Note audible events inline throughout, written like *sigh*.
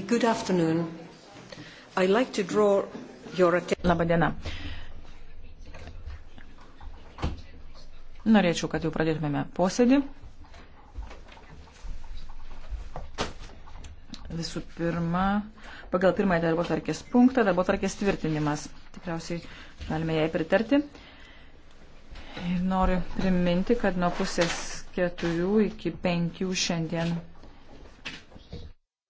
Good afternoon. I like to draw your attention. Labadiena. Norėčiau, kad jau pradėtumėme posėdį. Visų pirma, pagal pirmąjį darbo tarkės punktą, darbo tarkės tvirtinimas. Tikriausiai galime jai pritarti. Ir noriu priminti, kad nuo pusės keturių iki penkių šiandien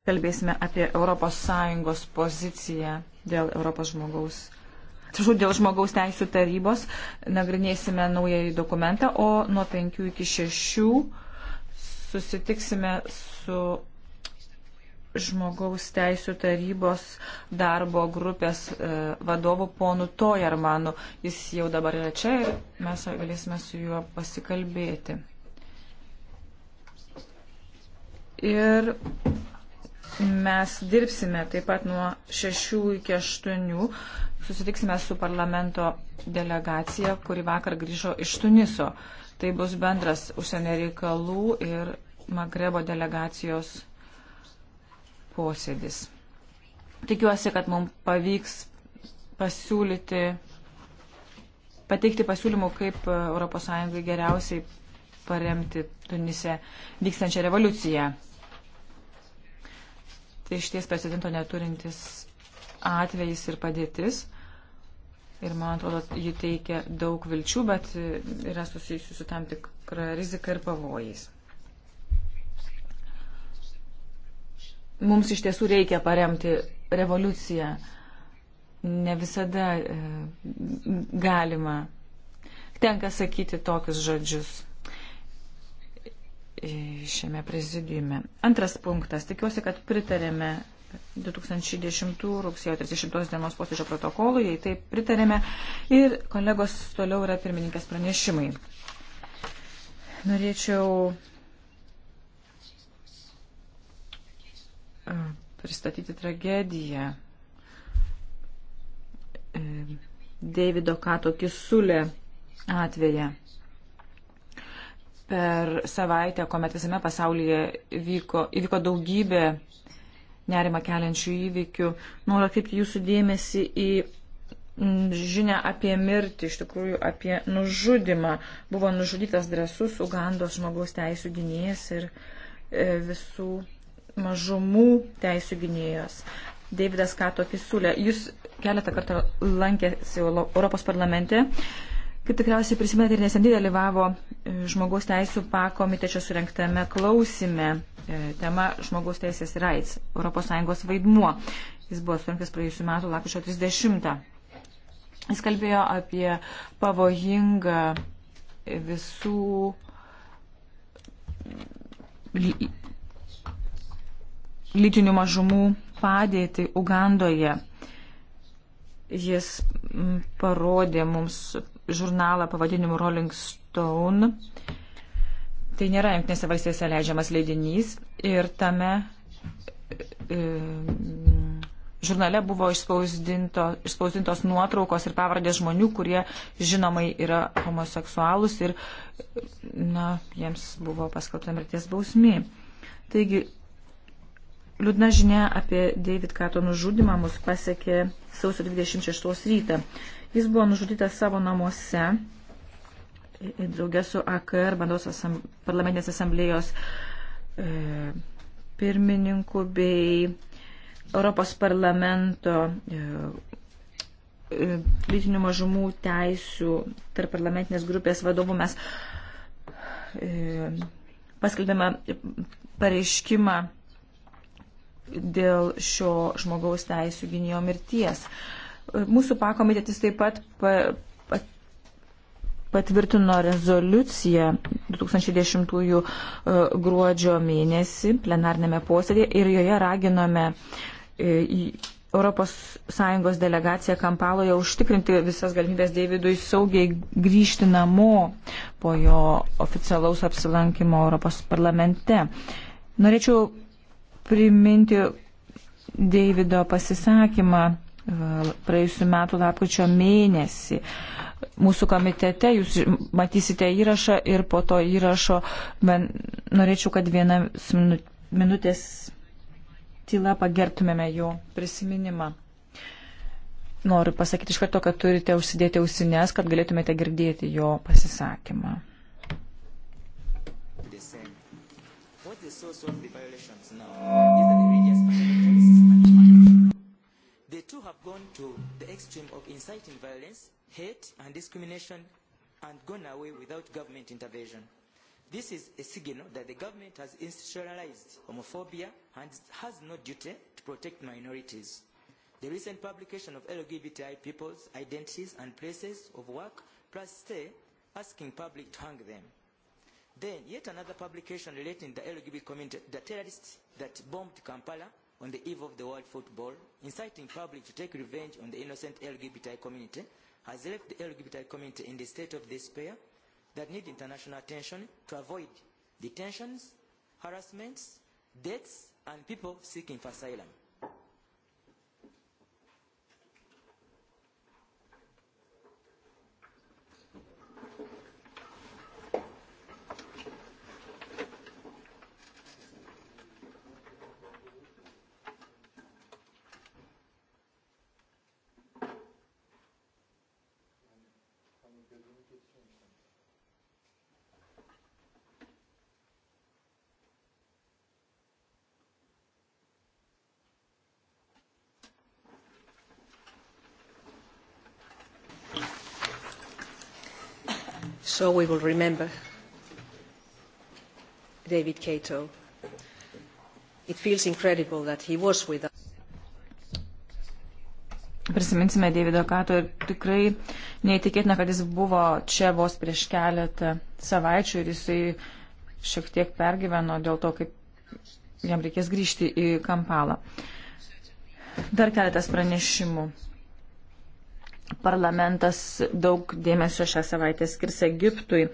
kalbėsime apie ES poziciją dėl Europos žmogaus. Atsiprašau, dėl žmogaus teisų tarybos nagrinėsime naująjį dokumentą, o nuo 5 iki 6 susitiksime su žmogaus teisų tarybos darbo grupės e, vadovu ponu Tojarmanu. Jis jau dabar yra čia ir mes galėsime su juo pasikalbėti. Ir Mes dirbsime taip pat nuo 6 iki 8. Susitiksime su parlamento delegacija, kuri vakar grįžo iš Tuniso. Tai bus bendras užsienio reikalų ir Magrebo delegacijos posėdis. Tikiuosi, kad mums pavyks pasiūlyti, pateikti pasiūlymų, kaip ES geriausiai paremti Tunise vykstančią revoliuciją tai išties precedento neturintis atvejis ir padėtis. Ir man atrodo, ji teikia daug vilčių, bet yra susijusi su tam tikra rizika ir pavojais. Mums iš tiesų reikia paremti revoliuciją. Ne visada e, galima. Tenka sakyti tokius žodžius šiame prezidiume. Antras punktas. Tikiuosi, kad pritarėme 2010 rugsėjo 30 dienos posėdžio protokolui, jei taip pritarėme. Ir kolegos toliau yra pirmininkės pranešimai. Norėčiau e, pristatyti tragediją. E, Davido Kato Kisulė atveja per savaitę, kuomet visame pasaulyje vyko, įvyko daugybė nerima keliančių įvykių. Noriu atkreipti jūsų dėmesį į mm, žinia apie mirtį, iš tikrųjų apie nužudimą. Buvo nužudytas drasus Ugandos žmogaus teisų gynėjas ir e, visų mažumų teisų gynėjas. Davidas Kato Kisulė, jūs keletą kartų lankėsi Europos parlamente. Uh, Kaip tikriausiai prisimenate, ir neseniai dalyvavo e, žmogaus teisų pakomitečio surinktame klausime. E, tema žmogaus teisės ir AIDS, ES vaidmuo. Jis buvo surinktas praėjusiu metu lakušio 30. Jis kalbėjo apie pavojingą visų lytinių mažumų padėtį Ugandoje. Jis parodė mums žurnalą pavadinimu Rolling Stone. Tai nėra Junktinėse valstijose leidžiamas leidinys ir tame e, žurnale buvo išspausdinto, išspausdintos nuotraukos ir pavardės žmonių, kurie žinomai yra homoseksualūs ir na, jiems buvo paskelbta mirties bausmė. Taigi, liūdna žinia apie David Kato nužudimą mus pasiekė sausio 26 rytą. Jis buvo nužudytas savo namuose draugė su AKR, bandos asam, parlamentinės asamblėjos e, pirmininku bei Europos parlamento e, e lytinių mažumų teisų tarp parlamentinės grupės vadovų mes e, paskelbėme pareiškimą dėl šio žmogaus teisų gynėjo mirties. E, Mūsų pakomitėtis taip pat patvirtino rezoliuciją 2010 e, gruodžio mėnesį plenarnėme posėdėje ir joje raginome ES delegaciją Kampaloje užtikrinti visas galimybės Davidui saugiai grįžti namo po jo oficialaus apsilankimo Europos parlamente. Norėčiau priminti Davido pasisakymą praėjusiu metu lapkričio mėnesį. Mūsų komitete jūs matysite įrašą ir po to įrašo ben, norėčiau, kad vieną minutės tyla pagertumėme jo prisiminimą. Noriu pasakyti iš karto, kad turite užsidėti ausinės, kad galėtumėte girdėti jo pasisakymą. The source of the violations now the two have gone to the extreme of inciting violence, hate and discrimination and gone away without government intervention. This is a signal that the government has institutionalized homophobia and has no duty to protect minorities. The recent publication of LGBTI people's identities and places of work plus stay asking public to hang them. Then yet another publication relating the LGBT community, the terrorists that bombed Kampala on the eve of the World Football, inciting public to take revenge on the innocent LGBTI community, has left the LGBTI community in the state of despair that need international attention to avoid detentions, harassments, deaths, and people seeking for asylum. So we will remember David Cato. It feels incredible that he was with us. Prisiminsime Davido Kato ir tikrai neįtikėtina, kad jis buvo čia vos prieš keletą savaičių ir jisai šiek tiek pergyveno dėl to, kaip jam reikės grįžti į Kampalą. Dar keletas pranešimų. Parlamentas daug dėmesio šią savaitę skirs Egiptui,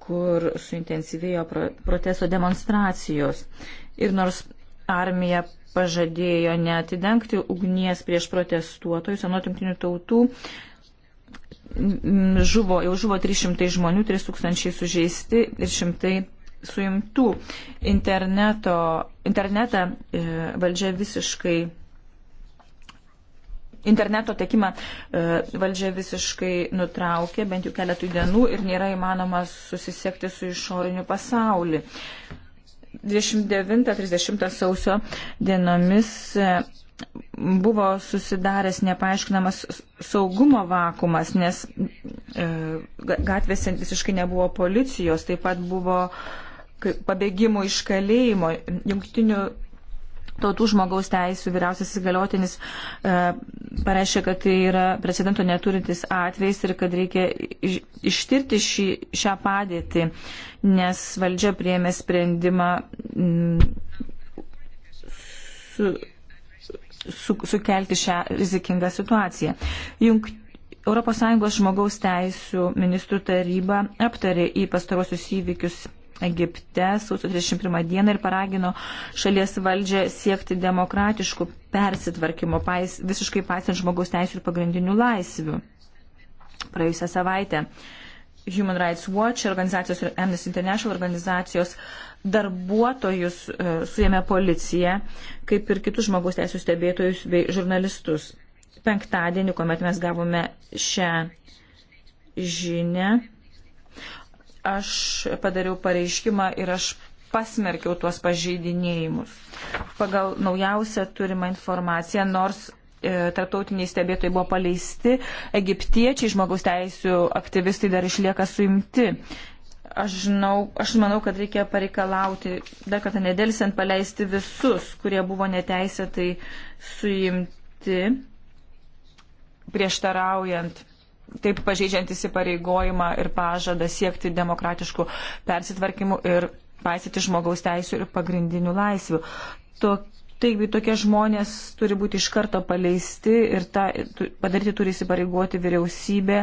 kur suintensyvėjo protesto demonstracijos. Ir nors armija pažadėjo netidengti ugnies prieš protestuotojus, anot jungtinių tautų žuvo, jau žuvo 300 žmonių, 3000 sužeisti ir 100 suimtų. Interneto, internetą e, valdžia visiškai interneto tekimą e, valdžia visiškai nutraukė, bent jau keletų dienų ir nėra įmanoma susisiekti su išoriniu pasauliu. 29-30 sausio dienomis e, buvo susidaręs nepaaiškinamas saugumo vakumas, nes e, gatvėse visiškai nebuvo policijos, taip pat buvo pabėgimų iš kalėjimo. Jungtinių tautų žmogaus teisų vyriausias įgaliotinis e, pareiškė, kad tai yra precedento neturintis atvejs ir kad reikia iš, ištirti šį, šią padėtį, nes valdžia priėmė sprendimą m, mm, su, su, sukelti šią rizikingą situaciją. Jung, ES žmogaus teisų ministrų taryba aptarė į pastarosius įvykius Egipte sausio 31 dieną ir paragino šalies valdžią siekti demokratiškų persitvarkymo, pais, visiškai paisant žmogaus teisų ir pagrindinių laisvių. Praėjusią savaitę Human Rights Watch organizacijos ir Amnesty International organizacijos darbuotojus e, suėmė policija, kaip ir kitus žmogaus teisų stebėtojus bei žurnalistus. Penktadienį, kuomet mes gavome šią žinę, Aš padariau pareiškimą ir aš pasmerkiau tuos pažeidinėjimus. Pagal naujausią turimą informaciją, nors e, tarptautiniai stebėtojai buvo paleisti, egiptiečiai žmogaus teisų aktyvistai dar išlieka suimti. Aš, žinau, aš manau, kad reikia pareikalauti, dar kartą nedėlsiant, paleisti visus, kurie buvo neteisėtai suimti prieštaraujant taip pažeidžiant įsipareigojimą ir pažadą siekti demokratiškų persitvarkymų ir paisyti žmogaus teisų ir pagrindinių laisvių. To, taigi tokie žmonės turi būti iš karto paleisti ir tą padaryti turi įsipareigoti vyriausybė,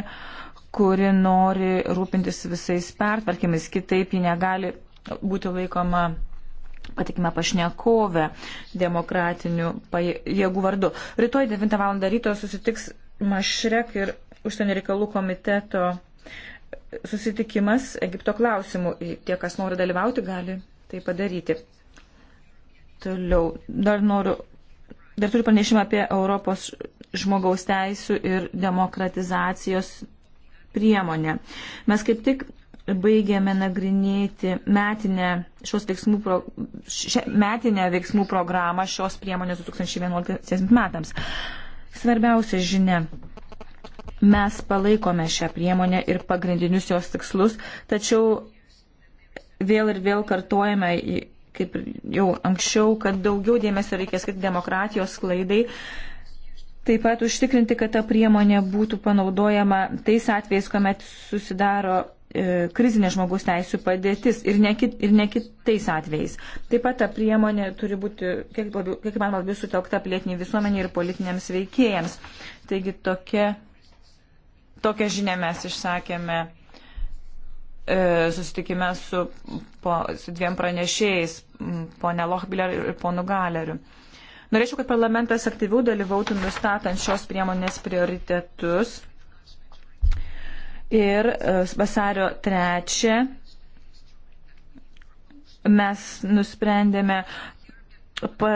kuri nori rūpintis visais pertvarkymais, kitaip ji negali būti laikoma patikime pašnekovę demokratinių jėgų vardu. Rytoj 9 val. ryto susitiks Mašrek ir užsienio reikalų komiteto susitikimas Egipto klausimų. Tie, kas nori dalyvauti, gali tai padaryti. Toliau, dar noriu, dar turiu pranešimą apie Europos žmogaus teisų ir demokratizacijos priemonę. Mes kaip tik baigėme nagrinėti metinę, šios veiksmų pro, še, metinę veiksmų programą šios priemonės 2011 metams. Svarbiausia žinia Mes palaikome šią priemonę ir pagrindinius jos tikslus, tačiau vėl ir vėl kartuojame, kaip jau anksčiau, kad daugiau dėmesio reikės skirti demokratijos klaidai. Taip pat užtikrinti, kad ta priemonė būtų panaudojama tais atvejais, kuomet susidaro e, krizinė žmogus teisų padėtis ir ne, kit, ir ne kitais atvejais. Taip pat ta priemonė turi būti, kiek, labiau, kiek man labiau sutelkta pilietiniai visuomeniai ir politiniams veikėjams. Taigi tokia Tokią žinę mes išsakėme e, susitikime su, po, su dviem pranešėjais, ponė Lochbiller ir ponu Galeriu. Norėčiau, kad parlamentas aktyviau dalyvautų nustatant šios priemonės prioritetus. Ir e, vasario trečią mes nusprendėme pa,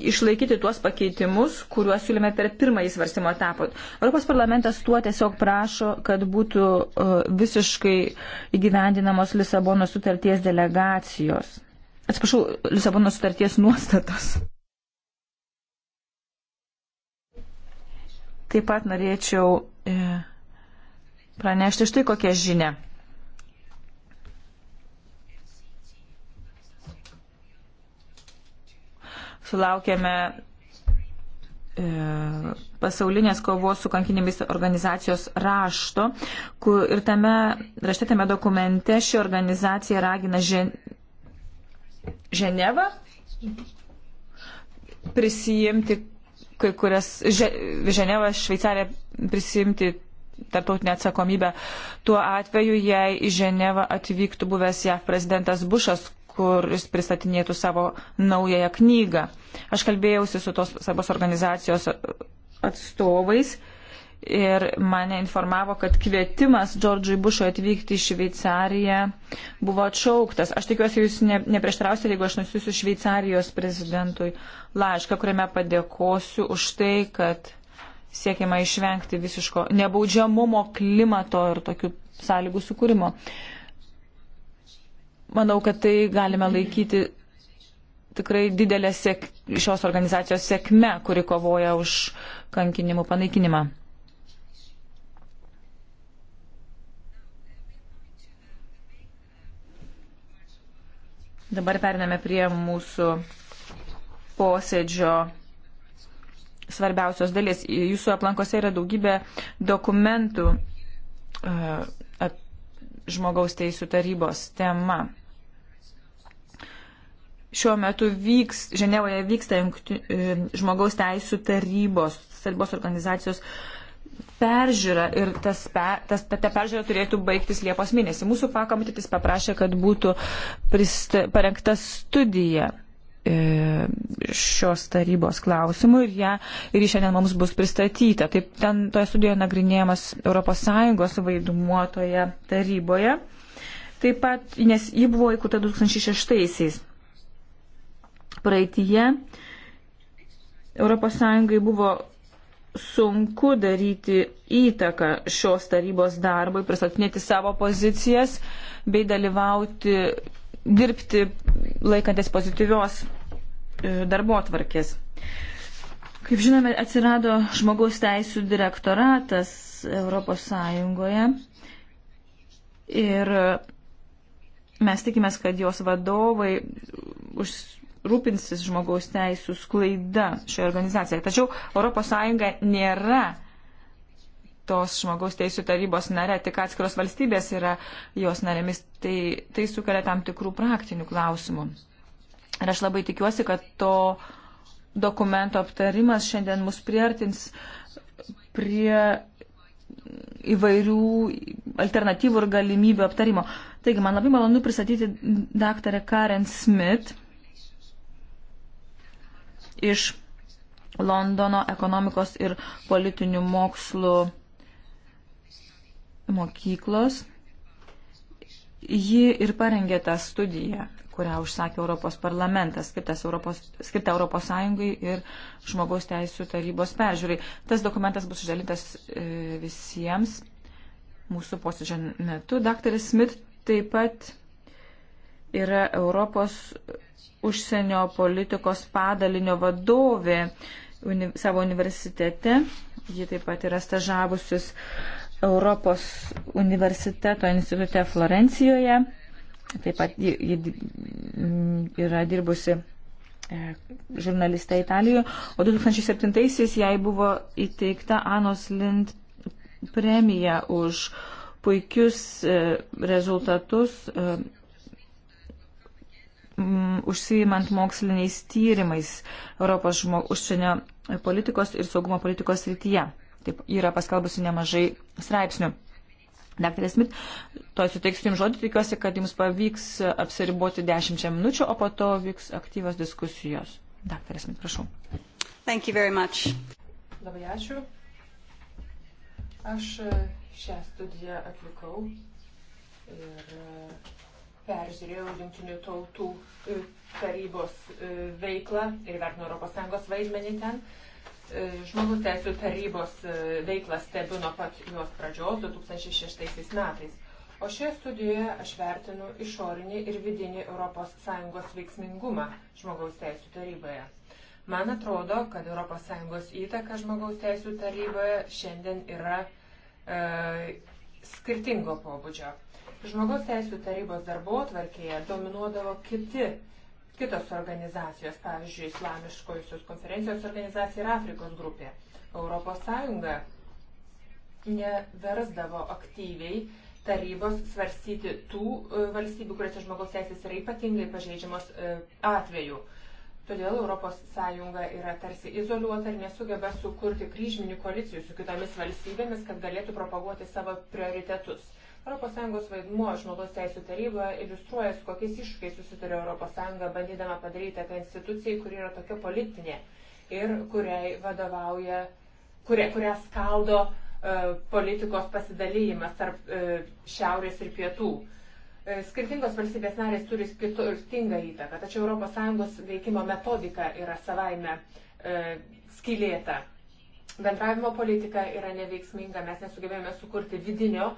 išlaikyti tuos pakeitimus, kuriuos siūlėme per pirmąjį svarstymo etapą. Europos parlamentas tuo tiesiog prašo, kad būtų e, visiškai įgyvendinamos Lisabono sutarties delegacijos. Atsiprašau, Lisabono sutarties nuostatos. Taip pat norėčiau e, pranešti štai kokią žinią. Sulaukėme e, pasaulinės kovos su kankinimais organizacijos rašto. Kur, ir tame rašte, tame dokumente ši organizacija ragina Žen... Ženevą prisijimti kai kurias, Že... Ženevą, Šveicariją prisijimti tarptautinę atsakomybę tuo atveju, jei į Ženevą atvyktų buvęs JAV prezidentas Bušas, kur jis pristatinėtų savo naująją knygą. Aš kalbėjausi su tos savos organizacijos atstovais ir mane informavo, kad kvietimas Džordžui Bušui atvykti į Šveicariją buvo atšauktas. Aš tikiuosi, jūs ne, neprieštrausite, jeigu aš nusiusiu Šveicarijos prezidentui laišką, kuriame padėkosiu už tai, kad siekiama išvengti visiško nebaudžiamumo klimato ir tokių sąlygų sukūrimo. Uh, Manau, kad tai galime laikyti tikrai didelė sėk, šios organizacijos sėkme, kuri kovoja už kankinimų panaikinimą. Dabar periname prie mūsų posėdžio svarbiausios dalies. Jūsų aplankose yra daugybė dokumentų e, žmogaus teisų tarybos tema. Šiuo metu vyks, Ženevoje vyksta jungti, e, žmogaus teisų tarybos, tarybos organizacijos peržiūra ir tas, pe, tas, ta, ta peržiūra turėtų baigtis Liepos mėnesį. Mūsų pakomitetis paprašė, kad būtų prista, parengta studija e, šios tarybos klausimų ir, ją, ir šiandien mums bus pristatyta. Taip, ten toje studijoje nagrinėjamas ES vaidmuo toje taryboje. Taip pat, nes jį buvo įkurta 2006-aisiais. Praeitie ES buvo sunku daryti įtaką šios tarybos darbui, pristatinėti savo pozicijas bei dalyvauti, dirbti laikantis pozityvios e, darbo atvarkės. Kaip žinome, atsirado žmogaus teisų direktoratas Europos Sąjungoje ir mes tikimės, kad jos vadovai už rūpinsis žmogaus teisų sklaida šioje organizacijoje. Tačiau ES nėra tos žmogaus teisų tarybos nare, tik atskiros valstybės yra jos narėmis. Tai, tai sukelia tam tikrų praktinių klausimų. Ir aš labai tikiuosi, kad to dokumento aptarimas šiandien mus priartins prie įvairių alternatyvų ir galimybių aptarimo. Taigi, man labai malonu pristatyti daktarę Karen Smith iš Londono ekonomikos ir politinių mokslų mokyklos. Ji ir parengė tą studiją, kurią užsakė Europos parlamentas, skirta Europos, skirta Europos Sąjungai ir žmogaus teisų tarybos peržiūrai. Tas dokumentas bus išdalintas e, visiems mūsų posėdžio metu. Daktaras Smith taip pat yra Europos užsienio politikos padalinio vadovė uni, savo universitete. Ji taip pat yra stažavusius Europos universiteto institute Florencijoje. Taip pat ji, ji mm, yra dirbusi e, žurnaliste Italijoje, o 2007-aisiais jai buvo įteikta Anos Lind premija už puikius e, rezultatus e, mm, užsiimant moksliniais tyrimais Europos žmo, užsienio politikos ir saugumo politikos rytyje. Taip yra paskalbusi nemažai straipsnių. Dr. Smith, to suteiksiu Jums žodį, tikiuosi, kad Jums pavyks apsiriboti dešimčia minučių, o po to vyks aktyvios diskusijos. Dr. Smith, prašau. Labai ačiū. Aš šią studiją atlikau ir peržiūrėjau Junktinių tautų e, tarybos e, veiklą ir vertinu ES vaidmenį ten. E, Žmogus teisų tarybos veiklą stebiu nuo pat jos pradžios 2006 metais. O šioje studijoje aš vertinu išorinį ir vidinį ES veiksmingumą žmogaus teisų taryboje. Man atrodo, kad ES įtaka žmogaus teisų taryboje šiandien yra e, skirtingo pobūdžio. Žmogaus teisų tarybos darbo atvarkėje dominuodavo kiti, kitos organizacijos, pavyzdžiui, Islamiškosios konferencijos organizacija ir Afrikos grupė. Europos Sąjunga neversdavo aktyviai tarybos svarstyti tų e, valstybių, kuriuose žmogaus teisės yra ypatingai pažeidžiamos e, atveju. Todėl ES yra tarsi izoliuota ir nesugeba sukurti kryžminių koalicijų su kitomis valstybėmis, kad galėtų propaguoti savo prioritetus. ES vaidmuo žmogaus teisų taryboje iliustruoja, su kokiais iššūkiais susituria ES, bandydama padaryti apie instituciją, kuri yra tokia politinė ir kuriai vadovauja, kuria, kuria skaldo uh, politikos pasidalymas tarp uh, šiaurės ir pietų. Uh, skirtingos valstybės narės turi skirtingą įtaką, tačiau ES veikimo metodika yra savaime skilėta bendravimo politika yra neveiksminga, mes nesugebėjome sukurti vidinio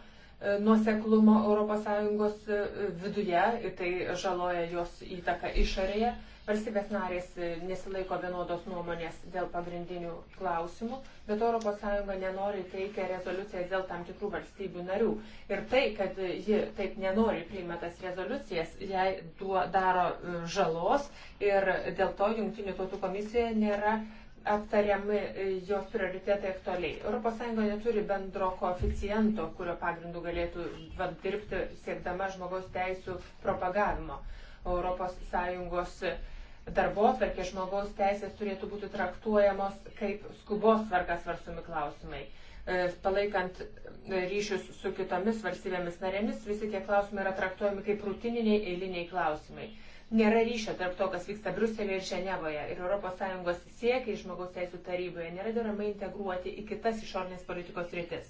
E, nuoseklumo ES e, viduje ir tai žaloja jos įtaką išorėje. Valstybės narės e, nesilaiko vienodos nuomonės dėl pagrindinių klausimų, bet ES nenori teikia rezoliucijas dėl tam tikrų valstybių narių. Ir tai, kad ji taip nenori priima tas rezoliucijas, jai duo, daro žalos ir dėl to Junktinių tautų komisijoje nėra uh, aptariami e, jos prioritetai aktualiai. ES neturi bendro koeficiento, kurio pagrindu galėtų dirbti siekdama žmogaus teisų propagavimo. ES darbo atvarkė žmogaus teisės turėtų būti traktuojamos kaip skubos tvarkas varsomi klausimai. E, palaikant ryšius su kitomis valstybėmis narėmis, visi tie klausimai yra traktuojami kaip rutininiai eiliniai klausimai nėra ryšio tarp to, kas vyksta Bruselėje ir Ženevoje. Ir ES siekiai žmogaus teisų taryboje nėra deramai integruoti į kitas išorinės politikos rytis.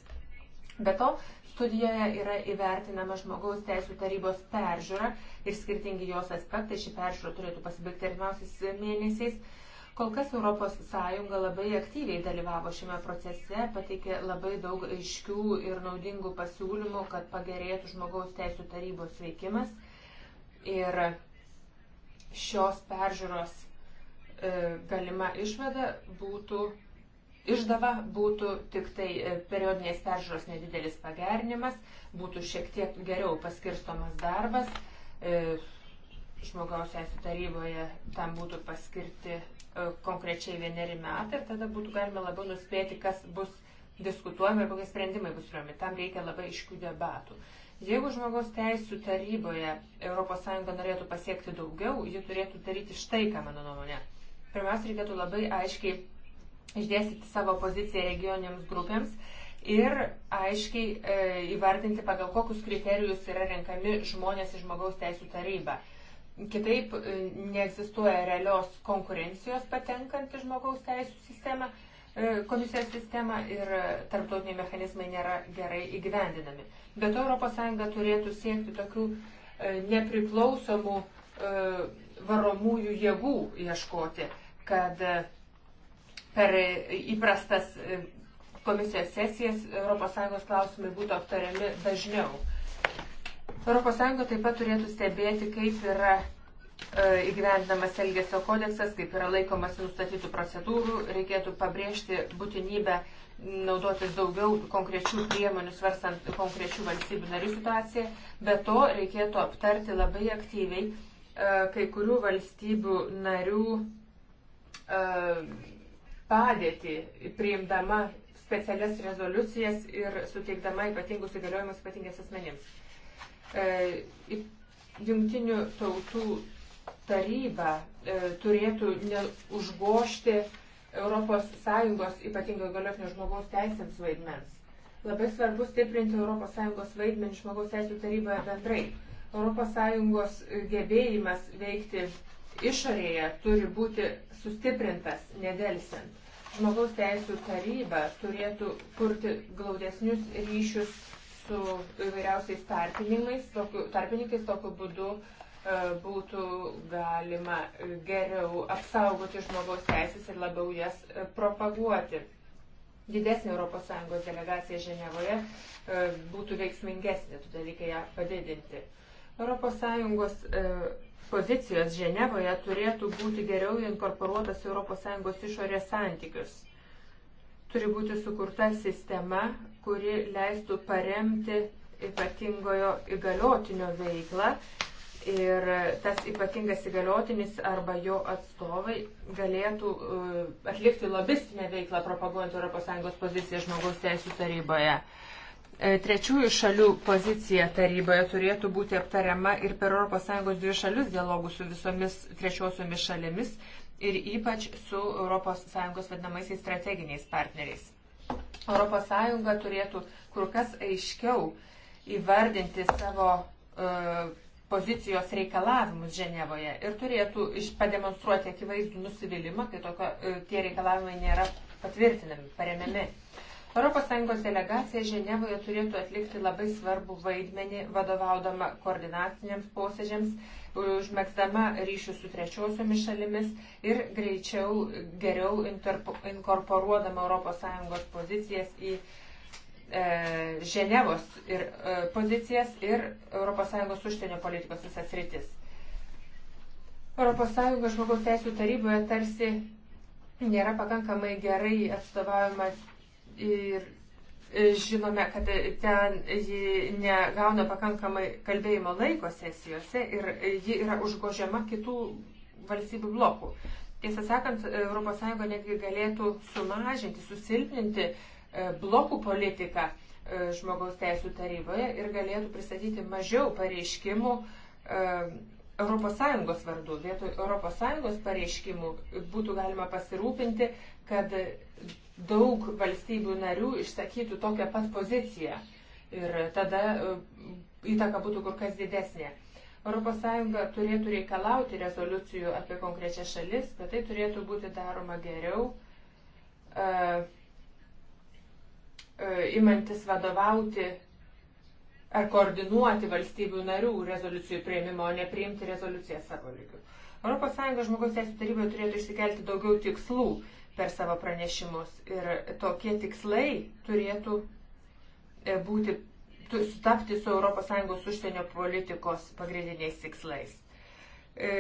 Be to, studijoje yra įvertinama žmogaus teisų tarybos peržiūra ir skirtingi jos aspektai. Ši peržiūra turėtų pasibaigti artimiausiais mėnesiais. Kol kas ES labai aktyviai dalyvavo šiame procese, pateikė labai daug aiškių ir naudingų pasiūlymų, kad pagerėtų žmogaus teisų tarybos veikimas. Ir šios peržiūros e, galima išvada būtų, išdava būtų tik tai e, periodinės peržiūros nedidelis pagerinimas, būtų šiek tiek geriau paskirstomas darbas, e, žmogaus teisų taryboje tam būtų paskirti konkrečiai vieneri metai ir tada būtų galima labiau nuspėti, kas bus diskutuojama ir kokie sprendimai bus priimami. Tam reikia labai iškių debatų. Jeigu žmogaus teisų taryboje ES norėtų pasiekti daugiau, ji turėtų daryti štai ką, mano nuomonė. Pirmiausia, reikėtų labai aiškiai išdėstyti savo poziciją regioniams grupėms ir aiškiai e, įvardinti, pagal kokius kriterijus yra renkami žmonės į žmogaus teisų tarybą. Kitaip e, neegzistuoja realios konkurencijos patenkant į žmogaus teisų sistemą E, komisijos sistemą ir tarptautiniai mechanizmai nėra gerai įgyvendinami. Bet ES turėtų siekti tokių e, nepriklausomų e, varomųjų jėgų ieškoti, kad per įprastas komisijos sesijas ES klausimai būtų aptariami dažniau. ES taip pat turėtų stebėti, kaip yra E, įgyvendinamas Elgesio kodeksas, kaip yra laikomas nustatytų procedūrų, reikėtų pabrėžti būtinybę naudotis daugiau konkrečių priemonių, svarstant konkrečių valstybių narių situaciją. Be to, reikėtų aptarti labai aktyviai e, kai kurių valstybių narių e, padėtį, priimdama specialias rezoliucijas ir suteikdama ypatingus įgaliojimus ypatingiems asmenims. Jungtinių tautų taryba e, turėtų užgošti ES ypatingai galiotinio žmogaus teisėms vaidmens. Labai svarbu stiprinti ES vaidmenį žmogaus teisų taryboje bendrai. ES gebėjimas veikti išorėje turi būti sustiprintas nedelsint. Žmogaus teisų taryba turėtų kurti glaudesnius ryšius su įvairiausiais tarpininkais, tokiu, tarpininkais tokiu būdu uh, E, būtų galima geriau apsaugoti žmogaus teisės ir labiau jas e, propaguoti. Didesnė ES delegacija Ženevoje e, būtų veiksmingesnė, todėl reikia ją padidinti. ES pozicijos Ženevoje turėtų būti geriau inkorporuotas ES išorės santykius. Turi būti sukurta sistema, kuri leistų paremti ypatingojo įgaliotinio veiklą ir tas ypatingas įgaliotinis arba jo atstovai galėtų e, atlikti lobistinę veiklą propaguojant ES poziciją žmogaus teisų taryboje. E, trečiųjų šalių pozicija taryboje turėtų būti aptariama ir per ES dvi šalius dialogų su visomis trečiosiomis šalimis ir ypač su ES vadinamaisiais strateginiais partneriais. ES turėtų kur kas aiškiau įvardinti savo uh, pozicijos reikalavimus Ženevoje ir turėtų pademonstruoti akivaizdų nusivylimą, kai tokio, e, tie reikalavimai nėra patvirtinami, paremiami. ES delegacija Ženevoje turėtų atlikti labai svarbų vaidmenį, vadovaudama koordinaciniams posėdžiams, užmėgstama ryšių su trečiosiomis šalimis ir greičiau, geriau inkorporuodama ES pozicijas į E, Ženevos ir e, pozicijas ir ES užsienio politikos visas rytis. ES žmogaus teisų taryboje tarsi nėra pakankamai gerai atstovaujama ir e, žinome, kad ten ji negauna pakankamai kalbėjimo laiko sesijose ir ji yra užgožiama kitų valstybių blokų. Tiesą sakant, ES netgi galėtų sumažinti, susilpninti uh, E, blokų politiką e, žmogaus teisų taryboje ir galėtų pristatyti mažiau pareiškimų ES vardu. Vietoj ES pareiškimų būtų galima pasirūpinti, kad daug valstybių narių išsakytų tokią pat poziciją ir tada e, įtaka būtų kur kas didesnė. ES turėtų reikalauti rezoliucijų apie konkrečias šalis, bet tai turėtų būti daroma geriau. Uh, E, imantis vadovauti ar koordinuoti valstybių narių rezoliucijų prieimimo, o ne priimti rezoliuciją savo lygių. ES žmogaus teisų taryboje turėtų išsikelti daugiau tikslų per savo pranešimus ir tokie tikslai turėtų e, būti, sutapti su ES užsienio politikos pagrindiniais tikslais e,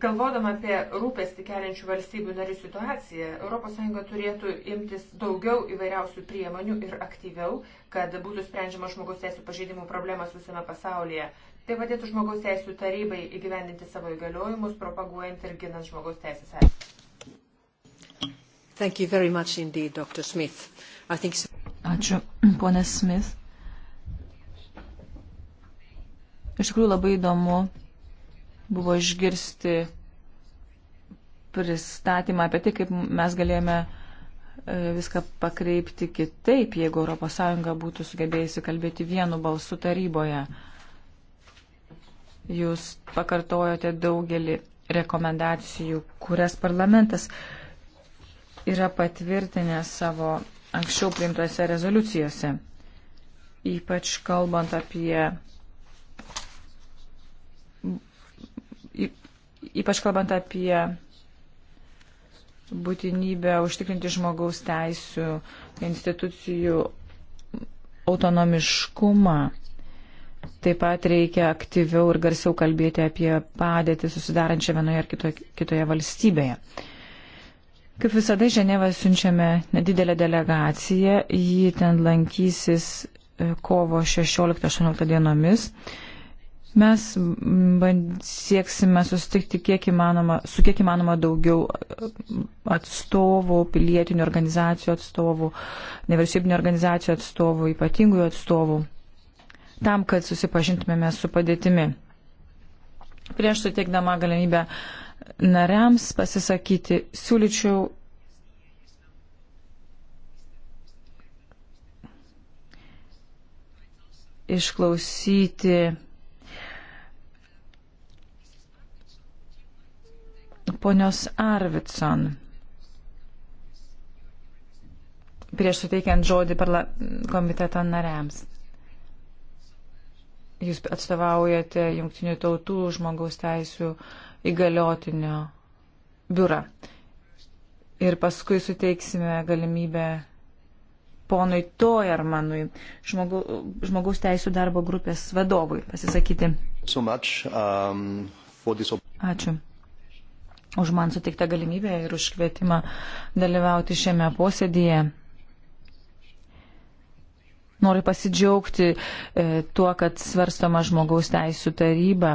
Galvodama apie rūpestį keliančių valstybių narių situaciją, ES turėtų imtis daugiau įvairiausių priemonių ir aktyviau, kad būtų sprendžiama žmogaus teisų pažeidimų problemas visame pasaulyje. Tai padėtų žmogaus teisų tarybai įgyvendinti savo įgaliojimus, propaguojant ir ginant žmogaus teisės. Indeed, think... Ačiū, *clears throat* ponas Smith. Iš tikrųjų labai įdomu buvo išgirsti pristatymą apie tai, kaip mes galėjome e, viską pakreipti kitaip, jeigu ES būtų sugebėjusi kalbėti vienu balsu taryboje. Jūs pakartojote daugelį rekomendacijų, kurias parlamentas yra patvirtinę savo anksčiau priimtose rezoliucijose. Ypač kalbant apie ypač kalbant apie būtinybę užtikrinti žmogaus teisų institucijų autonomiškumą. Taip pat reikia aktyviau ir garsiau kalbėti apie padėtį susidarančią vienoje ar kitoje, kitoje valstybėje. Kaip visada, Ženevą siunčiame nedidelę delegaciją, jį ten lankysis e, kovo 16-18 dienomis. Mes sieksime susitikti kiek įmanoma, su kiek įmanoma daugiau atstovų, pilietinių organizacijų atstovų, nevyriausybinio organizacijų atstovų, ypatingųjų atstovų, tam, kad susipažintumėme su padėtimi. Prieš suteikdama galimybę nariams pasisakyti, siūlyčiau išklausyti ponios Arvidson. Prieš suteikiant žodį parla komiteto nariams. Jūs atstovaujate Junktinių tautų žmogaus teisų įgaliotinio biurą. Ir paskui suteiksime galimybę ponui Tojermanui, žmogu, žmogaus teisų darbo grupės vadovui, pasisakyti. So much, um, this... Ačiū už man suteiktą galimybę ir už kvietimą dalyvauti šiame posėdėje. Noriu pasidžiaugti e, tuo, kad svarstoma žmogaus teisų taryba.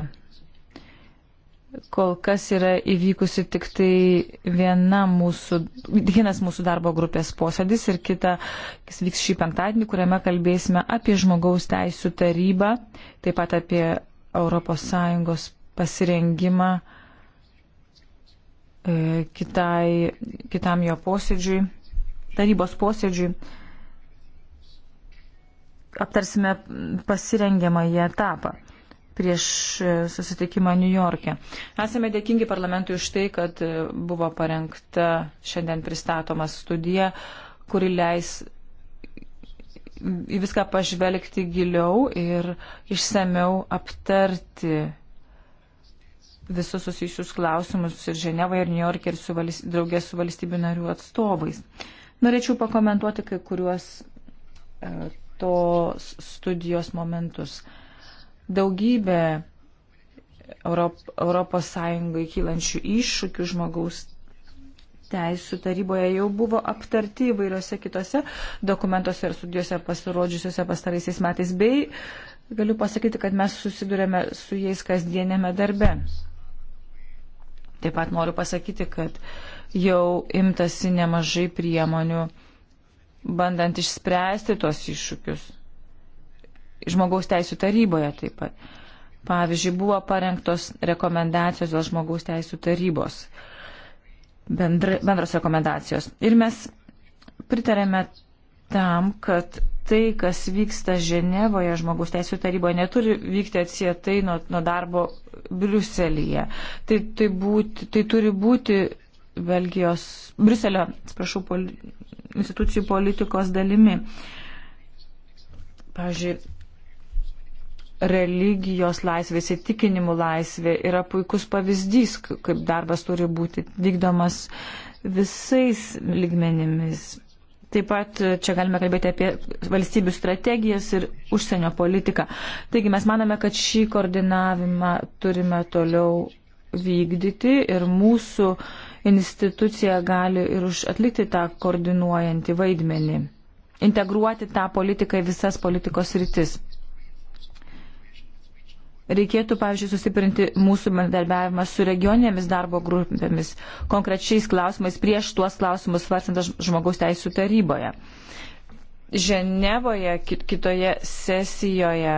Kol kas yra įvykusi tik tai viena mūsų, vienas mūsų darbo grupės posėdis ir kita, kas vyks šį penktadienį, kuriame kalbėsime apie žmogaus teisų tarybą, taip pat apie ES pasirengimą E, kitai, kitam jo posėdžiui, tarybos posėdžiui. Aptarsime pasirengiamąjį etapą prieš susitikimą New York'e. Esame dėkingi parlamentui už tai, kad buvo parengta šiandien pristatoma studija, kuri leis į viską pažvelgti giliau ir išsameu aptarti visus susijusius klausimus ir Ženevoje, ir New York, ir su valst, draugės su valstybių narių atstovais. Norėčiau pakomentuoti kai kuriuos e, tos studijos momentus. Daugybė Europ, Europos Sąjungai kylančių iššūkių žmogaus teisų taryboje jau buvo aptarti įvairiose kitose dokumentuose ir studijose pasirodžiusiuose pastaraisiais metais, bei galiu pasakyti, kad mes susidurėme su jais kasdienėme darbe. Taip pat noriu pasakyti, kad jau imtasi nemažai priemonių, bandant išspręsti tuos iššūkius. Žmogaus teisų taryboje taip pat. Pavyzdžiui, buvo parengtos rekomendacijos dėl žmogaus teisų tarybos. Bendra, bendros rekomendacijos. Ir mes pritarėme tam, kad tai, kas vyksta Ženevoje žmogus teisų taryboje, neturi vykti atsietai nuo, nuo darbo Briuselyje. Tai, tai, būti, tai turi būti Belgijos, Briuselio, atsiprašau, poli, institucijų politikos dalimi. Pavyzdžiui, religijos laisvė, įsitikinimų laisvė yra puikus pavyzdys, kaip darbas turi būti vykdomas visais lygmenimis Taip pat e, čia galime kalbėti apie valstybių strategijas ir užsienio politiką. Taigi mes manome, kad šį koordinavimą turime toliau vykdyti ir mūsų institucija gali ir atlikti tą koordinuojantį vaidmenį, integruoti tą politiką į visas politikos rytis. Reikėtų, pavyzdžiui, sustiprinti mūsų bendarbiavimą su regioninėmis darbo grupėmis, konkrečiais klausimais prieš tuos klausimus svarstant žmogaus teisų taryboje. Ženevoje kitoje sesijoje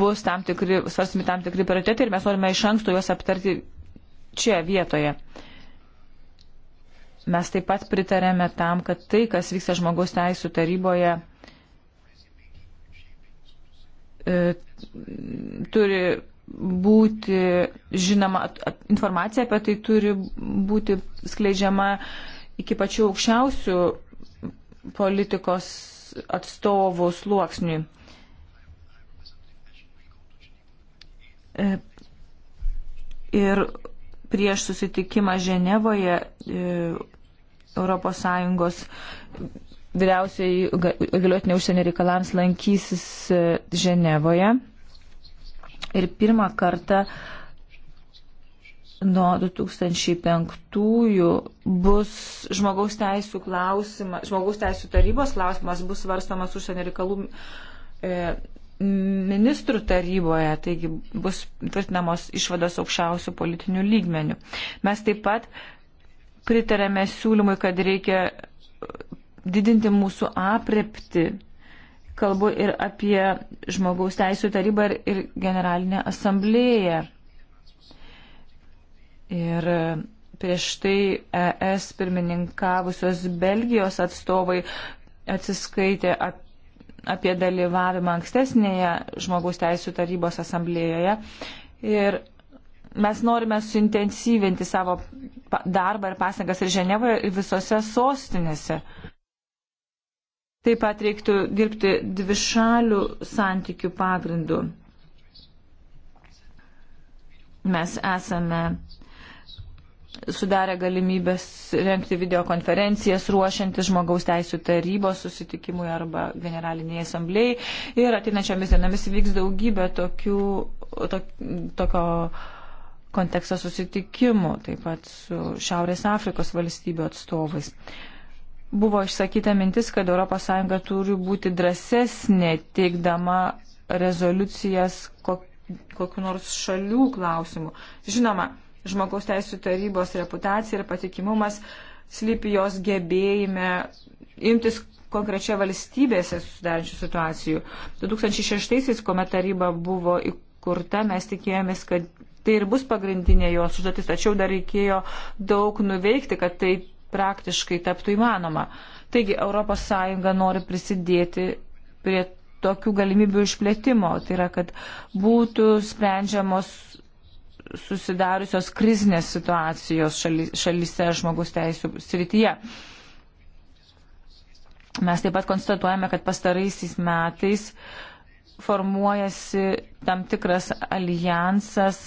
bus tam tikri, svarstami tam tikri prioritetai ir mes norime iš anksto juos aptarti čia vietoje. Mes taip pat pritarėme tam, kad tai, kas vyksta žmogaus teisų taryboje, E, turi būti žinoma, informacija apie tai turi būti skleidžiama iki pačių aukščiausių politikos atstovų sluoksniui. E, ir prieš susitikimą Ženevoje ES vyriausiai galiotinė užsienio reikalams lankysis e, Ženevoje. Ir pirmą kartą nuo 2005-ųjų bus žmogaus teisų klausimas, žmogaus teisų tarybos klausimas bus svarstamas užsienio reikalų e, ministrų taryboje, taigi bus tvirtinamos išvados aukščiausių politinių lygmenių. Mes taip pat pritarėme siūlymui, kad reikia didinti mūsų aprepti. Kalbu ir apie žmogaus teisų tarybą ir, ir generalinę asamblėją. Ir prieš tai ES pirmininkavusios Belgijos atstovai atsiskaitė apie apie dalyvavimą ankstesnėje žmogaus teisų tarybos asamblėjoje. Ir mes norime suintensyvinti savo darbą ir pasangas ir Ženevoje, ir visose sostinėse. Taip pat reiktų dirbti dvišalių santykių pagrindų. Mes esame sudarę galimybės renkti videokonferencijas, ruošiantis žmogaus teisų tarybos susitikimui arba generaliniai asamblėjai. Ir ateinančiomis dienomis vyks daugybė tokių, to, tokio konteksto susitikimų, taip pat su Šiaurės Afrikos valstybių atstovais. Uh, buvo išsakyta mintis, kad ES turi būti drąsesnė teikdama rezoliucijas kok, kokiu nors šalių klausimų. Žinoma, žmogaus teisų tarybos reputacija ir patikimumas slypi jos gebėjime imtis konkrečia valstybėse susidarančių situacijų. 2006-aisiais, kuomet taryba buvo įkurta, mes tikėjomės, kad tai ir bus pagrindinė jos užduotis, tačiau dar reikėjo daug nuveikti, kad tai praktiškai taptų įmanoma. Taigi ES nori prisidėti prie tokių galimybių išplėtimo, tai yra, kad būtų sprendžiamos susidariusios krizinės situacijos šaly, šalyse žmogus teisų srityje. Mes taip pat konstatuojame, kad pastaraisiais metais formuojasi tam tikras alijansas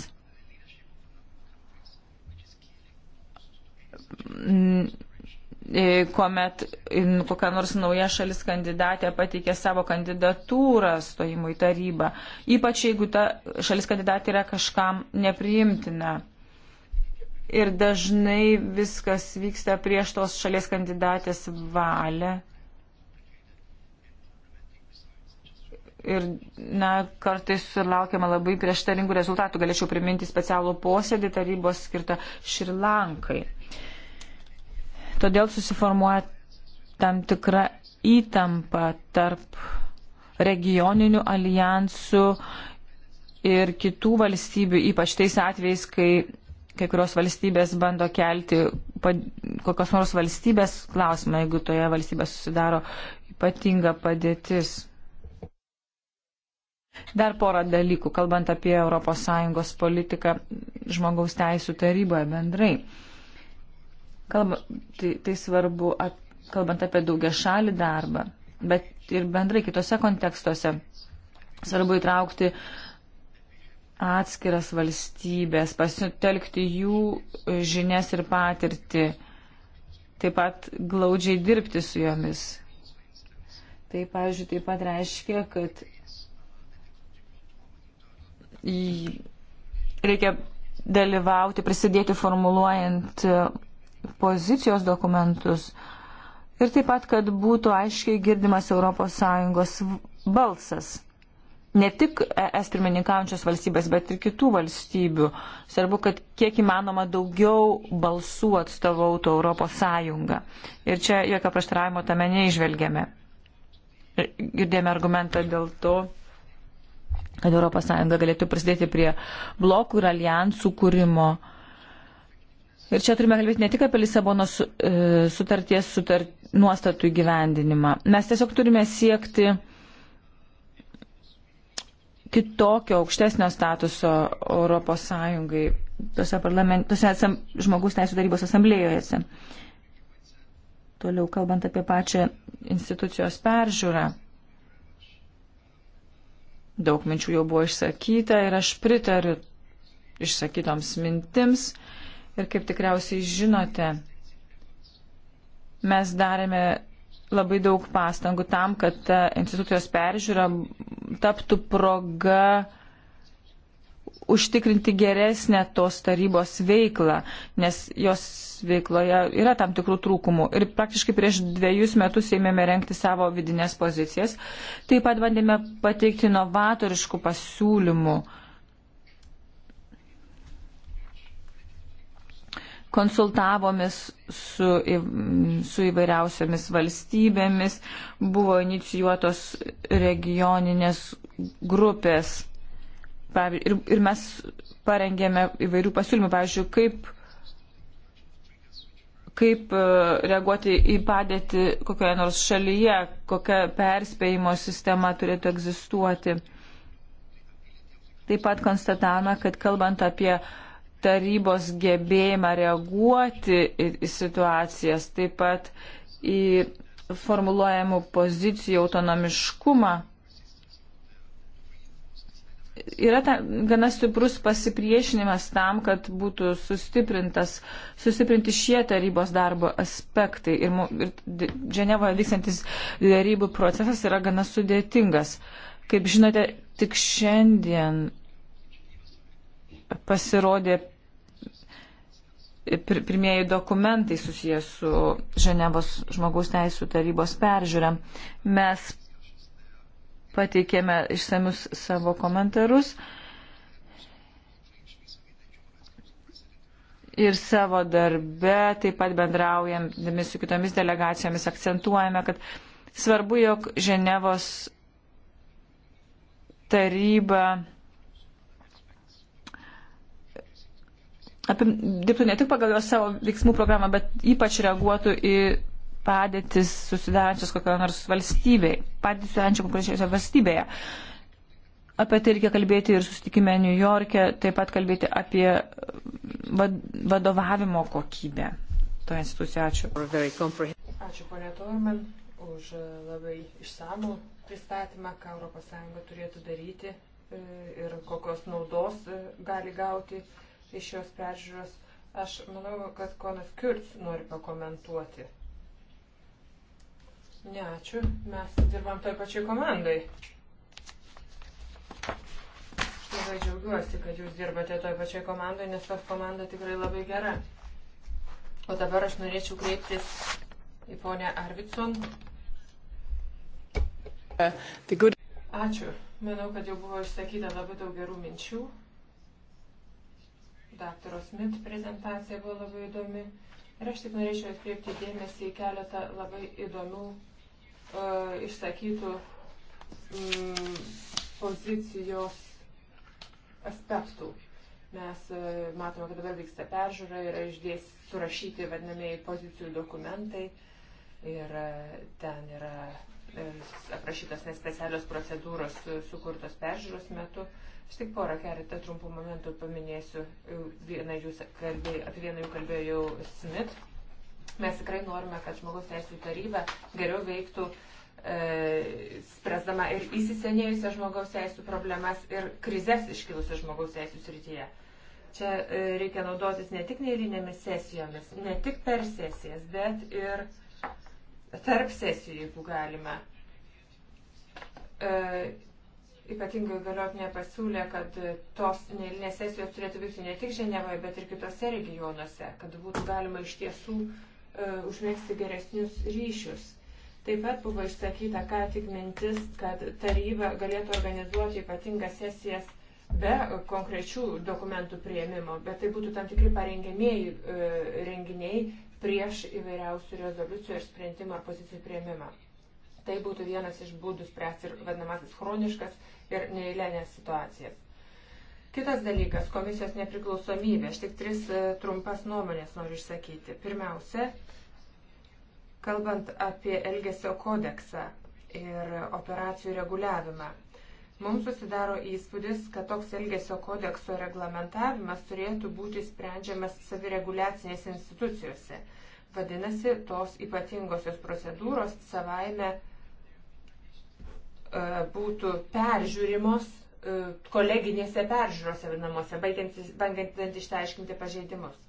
E, kuomet kokia nors nauja šalis kandidatė pateikė savo kandidatūrą stojimui į tarybą, ypač jeigu ta šalis kandidatė yra kažkam nepriimtina. Ir dažnai viskas vyksta prieš tos šalies kandidatės valią. Ir na, kartais sulaukiama labai prieštaringų rezultatų. Galėčiau priminti specialų posėdį tarybos skirtą Šrilankai. Todėl susiformuoja tam tikra įtampa tarp regioninių alijansų ir kitų valstybių, ypač tais atvejais, kai kai kurios valstybės bando kelti kokios nors valstybės klausimą, jeigu toje valstybėje susidaro ypatinga padėtis. Dar porą dalykų, kalbant apie ES politiką žmogaus teisų taryboje bendrai. Kalba, tai, tai svarbu, at, kalbant apie daugia šalį darbą, bet ir bendrai kitose kontekstuose. Svarbu įtraukti atskiras valstybės, pasitelkti jų žinias ir patirtį, taip pat glaudžiai dirbti su jomis. Tai, pavyzdžiui, taip pat reiškia, kad reikia dalyvauti, prisidėti formuluojant pozicijos dokumentus ir taip pat, kad būtų aiškiai girdimas ES balsas. Ne tik es pirmininkaujančios valstybės, bet ir kitų valstybių. Svarbu, kad kiek įmanoma daugiau balsų atstovautų ES. Ir čia jokio prieštaravimo tame neižvelgėme. Girdėjome argumentą dėl to, kad ES galėtų prisidėti prie blokų ir alijansų kūrimo. Uh, Ir čia turime kalbėti ne tik apie Lisabono e, sutarties sutart, nuostatų įgyvendinimą. Mes tiesiog turime siekti kitokio aukštesnio statuso Europos Sąjungai tose, tose asam, žmogus teisų darybos asamblėjojose. Toliau kalbant apie pačią institucijos peržiūrą. Daug minčių jau buvo išsakyta ir aš pritariu išsakytoms mintims. Uh, ir kaip tikriausiai žinote, mes darėme labai daug pastangų tam, kad ta institucijos peržiūra taptų proga užtikrinti geresnę tos tarybos veiklą, nes jos veikloje yra tam tikrų trūkumų. Ir praktiškai prieš dviejus metus ėmėme renkti savo vidinės pozicijas. Taip pat bandėme pateikti novatoriškų pasiūlymų uh, konsultavomis su, su įvairiausiamis valstybėmis, buvo inicijuotos regioninės grupės. Ir, ir mes parengėme įvairių pasiūlymų, pavyzdžiui, kaip, kaip e, reaguoti į padėtį kokioje nors šalyje, kokia perspėjimo sistema turėtų egzistuoti. Taip pat konstatavome, kad kalbant apie uh, tarybos gebėjimą reaguoti į situacijas, taip pat į formuluojamų pozicijų autonomiškumą. Yra ta, gana stiprus pasipriešinimas tam, kad būtų sustiprintas, sustiprinti šie tarybos darbo aspektai. Ir, ir Ženevoje vykstantis darybų procesas yra gana sudėtingas. Kaip žinote, tik šiandien pasirodė pir, pirmieji dokumentai susijęs su Ženevos žmogaus teisų tarybos peržiūra. Mes pateikėme išsamius savo komentarus ir savo darbe, taip pat bendraujami su kitomis delegacijomis, akcentuojame, kad svarbu, jog Ženevos taryba apim, dirbtų ne tik pagal jos savo veiksmų programą, bet ypač reaguotų į padėtis susidarančios kokio nors valstybei, padėtis susidarančio konkrečioje valstybėje. Apie tai reikia kalbėti ir susitikime New York'e, taip pat kalbėti apie vad, vadovavimo kokybę toje institucijoje. Ačiū. Ačiū, ponė Tormen, už labai išsamų pristatymą, ką ES turėtų daryti e, ir kokios naudos e, gali gauti iš jos peržiūros. Aš manau, kad Konas Kirts nori pakomentuoti. Ne, ačiū. Mes dirbam toj pačiai komandai. Labai džiaugiuosi, kad jūs dirbate toj pačiai komandai, nes tos komanda tikrai labai gera. O dabar aš norėčiau kreiptis į ponę Arvidson. Uh, ačiū. Manau, kad jau buvo išsakyta labai daug gerų minčių. Dr. Smith prezentacija buvo labai įdomi. Ir aš tik norėčiau atkreipti dėmesį į keletą labai įdomių uh, išsakytų um, pozicijos aspektų. Mes uh, matome, kad dabar vyksta peržiūra, yra išdės surašyti vadinamieji pozicijų dokumentai ir uh, ten yra uh, aprašytos nespecialios procedūros uh, sukurtos peržiūros metu. Uh, Štai porą keletą trumpų momentų paminėsiu. Vieną jūs kalbėjo, apie vieną jų kalbėjo jau Smith. Mes tikrai norime, kad žmogaus teisų taryba geriau veiktų, e, spręsdama ir įsisenėjusią žmogaus teisų problemas ir krizės iškilusią žmogaus teisų srityje. Čia e, reikia naudotis ne tik neįlinėmis sesijomis, ne tik per sesijas, bet ir tarp sesijų, jeigu galima. E, ypatingai galiotinė pasiūlė, kad tos neįlinės sesijos turėtų vykti ne tik Ženevoje, bet ir kitose regionuose, kad būtų galima iš tiesų e, užmėgsti geresnius ryšius. Taip pat buvo išsakyta ką tik mintis, kad taryba galėtų organizuoti ypatingas sesijas be konkrečių dokumentų prieimimo, bet tai būtų tam tikri parengėmėjai e, renginiai prieš įvairiausių rezoliucijų ir sprendimų ar pozicijų prieimimą. Tai būtų vienas iš būdų spręsti ir vadinamasis chroniškas ir neįlenės situacijas. Kitas dalykas - komisijos nepriklausomybė. Aš tik tris e, trumpas nuomonės noriu išsakyti. Pirmiausia, kalbant apie Elgesio kodeksą ir operacijų reguliavimą. Mums susidaro įspūdis, kad toks Elgesio kodekso reglamentavimas turėtų būti sprendžiamas savireguliacinėse institucijose. Vadinasi, tos ypatingosios procedūros savaime E, būtų peržiūrimos e, koleginėse peržiūrose vadinamosi, baigiant išteiškinti pažeidimus.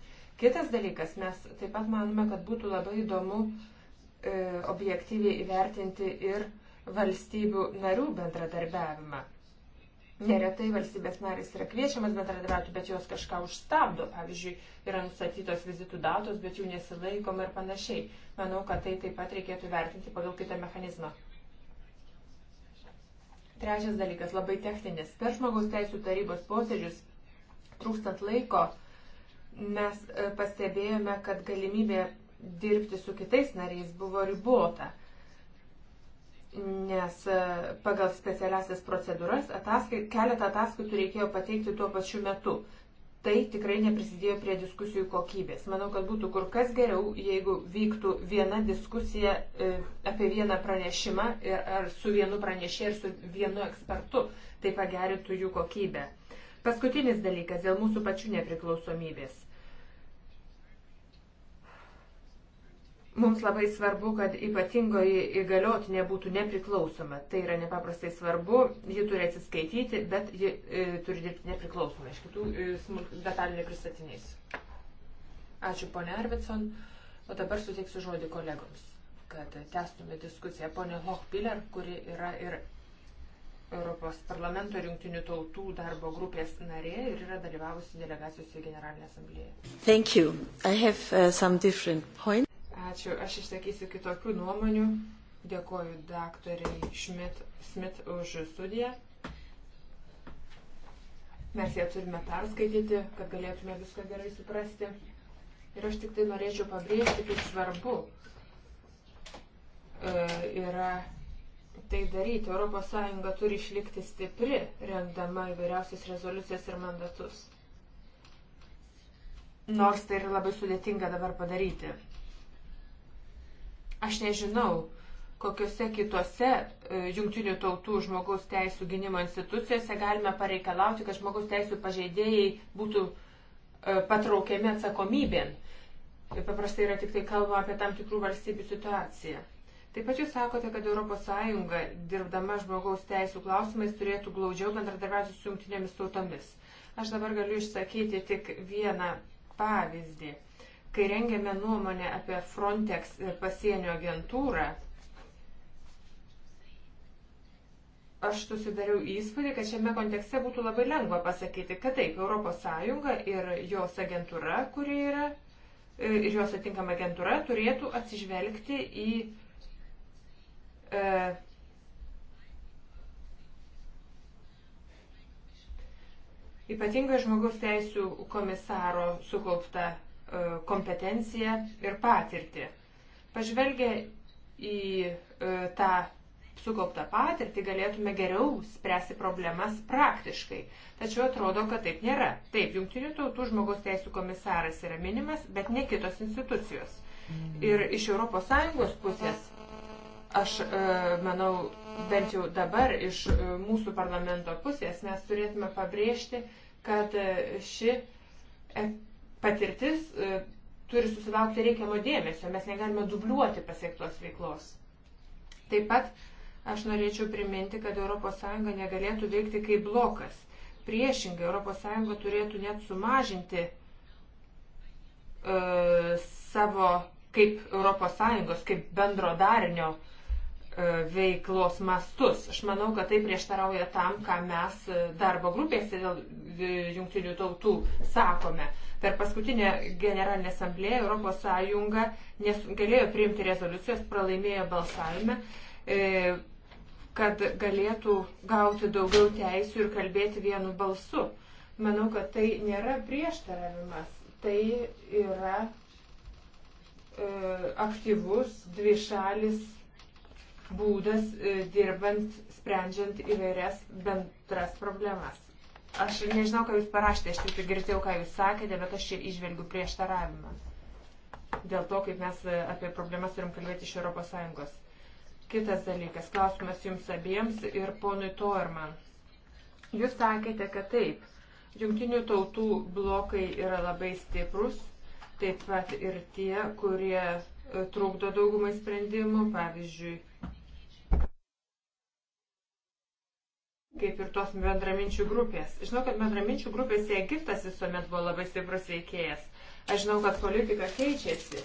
Kitas dalykas, mes taip pat manome, kad būtų labai įdomu e, objektyviai įvertinti ir valstybių narių bendradarbiavimą. Neretai valstybės narys yra kviečiamas bendradarbiauti, bet jos kažką užstabdo. Pavyzdžiui, yra nustatytos vizitų datos, bet jų nesilaikoma ir panašiai. Manau, kad tai taip pat reikėtų vertinti pagal kitą mechanizmą. Trečias dalykas, labai techninis. Per žmogaus teisų tarybos posėdžius trūkstant laiko mes e, pastebėjome, kad galimybė dirbti su kitais nariais buvo ribota, nes e, pagal specialiasias procedūras ataskait, keletą ataskaitų reikėjo pateikti tuo pačiu metu tai tikrai neprisidėjo prie diskusijų kokybės. Manau, kad būtų kur kas geriau, jeigu vyktų viena diskusija e, apie vieną pranešimą ar su vienu pranešėju ir su vienu ekspertu. Tai pagerintų jų kokybę. Paskutinis dalykas dėl mūsų pačių nepriklausomybės. Mums labai svarbu, kad ypatingoji įgaliotinė būtų nepriklausoma. Tai yra nepaprastai svarbu, ji turi atsiskaityti, bet ji e, turi dirbti nepriklausomai. Iš kitų e, detalių nepristatinės. Ačiū, ponė Arvidson. O dabar suteiksiu žodį kolegoms, kad testume diskusiją. Pone Hochpiller, kuri yra ir Europos parlamento ir jungtinių tautų darbo grupės narė ir yra dalyvavusi delegacijos į Generalinę asamblėją. Thank you. I have uh, some different points. Ačiū. Aš išsakysiu kitokių nuomonių. Dėkoju daktariai Schmidt, Smith už studiją. Mes ją turime perskaityti, kad galėtume viską gerai suprasti. Ir aš tik tai norėčiau pabrėžti, kaip svarbu e, yra tai daryti. ES turi išlikti stipri, rengdama įvairiausias rezoliucijas ir mandatus. Nors tai yra labai sudėtinga dabar padaryti. Aš nežinau, kokiuose kitose e, jungtinių tautų žmogaus teisų gynimo institucijose galime pareikalauti, kad žmogaus teisų pažeidėjai būtų e, patraukiami atsakomybėn. Paprastai yra tik tai kalba apie tam tikrų valstybių situaciją. Taip pat jūs sakote, kad ES, dirbdama žmogaus teisų klausimais, turėtų glaudžiau bendradarbiauti su jungtinėmis tautomis. Aš dabar galiu išsakyti tik vieną pavyzdį. Kai rengėme nuomonę apie Frontex ir pasienio agentūrą, aš susidariau įspūdį, kad šiame kontekste būtų labai lengva pasakyti, kad taip, ES ir jos agentūra, kuri yra, e, ir jos atinkama agentūra turėtų atsižvelgti į e, ypatingą žmogaus teisų komisaro sukauptą E, kompetenciją ir patirtį. Pažvelgę į e, tą sukauptą patirtį galėtume geriau spręsti problemas praktiškai. Tačiau atrodo, kad taip nėra. Taip, Junktinių tautų žmogaus teisų komisaras yra minimas, bet ne kitos institucijos. Ir iš ES pusės, aš e, manau, bent jau dabar iš e, mūsų parlamento pusės mes turėtume pabrėžti, kad e, ši e, patirtis e, turi susilaukti reikiamo dėmesio, mes negalime dubliuoti pasiektos veiklos. Taip pat aš norėčiau priminti, kad ES negalėtų veikti kaip blokas. Priešingai, ES turėtų net sumažinti uh, savo kaip ES, kaip bendro darinio uh, E, veiklos mastus. Aš manau, kad tai prieštarauja tam, ką mes e, darbo grupėse dėl e, jungtinių tautų sakome. Per paskutinę generalinę asamblėją ES galėjo priimti rezoliucijas, pralaimėjo balsavime, kad galėtų gauti daugiau teisų ir kalbėti vienu balsu. Manau, kad tai nėra prieštaravimas, tai yra e, aktyvus dvišalis būdas e, dirbant, sprendžiant įvairias bendras problemas. Aš nežinau, ką jūs parašėte, aš tik girdėjau, ką jūs sakėte, bet aš čia išvelgiu prieštaravimą. Dėl to, kaip mes e, apie problemas turim kalbėti iš ES. Kitas dalykas, klausimas jums abiems ir ponui Toerman. Jūs sakėte, kad taip, jungtinių tautų blokai yra labai stiprus, taip pat ir tie, kurie e, trukdo daugumai sprendimų, pavyzdžiui, kaip ir tos bendraminčių grupės. Žinau, kad bendraminčių grupėse Egiptas visuomet buvo labai stiprus veikėjas. Aš žinau, kad politika keičiasi,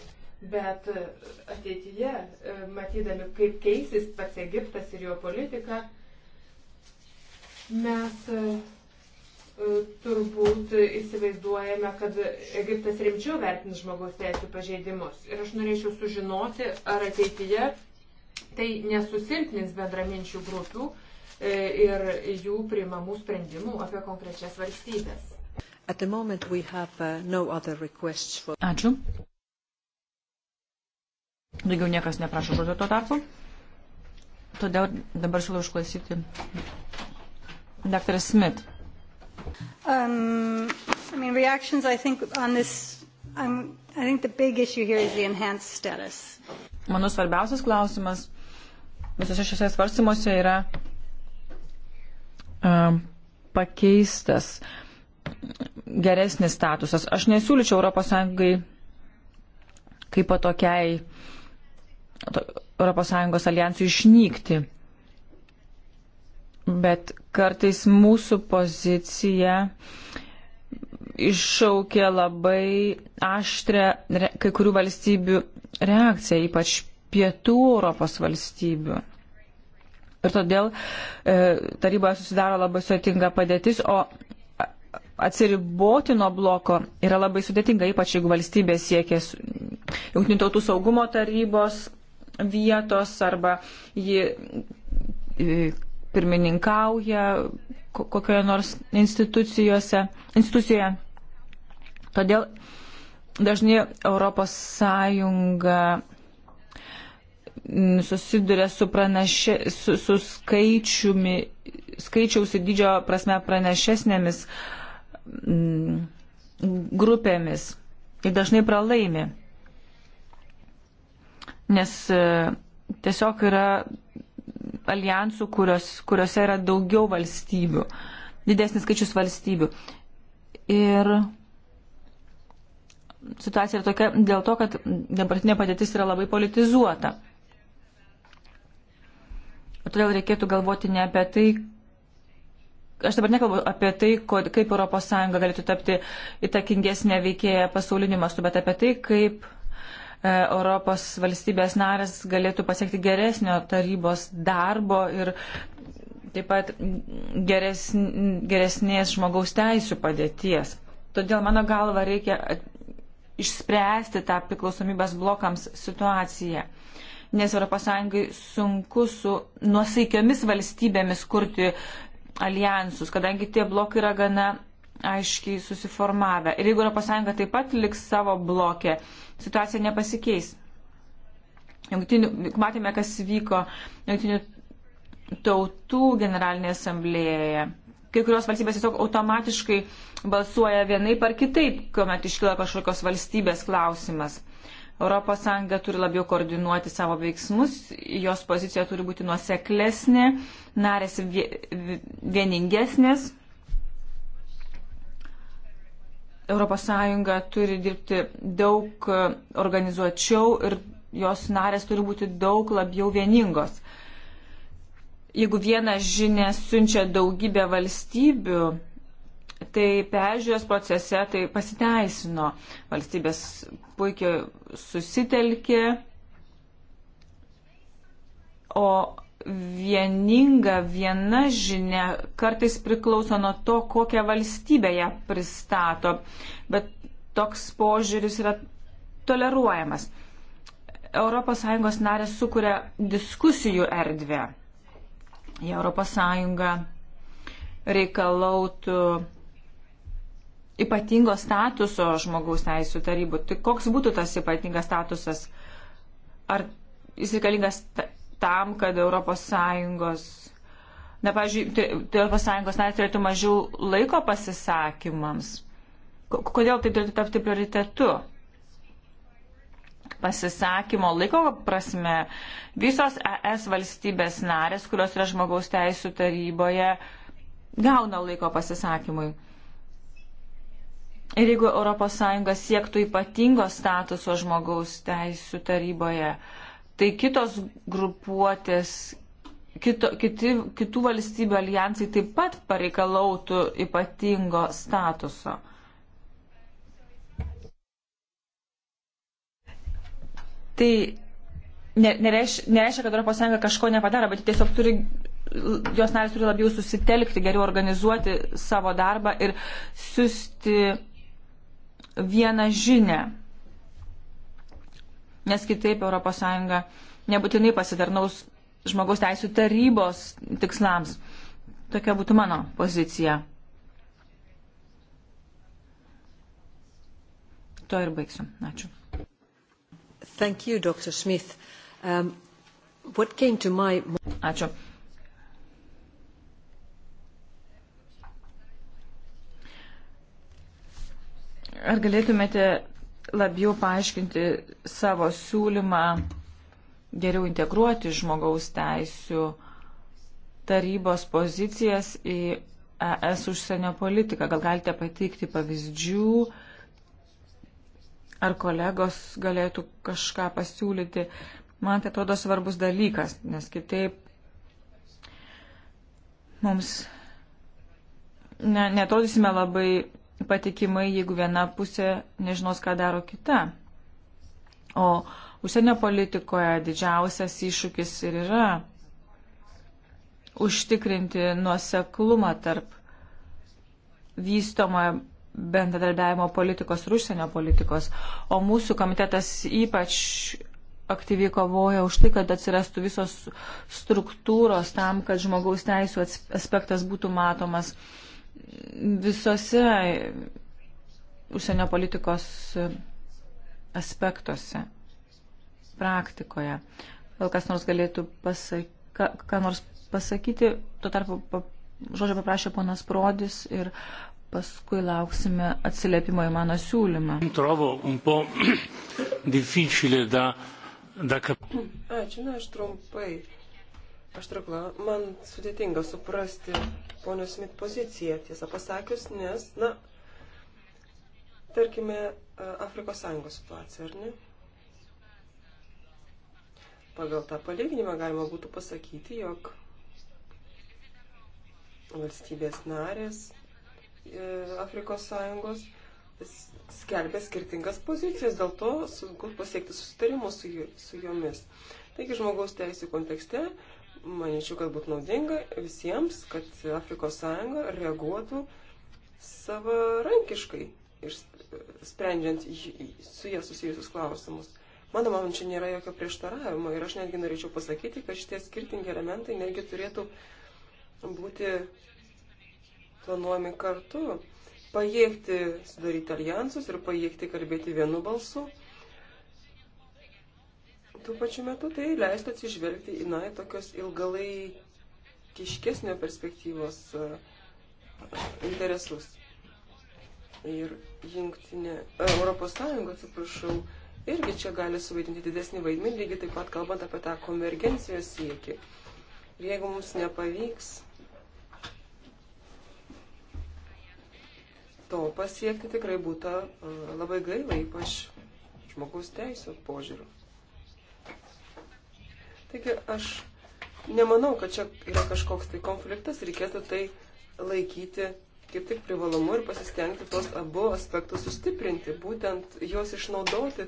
bet e, ateityje, e, matydami, kaip keisis pats Egiptas ir jo politika, mes e, turbūt įsivaizduojame, kad Egiptas rimčiau vertins žmogaus teisų pažeidimus. Ir aš norėčiau sužinoti, ar ateityje tai nesusilpnins bendraminčių grupių, E, ir jų priimamų sprendimų apie konkrečias valstybės. Have, uh, no for... Ačiū. Daugiau niekas neprašo žodžio tuo tarpu. Todėl dabar siūlau išklausyti dr. Smith. Um, I mean, reactions, I think, on this, I'm, I think the big issue here is the enhanced status. Mano svarbiausias klausimas visose šiose svarstymuose yra pakeistas geresnis statusas. Aš nesiūlyčiau ES kaip patokiai ES alijansų išnykti. Bet kartais mūsų pozicija iššaukė labai aštrę kai kurių valstybių reakciją, ypač pietų Europos valstybių. Ir todėl e, taryboje susidaro labai sudėtinga padėtis, o atsiriboti nuo bloko yra labai sudėtinga, ypač jeigu valstybė siekia Junktinių tautų saugumo tarybos vietos arba ji e, pirmininkauja kokioje nors institucijoje. Todėl dažnai Europos Sąjunga susiduria su, pranaše, su, su skaičiumi, skaičiaus ir dydžio prasme pranašesnėmis mm, grupėmis ir dažnai pralaimi. Nes e, tiesiog yra alijansų, kurios, kuriuose yra daugiau valstybių, didesnis skaičius valstybių. Ir situacija yra tokia dėl to, kad dabartinė padėtis yra labai politizuota. Todėl reikėtų galvoti ne apie tai, aš dabar nekalbu apie tai, kod, kaip ES galėtų tapti įtakingesnė veikėja pasauliniu mastu, bet apie tai, kaip e, Europos valstybės narės galėtų pasiekti geresnio tarybos darbo ir taip pat geresn, geresnės žmogaus teisų padėties. Todėl mano galva reikia išspręsti tą priklausomybės blokams situaciją nes ES sunku su nuosaikiomis valstybėmis kurti alijansus, kadangi tie blokai yra gana aiškiai susiformavę. Ir jeigu ES taip pat liks savo blokė, situacija nepasikeis. Jungtinių, matėme, kas vyko Jungtinių tautų generalinėje asamblėje. Kai kurios valstybės tiesiog automatiškai balsuoja vienaip ar kitaip, kuomet iškyla kažkokios valstybės klausimas. ES turi labiau koordinuoti savo veiksmus, jos pozicija turi būti nuoseklesnė, narės vieningesnės. ES turi dirbti daug organizuočiau ir jos narės turi būti daug labiau vieningos. Jeigu vieną žinę siunčia daugybė valstybių, Tai pežiūros procese tai pasiteisino. Valstybės puikiai susitelkė, o vieninga viena žinia kartais priklauso nuo to, kokią valstybę ją pristato. Bet toks požiūris yra toleruojamas. ES narės sukuria diskusijų erdvę. Jei ES reikalautų ypatingo statuso žmogaus teisų tarybų. Tai koks būtų tas ypatingas statusas? Ar jis reikalingas tam, kad ES, na, pavyzdžiui, tai, tai ES narys turėtų mažiau laiko pasisakymams? Kodėl tai turėtų tapti prioritetu? Pasisakymo laiko prasme, visos ES valstybės narės, kurios yra žmogaus teisų taryboje, gauna laiko pasisakymui. Ir jeigu ES siektų ypatingo statuso žmogaus teisų taryboje, tai kitos grupuotės, kito, kiti, kitų valstybių alijansai taip pat pareikalautų ypatingo statuso. Tai nereiškia, nereiškia kad ES kažko nepadaro, bet tiesiog turi, jos narės turi labiau susitelkti, geriau organizuoti savo darbą ir siūsti vieną žinę. Nes kitaip ES nebūtinai pasitarnaus žmogaus teisų tarybos tikslams. Tokia būtų mano pozicija. Tuo ir baigsiu. Ačiū. Thank you, Dr. Smith. Um, what came to my... Ačiū. Ar galėtumėte labiau paaiškinti savo siūlymą geriau integruoti žmogaus teisų tarybos pozicijas į ES užsienio politiką? Gal galite pateikti pavyzdžių, ar kolegos galėtų kažką pasiūlyti? Man tai atrodo svarbus dalykas, nes kitaip mums ne, netodysime labai patikimai, jeigu viena pusė nežinos, ką daro kita. O užsienio politikoje didžiausias iššūkis ir yra užtikrinti nuoseklumą tarp vystomą bendradarbiavimo politikos ir užsienio politikos. O mūsų komitetas ypač aktyviai kovoja už tai, kad atsirastų visos struktūros tam, kad žmogaus teisų aspektas būtų matomas visose užsienio politikos aspektuose, praktikoje. Gal kas nors galėtų pasakyti, ką, ką nors pasakyti, tuo tarpu pa, žodžio paprašė ponas Prodis ir paskui lauksime atsiliepimo į mano siūlymą. *coughs* Ačiū, na aš trumpai. Aš trukla, man sudėtinga suprasti ponios Smith poziciją, tiesą pasakius, nes, na, tarkime, Afrikos Sąjungos situacija, ar ne? Pagal tą palyginimą galima būtų pasakyti, jog valstybės narės e, Afrikos Sąjungos skelbia skirtingas pozicijas, dėl to sunku pasiekti susitarimus su, su jomis. Taigi žmogaus teisų kontekste manyčiau, kad būtų naudinga visiems, kad Afrikos sąjunga reaguotų savarankiškai ir sprendžiant su jie susijusius klausimus. Mano man čia nėra jokio prieštaravimo ir aš netgi norėčiau pasakyti, kad šitie skirtingi elementai netgi turėtų būti planuojami kartu, pajėgti sudaryti alijansus ir pajėgti kalbėti vienu balsu Tuo pačiu metu tai leistų atsižvelgti į, na, tokios ilgalaikiškesnio perspektyvos e, interesus. Ir jungtinė, e, Europos Sąjunga, atsiprašau, irgi čia gali suvaidinti didesnį vaidmenį, lygiai taip pat kalbant apie tą konvergencijos siekį. Ir jeigu mums nepavyks to pasiekti, tikrai būtų e, labai gaila, ypač žmogaus teisų požiūrių. Taigi aš nemanau, kad čia yra kažkoks tai konfliktas, reikėtų tai laikyti kaip tik privalumu ir pasistengti tuos abu aspektus sustiprinti, būtent juos išnaudoti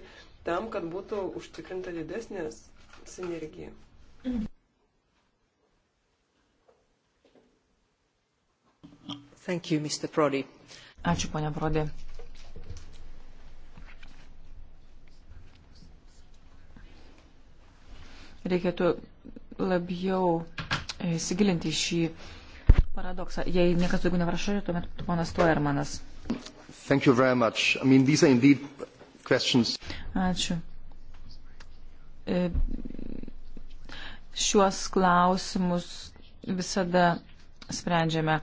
tam, kad būtų užtikrinta didesnė sinergija. Thank you, Mr. Prodi. Ačiū, ponia Prodi. reikėtų labiau e, įsigilinti šį paradoksą. Jei niekas daugiau nevrašo, tuomet ponas Toermanas. I mean, Ačiū. E, šiuos klausimus visada sprendžiame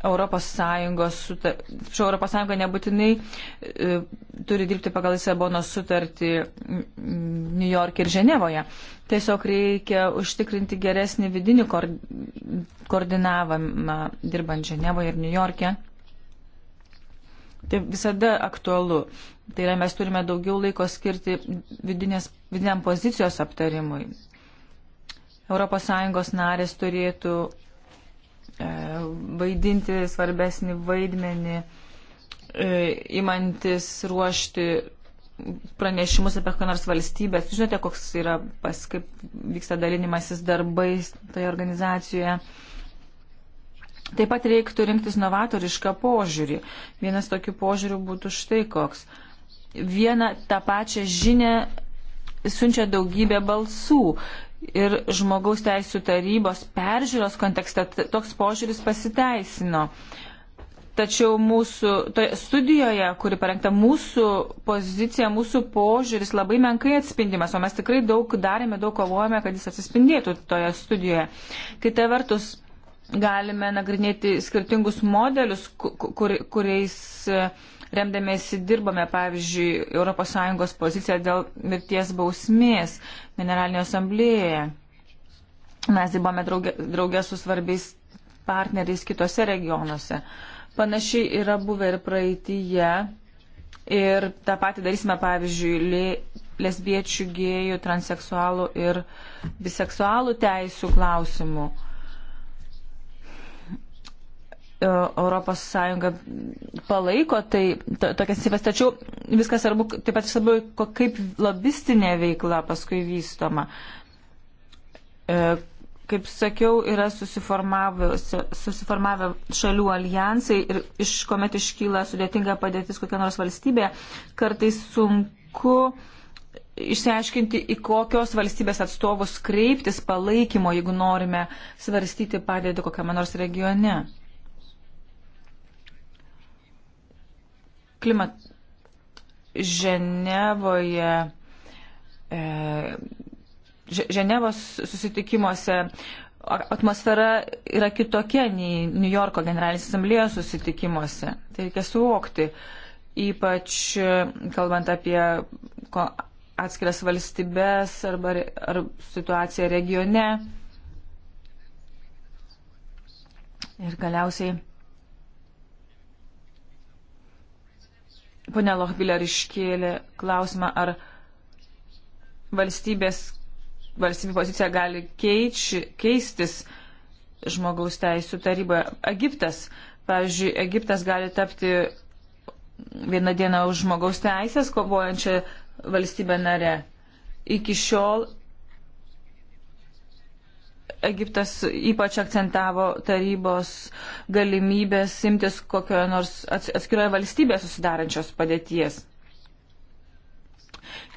ES, šio ES nebūtinai e, turi dirbti pagal Lisabono sutartį New York ir Ženevoje. Tiesiog reikia užtikrinti geresnį vidinį koordinavimą dirbant Ženevoje ir New York'e. Tai visada aktualu. Tai yra, mes turime daugiau laiko skirti vidinės, vidiniam pozicijos aptarimui. ES narės turėtų E, vaidinti svarbesnį vaidmenį, įmantis e, ruošti pranešimus apie ką nors valstybės. Žinote, koks yra, pas, kaip vyksta dalinimasis darbais toje organizacijoje. Taip pat reiktų rinktis novatorišką požiūrį. Vienas tokių požiūrių būtų štai koks. Vieną tą pačią žinę siunčia daugybė balsų ir žmogaus teisų tarybos peržiūros kontekste toks požiūris pasiteisino. Tačiau mūsų studijoje, kuri parengta mūsų pozicija, mūsų požiūris labai menkai atspindimas, o mes tikrai daug darėme, daug kovojame, kad jis atsispindėtų toje studijoje. Kita vertus, galime nagrinėti skirtingus modelius, kur, kur, kuriais remdamėsi dirbame, pavyzdžiui, ES poziciją dėl mirties bausmės Generalinėje asamblėje. Mes dirbame draugė, draugė su svarbiais partneriais kitose regionuose. Panašiai yra buvę ir praeitįje. Ir tą patį darysime, pavyzdžiui, lesbiečių, gėjų, transeksualų ir biseksualų teisų klausimų. Uh, Europos Sąjunga palaiko tai, to, tokias įves, tačiau viskas svarbu, taip pat svarbu, kaip lobistinė veikla paskui vystoma. E, kaip sakiau, yra susiformavę, susiformavę šalių alijansai ir iš kuomet iškyla sudėtinga padėtis kokia nors valstybė, kartais sunku išsiaiškinti, į kokios valstybės atstovus kreiptis palaikymo, jeigu norime svarstyti padėti kokiame nors regione. Klimat Ženevoje. E, Ženevos susitikimuose atmosfera yra kitokia nei New Yorko generalinės asamblėjos susitikimuose. Tai reikia suvokti, ypač e, kalbant apie atskiras valstybės arba ar situaciją regione. Ir galiausiai Pone Lochbiller iškėlė klausimą, ar valstybės, valstybių pozicija gali keiči, keistis žmogaus teisų taryboje. Egiptas, pavyzdžiui, Egiptas gali tapti vieną dieną už žmogaus teisės kovojančią valstybę narę. Iki šiol Egiptas ypač akcentavo tarybos galimybės simtis kokioje nors atskiroje valstybėje susidarančios padėties.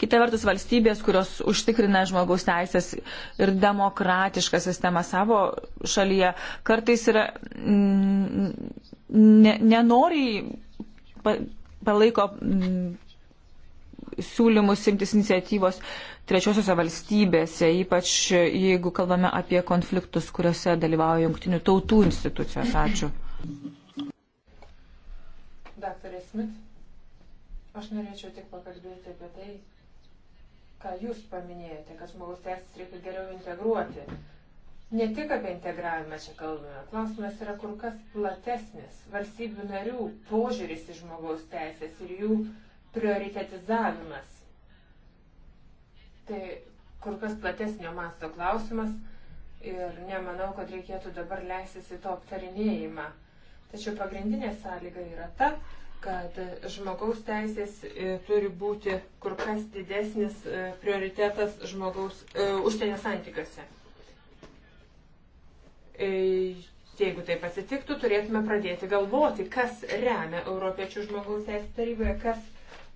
Kita vertus, valstybės, kurios užtikrina žmogaus teisės ir demokratišką sistemą savo šalyje, kartais yra ne, nenoriai palaiko siūlymus imtis iniciatyvos trečiosiuose valstybėse, ypač jeigu kalbame apie konfliktus, kuriuose dalyvauja jungtinių tautų institucijos. Ačiū. Daktarė Smith, aš norėčiau tik pakalbėti apie tai, ką jūs paminėjote, kad žmogaus teisės reikia geriau integruoti. Ne tik apie integravimą čia kalbame, klausimas yra kur kas platesnis. Valstybių narių požiūris į žmogaus teisės ir jų uh, prioritetizavimas. Tai kur kas platesnio masto klausimas ir nemanau, kad reikėtų dabar leistis į to aptarinėjimą. Tačiau pagrindinė sąlyga yra ta, kad žmogaus teisės e, turi būti kur kas didesnis e, prioritetas žmogaus uh, užsienio santykiuose. Jeigu taip atsitiktų, turėtume pradėti galvoti, kas remia Europiečių žmogaus teisės taryboje, kas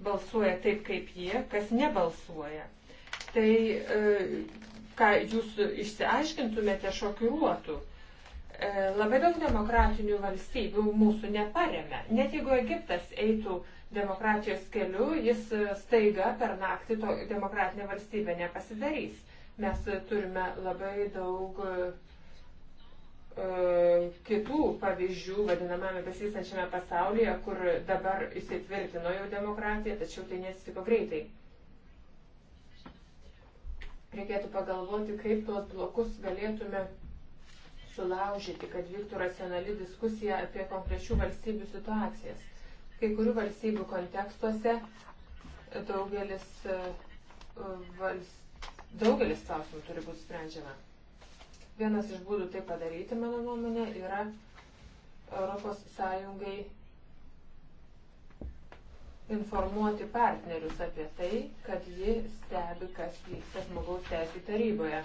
balsuoja taip, kaip jie, kas nebalsuoja. Tai e, ką jūs išsiaiškintumėte šokiruotų. E, labai daug demokratinių valstybių mūsų neparemė. Net jeigu Egiptas eitų demokratijos keliu, jis staiga per naktį to demokratinė valstybė nepasidarys. Mes turime labai daug E, kitų pavyzdžių vadinamame besivystančiame pasaulyje, kur dabar įsitvirtino jau demokratija, tačiau tai nesitiko greitai. Reikėtų pagalvoti, kaip tuos blokus galėtume sulaužyti, kad vyktų racionali diskusija apie konkrečių valstybių situacijas. Kai kurių valstybių kontekstuose daugelis, e, vals... daugelis klausimų turi būti sprendžiama. Vienas iš būdų tai padaryti, mano nuomonė, yra Europos Sąjungai informuoti partnerius apie tai, kad ji stebi, kas vyksta žmogaus teisų taryboje.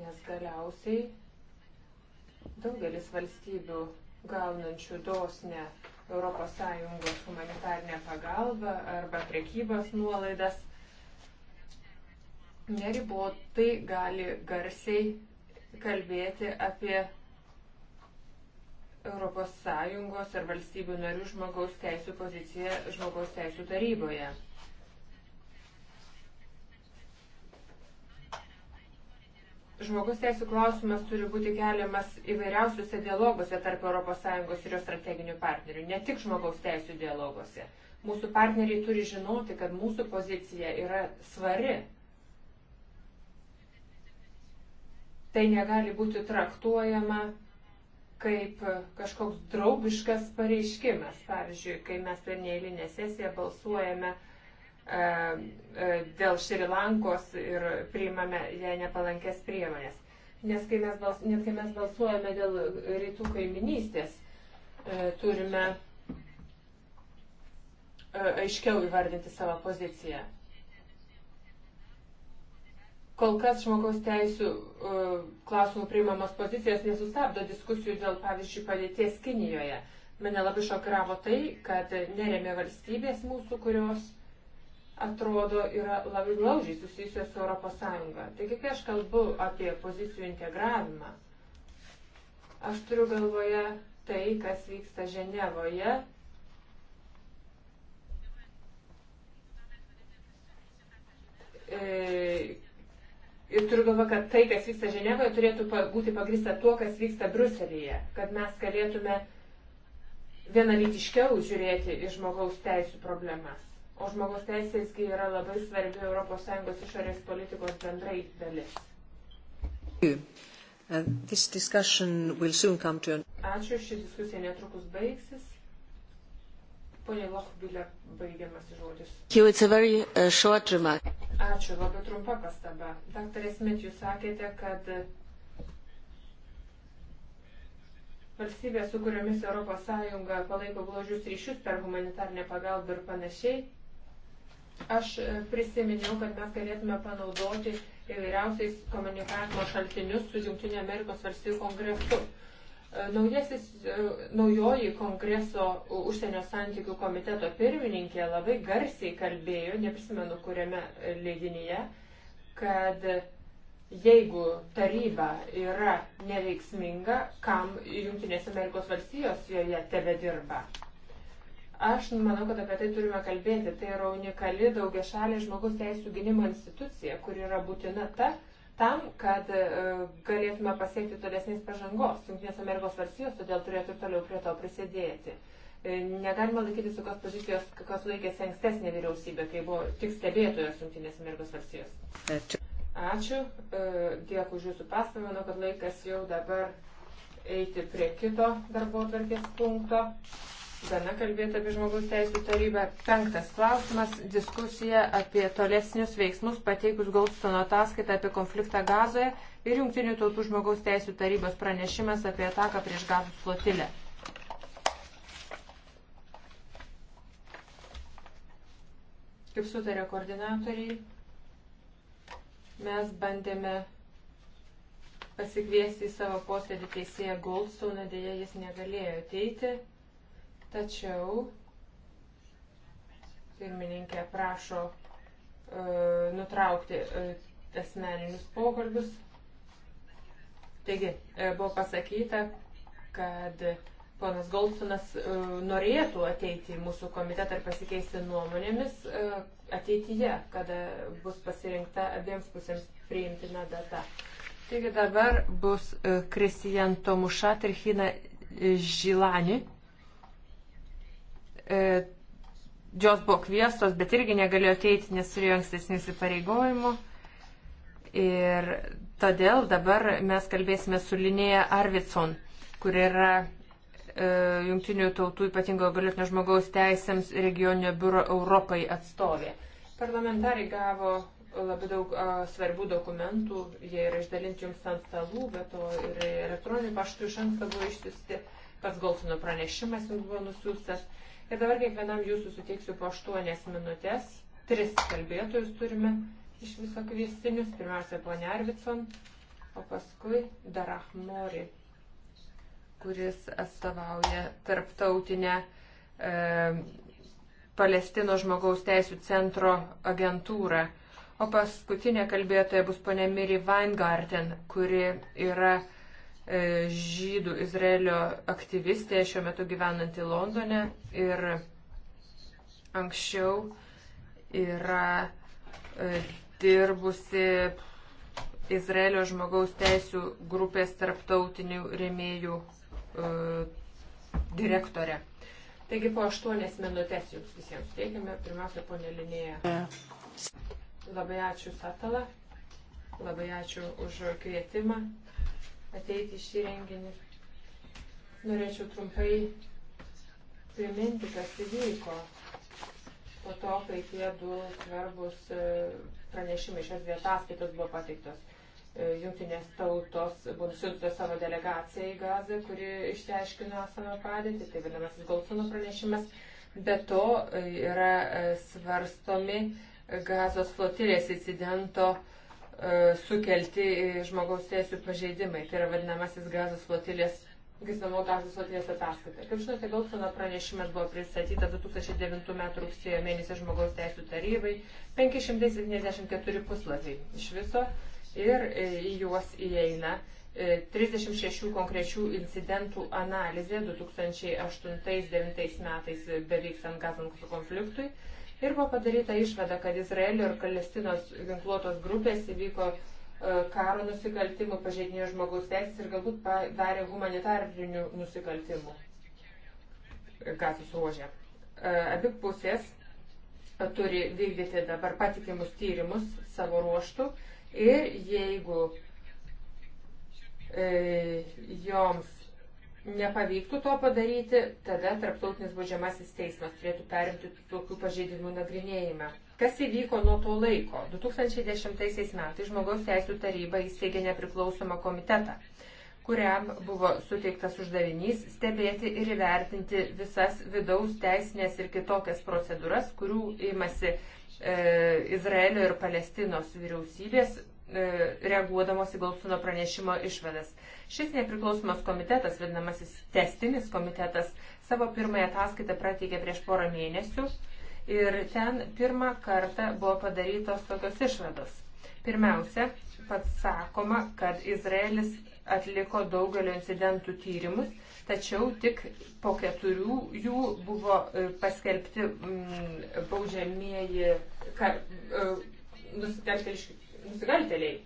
Nes galiausiai daugelis valstybių gaunančių dosnę ES humanitarinę pagalbą arba prekybos nuolaidas neribotai gali garsiai kalbėti apie ES ir valstybių narių žmogaus teisų poziciją žmogaus teisų taryboje. Žmogus teisų klausimas turi būti keliamas įvairiausiuose dialoguose tarp ES ir jos strateginių partnerių, ne tik žmogaus teisų dialoguose. Mūsų partneriai turi žinoti, kad mūsų pozicija yra svari Tai negali būti traktuojama kaip kažkoks draugiškas pareiškimas. Pavyzdžiui, kai mes per neįlinę sesiją balsuojame e, e, dėl Šrilankos ir priimame jai nepalankės priemonės. Nes kai mes, bals, net kai mes balsuojame dėl rytų kaiminystės, e, turime aiškiau įvardinti savo poziciją. Kol kas žmogaus teisų e, klausimų priimamas pozicijos nesustabdo diskusijų dėl, pavyzdžiui, padėties Kinijoje. Mane labai šokiravo tai, kad neremė valstybės mūsų, kurios atrodo yra labai glaužiai susijusios su Europos Sąjunga. Taigi, kai aš kalbu apie pozicijų integravimą, aš turiu galvoje tai, kas vyksta Ženevoje e, Ir turiu galvą, kad tai, kas vyksta Ženevoje, turėtų būti pagrįsta tuo, kas vyksta Bruselėje, kad mes galėtume vienalytiškiau žiūrėti į žmogaus teisų problemas. O žmogaus teisėsgi yra labai svarbi ES išorės politikos bendrai dalis. Uh, Ačiū, ši diskusija netrukus baigsis. Pone Lochbilė, baigiamas žodis. Ačiū, labai trumpa pastaba. Dr. Smith, jūs sakėte, kad valstybės, su kuriomis ES palaiko glaudžius ryšius per humanitarnę pagalbą ir panašiai, aš e, prisiminiau, kad mes galėtume panaudoti įvairiausiais komunikavimo šaltinius su Junktinio Amerikos valstybių kongresu E, naujasis, e, naujoji kongreso užsienio santykių komiteto pirmininkė labai garsiai kalbėjo, neprisimenu kuriame e, leidinyje, kad jeigu taryba yra neveiksminga, kam Junktinės Amerikos valstijos joje tebe dirba. Aš manau, kad apie tai turime kalbėti. Tai yra unikali daugiašalė žmogus teisų gynimo institucija, kuri yra būtina ta, tam, kad e, galėtume pasiekti tolesnės pažangos. Junktinės Amerikos valstijos todėl turėtų ir toliau prie to prisidėti. E, negalima laikytis tokios pozicijos, kokios laikėsi ankstesnė vyriausybė, kai buvo tik stebėtojos Junktinės Amerikos valstijos. Ačiū. Ačiū, e, dėkui už jūsų pastabą, manau, kad laikas jau dabar eiti prie kito darbo tvarkės punkto gana kalbėti apie žmogaus teisų tarybą. Penktas klausimas - diskusija apie tolesnius veiksmus pateikus Goldstono ataskaitą apie konfliktą Gazoje ir Junktinių tautų žmogaus teisų tarybos pranešimas apie ataką prieš Gazų flotilę. Kaip sutarė koordinatoriai, mes bandėme pasikviesti į savo posėdį teisėją Goldstoną, dėja jis negalėjo ateiti. Tačiau pirmininkė prašo e, nutraukti e, asmeninius pokalbius. Taigi, e, buvo pasakyta, kad ponas Goldsonas e, norėtų ateiti į mūsų komitetą ir pasikeisti nuomonėmis e, ateityje, kada bus pasirinkta abiems pusėms priimtina data. Taigi dabar bus e, Kristijan Tomušat ir Hina Žilani e, jos buvo kviestos, bet irgi negalėjo ateiti, nes turėjo ankstesnių įsipareigojimų. Ir todėl dabar mes kalbėsime su Linėja Arvidson, kur yra e, Junktinių tautų ypatingo galėtinio žmogaus teisėms regioninio biuro Europai atstovė. Parlamentarai gavo labai daug a, svarbių dokumentų, jie yra išdalinti jums ant stalų, bet to ir elektroniniu paštu iš anksto buvo išsiusti, pats Golfino pranešimas jums buvo nusiųstas. E, Ir dabar kiekvienam jūsų suteiksiu po 8 minutės. Tris kalbėtojus turime iš viso kvistinius. Pirmiausia, ponia Arvidson, o paskui Darahmori, kuris atstovauja tarptautinę e, Palestino žmogaus teisų centro agentūrą. O paskutinė kalbėtoja bus ponia Miri Weingarten, kuri yra E, žydų Izraelio aktyvistė šiuo metu gyvenanti Londone ir anksčiau yra e, dirbusi Izraelio žmogaus teisų grupės tarptautinių rėmėjų e, direktorė. Taigi po aštuonias minutės jums visiems teikime. Pirmiausia, ponė Linėja. Labai ačiū Satala, labai ačiū už kvietimą ateiti į šį renginį. Norėčiau trumpai priminti, kas įvyko po to, kai tie du svarbus e, pranešimai šios vietaskaitos buvo pateiktos. E, Jungtinės tautos buvo nusiuntusios savo delegaciją į Gazą, kuri išsiaiškino esamą padėtį, tai vadinamasis Golsono pranešimas. Be to e, yra svarstomi Gazos flotilės incidento uh, E, sukelti žmogaus teisų pažeidimai. Tai yra vadinamasis gazos flotilės, gizamo gazos flotilės ataskaita. Kaip žinote, Golsono pranešimas buvo pristatyta 2009 m. rugsėjo mėnesį žmogaus teisų tarybai, 574 puslapiai iš viso ir e, į juos įeina 36 e, konkrečių incidentų analizė 2008-2009 metais bevykstant gazos konfliktui Ir buvo padaryta išvada, kad Izraelio ir Palestinos ginkluotos grupės įvyko e, karo nusikaltimų, pažeidinėjo žmogaus teisės ir galbūt darė humanitarinių nusikaltimų gazos ruožė. E, abi pusės e, turi vykdyti dabar patikimus tyrimus savo ruoštų ir jeigu e, joms nepavyktų to padaryti, tada tarptautinis baudžiamasis teismas turėtų perimti tokių pažeidimų nagrinėjimą. Kas įvyko nuo to laiko? 2010 metais Žmogaus teisų taryba įsteigė nepriklausomą komitetą, kuriam buvo suteiktas uždavinys stebėti ir įvertinti visas vidaus teisinės ir kitokias procedūras, kurių imasi e, Izraelio ir Palestinos vyriausybės e, reaguodamos į Balsuno pranešimo išvadas. Šis nepriklausomas komitetas, vadinamasis testinis komitetas, savo pirmąją ataskaitą prateikė prieš porą mėnesių ir ten pirmą kartą buvo padarytos tokios išvados. Pirmiausia, pats sakoma, kad Izraelis atliko daugelio incidentų tyrimus, tačiau tik po keturių jų buvo e, paskelbti mm, baudžiamieji e, nusikaltėliai.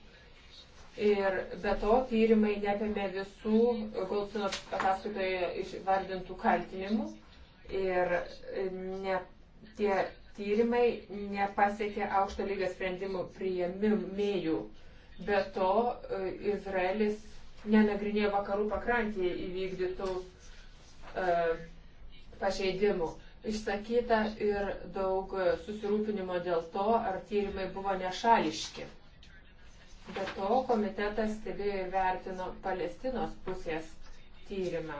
Ir be to tyrimai neapėmė visų Goldstone ataskaitoje išvardintų kaltinimų ir e, ne, tie tyrimai nepasiekė aukšto lygio sprendimų priėmimėjų. Be to e, Izraelis nenagrinėjo vakarų pakrantėje įvykdytų uh, pažeidimų. Išsakyta ir daug susirūpinimo dėl to, ar tyrimai buvo nešališki. Be to komitetas stebėjo ir vertino Palestinos pusės tyrimą.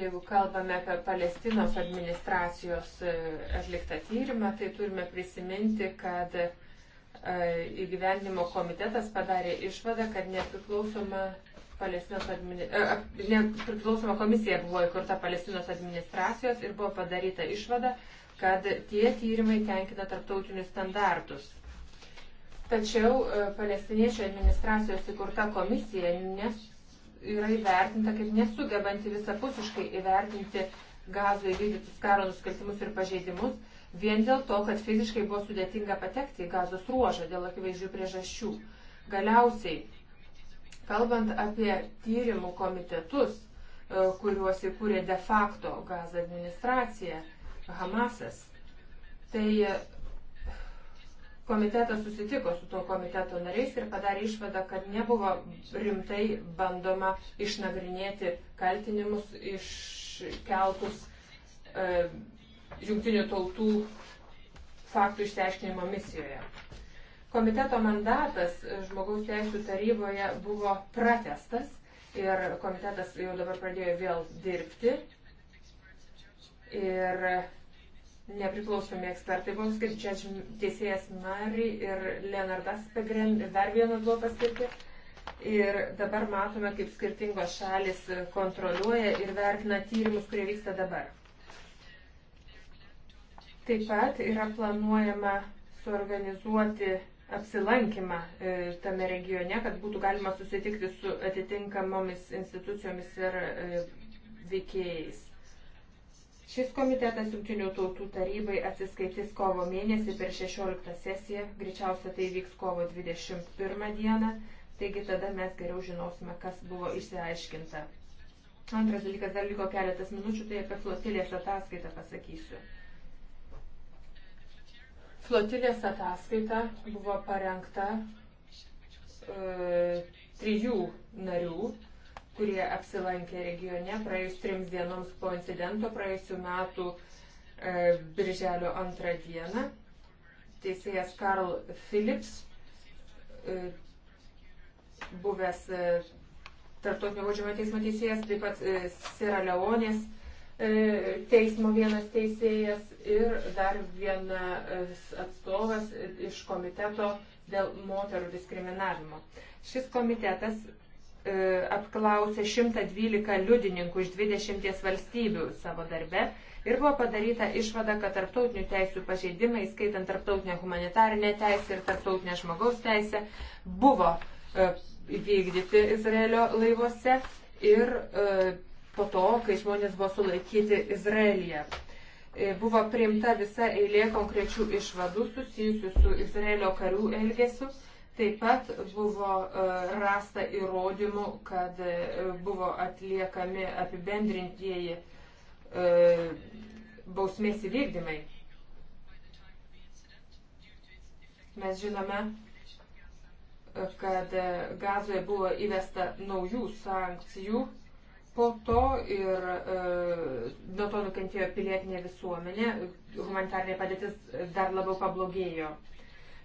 Jeigu kalbame apie Palestinos administracijos e, atliktą tyrimą, tai turime prisiminti, kad e, įgyvendimo komitetas padarė išvadą, kad nepriklausoma, administ... E, nepriklausoma komisija buvo įkurta Palestinos administracijos ir buvo padaryta išvada, kad tie tyrimai tenkina tarptautinius standartus. Tačiau e, palestiniečių administracijos įkurta komisija nes, yra įvertinta kaip nesugebanti visapusiškai įvertinti gazoje vykdytus karo nusikaltimus ir pažeidimus, vien dėl to, kad fiziškai buvo sudėtinga patekti į gazos ruožą dėl akivaizdžių priežasčių. Galiausiai, kalbant apie tyrimų komitetus, e, kuriuos įkūrė de facto gazo administracija, Hamasas, tai e, komitetas susitiko su tuo komiteto nariais ir padarė išvadą, kad nebuvo rimtai bandoma išnagrinėti kaltinimus iškeltus e, jungtinių tautų faktų išsiaiškinimo misijoje. Komiteto mandatas žmogaus teisų taryboje buvo pratestas ir komitetas jau dabar pradėjo vėl dirbti. Ir nepriklausomi ekspertai buvo skirti, teisėjas Mari ir Leonardas Pegren ir dar vienas buvo paskirti. Ir dabar matome, kaip skirtingos šalis kontroliuoja ir vertina tyrimus, kurie vyksta dabar. Taip pat yra planuojama suorganizuoti apsilankymą e, tame regione, kad būtų galima susitikti su atitinkamomis institucijomis ir e, veikėjais. Šis komitetas Junktinių tautų tarybai atsiskaitys kovo mėnesį per 16 sesiją, greičiausia tai vyks kovo 21 dieną, taigi tada mes geriau žinosime, kas buvo išsiaiškinta. Antras dalykas, dar liko keletas minučių, tai apie flotilės ataskaitą pasakysiu. Flotilės ataskaita buvo parengta e, trijų narių kurie apsilankė regione praėjus trims dienoms po incidento praėjusiu metu e, birželio antrą dieną. Teisėjas Karl Philips, e, buvęs e, Tartotinio baudžiamo teismo teisėjas, taip pat e, Sierra Leonės e, teismo vienas teisėjas ir dar vienas atstovas iš komiteto dėl moterų diskriminavimo. Šis komitetas E, apklausė 112 liudininkų iš 20 valstybių savo darbe ir buvo padaryta išvada, kad tarptautinių teisų pažeidimai, skaitant tarptautinę humanitarinę teisę ir tarptautinę žmogaus teisę, buvo e, įvykdyti Izraelio laivuose ir e, po to, kai žmonės buvo sulaikyti Izraelyje buvo priimta visa eilė konkrečių išvadų susijusių su Izraelio karių elgesiu Taip pat buvo e, rasta įrodymų, kad e, buvo atliekami apibendrintieji e, bausmės įvykdymai. Mes žinome, kad gazoje buvo įvesta naujų sankcijų po to ir nuo to nukentėjo pilietinė visuomenė, humanitarinė padėtis dar labiau pablogėjo.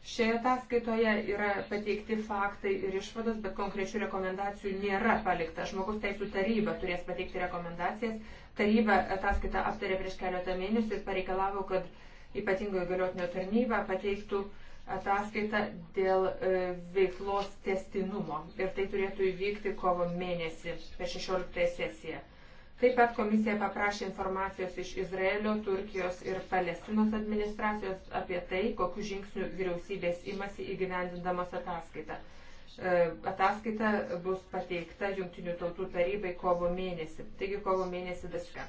Šioje ataskaitoje yra pateikti faktai ir išvados, bet konkrečių rekomendacijų nėra palikta. Žmogus teisų taryba turės pateikti rekomendacijas. Taryba ataskaitą aptarė prieš keletą mėnesių ir pareikalavo, kad ypatingojo galiotinio tarnyba pateiktų ataskaitą dėl e, veiklos testinumo. Ir tai turėtų įvykti kovo mėnesį per 16 sesiją. Taip pat komisija paprašė informacijos iš Izraelio, Turkijos ir Palestinos administracijos apie tai, kokiu žingsniu vyriausybės imasi įgyvendindamos ataskaitą. E, ataskaita bus pateikta Junktinių tautų tarybai kovo mėnesį. Taigi kovo mėnesį viską.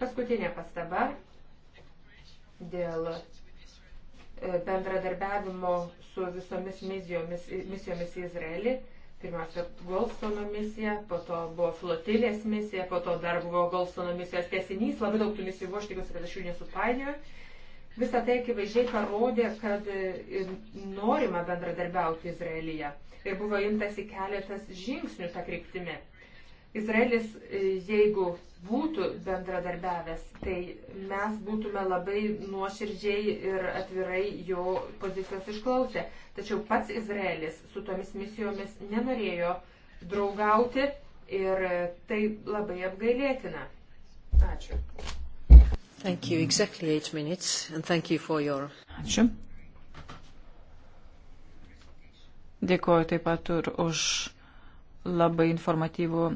Paskutinė pastaba dėl e, bendradarbiavimo su visomis misijomis, misijomis į Izraelį Pirmiausia, Goldstono misija, po to buvo flotilės misija, po to dar buvo Goldstono misijos tesinys, labai daug tų misijų buvo, aš tikiuosi, kad aš jų nesupainioju. Visą tai akivaizdžiai parodė, kad e, norima bendradarbiauti Izraelyje ir buvo imtasi keletas žingsnių tą kryptimį. Izraelis, e, jeigu būtų bendradarbiavęs, tai mes būtume labai nuoširdžiai ir atvirai jo pozicijos išklausę. Tačiau pats Izraelis su tomis misijomis nenorėjo draugauti ir tai labai apgailėtina. Ačiū. Thank you. Exactly eight minutes, and thank you for your. Ačiū. Dėkuoju taip pat ir už. Už labai informatyvų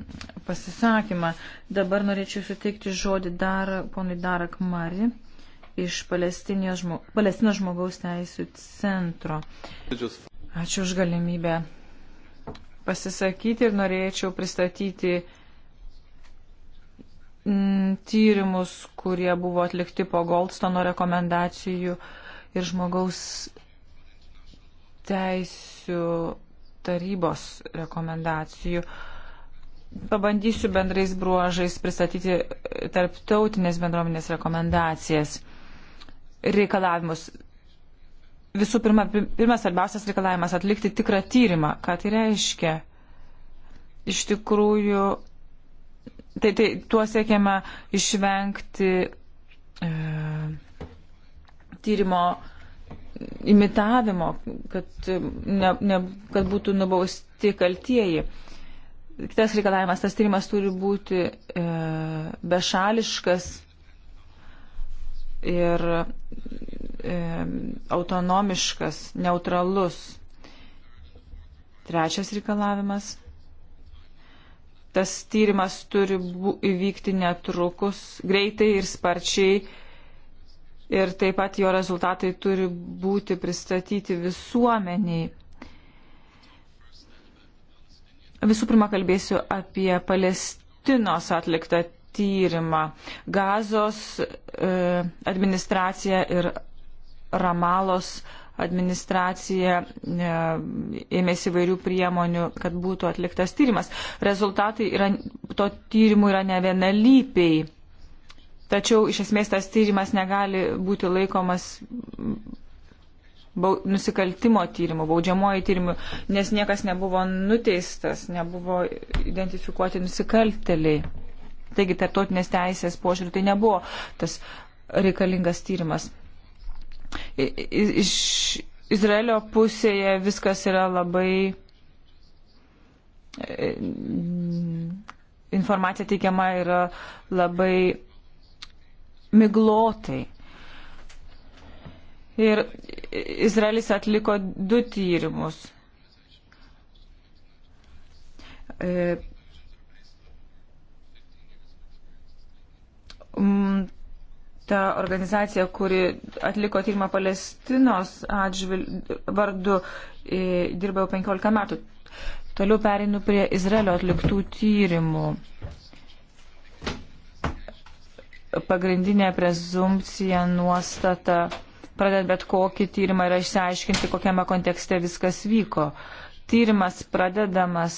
pasisakymą. Dabar norėčiau suteikti žodį dar ponui Darak Mari iš Palestinos žmogaus teisų centro. Ačiū už galimybę pasisakyti ir norėčiau pristatyti mm, tyrimus, kurie buvo atlikti po Goldstono rekomendacijų ir žmogaus teisų tarybos rekomendacijų. Pabandysiu bendrais bruožais pristatyti tarptautinės bendruomenės rekomendacijas, reikalavimus. Visų pirma, pirmas svarbiausias reikalavimas - atlikti tikrą tyrimą. Ką tai reiškia? Iš tikrųjų, tai, tai tuo siekiama išvengti e, tyrimo imitavimo, kad, ne, ne, kad būtų nubausti kaltieji. Kitas reikalavimas, tas tyrimas turi būti e, bešališkas ir e, autonomiškas, neutralus. Trečias reikalavimas. Tas tyrimas turi bu, įvykti netrukus, greitai ir sparčiai ir taip pat jo rezultatai turi būti pristatyti visuomeniai. Visų pirma, kalbėsiu apie Palestinos atliktą tyrimą. Gazos e, administracija ir Ramalos administracija e, ėmėsi vairių priemonių, kad būtų atliktas tyrimas. Rezultatai yra, to tyrimų yra nevienalypiai. Tačiau iš esmės tas tyrimas negali būti laikomas nusikaltimo tyrimų, baudžiamoji tyrimų, nes niekas nebuvo nuteistas, nebuvo identifikuoti nusikalteliai. Taigi tarptautinės teisės požiūrį tai nebuvo tas reikalingas tyrimas. Iš Izraelio pusėje viskas yra labai e, informacija teikiama yra labai miglotai. Ir Izraelis atliko du tyrimus. E, m, ta organizacija, kuri atliko tyrimą Palestinos atžvil, vardu, e, dirba jau 15 metų. Toliau perinu prie Izraelio atliktų tyrimų pagrindinė prezumpcija nuostata, pradedant bet kokį tyrimą, yra išsiaiškinti, kokiame kontekste viskas vyko. Tyrimas pradedamas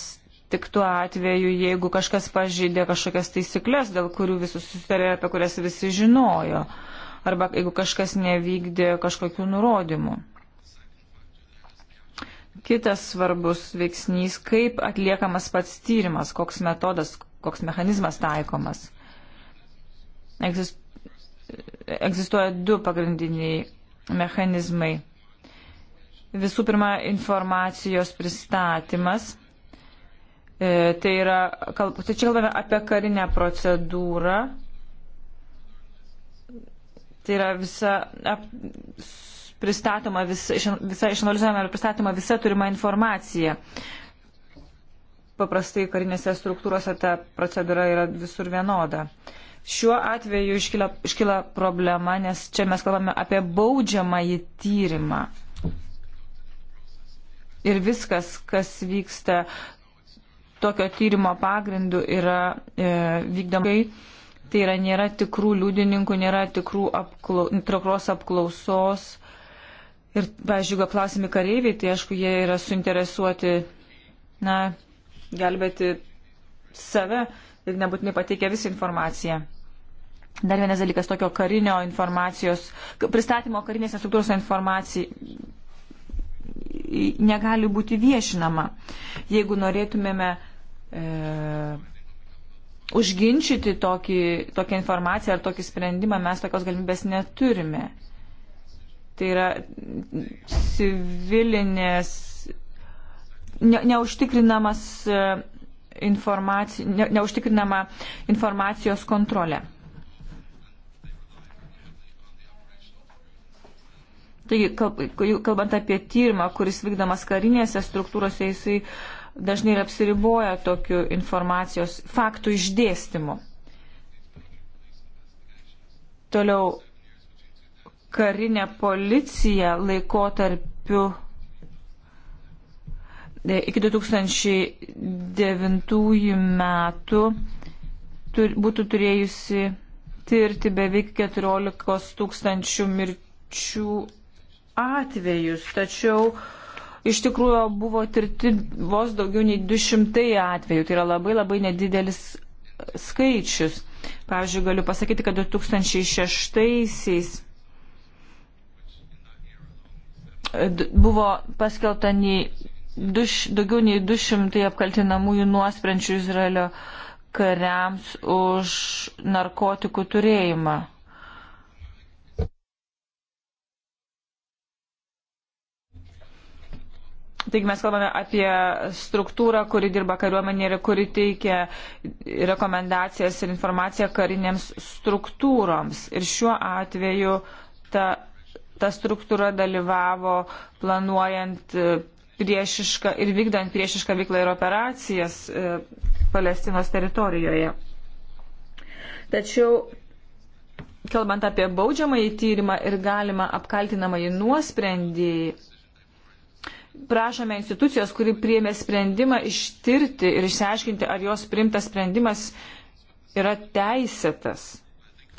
tik tuo atveju, jeigu kažkas pažydė kažkokias taisyklės, dėl kurių visi susitarė, apie kurias visi žinojo, arba jeigu kažkas nevykdė kažkokių nurodymų. Kitas svarbus veiksnys, kaip atliekamas pats tyrimas, koks metodas, koks mechanizmas taikomas egzistuoja du pagrindiniai mechanizmai. Visų pirma, informacijos pristatymas. E, tai yra, kalb, tai čia kalbame apie karinę procedūrą. Tai yra visa ap, pristatoma, visa, visa išanalizuojama ir pristatoma visa turima informacija. Paprastai karinėse struktūrose ta procedūra yra visur vienoda. Uh, Šiuo atveju iškyla, iškyla problema, nes čia mes kalbame apie baudžiamąjį tyrimą. Ir viskas, kas vyksta tokio tyrimo pagrindu, yra e, vykdomai. Tai yra nėra tikrų liudininkų, nėra tikrų apklau, tikros apklausos. Ir, pažiūrėjau, klausimi kareiviai, tai aišku, jie yra suinteresuoti, na, gelbėti save ir nebūtinai pateikia visą informaciją. Dar vienas dalykas tokio karinio informacijos, pristatymo karinės struktūros informacijai negali būti viešinama. Jeigu norėtumėme e, užginčyti tokį, tokią informaciją ar tokį sprendimą, mes tokios galimybės neturime. Tai yra civilinės, ne, neužtikrinamas e, informaci, ne, neužtikrinama informacijos kontrolė. Taigi, kalbant apie tyrimą, kuris vykdomas karinėse struktūrose, jisai dažnai ir apsiriboja tokiu informacijos faktų išdėstymu. Toliau, karinė policija laikotarpiu e, iki 2009 metų tur, būtų turėjusi tirti beveik 14 tūkstančių mirčių atvejus, tačiau iš tikrųjų buvo tirti vos daugiau nei 200 atvejų. Tai yra labai labai nedidelis skaičius. Pavyzdžiui, galiu pasakyti, kad 2006-aisiais buvo paskelta nei duš, daugiau nei 200 apkaltinamųjų nuosprendžių Izraelio kariams už narkotikų turėjimą. Taigi mes kalbame apie struktūrą, kuri dirba kariuomenė ir kuri teikia rekomendacijas ir informaciją karinėms struktūroms. Ir šiuo atveju ta, ta struktūra dalyvavo planuojant e, priešišką ir vykdant priešišką veiklą ir operacijas e, Palestinos teritorijoje. Tačiau kalbant apie baudžiamąjį tyrimą ir galimą apkaltinamąjį nuosprendį, prašome institucijos, kuri priėmė sprendimą, ištirti ir išsiaiškinti, ar jos primtas sprendimas yra teisėtas.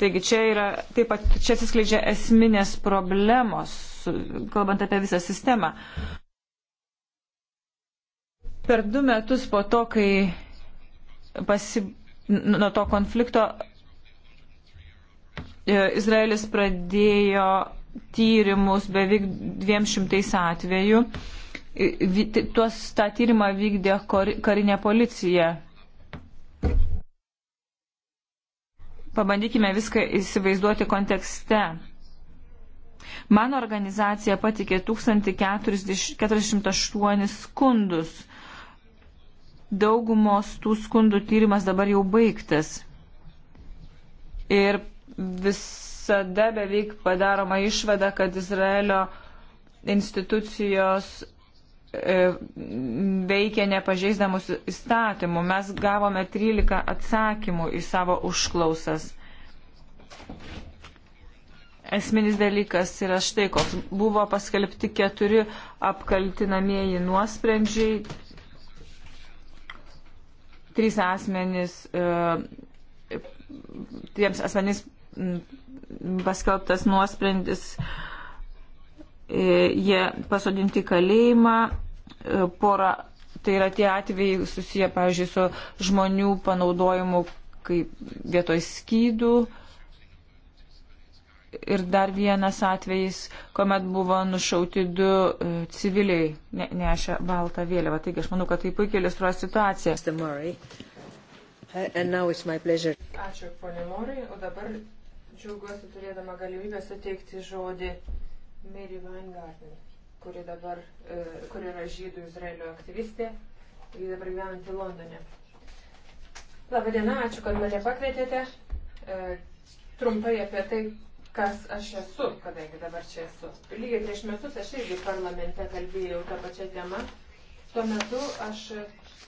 Taigi čia yra, taip pat čia atsiskleidžia esminės problemos, kalbant apie visą sistemą. Per du metus po to, kai pasi, nuo to konflikto e, Izraelis pradėjo tyrimus beveik 200 atvejų tuos tą tyrimą vykdė karinė policija. Pabandykime viską įsivaizduoti kontekste. Mano organizacija patikė 1048 skundus. Daugumos tų skundų tyrimas dabar jau baigtas. Ir visada beveik padaroma išvada, kad Izraelio institucijos E, veikia nepažeisdamus įstatymų. Mes gavome 13 atsakymų į savo užklausas. Esminis dalykas yra štai koks. Buvo paskelbti keturi apkaltinamieji nuosprendžiai. Trys asmenys, e, tiems asmenys paskelbtas nuosprendis E, jie pasodinti kalėjimą, e, pora, tai yra tie atvejai susiję, pavyzdžiui, su žmonių panaudojimu kaip vietoj skydų. Ir dar vienas atvejis, kuomet buvo nušauti du e, civiliai, ne, nešę baltą vėliavą. Taigi aš manau, kad tai puikiai iliustruoja situaciją. Uh, Ačiū, ponė Morai, o dabar džiaugiuosi turėdama galimybę suteikti žodį Mary Weingarten, kuri dabar, e, kuri yra žydų Izraelio aktyvistė, ji dabar gyvenanti Londone. Labą dieną, ačiū, kad mane pakvietėte. E, trumpai apie tai, kas aš esu, kadangi dabar čia esu. Lygiai prieš metus aš irgi parlamente kalbėjau tą pačią temą. Tuo metu aš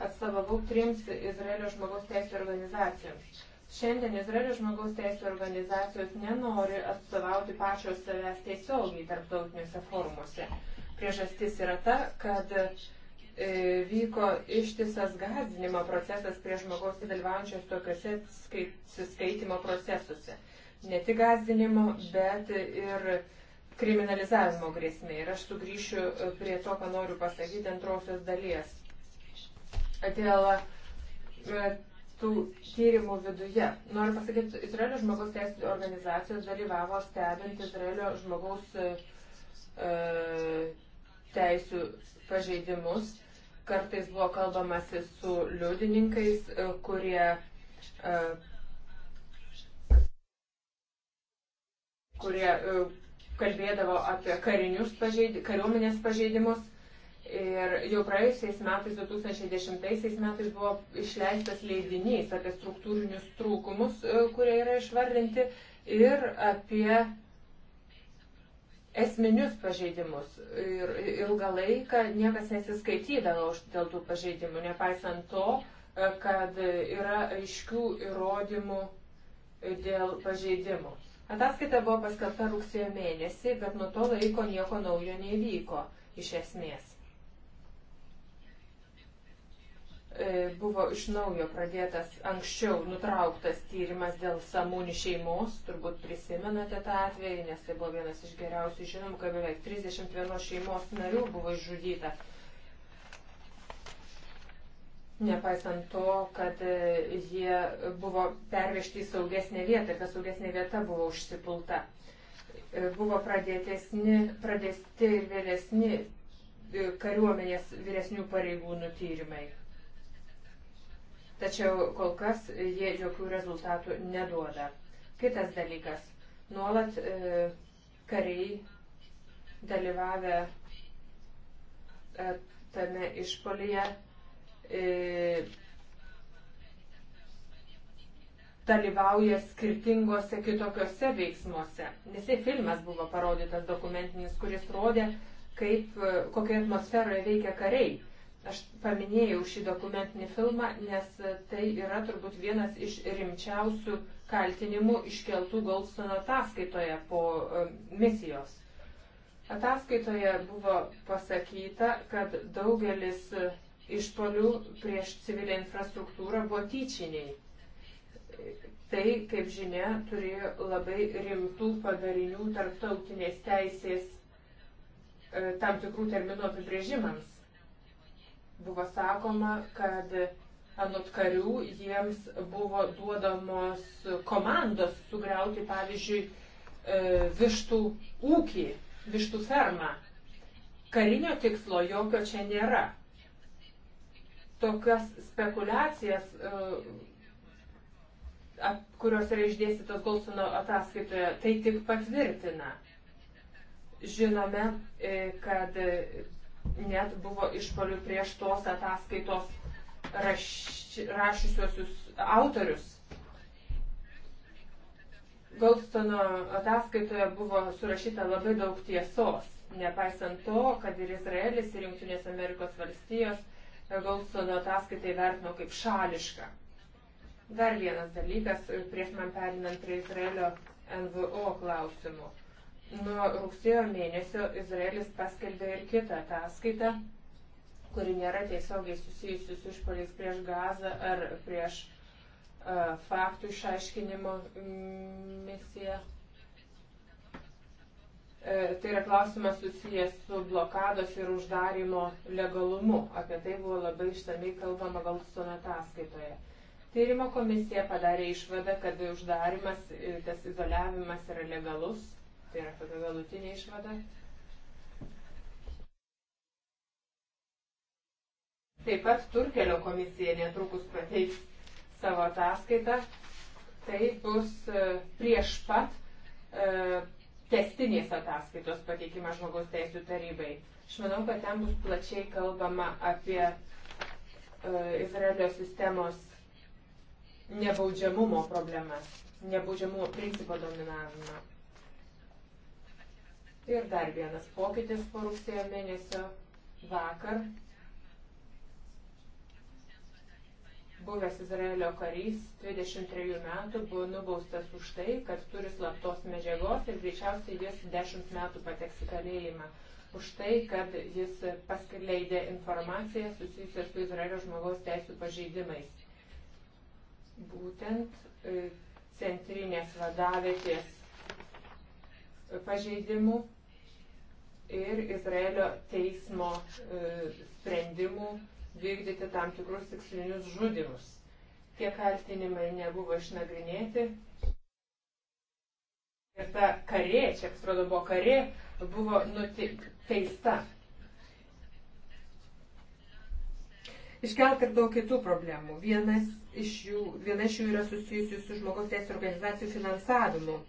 atstovavau trims Izraelio žmogaus teisų organizacijoms. Šiandien Izraelio žmogaus teisų organizacijos nenori atstovauti pačios savęs tiesiogiai tarptautiniuose forumuose. Priežastis yra ta, kad e, vyko ištisas gazdinimo procesas prie žmogaus dalyvaujančios tokiuose suskaitimo procesuose. Ne tik gazdinimo, bet ir kriminalizavimo grėsmė. Ir aš sugrįšiu e, prie to, ką noriu pasakyti antrosios dalies. Dėl e, tų tyrimų viduje. Noriu pasakyti, Izraelio žmogaus teisų organizacijos dalyvavo stebint Izraelio žmogaus e, e teisų pažeidimus. Kartais buvo kalbamasi su liudininkais, e, kurie, e, kurie e, kalbėdavo apie karinius pažeid, kariuomenės pažeidimus. Ir jau praėjusiais metais, 2010 metais buvo išleistas leidinys apie struktūrinius trūkumus, e, kurie yra išvardinti, ir apie esminius pažeidimus. Ir ilgą laiką niekas nesiskaitydavo dėl tų pažeidimų, nepaisant to, e, kad yra aiškių įrodymų dėl pažeidimų. Ataskaita buvo paskelbta rugsėjo mėnesį, bet nuo to laiko nieko naujo nevyko iš esmės. E, buvo iš naujo pradėtas anksčiau nutrauktas tyrimas dėl samūnių šeimos, turbūt prisimenate tą atvejį, nes tai buvo vienas iš geriausių žinomų, kad beveik 31 šeimos narių buvo išžudyta. Nepaisant to, kad e, jie buvo pervežti į saugesnę vietą, kad saugesnė vieta buvo užsipulta. E, buvo pradėti ir vėlesni kariuomenės vyresnių pareigūnų tyrimai tačiau kol kas jie jokių rezultatų neduoda. Kitas dalykas, nuolat e, kariai dalyvavę e, tame išpolyje e, dalyvauja skirtingose kitokiose veiksmuose. Nesai filmas buvo parodytas dokumentinis, kuris rodė, kaip, e, kokioje atmosferoje veikia kariai. Aš paminėjau šį dokumentinį filmą, nes tai yra turbūt vienas iš rimčiausių kaltinimų iškeltų Goldstono ataskaitoje po e, misijos. Ataskaitoje buvo pasakyta, kad daugelis išpolių prieš civilinę infrastruktūrą buvo tyčiniai. Tai, kaip žinia, turėjo labai rimtų padarinių tarptautinės teisės e, tam tikrų terminų apibrėžimams buvo sakoma, kad anot karių jiems buvo duodamos komandos sugriauti, pavyzdžiui, e, vištų ūkį, vištų fermą. Karinio tikslo jokio čia nėra. Tokias spekulacijas, e, kurios yra išdėstytos Golsono ataskaitoje, tai tik patvirtina. Žinome, e, kad net buvo išpolių prieš tos ataskaitos raš, rašusiosius autorius. Goldstono ataskaitoje buvo surašyta labai daug tiesos, nepaisant to, kad ir Izraelis, ir Junktinės Amerikos valstijos Goldstono ataskaitai vertino kaip šališką. Dar vienas dalykas, prieš man perinant prie Izraelio NVO klausimų Nuo rugsėjo mėnesio Izraelis paskelbė ir kitą ataskaitą, kuri nėra tiesiogiai susijusi su išpoliais prieš gazą ar prieš uh, faktų išaiškinimo misiją. E, tai yra klausimas susijęs su blokados ir uždarimo legalumu. Apie tai buvo labai ištamiai kalbama Galstono ataskaitoje. Tyrimo komisija padarė išvadą, kad uždarimas, tas izoliavimas yra legalus Tai yra kokia galutinė išvada. Taip pat Turkelio komisija netrukus pateiks savo ataskaitą. Tai bus e, prieš pat e, testinės ataskaitos pateikimą žmogaus teisų tarybai. Aš manau, kad ten bus plačiai kalbama apie e, Izraelio sistemos nebaudžiamumo problemas, nebaudžiamumo principo dominavimą. Ir dar vienas pokytis po rugsėjo mėnesio vakar. Buvęs Izraelio karys 23 metų buvo nubaustas už tai, kad turi slaptos medžiagos ir greičiausiai jis 10 metų pateks į kalėjimą. Už tai, kad jis paskleidė informaciją susijusią su Izraelio žmogaus teisų pažeidimais. Būtent e, centrinės vadavietės pažeidimų ir Izraelio teismo e, sprendimų vykdyti tam tikrus tikslinius žudimus. Tie kaltinimai nebuvo išnagrinėti. Ir ta karė, čia atrodo buvo karė, buvo nuteista. Iškelta ir daug kitų problemų. Vienas iš jų, viena iš jų yra susijusi su žmogaus teisų organizacijų finansavimu.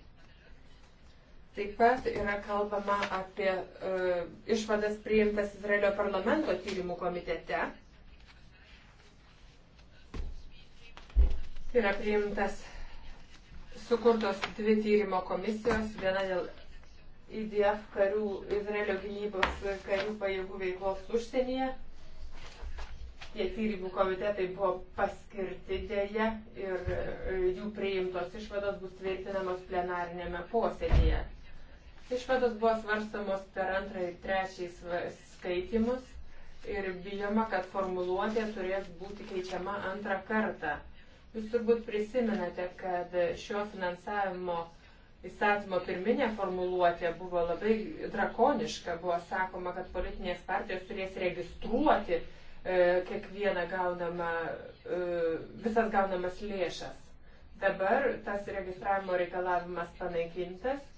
Taip pat yra kalbama apie e, išvadas priimtas Izraelio parlamento tyrimų komitete. Tai yra priimtas sukurtos dvi tyrimo komisijos, viena dėl IDF karių, Izraelio gynybos karių pajėgų veiklos užsienyje. Tie tyrimų komitetai buvo paskirti dėje ir e, jų priimtos išvados bus tvirtinamos plenarinėme posėdėje. Išvados buvo svarstamos per antrą ir trečią skaitimus ir bijoma, kad formuluotė turės būti keičiama antrą kartą. Jūs turbūt prisimenate, kad šio finansavimo įstatymo pirminė formuluotė buvo labai drakoniška. Buvo sakoma, kad politinės partijos turės registruoti e, kiekvieną gaunamą, e, visas gaunamas lėšas. Dabar tas registravimo reikalavimas panaikintas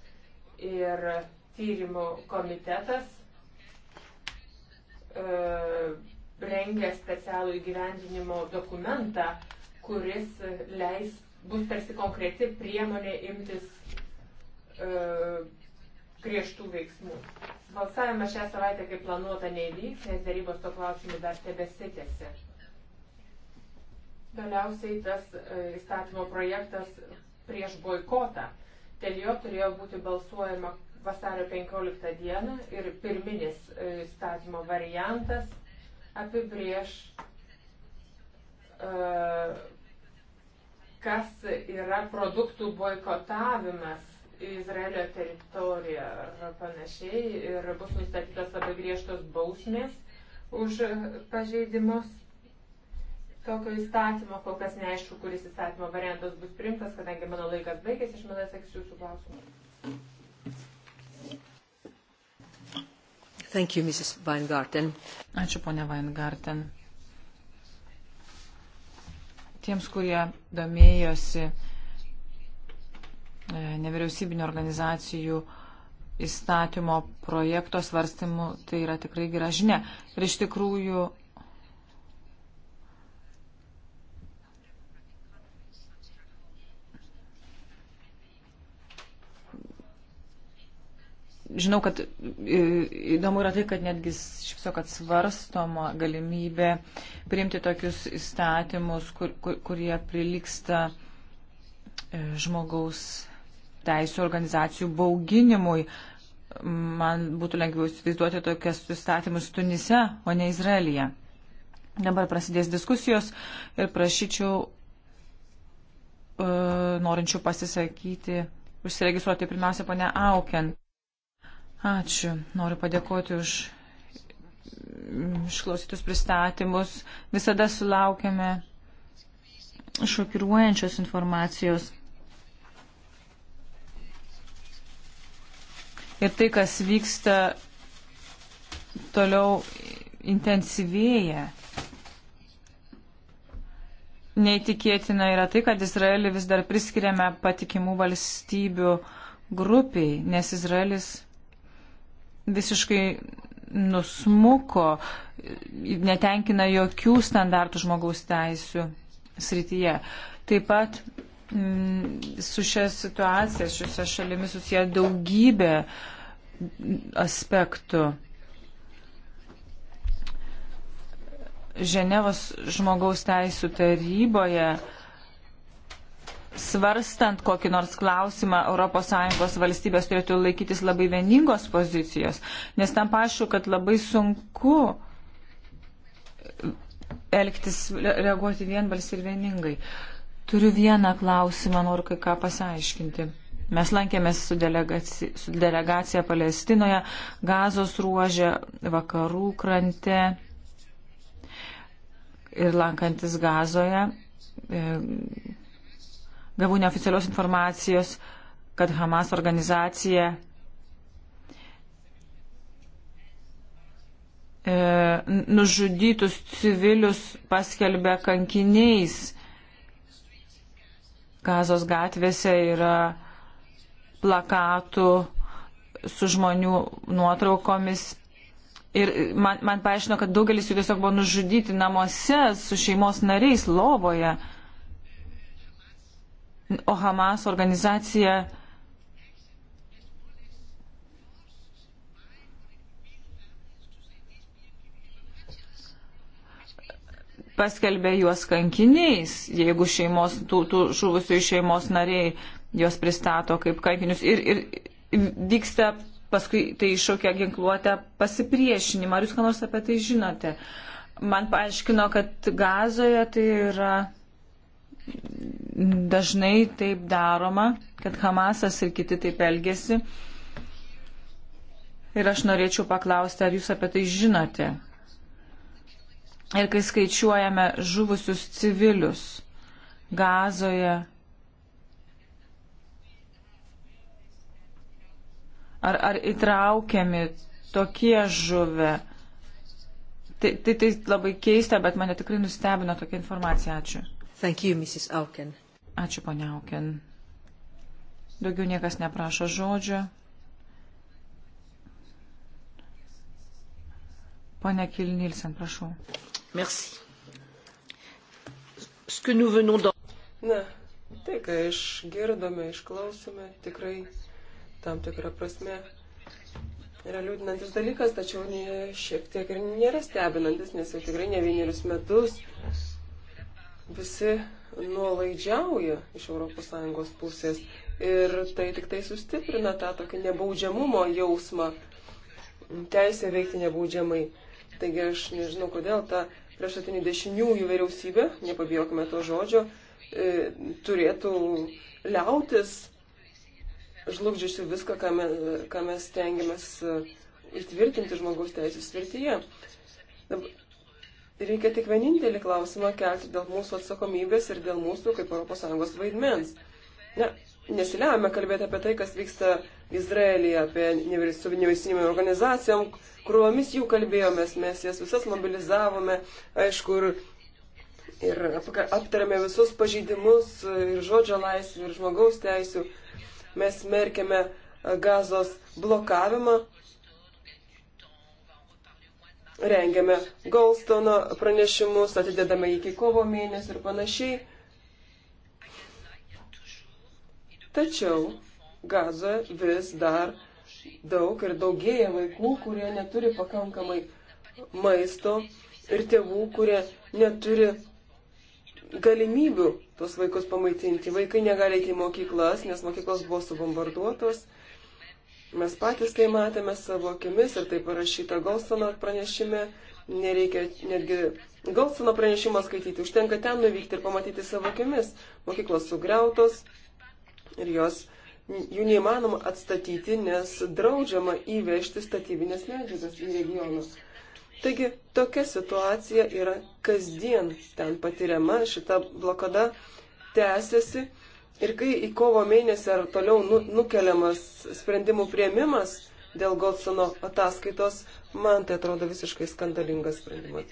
ir tyrimų komitetas e, rengia specialų įgyvendinimo dokumentą, kuris leis, bus tarsi konkreti priemonė imtis e, griežtų veiksmų. Balsavimas šią savaitę, kaip planuota, neįvyks, nes darybos to klausimu dar tebesitėsi. Galiausiai tas e, įstatymo projektas prieš boikotą Dėl jo turėjo būti balsuojama vasario 15 dieną ir pirminis e, įstatymo variantas apibrieš, e, kas yra produktų boikotavimas Izraelio teritoriją ar panašiai ir bus nustatytos labai griežtos bausmės už pažeidimus tokio įstatymo, kol kas neaišku, kuris įstatymo variantas bus priimtas, kadangi mano laikas baigėsi, aš manau, atsakysiu jūsų klausimą. Thank you, Mrs. Weingarten. Ačiū, ponia Weingarten. Tiems, kurie domėjosi e, nevyriausybinio organizacijų įstatymo projekto svarstymu, tai yra tikrai gera žinia. Ir iš tikrųjų žinau, kad įdomu yra tai, kad netgi šipso, kad svarstoma galimybė priimti tokius įstatymus, kur, kur, kurie priliksta e, žmogaus teisų organizacijų bauginimui. Man būtų lengviau įsivaizduoti tokias įstatymus Tunise, o ne Izraelyje. Dabar prasidės diskusijos ir prašyčiau e, norinčių pasisakyti, užsiregistruoti pirmiausia, ponia Auken. Ačiū. Noriu padėkoti už išklausytus pristatymus. Visada sulaukiame šokiruojančios informacijos. Ir tai, kas vyksta toliau intensyvėja. Neįtikėtina yra tai, kad Izraelį vis dar priskiriame patikimų valstybių grupiai, nes Izraelis visiškai nusmuko, netenkina jokių standartų žmogaus teisų srityje. Taip pat mm, su šia situacija, šiuose šalimi susiję daugybė aspektų. Ženevos žmogaus teisų taryboje uh, svarstant kokį nors klausimą, ES valstybės turėtų laikytis labai vieningos pozicijos, nes tam paaišku, kad labai sunku elgtis, reaguoti vienbalsiai ir vieningai. Turiu vieną klausimą, noriu kai ką pasiaiškinti. Mes lankėmės su, delegaci, su delegacija Palestinoje, Gazos ruožė, vakarų krante ir lankantis Gazoje. E, gavau neoficialios informacijos, kad Hamas organizacija e, nužudytus civilius paskelbė kankiniais. Gazos gatvėse yra plakatų su žmonių nuotraukomis. Ir man, man paaiškino, kad daugelis jų tiesiog buvo nužudyti namuose su šeimos nariais lovoje. E, o Hamas organizacija paskelbė juos kankiniais, jeigu šeimos, tų, tų žuvusių šeimos nariai juos pristato kaip kankinius ir, ir vyksta paskui tai iššaukia ginkluotę pasipriešinimą. Ar jūs ką nors apie tai žinote? Man paaiškino, kad gazoje tai yra dažnai taip daroma, kad Hamasas ir kiti taip elgesi. Ir aš norėčiau paklausti, ar jūs apie tai žinote. Ir kai skaičiuojame žuvusius civilius gazoje, ar, ar įtraukiami tokie žuvę. Tai, tai, tai labai keista, bet mane tikrai nustebino tokia informacija. Ačiū. Thank you, Mrs. Auken. Ačiū, ponia Auken. Daugiau niekas neprašo žodžio. Pone Kilnilsen, prašau. Merci. Na, tai, ką išgirdome, išklausome, tikrai tam tikrą prasme yra liūdinantis dalykas, tačiau ne, šiek tiek ir nėra stebinantis, nes jau tikrai ne vienerius metus visi nuolaidžiauja iš ES pusės ir tai tik tai sustiprina tą tokį nebaudžiamumo jausmą, teisę veikti nebaudžiamai. Taigi aš nežinau, kodėl ta priešatinių dešiniųjų vyriausybė, nepabijokime to žodžio, e, turėtų liautis žlugdžiusi viską, ką mes, ką mes tengiamės e, įtvirtinti žmogaus teisės svirtyje. Dabar, Reikia tik vienintelį klausimą kelti dėl mūsų atsakomybės ir dėl mūsų kaip ES vaidmens. Na, nesiliavame kalbėti apie tai, kas vyksta Izraelyje, apie nevyriausybinėm organizacijom, kuriomis jų kalbėjomės, mes jas visas mobilizavome, aišku, ir, ir aptarėme visus pažeidimus ir žodžio laisvių, ir žmogaus teisų. Mes merkėme e, gazos blokavimą, rengiame Goldstono pranešimus, atidedame iki kovo mėnesio ir panašiai. Tačiau Gaza vis dar daug ir daugėja vaikų, kurie neturi pakankamai maisto ir tėvų, kurie neturi galimybių tuos vaikus pamaitinti. Vaikai negali eiti į mokyklas, nes mokyklos buvo subombarduotos. Mes patys tai matėme savo akimis ir tai parašyta Golsono pranešime. Nereikia netgi Golsono pranešimo skaityti, užtenka ten nuvykti ir pamatyti savo akimis. Mokyklos sugriautos ir jos, jų neįmanoma atstatyti, nes draudžiama įvežti statybinės medžiagas į regionus. Taigi tokia situacija yra kasdien ten patiriama, šita blokada tęsiasi Ir kai į kovo mėnesį ar toliau nu, nukeliamas sprendimų prieimimas dėl Golsono ataskaitos, man tai atrodo visiškai skandalingas sprendimas.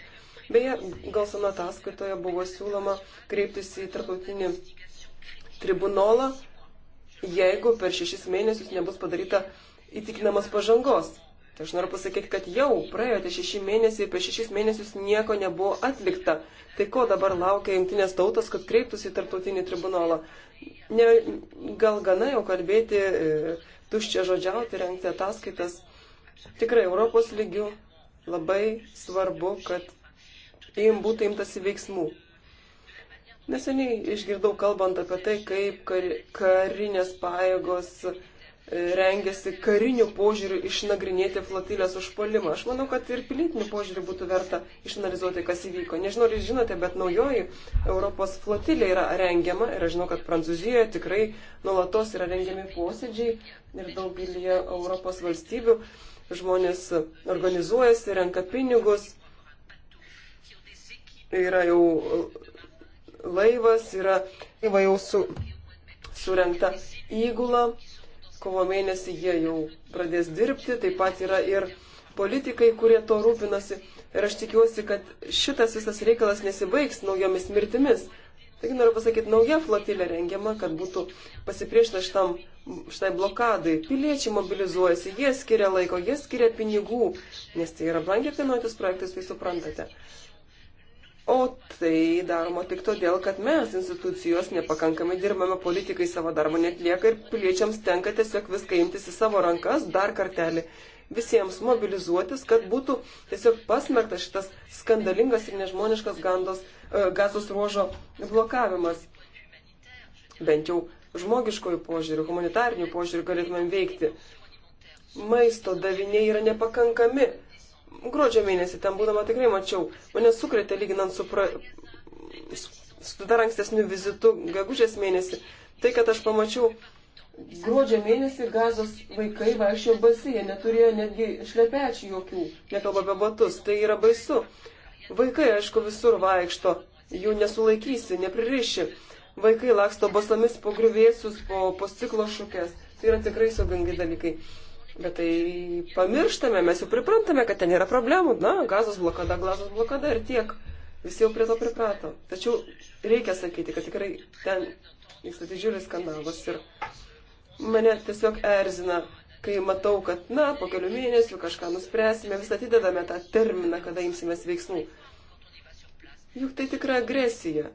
Beje, Golsono ataskaitoje buvo siūloma kreiptis į tarptautinį tribunolą, jeigu per šešis mėnesius nebus padaryta įtikinamas pažangos. Tai aš noriu pasakyti, kad jau praėjo tie šeši mėnesiai, per šešis mėnesius nieko nebuvo atlikta. Tai ko dabar laukia jungtinės tautos, kad kreiptųsi į tarptautinį tribunolą? ne, gal gana jau kalbėti e, tuščia žodžiauti, renkti ataskaitas. Tikrai Europos lygių labai svarbu, kad jiem būtų imtasi veiksmų. Neseniai išgirdau kalbant apie tai, kaip karinės pajėgos E, rengiasi kariniu požiūriu išnagrinėti flotilės užpolimą. Aš manau, kad ir pilietiniu požiūriu būtų verta išanalizuoti, kas įvyko. Nežinau, ar jūs žinote, bet naujoji Europos flotilė yra rengiama ir aš žinau, kad Prancūzijoje tikrai nuolatos yra rengiami posėdžiai ir daugelį Europos valstybių žmonės organizuojasi, renka pinigus. Yra jau laivas, yra įvairiausių surengta įgula kovo mėnesį jie jau pradės dirbti, taip pat yra ir politikai, kurie to rūpinasi. Ir aš tikiuosi, kad šitas visas reikalas nesibaigs naujomis mirtimis. Taigi noriu pasakyti, nauja flotilė rengiama, kad būtų pasipriešta šitam, šitai blokadai. Piliečiai mobilizuojasi, jie skiria laiko, jie skiria pinigų, nes tai yra brangiai kainuojantis projektas, tai suprantate. O tai daroma tik todėl, kad mes, institucijos, nepakankamai dirbame, politikai savo darbo netlieka ir piliečiams tenka tiesiog viską imtis į savo rankas dar kartelį. Visiems mobilizuotis, kad būtų tiesiog pasmerktas šitas skandalingas ir nežmoniškas gandos, e, gazos ruožo blokavimas. Bent jau žmogiškojų požiūrių, humanitarinių požiūrių galėtumėm veikti. Maisto daviniai yra nepakankami gruodžio mėnesį ten būdama tikrai mačiau. Mane sukretė lyginant su, pra, su dar ankstesniu vizitu gegužės mėnesį. Tai, kad aš pamačiau gruodžio mėnesį gazos vaikai vaikščiojo basi, jie neturėjo netgi šlepečių jokių, nekalba apie batus. Tai yra baisu. Vaikai, aišku, visur vaikšto, jų nesulaikysi, nepririši. Vaikai laksto basomis po grįvėsius, po, po stiklo šukės. Tai yra tikrai saugangi dalykai. Bet tai pamirštame, mes jau priprantame, kad ten yra problemų. Na, gazos blokada, gazos blokada ir tiek. Visi jau prie to priprato. Tačiau reikia sakyti, kad tikrai ten vyksta didžiulis skandalas ir mane tiesiog erzina, kai matau, kad, na, po kelių mėnesių kažką nuspręsime, vis atidedame tą terminą, kada imsimės veiksmų. Juk tai tikra agresija.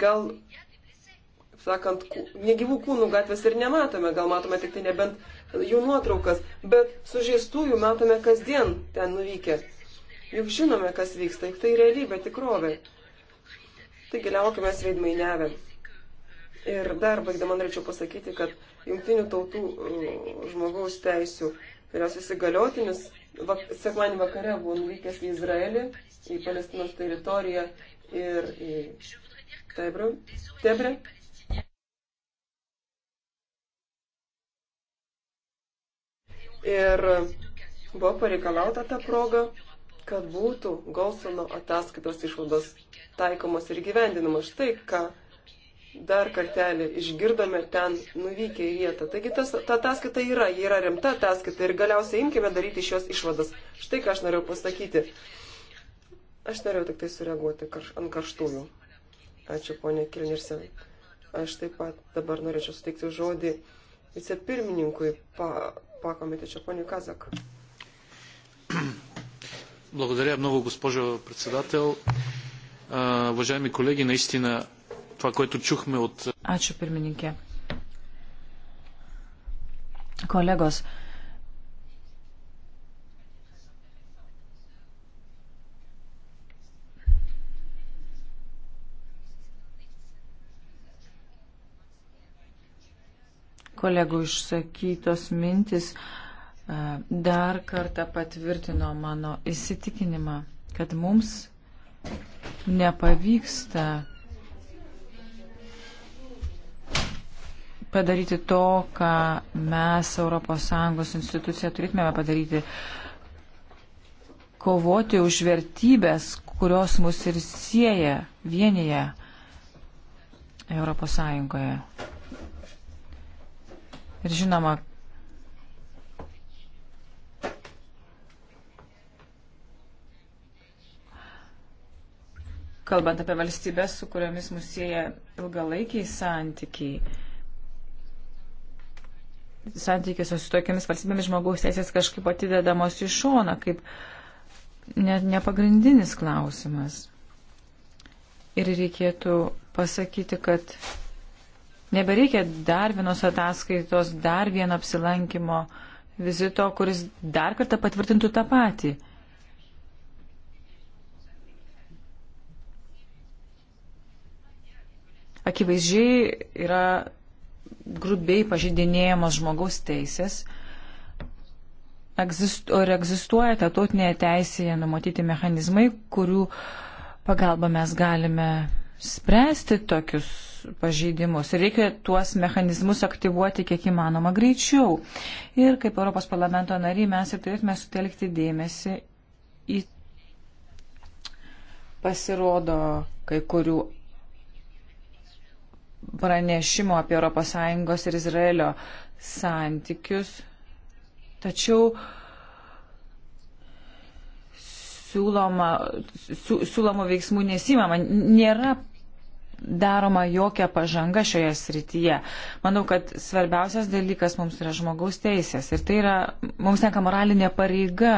Gal sakant, negyvų kūnų gatvės ir nematome, gal matome tik tai nebent jų nuotraukas, bet sužeistųjų matome kasdien ten nuvykę. Juk žinome, kas vyksta, juk tai realybė, tikrovė. Taigi liaukime sveidmainiavę. Ir dar baigdama norėčiau pasakyti, kad jungtinių tautų uh, žmogaus teisų vyriausias įgaliotinis vak, sekmanį vakare buvo nuvykęs į Izraelį, į Palestinos teritoriją ir į Tebrę. Ir buvo pareikalauta tą progą, kad būtų Golsono ataskaitos išvados taikomos ir gyvendinamos. Štai ką dar kartelį išgirdome ten nuvykę į vietą. Taigi tas, ta ataskaita yra, ji yra rimta ataskaita ir galiausiai imkime daryti iš jos išvadas. Štai ką aš norėjau pasakyti. Aš norėjau tik tai sureaguoti karš, ant karštųjų. Ačiū, ponė Kilnirsen. Aš taip pat dabar norėčiau suteikti žodį vicepirmininkui pa, pakomiteča. Pone Kazak. Благодаря много, госпожо председател. Uh, уважаеми колеги, наистина това, което чухме от... Ačiū, pirmininkė. Kolegos, uh, kolegų išsakytos mintis e, dar kartą patvirtino mano įsitikinimą, kad mums nepavyksta padaryti to, ką mes ES institucija turėtume padaryti, kovoti už vertybės, kurios mus ir sieja, vienyje ES. Ir žinoma, kalbant apie valstybės, su kuriomis mus sieja ilgalaikiai santykiai, santykiuose su tokiamis valstybėmis žmogaus teisės kažkaip atidedamos į šoną, kaip net nepagrindinis klausimas. Ir reikėtų pasakyti, kad Nebereikia dar vienos ataskaitos, dar vieno apsilankimo vizito, kuris dar kartą patvirtintų tą patį. Akivaizdžiai yra grubiai pažydinėjamos žmogaus teisės, egzist, ar egzistuoja tautinėje teisėje numatyti mechanizmai, kurių pagalba mes galime spręsti tokius pažeidimus. Reikia tuos mechanizmus aktyvuoti kiek įmanoma greičiau. Ir kaip Europos parlamento nariai mes ir turėtume sutelkti dėmesį į pasirodo kai kurių pranešimų apie ES ir Izraelio santykius. Tačiau siūloma, siūlomų veiksmų nesimama. Nėra daroma jokia pažanga šioje srityje. Manau, kad svarbiausias dalykas mums yra žmogaus teisės ir tai yra mums tenka moralinė pareiga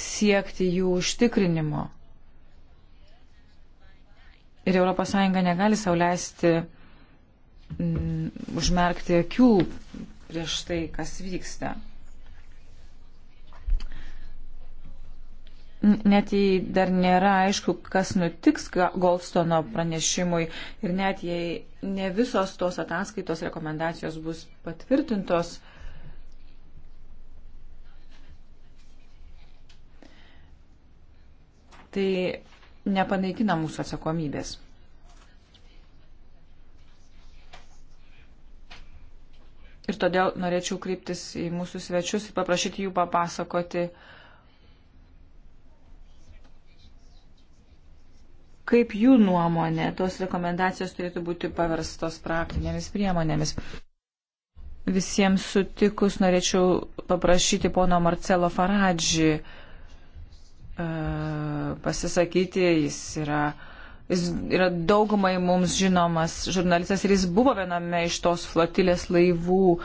siekti jų užtikrinimo. Ir ES negali sauliaisti mm, užmerkti akių prieš tai, kas vyksta. net jei dar nėra aišku, kas nutiks Goldstono pranešimui ir net jei ne visos tos ataskaitos rekomendacijos bus patvirtintos, tai nepanaikina mūsų atsakomybės. Ir todėl norėčiau kryptis į mūsų svečius ir paprašyti jų papasakoti uh, kaip jų nuomonė tos rekomendacijos turėtų būti paverstos praktinėmis priemonėmis. Visiems sutikus norėčiau paprašyti pono Marcelo Faradžį e, pasisakyti, jis yra, jis yra daugumai mums žinomas žurnalistas ir jis buvo viename iš tos flotilės laivų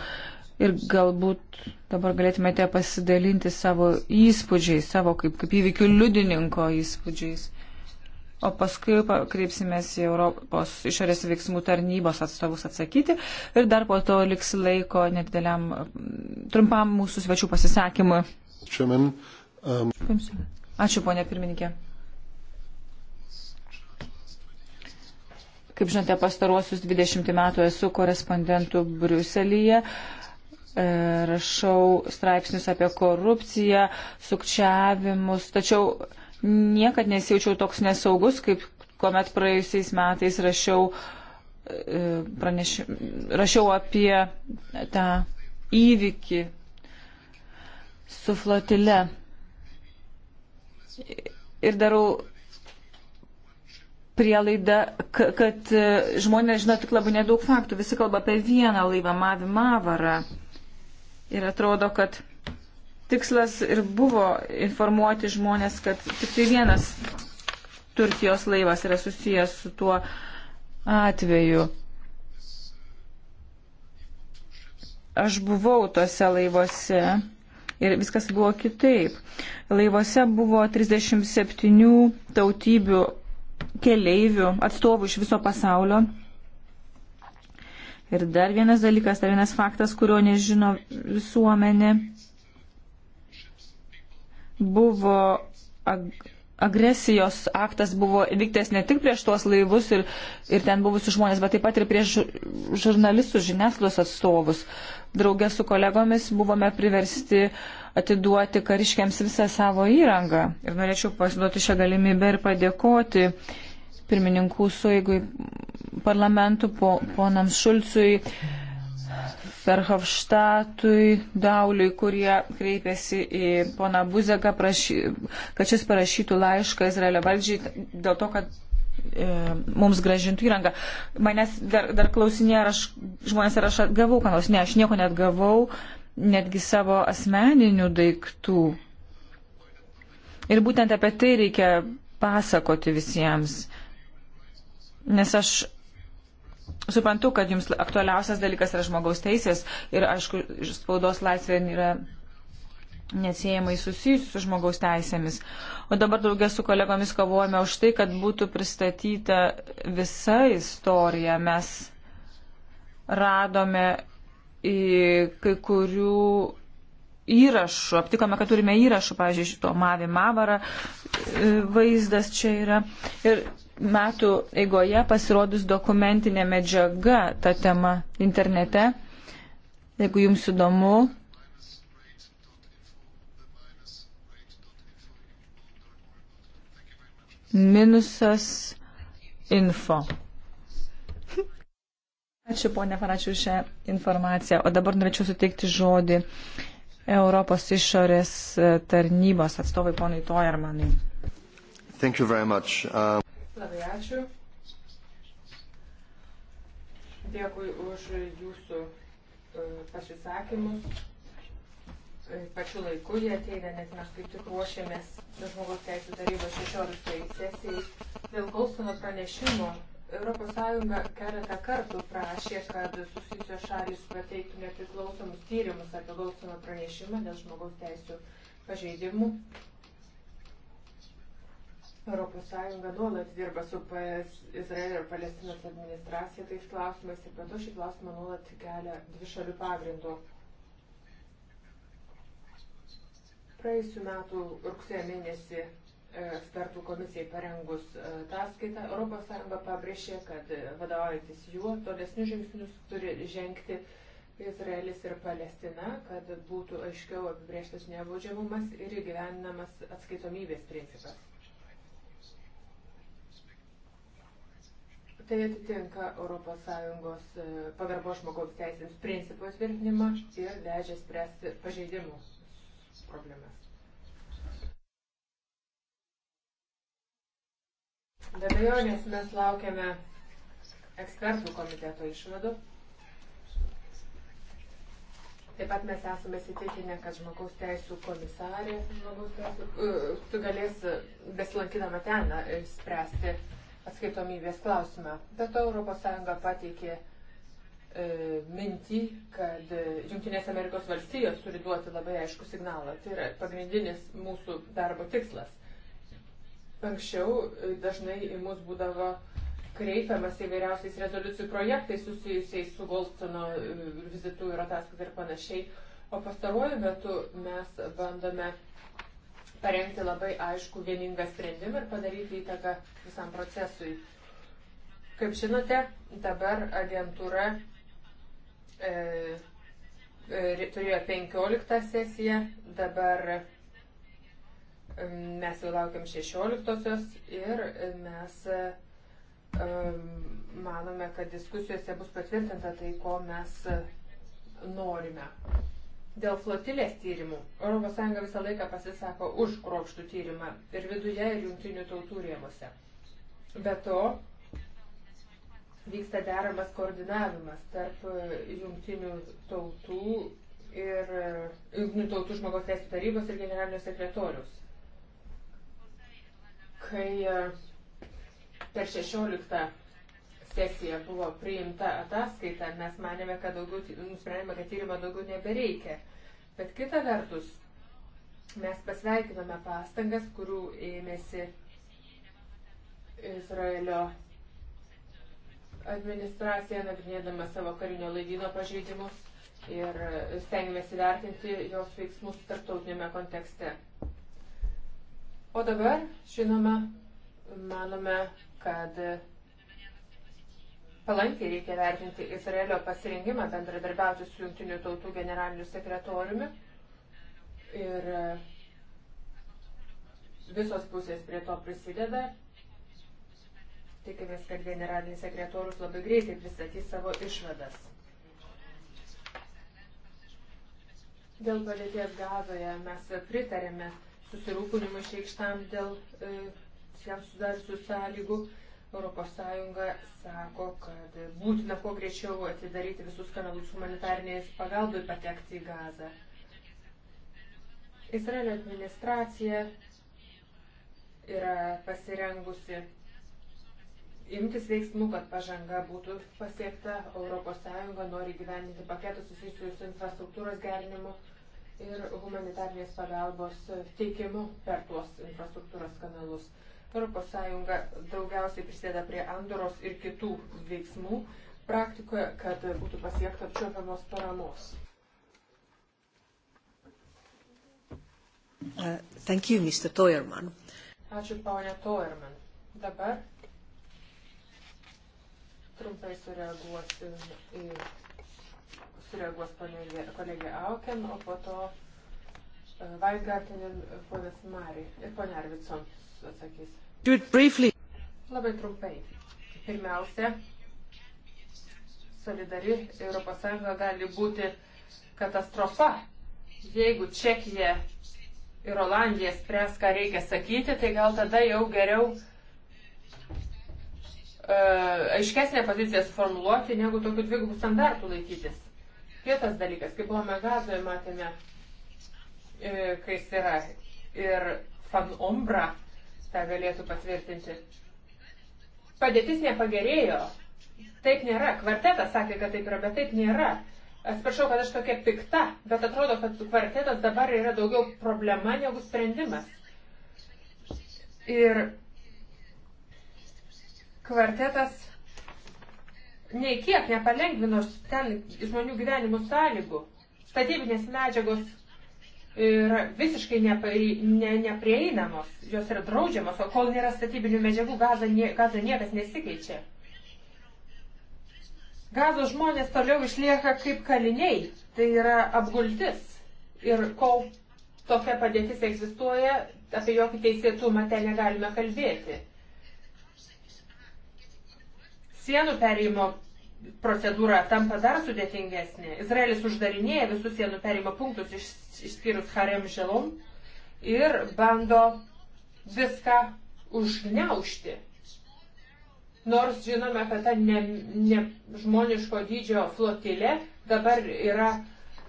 ir galbūt dabar galėtumėte pasidalinti savo įspūdžiais, savo kaip, kaip įvykių liudininko įspūdžiais o paskui kreipsimės į Europos išorės veiksmų tarnybos atstovus atsakyti ir dar po to liks laiko nedideliam trumpam mūsų svečių pasisakymui. Um, Ačiū, ponė pirmininkė. Kaip žinote, pastaruosius 20 metų esu korespondentų Briuselyje e, rašau straipsnius apie korupciją, sukčiavimus, tačiau niekad nesijaučiau toks nesaugus, kaip kuomet praėjusiais metais rašiau, e, praneš, rašiau apie tą įvykį su flotile. Ir darau prielaidą, kad e, žmonės žino tik labai nedaug faktų. Visi kalba apie vieną laivą, Mavi Mavarą. Ir atrodo, kad tikslas ir buvo informuoti žmonės, kad tik tai vienas Turkijos laivas yra susijęs su tuo atveju. Aš buvau tose laivuose ir viskas buvo kitaip. Laivuose buvo 37 tautybių keleivių atstovų iš viso pasaulio. Ir dar vienas dalykas, dar vienas faktas, kurio nežino visuomenė buvo ag agresijos aktas buvo vyktas ne tik prieš tuos laivus ir, ir ten buvusius žmonės, bet taip pat ir prieš žurnalistus, žiniasklaidos atstovus. Draugė su kolegomis buvome priversti atiduoti kariškiams visą savo įrangą. Ir norėčiau pasiduoti šią galimybę ir padėkoti pirmininkų suėgui parlamentų po, ponams Šulcui. Mhm Ferhofštatui, Dauliui, kurie kreipėsi į poną Buzeką, prašy, kad šis parašytų laišką Izraelio valdžiai dėl to, kad e, mums gražintų įrangą. Manęs dar, dar klausinė, ar aš, žmonės, ar aš atgavau, ką nors, ne, aš nieko net gavau, netgi savo asmeninių daiktų. Ir būtent apie tai reikia pasakoti visiems. Nes aš suprantu, kad jums aktualiausias dalykas yra žmogaus teisės ir, aišku, spaudos laisvė yra neatsiejamai susijusi su žmogaus teisėmis. O dabar draugė su kolegomis kovojame už tai, kad būtų pristatyta visa istorija. Mes radome kai kurių įrašų, aptikome, kad turime įrašų, pavyzdžiui, šito Mavi Mavara e, vaizdas čia yra. Ir metų eigoje pasirodys dokumentinė medžiaga tą temą internete. Jeigu jums įdomu, minusas info. Ačiū ponė Paračiu šią informaciją. O dabar norėčiau suteikti žodį Europos išorės tarnybos atstovai ponui Tojermanui. Um... Labai ačiū. Dėkui už jūsų e, pasisakymus. E, pačiu laiku jie ateina, nes mes kaip tik ruošiamės žmogaus teisų tarybos 16 sesijai. Dėl Golstono pranešimo ES keletą kartų prašė, kad susijusios šalis pateiktų nepriklausomus tyrimus apie Golstono pranešimą dėl žmogaus teisų pažeidimų ES nuolat dirba su Izraelio ir Palestinos administracija tais klausimais ir be to šį klausimą nuolat kelia dvi šalių pagrindų. Praėjusiu metu rugsėjo mėnesį e, ekspertų komisijai parengus e, ataskaitą, ES pabrėžė, kad e, vadovaujantis juo tolesnius žingsnius turi žengti Izraelis ir Palestina, kad būtų aiškiau apibrėžtas nebaudžiamumas ir įgyvendinamas atskaitomybės principas. Tai atitinka ES e, pagarbo žmogaus teisėms principus vertinimą ir leidžia spręsti pažeidimų problemas. Be abejonės mes laukiame ekspertų komiteto išvadų. Taip pat mes esame įsitikinę, kad žmogaus teisų komisarė žmogaus teisų, e, uh, galės besilankydama ten e, spręsti atskaitomybės klausimą. Be to ES pateikė e, mintį, kad e, Junktinės Amerikos valstijos turi duoti labai aišku signalą. Tai yra pagrindinis mūsų darbo tikslas. Anksčiau e, dažnai į mus būdavo kreipiamas įvairiausiais rezoliucijų projektais susijusiais su Goldstono e, vizitu ir ataskaita ir panašiai. O pastaruoju metu mes bandome parengti labai aišku vieningą sprendimą ir padaryti įtaką visam procesui. Kaip žinote, dabar agentūra e, e, turėjo 15 sesiją, dabar e, mes jau laukiam 16 ir mes e, e, manome, kad diskusijose bus patvirtinta tai, ko mes e, norime. Dėl flotilės tyrimų ES visą laiką pasisako už kruopštų tyrimą ir viduje, ir jungtinių tautų rėmose. Be to, vyksta deramas koordinavimas tarp e, jungtinių tautų ir e, jungtinių tautų žmogaus teisų tarybos ir generalinio sekretorius. Kai e, per 16 sesijoje buvo priimta ataskaita, mes manėme, kad daugiau, nusprendėme, kad tyrimo daugiau nebereikia. Bet kita vertus, mes pasveikinome pastangas, kurių ėmėsi Izraelio administracija, nagrinėdama savo karinio laivyno pažeidimus ir stengiamės įvertinti jos veiksmus tarptautinėme kontekste. O dabar, žinoma, manome, kad Palankiai reikia vertinti Izraelio pasirengimą bendradarbiauti su Junktinių tautų generaliniu sekretoriumi ir e, visos pusės prie to prisideda. Tikimės, kad generalinis sekretorius labai greitai pristatys savo išvadas. Dėl padėties gazoje mes pritarėme susirūpinimą išreikštam dėl e, jam sudariusių sąlygų. E, ES sako, kad būtina kuo greičiau atidaryti visus kanalus humanitariniais pagalbai patekti į Gazą. Izraelio administracija yra pasirengusi imtis veiksmų, kad pažanga būtų pasiekta. ES nori gyveninti paketus susijusius su infrastruktūros gerinimu ir humanitarnės pagalbos teikimu per tuos infrastruktūros kanalus. ES daugiausiai prisideda prie Andoros ir kitų veiksmų praktikoje, kad būtų pasiekta apčiopiamos paramos. Uh, thank you, Mr. Toerman. Ačiū, ponė Toerman. Dabar trumpai sureaguosiu į sureaguos kolegė Auken, o po to Vaisgartinen, ponas Mari ir ponia Arvidson atsakys. Do it briefly. Labai trumpai. Pirmiausia, solidari ES gali būti katastrofa. Jeigu Čekija ir Olandija spręs, ką reikia sakyti, tai gal tada jau geriau uh, aiškesnę poziciją suformuluoti, negu tokių dvigubų standartų laikytis. Kitas dalykas, kaip buvome gazoje, matėme E, kai jis yra. Ir fan Umbra tą galėtų patvirtinti. Padėtis nepagerėjo. Taip nėra. Kvartetas sakė, kad taip yra, bet taip nėra. Atsiprašau, kad aš tokia pikta, bet atrodo, kad kvartetas dabar yra daugiau problema negu sprendimas. Ir kvartetas nei kiek nepalengvino ten žmonių gyvenimų sąlygų. Statybinės medžiagos yra visiškai nepri, ne, neprieinamos, jos yra draudžiamos, o kol nėra statybinių medžiagų, gaza, nie, gaza niekas nesikeičia. Gazos žmonės toliau išlieka kaip kaliniai, tai yra apgultis. Ir kol tokia padėtis egzistuoja, apie jokį teisėtumą ten negalime kalbėti. Sienų perėjimo procedūra tampa dar sudėtingesnė. Izraelis uždarinėja visus sienų perimo punktus iš, išskyrus Harem Želom ir bando viską užgneušti. Nors žinome, kad ta ne, ne žmoniško dydžio flotilė dabar yra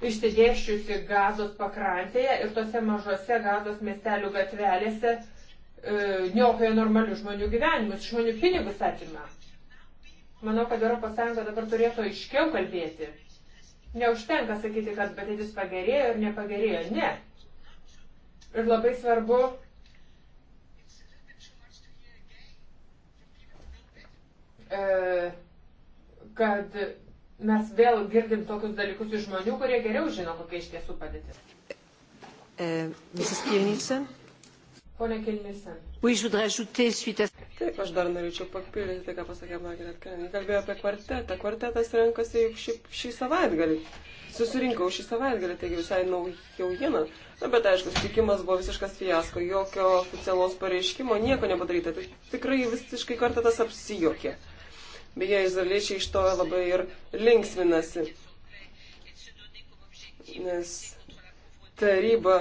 išsidėščiusi gazos pakrantėje ir tose mažose gazos miestelių gatvelėse e, niokoja normalių žmonių gyvenimus, žmonių pinigus atima. Manau, kad ES dabar turėtų aiškiau kalbėti. Neužtenka sakyti, kad padėtis pagerėjo ir nepagerėjo. Ne. Ir labai svarbu. E, kad mes vėl girdim tokius dalykus iš žmonių, kurie geriau žino, kokia iš tiesų padėtis. E, Mrs. Kilnilsen. Pone Kilnilsen. Oui, je voudrais ajouter suite à... Taip, aš dar norėčiau papildyti tai, ką pasakė Margaret Kennedy. Kalbėjo apie kvartetą. Kvartetas renkasi šį, šį savaitgalį. Susirinkau šį savaitgalį, taigi visai naujiena. Na, bet aišku, sutikimas buvo visiškas fiasko, jokio oficialaus pareiškimo, nieko nepadaryta. Tai tikrai visiškai kvartetas apsijokė. Beje, izraeliečiai iš to labai ir linksminasi. Nes taryba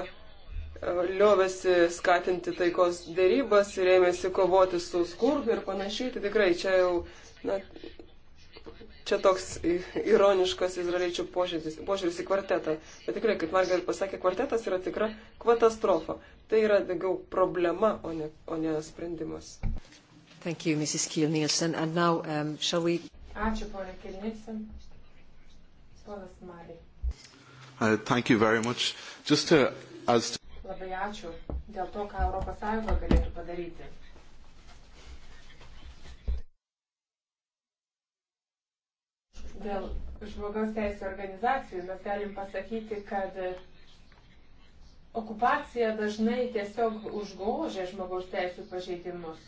liovėsi skatinti taikos dėrybas ir ėmėsi kovoti su skurdu ir panašiai, tai tikrai čia jau, na, čia toks ironiškas izraeliečių požiūris, požiūris į kvartetą. Bet tikrai, kaip Margaret pasakė, kvartetas yra tikra katastrofa. Tai yra daugiau problema, o ne, o ne sprendimas. Thank you, Mrs. Kiel Nielsen. And now, um, shall we... Ačiū, ponė Kiel Nielsen. Ponas Marė. Uh, thank you very much. Just to, uh, as to labai ačiū dėl to, ką ES galėtų padaryti. Dėl žmogaus teisų organizacijų mes galim pasakyti, kad okupacija dažnai tiesiog užgožia žmogaus teisų pažeidimus.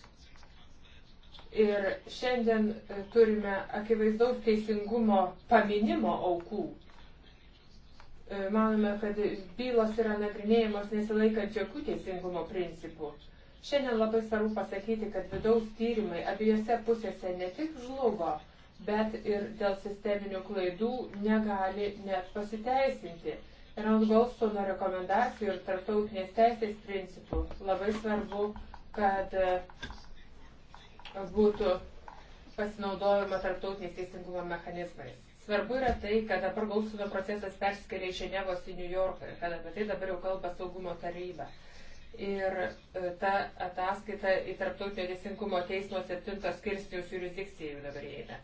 Ir šiandien turime akivaizdaus teisingumo paminimo aukų E, manome, kad bylos yra nagrinėjamos nesilaikant jokių teisingumo principų. Šiandien labai svarbu pasakyti, kad vidaus tyrimai abiejose pusėse ne tik žlugo, bet ir dėl sisteminių klaidų negali net pasiteisinti. Ir ant Goldstono rekomendacijų ir tarptautinės teisės principų labai svarbu, kad e, būtų pasinaudojama tarptautinės teisingumo mechanizmais. Svarbu yra tai, kad dabar Golsudo procesas perskelia iš Ženevos į New Yorką ir kad apie tai dabar jau kalba saugumo taryba. Ir e, ta ataskaita į Tarptautinio teisingumo teismo septintos kirstijos jurisdikciją jau dabar įeina.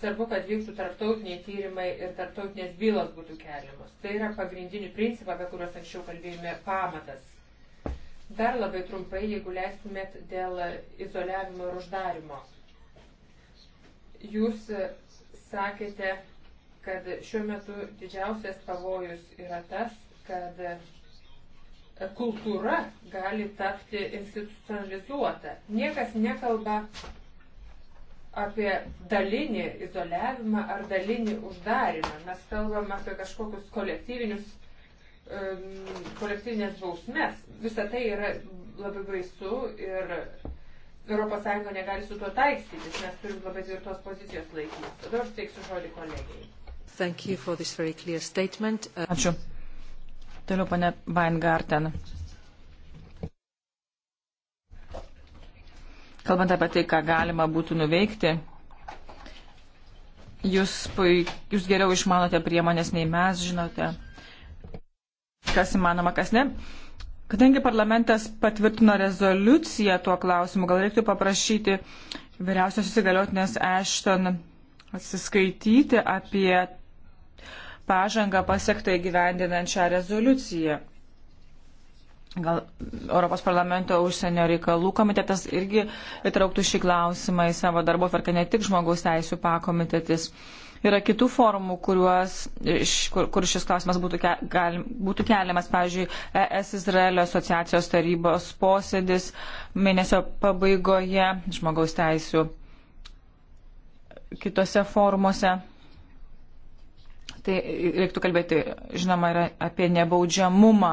Svarbu, kad vyktų tarptautiniai tyrimai ir tarptautinės bylos būtų keliamos. Tai yra pagrindinių principų, apie kuriuos anksčiau kalbėjome, pamatas. Dar labai trumpai, jeigu leistumėt dėl izoliavimo ir uždarimo. Jūs e, sakėte, kad šiuo metu didžiausias pavojus yra tas, kad e, kultūra gali tapti institucionalizuota. Niekas nekalba apie dalinį izoliavimą ar dalinį uždarimą. Mes kalbam apie kažkokius kolektyvinius, um, kolektyvinės bausmes. Visa tai yra labai baisu ir ES negali su tuo taikstytis. Mes turim labai tvirtos pozicijos laikytis. Tada aš teiksiu žodį kolegijai. Uh, Ačiū. Toliau, pane Weingarten. Kalbant apie tai, ką galima būtų nuveikti, jūs, puik, jūs geriau išmanote priemonės nei mes, žinote, kas įmanoma, kas ne. Kadangi parlamentas patvirtino rezoliuciją tuo klausimu, gal reiktų paprašyti vyriausios įsigaliotinės Ashton atsiskaityti apie pažangą pasiektą įgyvendinant šią rezoliuciją. Gal Europos parlamento užsienio reikalų komitetas irgi įtrauktų šį klausimą į savo darbo tvarką, ne tik žmogaus teisų pakomitetis. Yra kitų formų, kuriuos, kur, kur šis klausimas būtų, ke, gal, būtų keliamas, pavyzdžiui, ES Izraelio asociacijos tarybos posėdis mėnesio pabaigoje žmogaus teisų kitose formuose tai reiktų kalbėti, žinoma, yra apie nebaudžiamumą,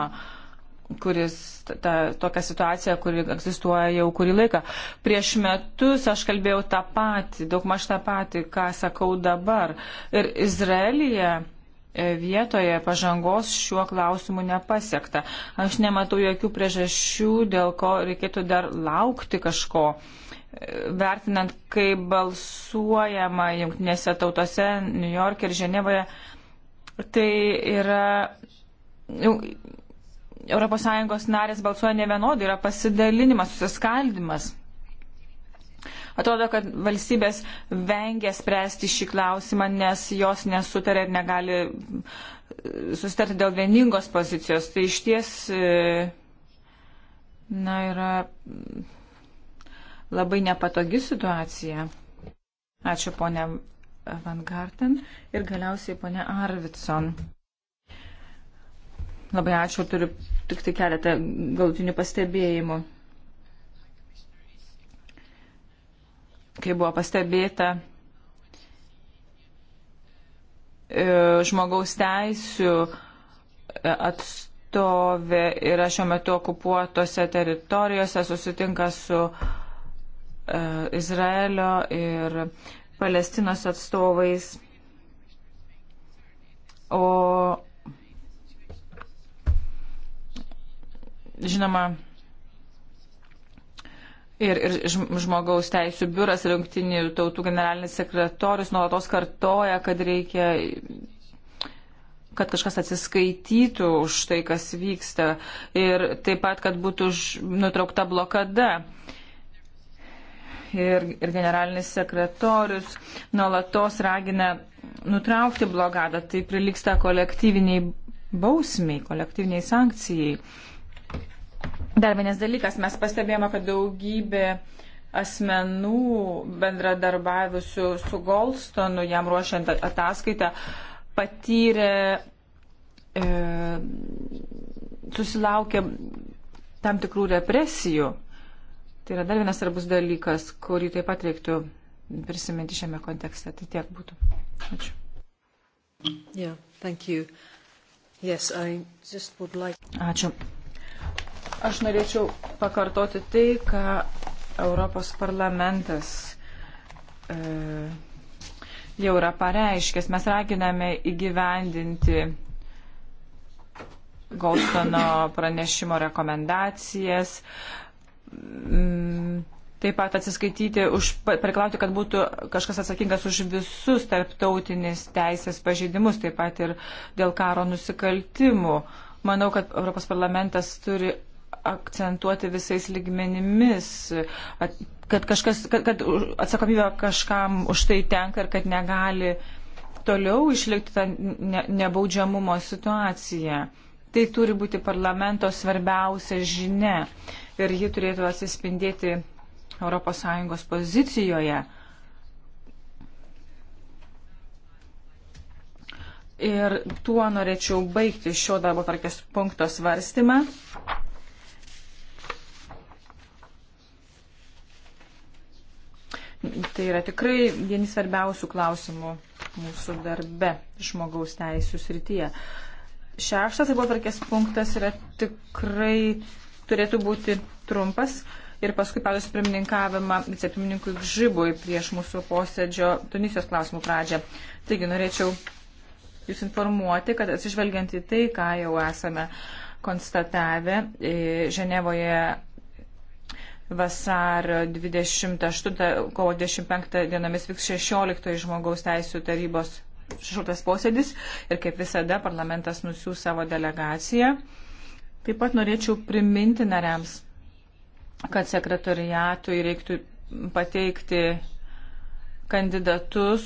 kuris, ta, tokia situacija, kuri egzistuoja jau kurį laiką. Prieš metus aš kalbėjau tą patį, daug maž tą patį, ką sakau dabar. Ir Izraelija e, vietoje pažangos šiuo klausimu nepasiekta. Aš nematau jokių priežasčių, dėl ko reikėtų dar laukti kažko e, vertinant, kaip balsuojama jungtinėse tautose, New York ir Ženevoje, Tai yra. ES narės balsuoja ne vienodai, yra pasidalinimas, susiskaldimas. Atrodo, kad valstybės vengia spręsti šį klausimą, nes jos nesutarė ir negali e, susitarti dėl vieningos pozicijos. Tai iš ties e, na, yra labai nepatogi situacija. Ačiū, ponė Van Garten ir galiausiai ponia Arvidson. Labai ačiū, turiu tik tai keletą galutinių pastebėjimų. Kai buvo pastebėta e, žmogaus teisų atstovė yra šiuo metu okupuotose teritorijose, susitinka su e, Izraelio ir Palestinos atstovais. O žinoma, ir, ir žmogaus teisų biuras ir jungtinių tautų generalinis sekretorius nuolatos kartoja, kad reikia kad kažkas atsiskaitytų už tai, kas vyksta ir taip pat, kad būtų nutraukta blokada ir, ir generalinis sekretorius nuolatos ragina nutraukti blokadą. Tai priliksta kolektyviniai bausmiai, kolektyviniai sankcijai. Dar vienas dalykas, mes pastebėjome, kad daugybė asmenų bendradarbiavusių su Goldstonu, jam ruošiant ataskaitą, patyrė, e, susilaukė tam tikrų represijų. Tai yra dar vienas svarbus dalykas, kurį taip pat reiktų prisiminti šiame kontekste. Tai tiek būtų. Ačiū. Yeah, thank you. Yes, I just would like... Ačiū. Aš norėčiau pakartoti tai, ką Europos parlamentas e, jau yra pareiškęs. Mes raginame įgyvendinti Goldstono pranešimo rekomendacijas, e, taip pat atsiskaityti, už, priklauti, kad būtų kažkas atsakingas už visus tarptautinės teisės pažeidimus, taip pat ir dėl karo nusikaltimų. Manau, kad Europos parlamentas turi akcentuoti visais lygmenimis, kad, kažkas, kad, kad atsakomybė kažkam už tai tenka ir kad negali toliau išlikti tą ne, nebaudžiamumo situaciją. Tai turi būti parlamento svarbiausia žinia ir ji turėtų atsispindėti ES pozicijoje. Ir tuo norėčiau baigti šio darbo tarkės punkto svarstymą. Tai yra tikrai vieni svarbiausių klausimų mūsų darbe žmogaus teisų srityje. Šeštas darbo tarkės punktas yra tikrai turėtų būti trumpas ir paskui pavės pirmininkavimą vicepirmininkui Žibui prieš mūsų posėdžio Tunisijos klausimų pradžią. Taigi norėčiau Jūs informuoti, kad atsižvelgiant į tai, ką jau esame konstatavę e, Ženevoje vasario 28, kovo 25 dienomis vyks 16 žmogaus teisų tarybos šešultas posėdis ir kaip visada parlamentas nusiūs savo delegaciją. Taip pat norėčiau priminti nariams, kad sekretariatui reiktų pateikti kandidatus,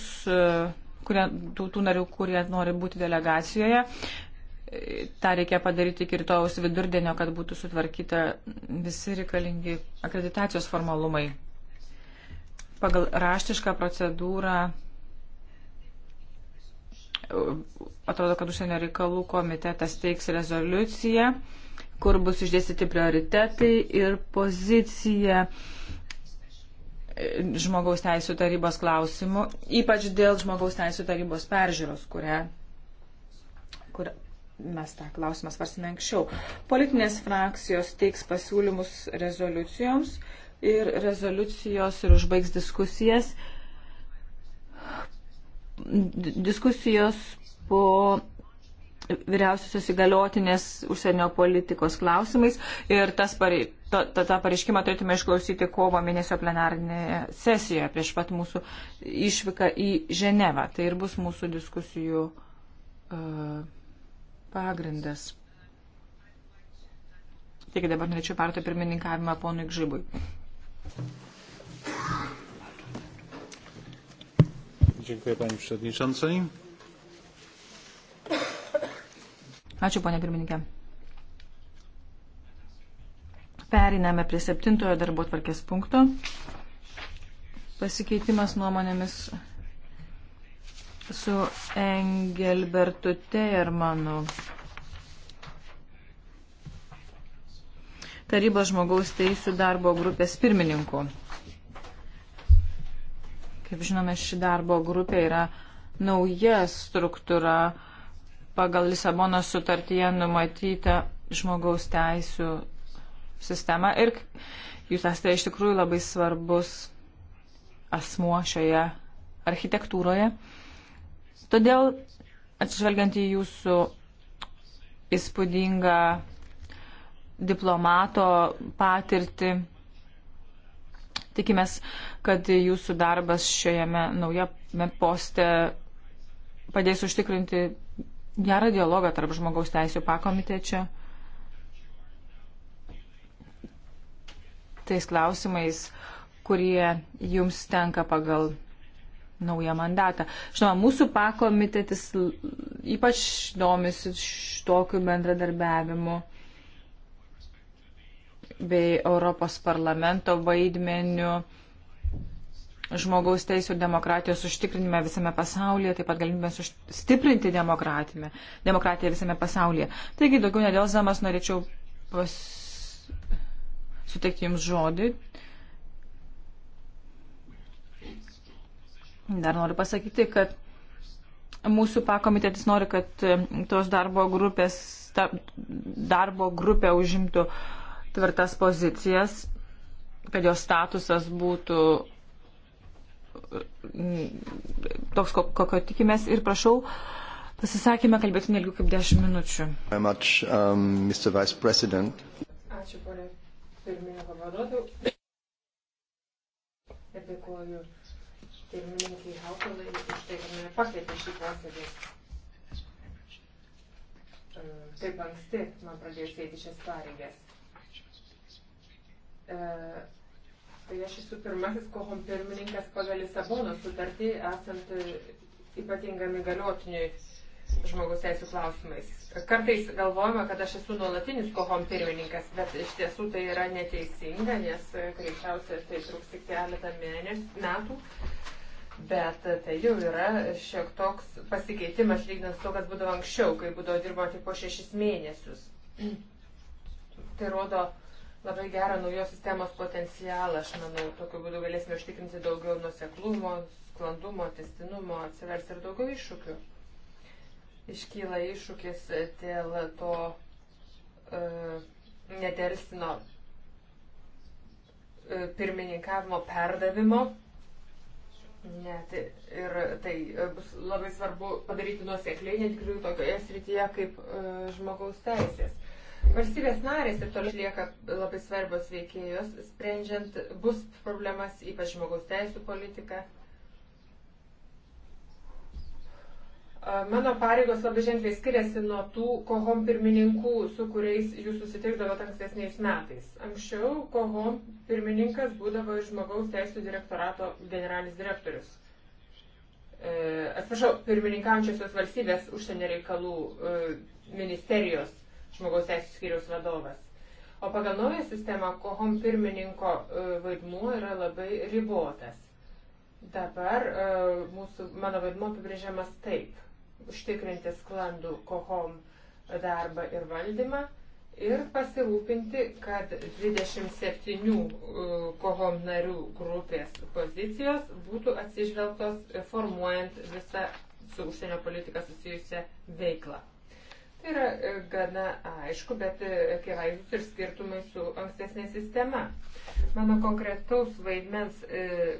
kurie, tų, tų narių, kurie nori būti delegacijoje. Ta reikia padaryti iki rytojaus vidurdienio, kad būtų sutvarkyta visi reikalingi akreditacijos formalumai. Pagal raštišką procedūrą atrodo, kad užsienio reikalų komitetas teiks rezoliuciją kur bus išdėstyti prioritetai ir pozicija e, žmogaus teisų tarybos klausimų, ypač dėl žmogaus teisų tarybos peržiūros, kurią kur mes tą klausimą svarsime anksčiau. Politinės frakcijos teiks pasiūlymus rezoliucijoms ir rezoliucijos ir užbaigs diskusijas. Diskusijos po vyriausiosios įgaliotinės užsienio politikos klausimais ir tas parei, ta, ta, ta pareiškimą turėtume išklausyti kovo mėnesio plenarinėje sesijoje prieš pat mūsų išvyką į Ženevą. Tai ir bus mūsų diskusijų uh, pagrindas. Taigi dabar norėčiau perduoti pirmininkavimą ponui Gžibui. Dziękuję Pani Przewodniczącej. Ačiū, ponė pirmininkė. Periname prie septintojo darbo tvarkės punkto. Pasikeitimas nuomonėmis su Engelbertu Tejermanu. Tarybos žmogaus teisų darbo grupės pirmininku. Kaip žinome, ši darbo grupė yra nauja struktūra pagal Lisabono sutartyje numatytą žmogaus teisų sistemą ir jūs esate iš tikrųjų labai svarbus asmuo šioje architektūroje. Todėl, atsižvelgiant į jūsų įspūdingą diplomato patirtį, tikimės, kad jūsų darbas šiame naujame poste padės užtikrinti gerą dialogą tarp žmogaus teisų pakomitečio. Tais klausimais, kurie jums tenka pagal naują mandatą. Žinoma, mūsų pakomitetis ypač domisi šitokiu bendradarbiavimu bei Europos parlamento vaidmeniu žmogaus teisų ir demokratijos užtikrinime visame pasaulyje, taip pat galimybę stiprinti demokratiją visame pasaulyje. Taigi, daugiau nedėlzamas, norėčiau pas... suteikti Jums žodį. Dar noriu pasakyti, kad mūsų pakomitetis nori, kad e, tos darbo grupės, ta, darbo grupė užimtų tvirtas pozicijas, kad jos statusas būtų toks, kokio tikimės ir prašau pasisakymę kalbėti nelgiau kaip 10 minučių. Much, um, Ačiū, ponė pirminio pavaduotojų. Ir dėkuoju pirmininkai Haukalai už tai, kad mane pakvietė šį posėdį. E, taip anksti man pradėjo sėti šias pareigas. E, Tai aš esu pirmasis kohom pirmininkas pagal Lisabono sutartį, esant e, ypatingam įgaliotiniui žmogus teisų klausimais. Kartais galvojama, kad aš esu nuolatinis kohom pirmininkas, bet iš tiesų tai yra neteisinga, nes e, greičiausiai tai truks tik keletą mėnesių, metų. Bet e, tai jau yra šiek toks pasikeitimas lyginant su to, kas būdavo anksčiau, kai būdavo dirbo tik po šešis mėnesius. *clears throat* Tai rodo, labai gerą naujos sistemos potencialą, aš manau, tokiu būdu galėsime užtikrinti daugiau nuseklumo, sklandumo, testinumo, atsivers ir daugiau iššūkių. Iškyla iššūkis dėl to e, nedelstino e, pirmininkavimo perdavimo. Net tai ir tai bus labai svarbu padaryti nuosekliai, net ir tokioje srityje kaip e, žmogaus teisės Valstybės narės ir toliau lieka labai svarbios veikėjos, sprendžiant bus problemas, ypač žmogaus teisų politiką. Mano pareigos labai ženkliai skiriasi nuo tų kohom pirmininkų, su kuriais jūs susitikdavote ankstesniais metais. Anksčiau kohom pirmininkas būdavo žmogaus teisų direktorato generalinis direktorius e, atsiprašau, pirmininkaujančiosios valstybės užsienio reikalų e, ministerijos žmogaus teisų skyriaus vadovas. O pagal naują sistemą kohom pirmininko e, vaidmuo yra labai ribotas. Dabar e, mūsų, mano vaidmuo apibrėžiamas taip - užtikrinti sklandų kohom darbą ir valdymą ir pasirūpinti, kad 27 e, kohom narių grupės pozicijos būtų atsižvelgtos formuojant visą su užsienio politika susijusią veiklą yra e, gana aišku, bet akivaizdus e, ir skirtumai su ankstesnė sistema. Mano konkretaus vaidmens e,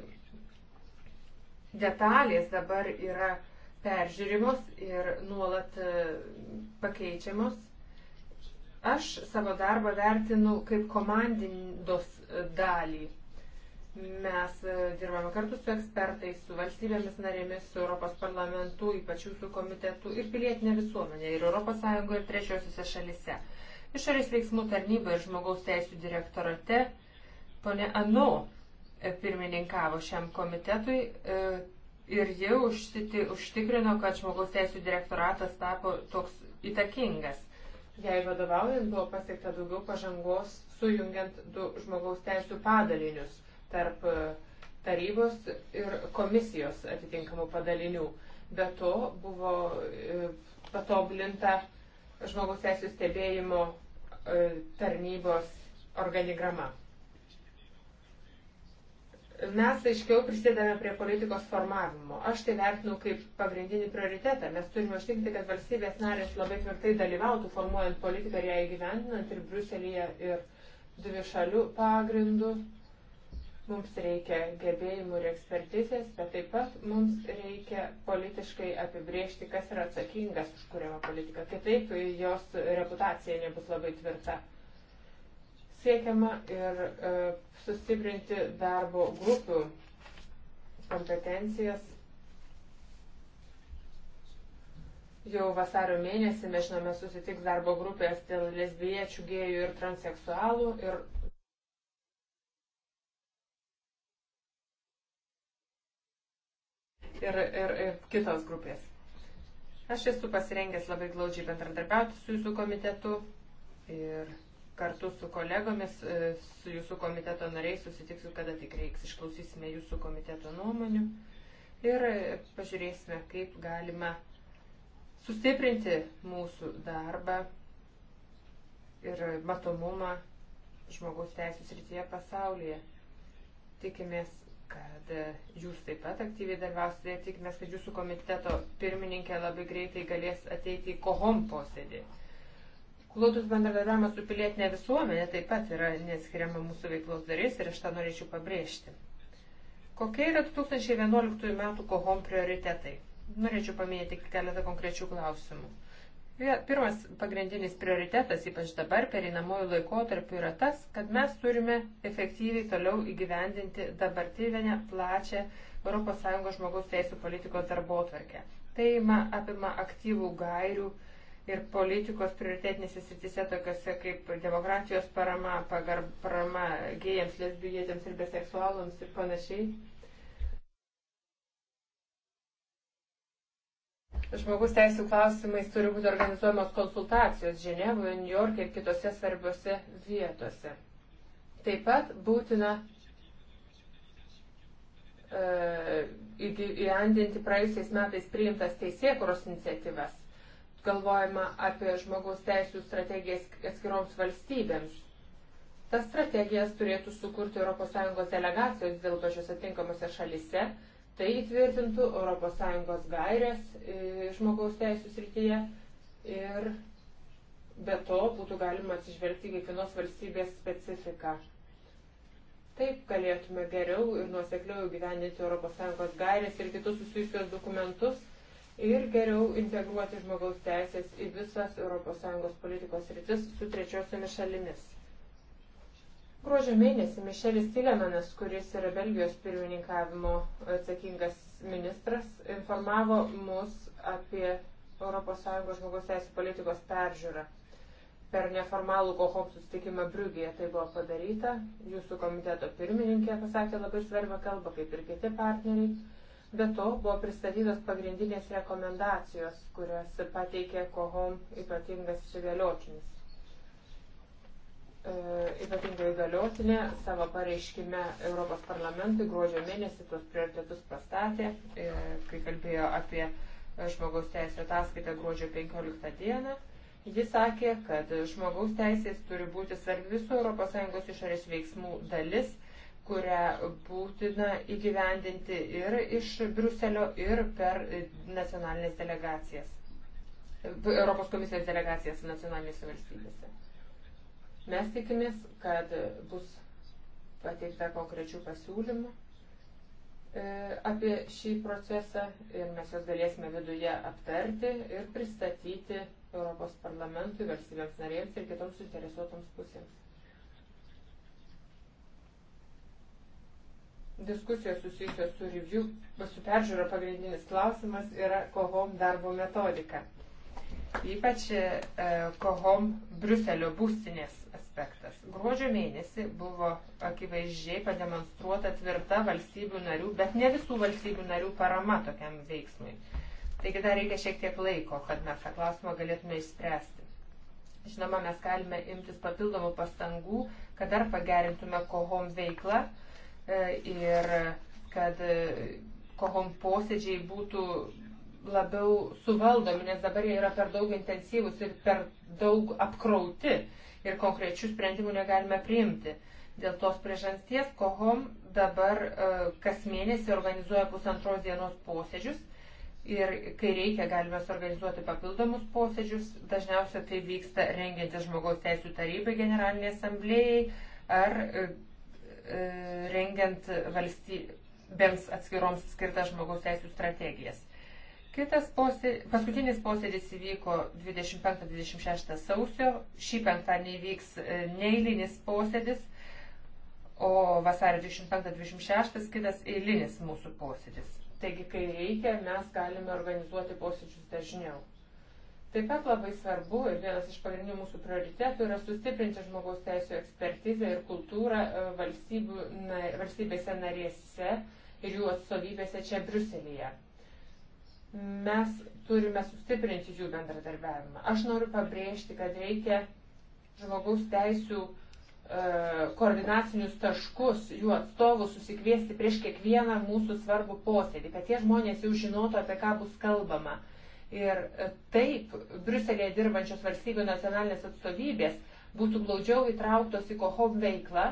detalės dabar yra peržiūrimos ir nuolat pakeičiamos. Aš savo darbą vertinu kaip komandos dalį Mes e, dirbame kartu su ekspertais, su valstybėmis narėmis, su Europos parlamentu, ypač jūsų komitetu ir pilietinė visuomenė ir ES ir trečiosiuose šalise. Išorės veiksmų tarnyba ir žmogaus teisų direktorate ponė Anu e, pirmininkavo šiam komitetui e, ir ji užtikrino, kad žmogaus teisų direktoratas tapo toks įtakingas. Jei vadovaujant buvo pasiekta daugiau pažangos, sujungiant du žmogaus teisų padalinius tarp e, tarybos ir komisijos atitinkamų padalinių. Be to buvo e, patobulinta žmogaus teisų stebėjimo e, tarnybos organigrama. Mes aiškiau prisidedame prie politikos formavimo. Aš tai vertinu kaip pagrindinį prioritetą. Mes turime užtikrinti, kad valstybės narės labai tvirtai dalyvautų formuojant politiką ir ją įgyvendinant ir Bruselėje, ir dvišalių pagrindų Mums reikia gebėjimų ir ekspertizės, bet taip pat mums reikia politiškai apibriežti, kas yra atsakingas už kuriamą politiką. Kitaip jos reputacija nebus labai tvirta. Siekiama ir e, sustiprinti darbo grupių kompetencijas. Jau vasario mėnesį mes žinome susitiks darbo grupės dėl lesbiečių, gėjų ir transeksualų ir ir, ir, ir kitos grupės. Aš esu pasirengęs labai glaudžiai bendradarbiauti su jūsų komitetu ir kartu su kolegomis, e, su jūsų komiteto nariais susitiksiu, kada tik reiks. Išklausysime jūsų komiteto nuomonių ir pažiūrėsime, kaip galima sustiprinti mūsų darbą ir matomumą žmogaus teisų srityje pasaulyje. Tikimės kad e, jūs taip pat aktyviai dalyvausite ir tikimės, kad jūsų komiteto pirmininkė labai greitai galės ateiti į kohom posėdį. Glaudus bendradarbiavimas su pilietinė visuomenė taip pat yra neatskiriama mūsų veiklos dalis ir aš tą norėčiau pabrėžti. Kokie yra 2011 m. kohom prioritetai? Norėčiau paminėti keletą konkrečių klausimų. Pirmas pagrindinis prioritetas, ypač dabar pereinamojų laikotarpių, yra tas, kad mes turime efektyviai toliau įgyvendinti dabartyvinę plačią ES žmogaus teisų politikos darbo tvarkę. Tai apima aktyvų gairių ir politikos prioritetinėse sritise, tokiuose kaip demokratijos parama, pagarb, parama gėjams, lesbijėtėms ir biseksualams ir panašiai Žmogus teisų klausimais turi būti organizuojamos konsultacijos Ženevoje, New York ir kitose svarbiose vietose. Taip pat būtina e, įgyvendinti praėjusiais metais priimtas teisėkuros iniciatyvas. Galvojama apie žmogaus teisų strategijas atskiroms valstybėms. Tas strategijas turėtų sukurti ES delegacijos dėl pačios atinkamose šalise Tai įtvirtintų ES gairės e, žmogaus teisų srityje ir be to būtų galima atsižvelgti kiekvienos valstybės specifiką. Taip galėtume geriau ir nuosekliau gyveninti ES gairės ir kitus susijusios dokumentus ir geriau integruoti žmogaus teisės į visas ES politikos rytis su trečiosiomis šalimis. Gruožio mėnesį Mišelis Tilemanas, kuris yra Belgijos pirmininkavimo atsakingas ministras, informavo mus apie ES žmogaus teisų politikos peržiūrą. Per neformalų kohom sustikimą Briugėje tai buvo padaryta. Jūsų komiteto pirmininkė pasakė labai svarbią kalbą, kaip ir kiti partneriai. Be to buvo pristatytos pagrindinės rekomendacijos, kurias pateikė kohom ypatingas įsigaliotinis. E, ypatingai galiotinė savo pareiškime Europos parlamentui gruodžio mėnesį tuos prioritetus pastatė, e, kai kalbėjo apie e, žmogaus teisų ataskaitą gruodžio 15 dieną. Jis sakė, kad žmogaus teisės turi būti svarbi visų ES išorės veiksmų dalis, kurią būtina įgyvendinti ir iš Bruselio, ir per nacionalinės delegacijas, Europos komisijos delegacijas nacionalinėse valstybėse. Mes tikimės, kad bus pateikta konkrečių pasiūlymų e, apie šį procesą ir mes juos galėsime viduje aptarti ir pristatyti Europos parlamentui, valstybėms narėms ir kitoms suinteresuotoms pusėms. Diskusijos susijusios su review, su peržiūro pagrindinis klausimas yra kohom darbo metodika. Ypač e, kohom Bruselio būstinės aspektas. Gruodžio mėnesį buvo akivaizdžiai pademonstruota tvirta valstybių narių, bet ne visų valstybių narių parama tokiam veiksmui. Taigi dar reikia šiek tiek laiko, kad mes tą klausimą galėtume išspręsti. Žinoma, mes galime imtis papildomų pastangų, kad dar pagerintume kohom veiklą e, ir kad e, kohom posėdžiai būtų labiau suvaldomi, nes dabar jie yra per daug intensyvūs ir per daug apkrauti ir konkrečių sprendimų negalime priimti. Dėl tos priežasties KOHOM dabar e, kas mėnesį organizuoja pusantros dienos posėdžius ir kai reikia galime suorganizuoti papildomus posėdžius. Dažniausiai tai vyksta rengiantis žmogaus teisų tarybai generaliniai asamblėjai ar e, e, rengiant valstybėms atskiroms skirtas žmogaus teisų strategijas. Kitas posėdis, paskutinis posėdis įvyko 25-26 sausio. Šį penktadienį vyks e, neįlinis posėdis, o vasario 25-26 kitas eilinis mūsų posėdis. Taigi, kai reikia, mes galime organizuoti posėdžius dažniau. Taip pat labai svarbu ir vienas iš pagrindinių mūsų prioritetų yra sustiprinti žmogaus teisų ekspertizę ir kultūrą e, valstybių, valstybėse narėse ir jų atstovybėse čia Bruselėje mes turime sustiprinti jų bendradarbiavimą. Aš noriu pabrėžti, kad reikia žmogaus teisų e, koordinacinius taškus, jų atstovus susikviesti prieš kiekvieną mūsų svarbų posėdį, kad tie žmonės jau žinotų, apie ką bus kalbama. Ir e, taip Briuselėje dirbančios valstybių nacionalinės atstovybės būtų glaudžiau įtrauktos į COHOB veiklą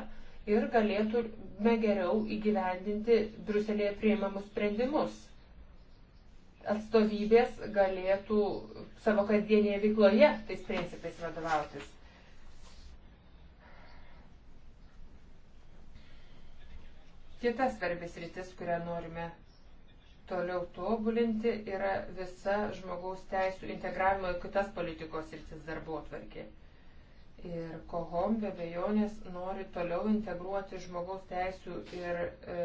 ir galėtume geriau įgyvendinti Briuselėje priimamus sprendimus atstovybės galėtų savo kasdienėje veikloje tais principais vadovautis. Kitas svarbis rytis, kurią norime toliau tobulinti, yra visa žmogaus teisų integravimo į kitas politikos rytis darbo atvarkė. Ir kohom be bejonės nori toliau integruoti žmogaus teisų ir e,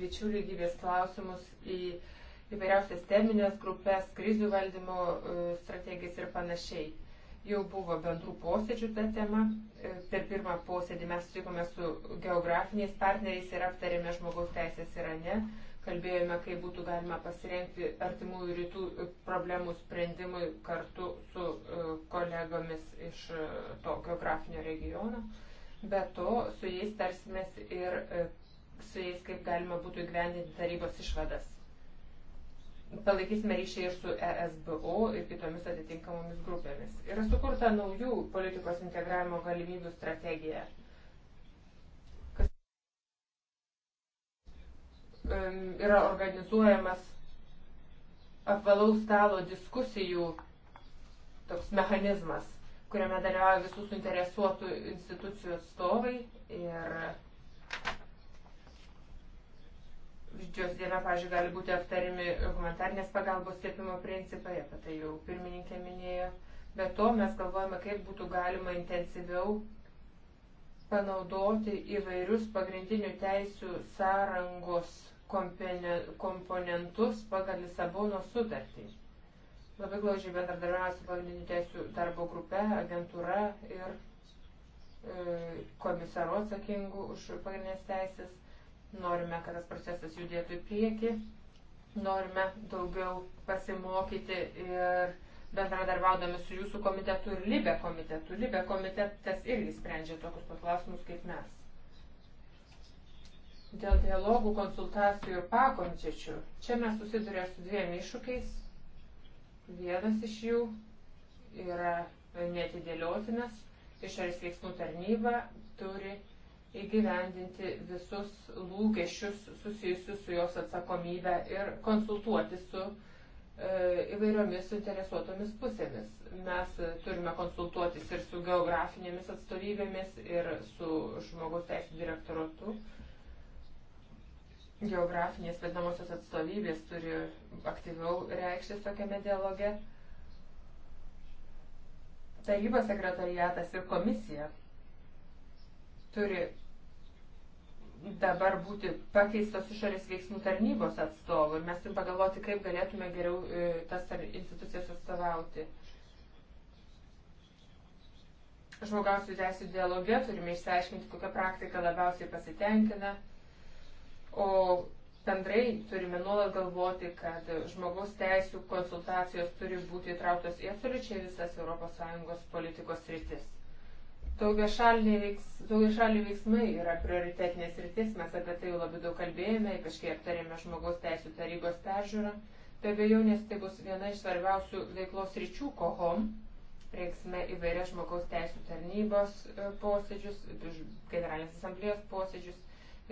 lyčių lygybės klausimus į e, įvairiausias teminės grupės, krizių valdymo e, strategijas ir panašiai. Jau buvo bendrų posėdžių tą temą. E, per pirmą posėdį mes sutikome su geografiniais partneriais ir aptarėme žmogaus teisės Irane. Kalbėjome, kaip būtų galima pasirengti artimųjų rytų e, problemų sprendimui kartu su kolegomis iš to geografinio regiono. Be to, su jais tarsimės ir su jais, kaip galima būtų įgyvendinti tarybos išvadas palaikysime ryšį ir su ESBO ir kitomis atitinkamomis grupėmis. Yra sukurta naujų politikos integravimo galimybių strategija. Kas yra organizuojamas apvalaus stalo diskusijų toks mechanizmas, kuriame dalyvauja visų suinteresuotų institucijų atstovai ir Didžios diena, pažiūrėjau, gali būti aptarimi humanitarnės pagalbos tiekimo principai, apie tai jau pirmininkė minėjo. Be to mes galvojame, kaip būtų galima intensyviau panaudoti įvairius pagrindinių teisių sąrangos komponentus pagal Lisabono sutartį. Labai glaudžiai bendradarbiavame su pagrindinių teisių darbo grupe, agentūra ir e, komisaru atsakingu už pagrindinės teisės norime, kad tas procesas judėtų į priekį, norime daugiau pasimokyti ir bendradarbiaudami su jūsų komitetu ir Libe komitetu. Libe komitetas irgi sprendžia tokius pat klausimus kaip mes. Dėl dialogų, konsultacijų ir pakomčiačių. Čia mes susidurė su dviem iššūkiais. Vienas iš jų yra netidėliotinas. Išorės veiksmų tarnyba turi įgyvendinti visus lūkesčius susijusius su jos atsakomybę ir konsultuoti su e, įvairiomis suinteresuotomis pusėmis. Mes turime konsultuotis ir su geografinėmis atstovybėmis, ir su žmogaus teisų direktoratu. Geografinės vadinamosios atstovybės turi aktyviau reikštis tokiame dialoge. Tarybos sekretariatas ir komisija turi dabar būti pakeistos išorės veiksmų tarnybos atstovų ir mes turim pagalvoti, kaip galėtume geriau e, tas institucijas atstovauti. Žmogausų teisų dialoge turime išsiaiškinti, kokia praktika labiausiai pasitenkina, o bendrai turime nuolat galvoti, kad žmogaus teisų konsultacijos turi būti įtrauktos į absoliučiai visas ES politikos rytis. Daugia šaliai veiks, veiksmai yra prioritetinės rytis, mes apie tai jau labai daug kalbėjome, ypač kai aptarėme žmogaus teisų tarybos peržiūrą. Be abejo, nes tai bus viena iš svarbiausių veiklos ryčių kohom. Reiksime įvairias žmogaus teisų tarnybos e, posėdžius, generalinės asamblėjos posėdžius.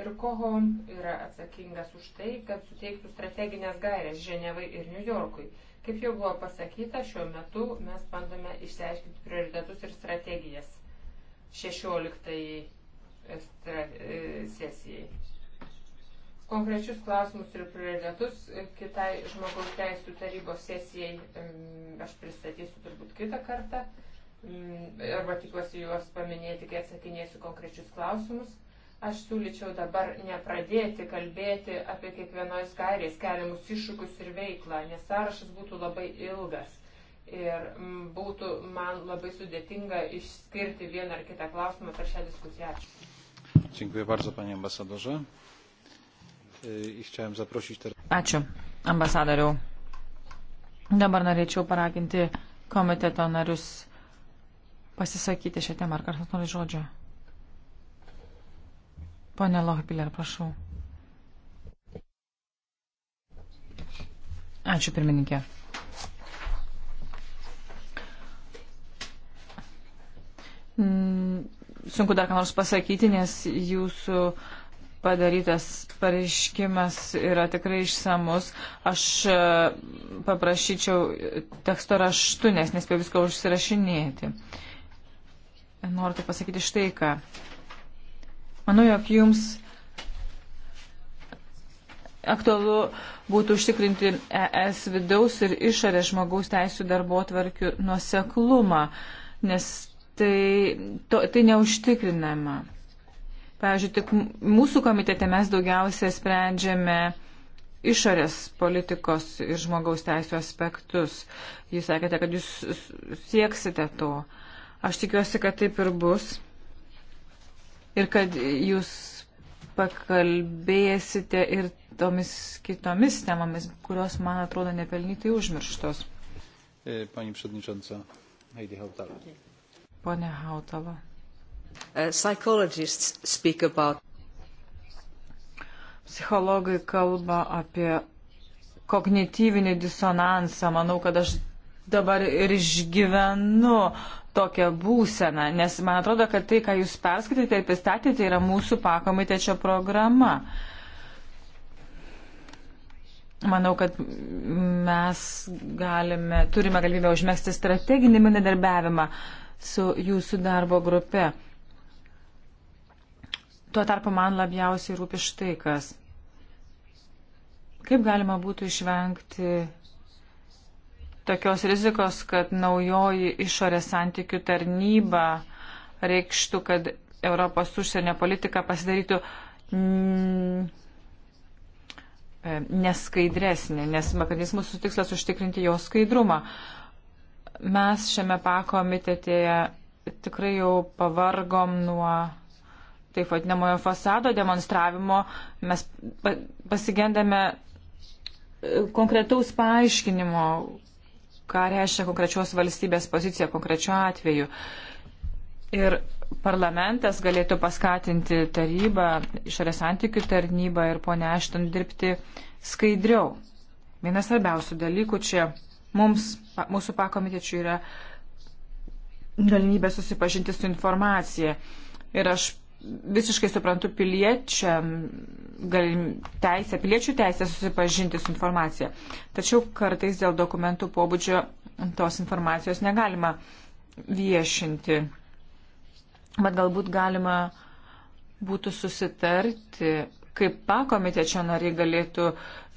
Ir kohom yra atsakingas už tai, kad suteiktų strateginės gairės Ženevai ir New Yorkui. Kaip jau buvo pasakyta, šiuo metu mes bandome išsiaiškinti prioritetus ir strategijas 16 e, sesijai. Konkrečius klausimus ir prioritetus kitai žmogaus teisų tarybos sesijai aš pristatysiu turbūt kitą kartą mm, arba tikiuosi juos paminėti, kai atsakinėsiu konkrečius klausimus. Aš siūlyčiau dabar nepradėti kalbėti apie kiekvienos gairės keliamus iššūkius ir veiklą, nes sąrašas būtų labai ilgas. Ir mm, būtų man labai sudėtinga išskirti vieną ar kitą klausimą per šią diskusiją. Ačiū. Dziękuję bardzo, panie ambasadorze. E, I chciałem zaprosić teraz. Ačiū, ambasadoriau. Dabar norėčiau paraginti komiteto narius pasisakyti šią temą. Ar kas nori žodžio? Pone Lohbiller, prašau. Ačiū, pirmininkė. Mm, sunku dar ką nors pasakyti, nes jūsų padarytas pareiškimas yra tikrai išsamus. Aš e, paprašyčiau teksto raštu, nes nespėjau visko užsirašinėti. Noriu tai pasakyti štai ką. Manau, jog jums aktualu būtų užtikrinti ES vidaus ir išorės žmogaus teisų darbo tvarkių nuoseklumą, nes tai, to, tai neužtikrinama. Pavyzdžiui, tik mūsų komitete mes daugiausia sprendžiame išorės politikos ir žmogaus teisų aspektus. Jūs sakėte, kad jūs sieksite to. Aš tikiuosi, kad taip ir bus. Ir kad jūs pakalbėsite ir tomis kitomis temomis, kurios, man atrodo, nepelnytai užmirštos. E, pani Przewodnicząca Heidi Hautala. Okay. Pone Hautala. Uh, about... Psichologai kalba apie kognityvinį disonansą. Manau, kad aš dabar ir išgyvenu tokią būseną, nes man atrodo, kad tai, ką jūs perskaitėte ir pristatėte, yra mūsų pakomitečio programa. Manau, kad mes galime, turime galimybę užmėgsti strateginį bendradarbiavimą. Uh, su jūsų darbo grupe. Tuo tarpu man labiausiai rūpi štai kas. Kaip galima būtų išvengti tokios rizikos, kad naujoji išorės santykių tarnyba reikštų, kad Europos užsienio politika pasidarytų mm, neskaidresnė, nes mechanizmus tikslas užtikrinti jo skaidrumą. Mes šiame pakomitetėje tikrai jau pavargom nuo taip vadinamojo fasado demonstravimo. Mes pasigendame e, konkretaus paaiškinimo, ką reiškia konkrečios valstybės pozicija konkrečiu atveju. Ir parlamentas galėtų paskatinti tarybą, išorės santykių tarnybą ir ponia Ašton dirbti skaidriau. Vienas svarbiausių dalykų čia mums mūsų pakomitečių yra galimybė susipažinti su informacija. Ir aš visiškai suprantu piliečiam, galim, teisę, piliečių teisę susipažinti su informacija. Tačiau kartais dėl dokumentų pobūdžio tos informacijos negalima viešinti. Bet galbūt galima būtų susitarti kaip pakomitečio nariai galėtų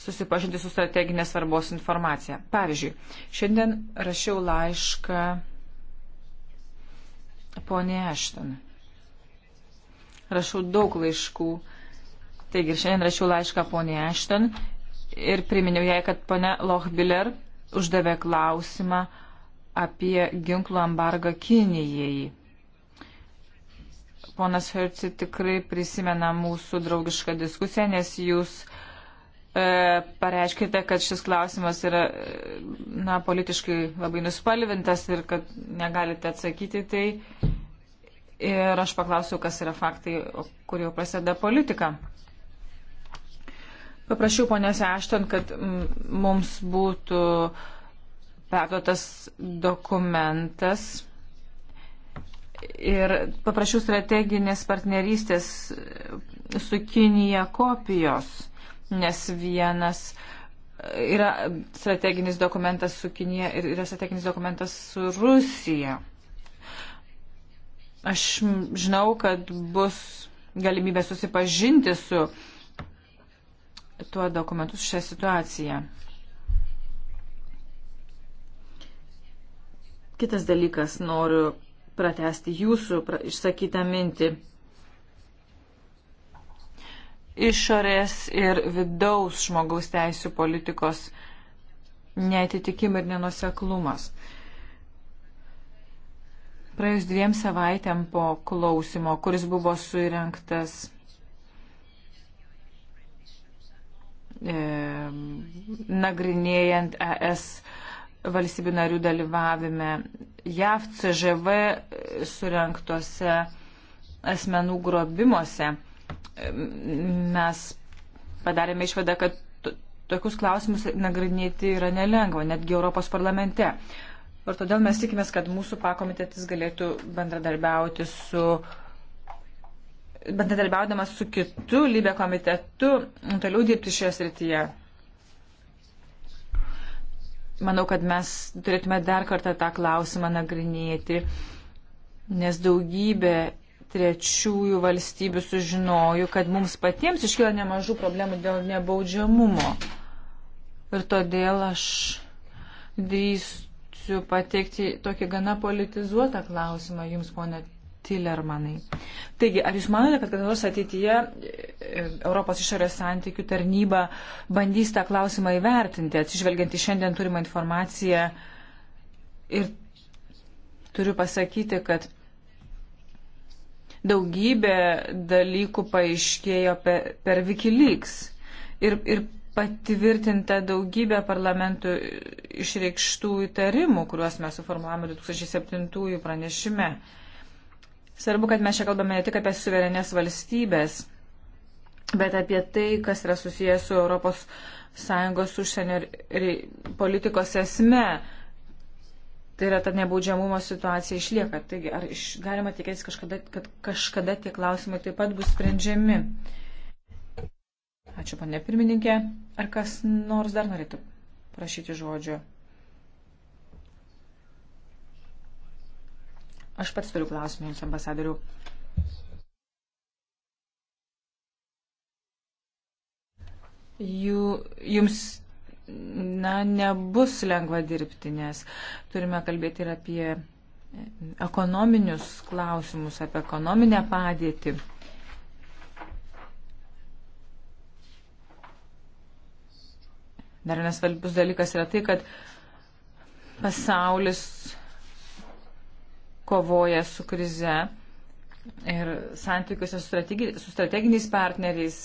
susipažinti su strateginės svarbos informacija. Pavyzdžiui, šiandien rašiau laišką ponė Ešton. Rašau daug laiškų. Taigi ir šiandien rašiau laišką ponė Ešton ir priminiau jai, kad ponė Lochbiller uždavė klausimą apie ginklų embargą Kinijai. Ponas Herci tikrai prisimena mūsų draugišką diskusiją, nes jūs e, pareiškite, kad šis klausimas yra e, na, politiškai labai nuspalvintas ir kad negalite atsakyti tai. Ir aš paklausiau, kas yra faktai, kur jau prasideda politika. Paprašiau ponės Ešton, kad mums būtų perduotas dokumentas ir paprašiau strateginės partnerystės su Kinija kopijos, nes vienas yra strateginis dokumentas su Kinija ir yra strateginis dokumentas su Rusija. Aš žinau, kad bus galimybė susipažinti su tuo dokumentu, su šią situaciją. Kitas dalykas, noriu pratesti jūsų išsakytą mintį. Išorės ir vidaus žmogaus teisų politikos netitikimai ir nenuseklumas. Praėjus dviem savaitėm po klausimo, kuris buvo suirinktas e, nagrinėjant ES valstybių narių dalyvavime JAV, CŽV surenktose asmenų grobimuose. Mes padarėme išvadą, kad tokius klausimus nagrinėti yra nelengva, netgi Europos parlamente. Ir todėl mes tikimės, kad mūsų pakomitetis galėtų bendradarbiauti su bendradarbiaudamas su kitu lybė komitetu toliau dirbti šioje srityje manau, kad mes turėtume dar kartą tą klausimą nagrinėti, nes daugybė trečiųjų valstybių sužinojo, kad mums patiems iškyla nemažų problemų dėl nebaudžiamumo. Ir todėl aš drįstu pateikti tokį gana politizuotą klausimą jums, ponė Tilermanai. Taigi, ar jūs manote, kad kada nors ateityje e, Europos išorės santykių tarnyba bandys tą klausimą įvertinti, atsižvelgiant į šiandien turimą informaciją ir turiu pasakyti, kad daugybė dalykų paaiškėjo per, per Wikileaks ir, ir patvirtinta daugybė parlamentų išreikštų įtarimų, kuriuos mes suformuojame 2007 pranešime. Svarbu, kad mes čia kalbame ne tik apie suverenės valstybės, bet apie tai, kas yra susijęs su Europos Sąjungos užsienio politikos esme. Tai yra, tad nebaudžiamumo situacija išlieka. Taigi, ar iš, galima tikėtis, kažkada, kad kažkada tie klausimai taip pat bus sprendžiami? Ačiū, panė pirmininkė. Ar kas nors dar norėtų prašyti žodžio? Aš pats turiu klausimą jums, ambasadoriu. Jų, jums na, nebus lengva dirbti, nes turime kalbėti ir apie ekonominius klausimus, apie ekonominę padėtį. Dar vienas svarbus dalykas yra tai, kad pasaulis kovoja su krize. Ir santykiuose su, strategi, su strateginiais partneriais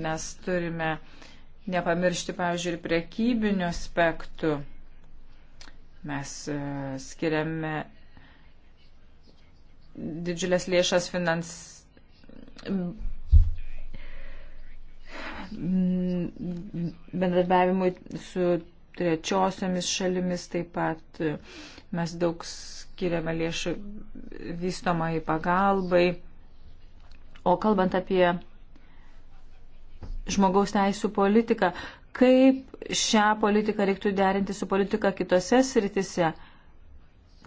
mes turime nepamiršti, pavyzdžiui, ir prekybinių aspektų. Mes e, skiriame didžiulės lėšas finans bendradarbiavimui su trečiosiomis šalimis taip pat mes daug skiriame lėšų vystomai pagalbai. O kalbant apie žmogaus teisų politiką, kaip šią politiką reiktų derinti su politika kitose sritise,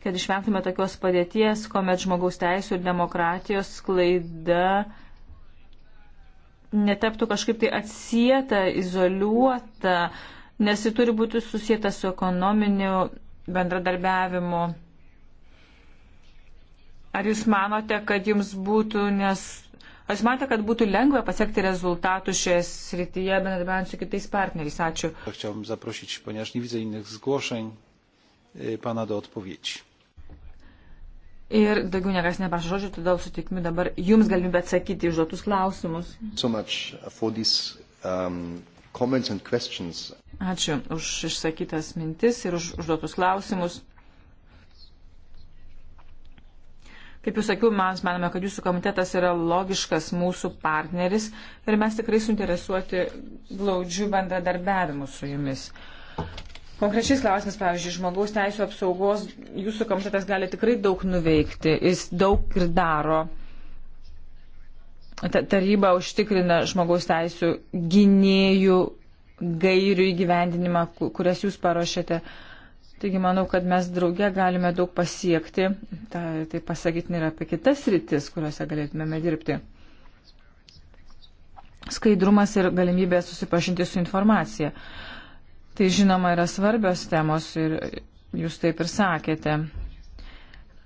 kad išvengtume tokios padėties, kuomet žmogaus teisų ir demokratijos sklaida netaptų kažkaip tai atsieta, izoliuota, nes ji turi būti susijęta su ekonominiu bendradarbiavimu Ar jūs manote, kad jums būtų, nes. Ar jūs manote, kad būtų lengva pasiekti rezultatų šioje srityje, bendradarbiaujant su kitais partneriais? Ačiū. Chciałbym zaprosić, ponieważ nie widzę innych zgłoszeń, e, pana do odpowiedzi. Ir daugiau niekas neprašo žodžių, todėl sutikmi dabar jums galimybę atsakyti užduotus klausimus. So much uh, for these um, comments and questions. Ačiū už išsakytas mintis ir už užduotus klausimus. Kaip jau sakiau, mes manome, kad jūsų komitetas yra logiškas mūsų partneris ir mes tikrai suinteresuoti glaudžių bendradarbiavimu su jumis. Konkrečiais klausimais, pavyzdžiui, žmogaus teisų apsaugos, jūsų komitetas gali tikrai daug nuveikti, jis daug ir daro. Taryba užtikrina žmogaus teisų gynėjų gairių įgyvendinimą, kurias jūs paruošėte. Uh, Taigi manau, kad mes drauge galime daug pasiekti, tai, tai pasakyti ir apie kitas rytis, kuriuose galėtumėme dirbti. Skaidrumas ir galimybė susipažinti su informacija. Tai žinoma yra svarbios temos ir jūs taip ir sakėte.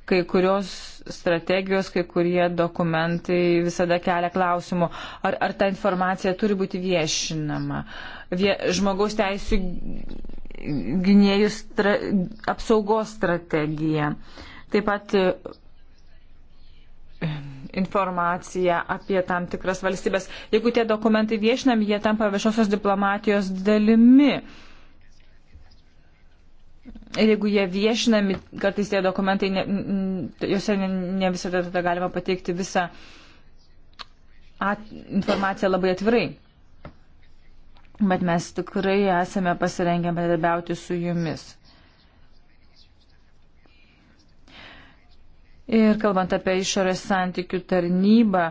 Kai kurios strategijos, kai kurie dokumentai visada kelia klausimų, ar, ar ta informacija turi būti viešinama. Vie, žmogaus teisų gynėjų stra apsaugos strategiją. Taip pat e, informacija apie tam tikras valstybės. Jeigu tie dokumentai viešinami, jie tampa viešosios diplomatijos dalimi. Ir jeigu jie viešinami, kartais tie dokumentai, ne, juose ne, ne visada tada galima pateikti visą at, informaciją labai atvirai bet mes tikrai esame pasirengę bendradarbiauti su jumis. Ir kalbant apie išorės santykių tarnybą,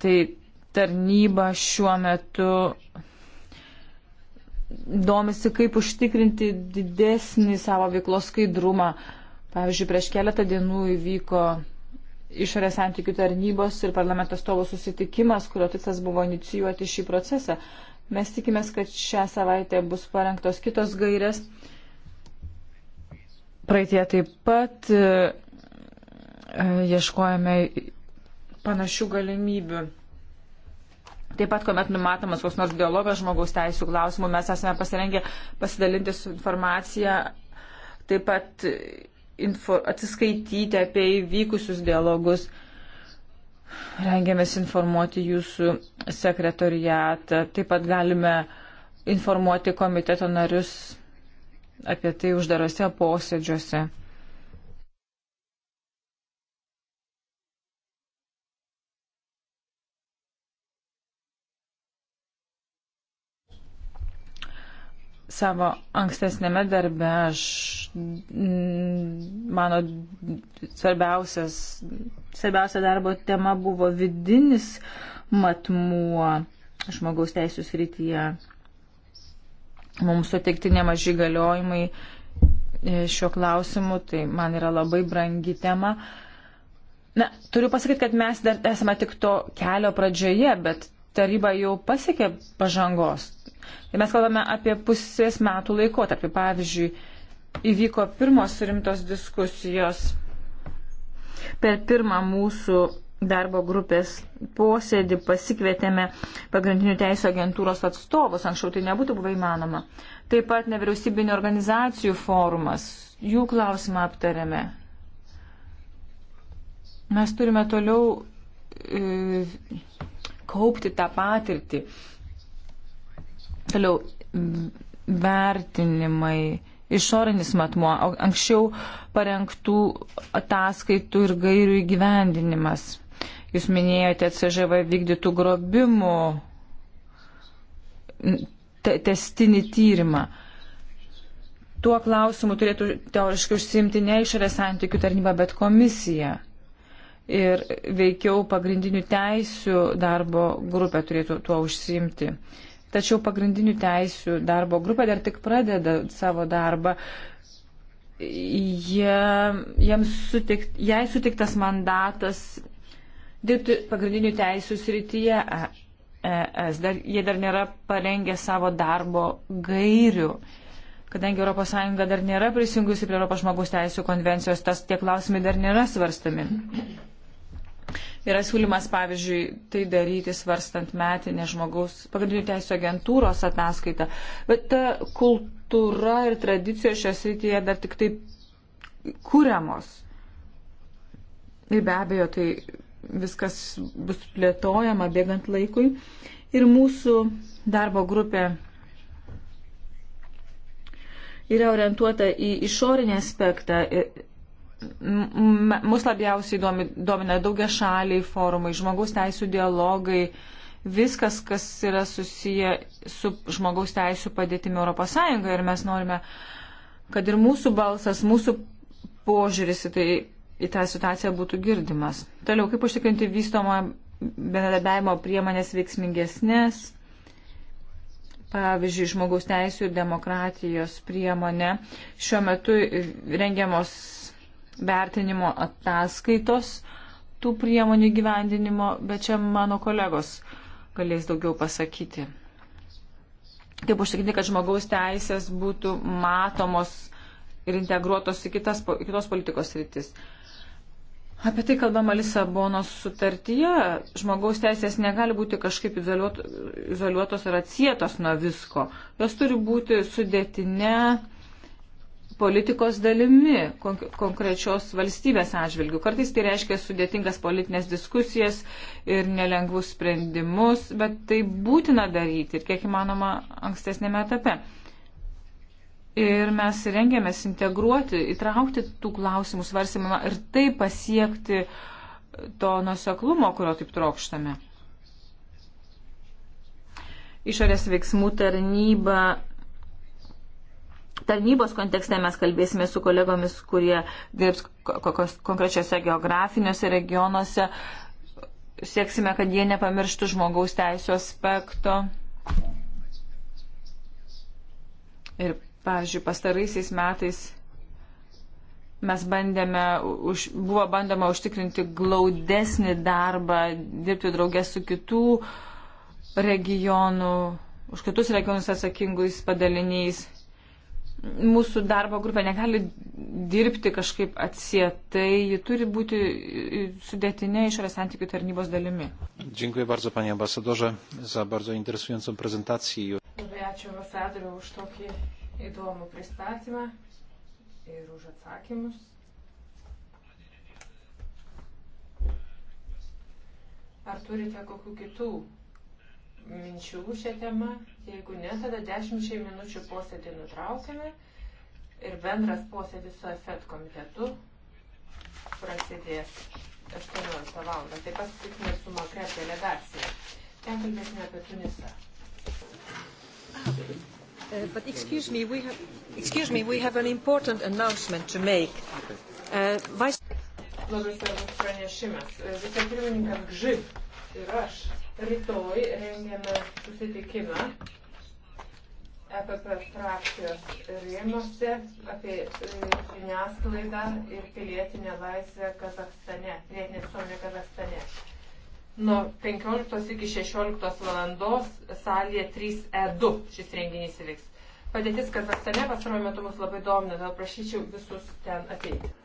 tai tarnyba šiuo metu domisi, kaip užtikrinti didesnį savo veiklos skaidrumą. Pavyzdžiui, prieš keletą dienų įvyko išorės santykių tarnybos ir parlamento stovo susitikimas, kurio tikslas buvo inicijuoti šį procesą. Mes tikimės, kad šią savaitę bus parengtos kitos gairės. Praeitie taip pat e, e, ieškojame panašių galimybių. Taip pat, kuomet numatomas koks nors dialogas žmogaus teisų klausimų, mes esame pasirengę pasidalinti su informacija, taip pat info, atsiskaityti apie įvykusius dialogus. Rengiamės informuoti jūsų sekretoriatą. Taip pat galime informuoti komiteto narius apie tai uždarose posėdžiuose. savo ankstesnėme darbe aš mm, mano svarbiausias, svarbiausia darbo tema buvo vidinis matmuo žmogaus teisų srityje. Mums suteikti nemažai galiojimai e, šiuo klausimu, tai man yra labai brangi tema. Na, turiu pasakyti, kad mes dar esame tik to kelio pradžioje, bet taryba jau pasiekė pažangos Ir mes kalbame apie pusės metų laikotarpį. Pavyzdžiui, įvyko pirmos rimtos diskusijos per pirmą mūsų darbo grupės posėdį pasikvietėme pagrindinių teisų agentūros atstovus, anksčiau tai nebūtų buvę įmanoma. Taip pat nevyriausybinio organizacijų forumas, jų klausimą aptarėme. Mes turime toliau e, kaupti tą patirtį. E, Toliau vertinimai, išorinis matmuo, anksčiau parengtų ataskaitų ir gairių įgyvendinimas. Jūs minėjote CŽV vykdytų grobimų te testinį tyrimą. Tuo klausimu turėtų teoriškai užsimti ne išorės santykių tarnyba, bet komisija. Ir veikiau pagrindinių teisių darbo grupė turėtų tuo užsimti. Uh, Tačiau pagrindinių teisių darbo grupė dar tik pradeda savo darbą. Jie, sutik, jai sutiktas mandatas dirbti pagrindinių teisių srityje e, e, ES. Dar, jie dar nėra parengę savo darbo gairių. Kadangi ES dar nėra prisijungusi prie ES žmogaus teisų konvencijos, tas tie klausimai dar nėra svarstami. Yra siūlymas, pavyzdžiui, tai daryti svarstant metinę žmogaus pagrindinių teisų agentūros ataskaitą. Bet ta kultūra ir tradicijos šios rytyje dar tik taip kūriamos. Ir be abejo, tai viskas bus plėtojama bėgant laikui. Ir mūsų darbo grupė yra orientuota į išorinį aspektą mus labiausiai domina daugia šaliai forumai, žmogaus teisų dialogai, viskas, kas yra susiję su žmogaus teisų padėtimi ES ir mes norime, kad ir mūsų balsas, mūsų požiūris į, tai, į tą situaciją būtų girdimas. Toliau, kaip užtikrinti vystomą bendradarbiavimo priemonės veiksmingesnės, pavyzdžiui, žmogaus teisų ir demokratijos priemonė. Šiuo metu rengiamos vertinimo ataskaitos tų priemonių gyvendinimo, bet čia mano kolegos galės daugiau pasakyti. Kaip užtikrinti, kad žmogaus teisės būtų matomos ir integruotos į kitas, į kitos politikos rytis. Apie tai kalbama Lisabonos sutartyje. Žmogaus teisės negali būti kažkaip izoliuotos ar atsietos nuo visko. Jos turi būti sudėtinė politikos dalimi konkrečios valstybės atžvilgių. Kartais tai reiškia sudėtingas politinės diskusijas ir nelengvus sprendimus, bet tai būtina daryti ir kiek įmanoma ankstesnėme etape. Ir mes rengiamės integruoti, įtraukti tų klausimų svarsimą ir tai pasiekti to nuseklumo, kurio taip trokštame. Išorės veiksmų tarnyba tarnybos kontekste mes kalbėsime su kolegomis, kurie dirbs konkrečiose geografiniuose regionuose. Sieksime, kad jie nepamirštų žmogaus teisų aspekto. Ir, pavyzdžiui, pastaraisiais metais mes bandėme, už, buvo bandoma užtikrinti glaudesnį darbą, dirbti draugės su kitų regionų, už kitus regionus atsakingais padaliniais mūsų darbo grupė negali dirbti kažkaip atsietai, ji turi būti sudėtinė išorės santykių tarnybos dalimi. Dziękuję bardzo, panie ambasadorze, za bardzo interesującą prezentację. Labai ačiū ambasadoriu už tokį įdomų pristatymą ir už atsakymus. Ar turite kokių kitų minčių šią temą. Jeigu ne, tada dešimčiai minučių posėdį nutraukime ir bendras posėdis su FED komitetu prasidės 18 val. Taip pat sutiksime su Makreb delegacija. Ten kalbėsime apie Tunisą. Uh, but excuse me, we have, excuse me, we have an important announcement to make. Uh, vice... Labai svarbus pranešimas. Uh, vicepirmininkas Gžib ir aš Rytoj rengiame susitikimą EPP frakcijos rėmose apie e, žiniasklaidą ir pilietinę laisvę Kazakstane, pilietinė visuomenė Kazakstane. Nuo 15 iki 16 valandos salėje 3E2 šis renginys įvyks. Padėtis Kazakstane pastaruoju metu mus labai domina, todėl prašyčiau visus ten ateiti.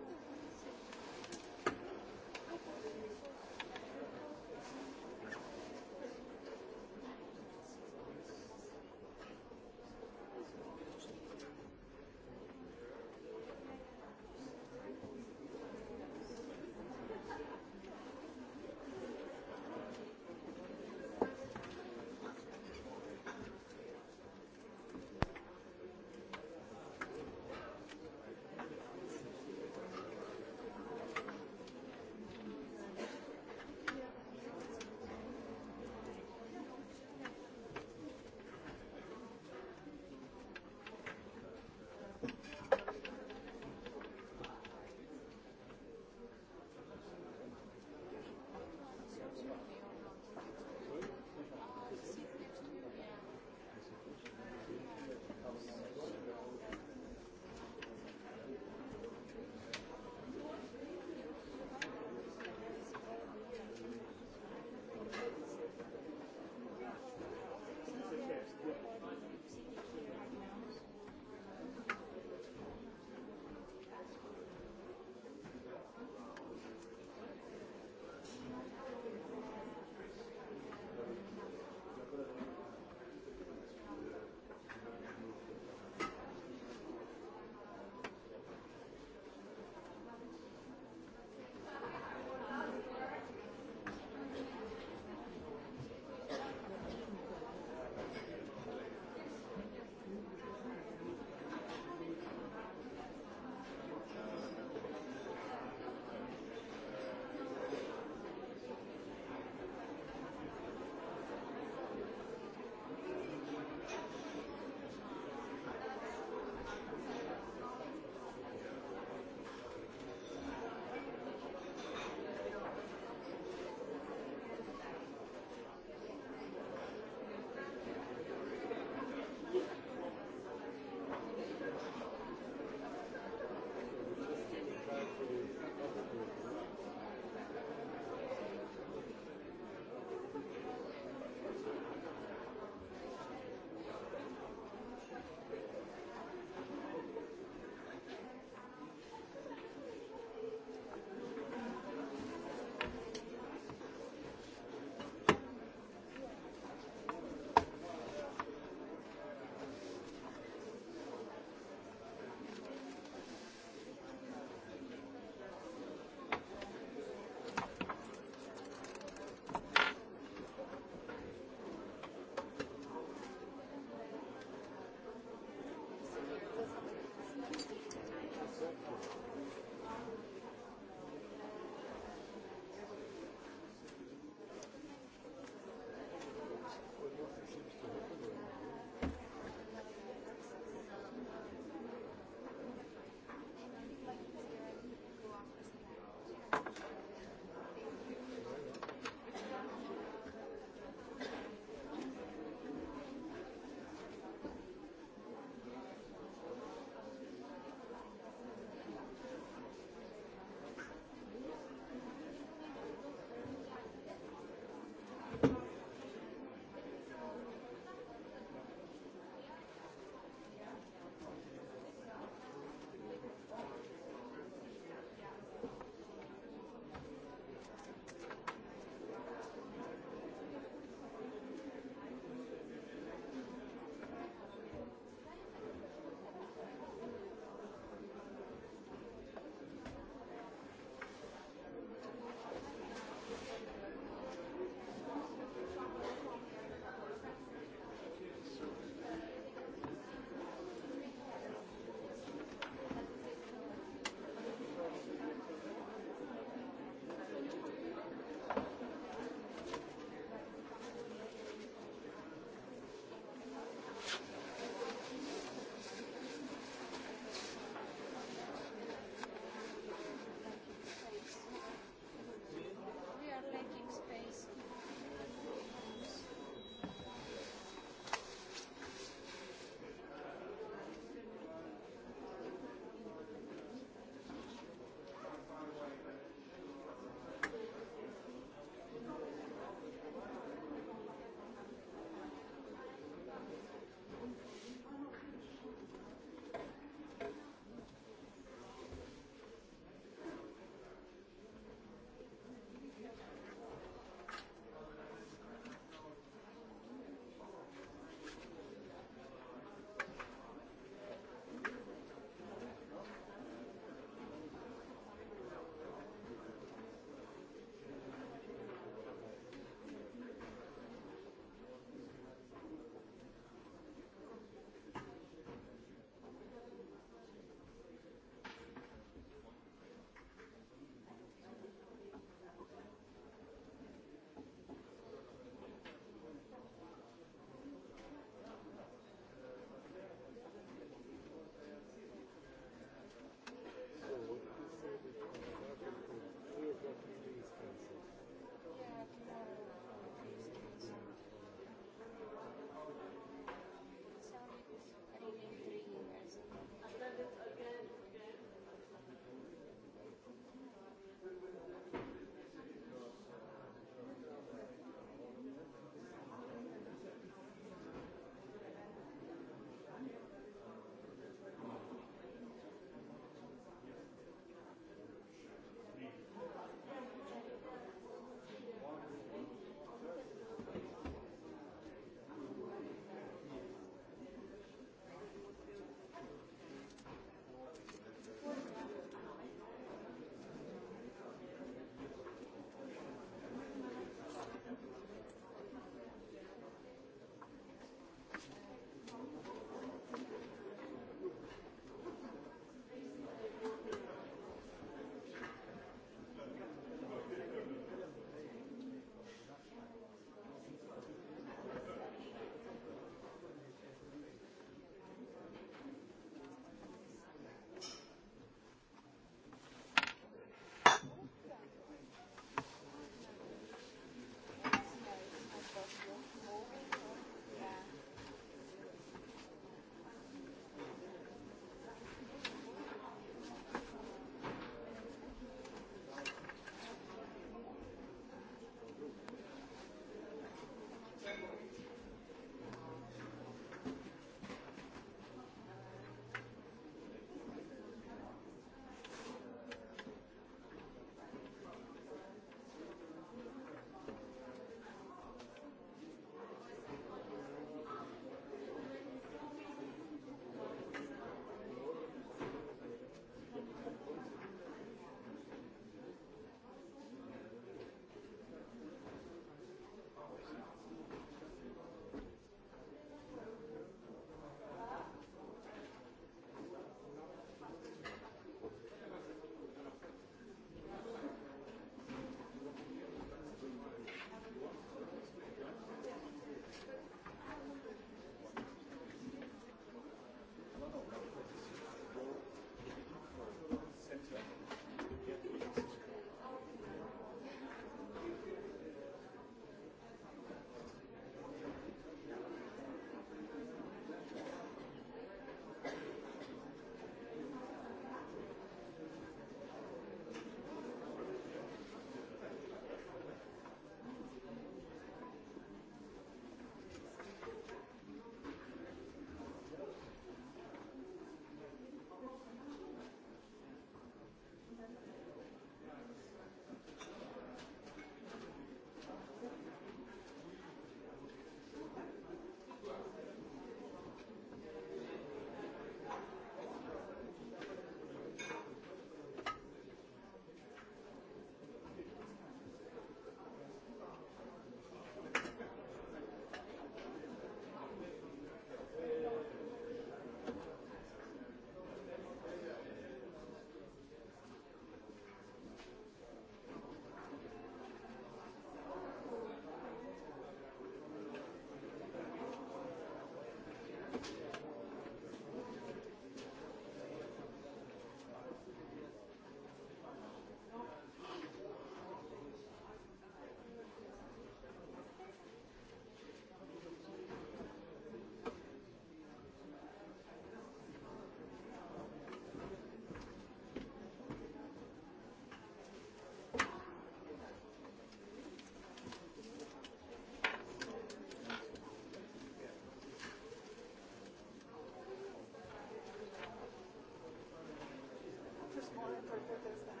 interpreters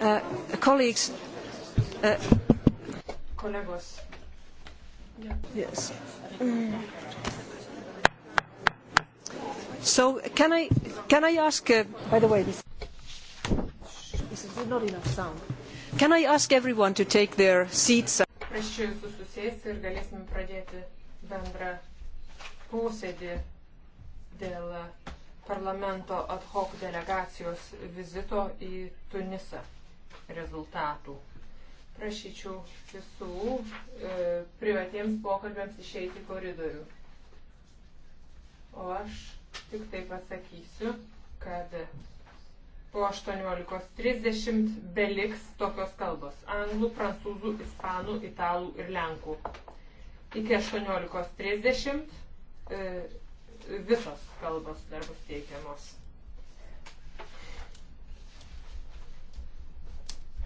Uh, colleagues, uh, Kolegos. Yes. Mm. So can I can I ask? Uh, by the way, this, this is not enough sound. Can I ask everyone to take their seats? Prašysiu susėsti ir galėsim pradėti bendrą posėdį parlamento ad hoc delegacijos vizito į Tunisą rezultatų. Prašyčiau visų e, privatiems pokalbėms išeiti į koridorių. O aš tik tai pasakysiu, kad po 18.30 beliks tokios kalbos - anglų, prancūzų, ispanų, italų ir lenkų. Iki 18.30 e, visos kalbos dar bus teikiamos.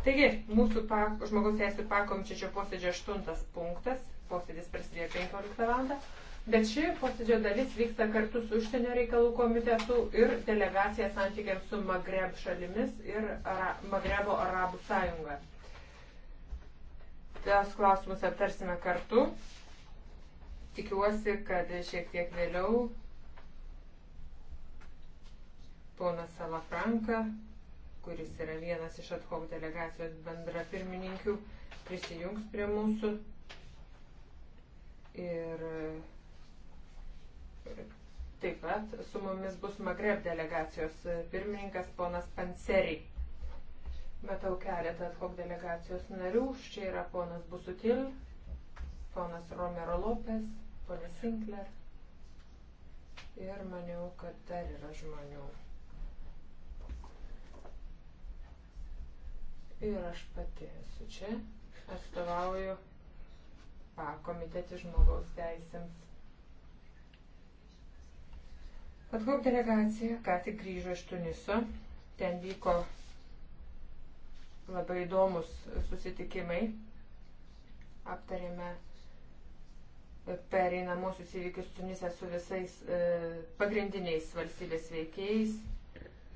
Taigi, mūsų pak, žmogaus teisų pakomčio posėdžio 8 punktas, posėdis prasidėjo 15 val. Bet ši posėdžio dalis vyksta kartu su užsienio reikalų komitetu ir delegacija santykiams su Magreb šalimis ir Ara Magrebo Arabų sąjunga. Tas klausimus aptarsime kartu. Tikiuosi, kad šiek tiek vėliau ponas Salafranka, kuris yra vienas iš atkom delegacijos bendra pirmininkių, prisijungs prie mūsų. Ir e, taip pat su mumis bus Magreb delegacijos pirmininkas ponas Panseriai. Matau keletą atkom delegacijos narių. Čia yra ponas Busutil, ponas Romero Lopes, ponas Sinkler. Ir maniau, kad dar yra žmonių. Ir aš pati esu čia, atstovauju pakomitetį žmogaus teisėms. Atgaup delegacija, ką tik grįžo iš Tuniso. Ten vyko labai įdomus susitikimai. Aptarėme pereinamosius įvykius Tunise su visais e, pagrindiniais valstybės veikėjais.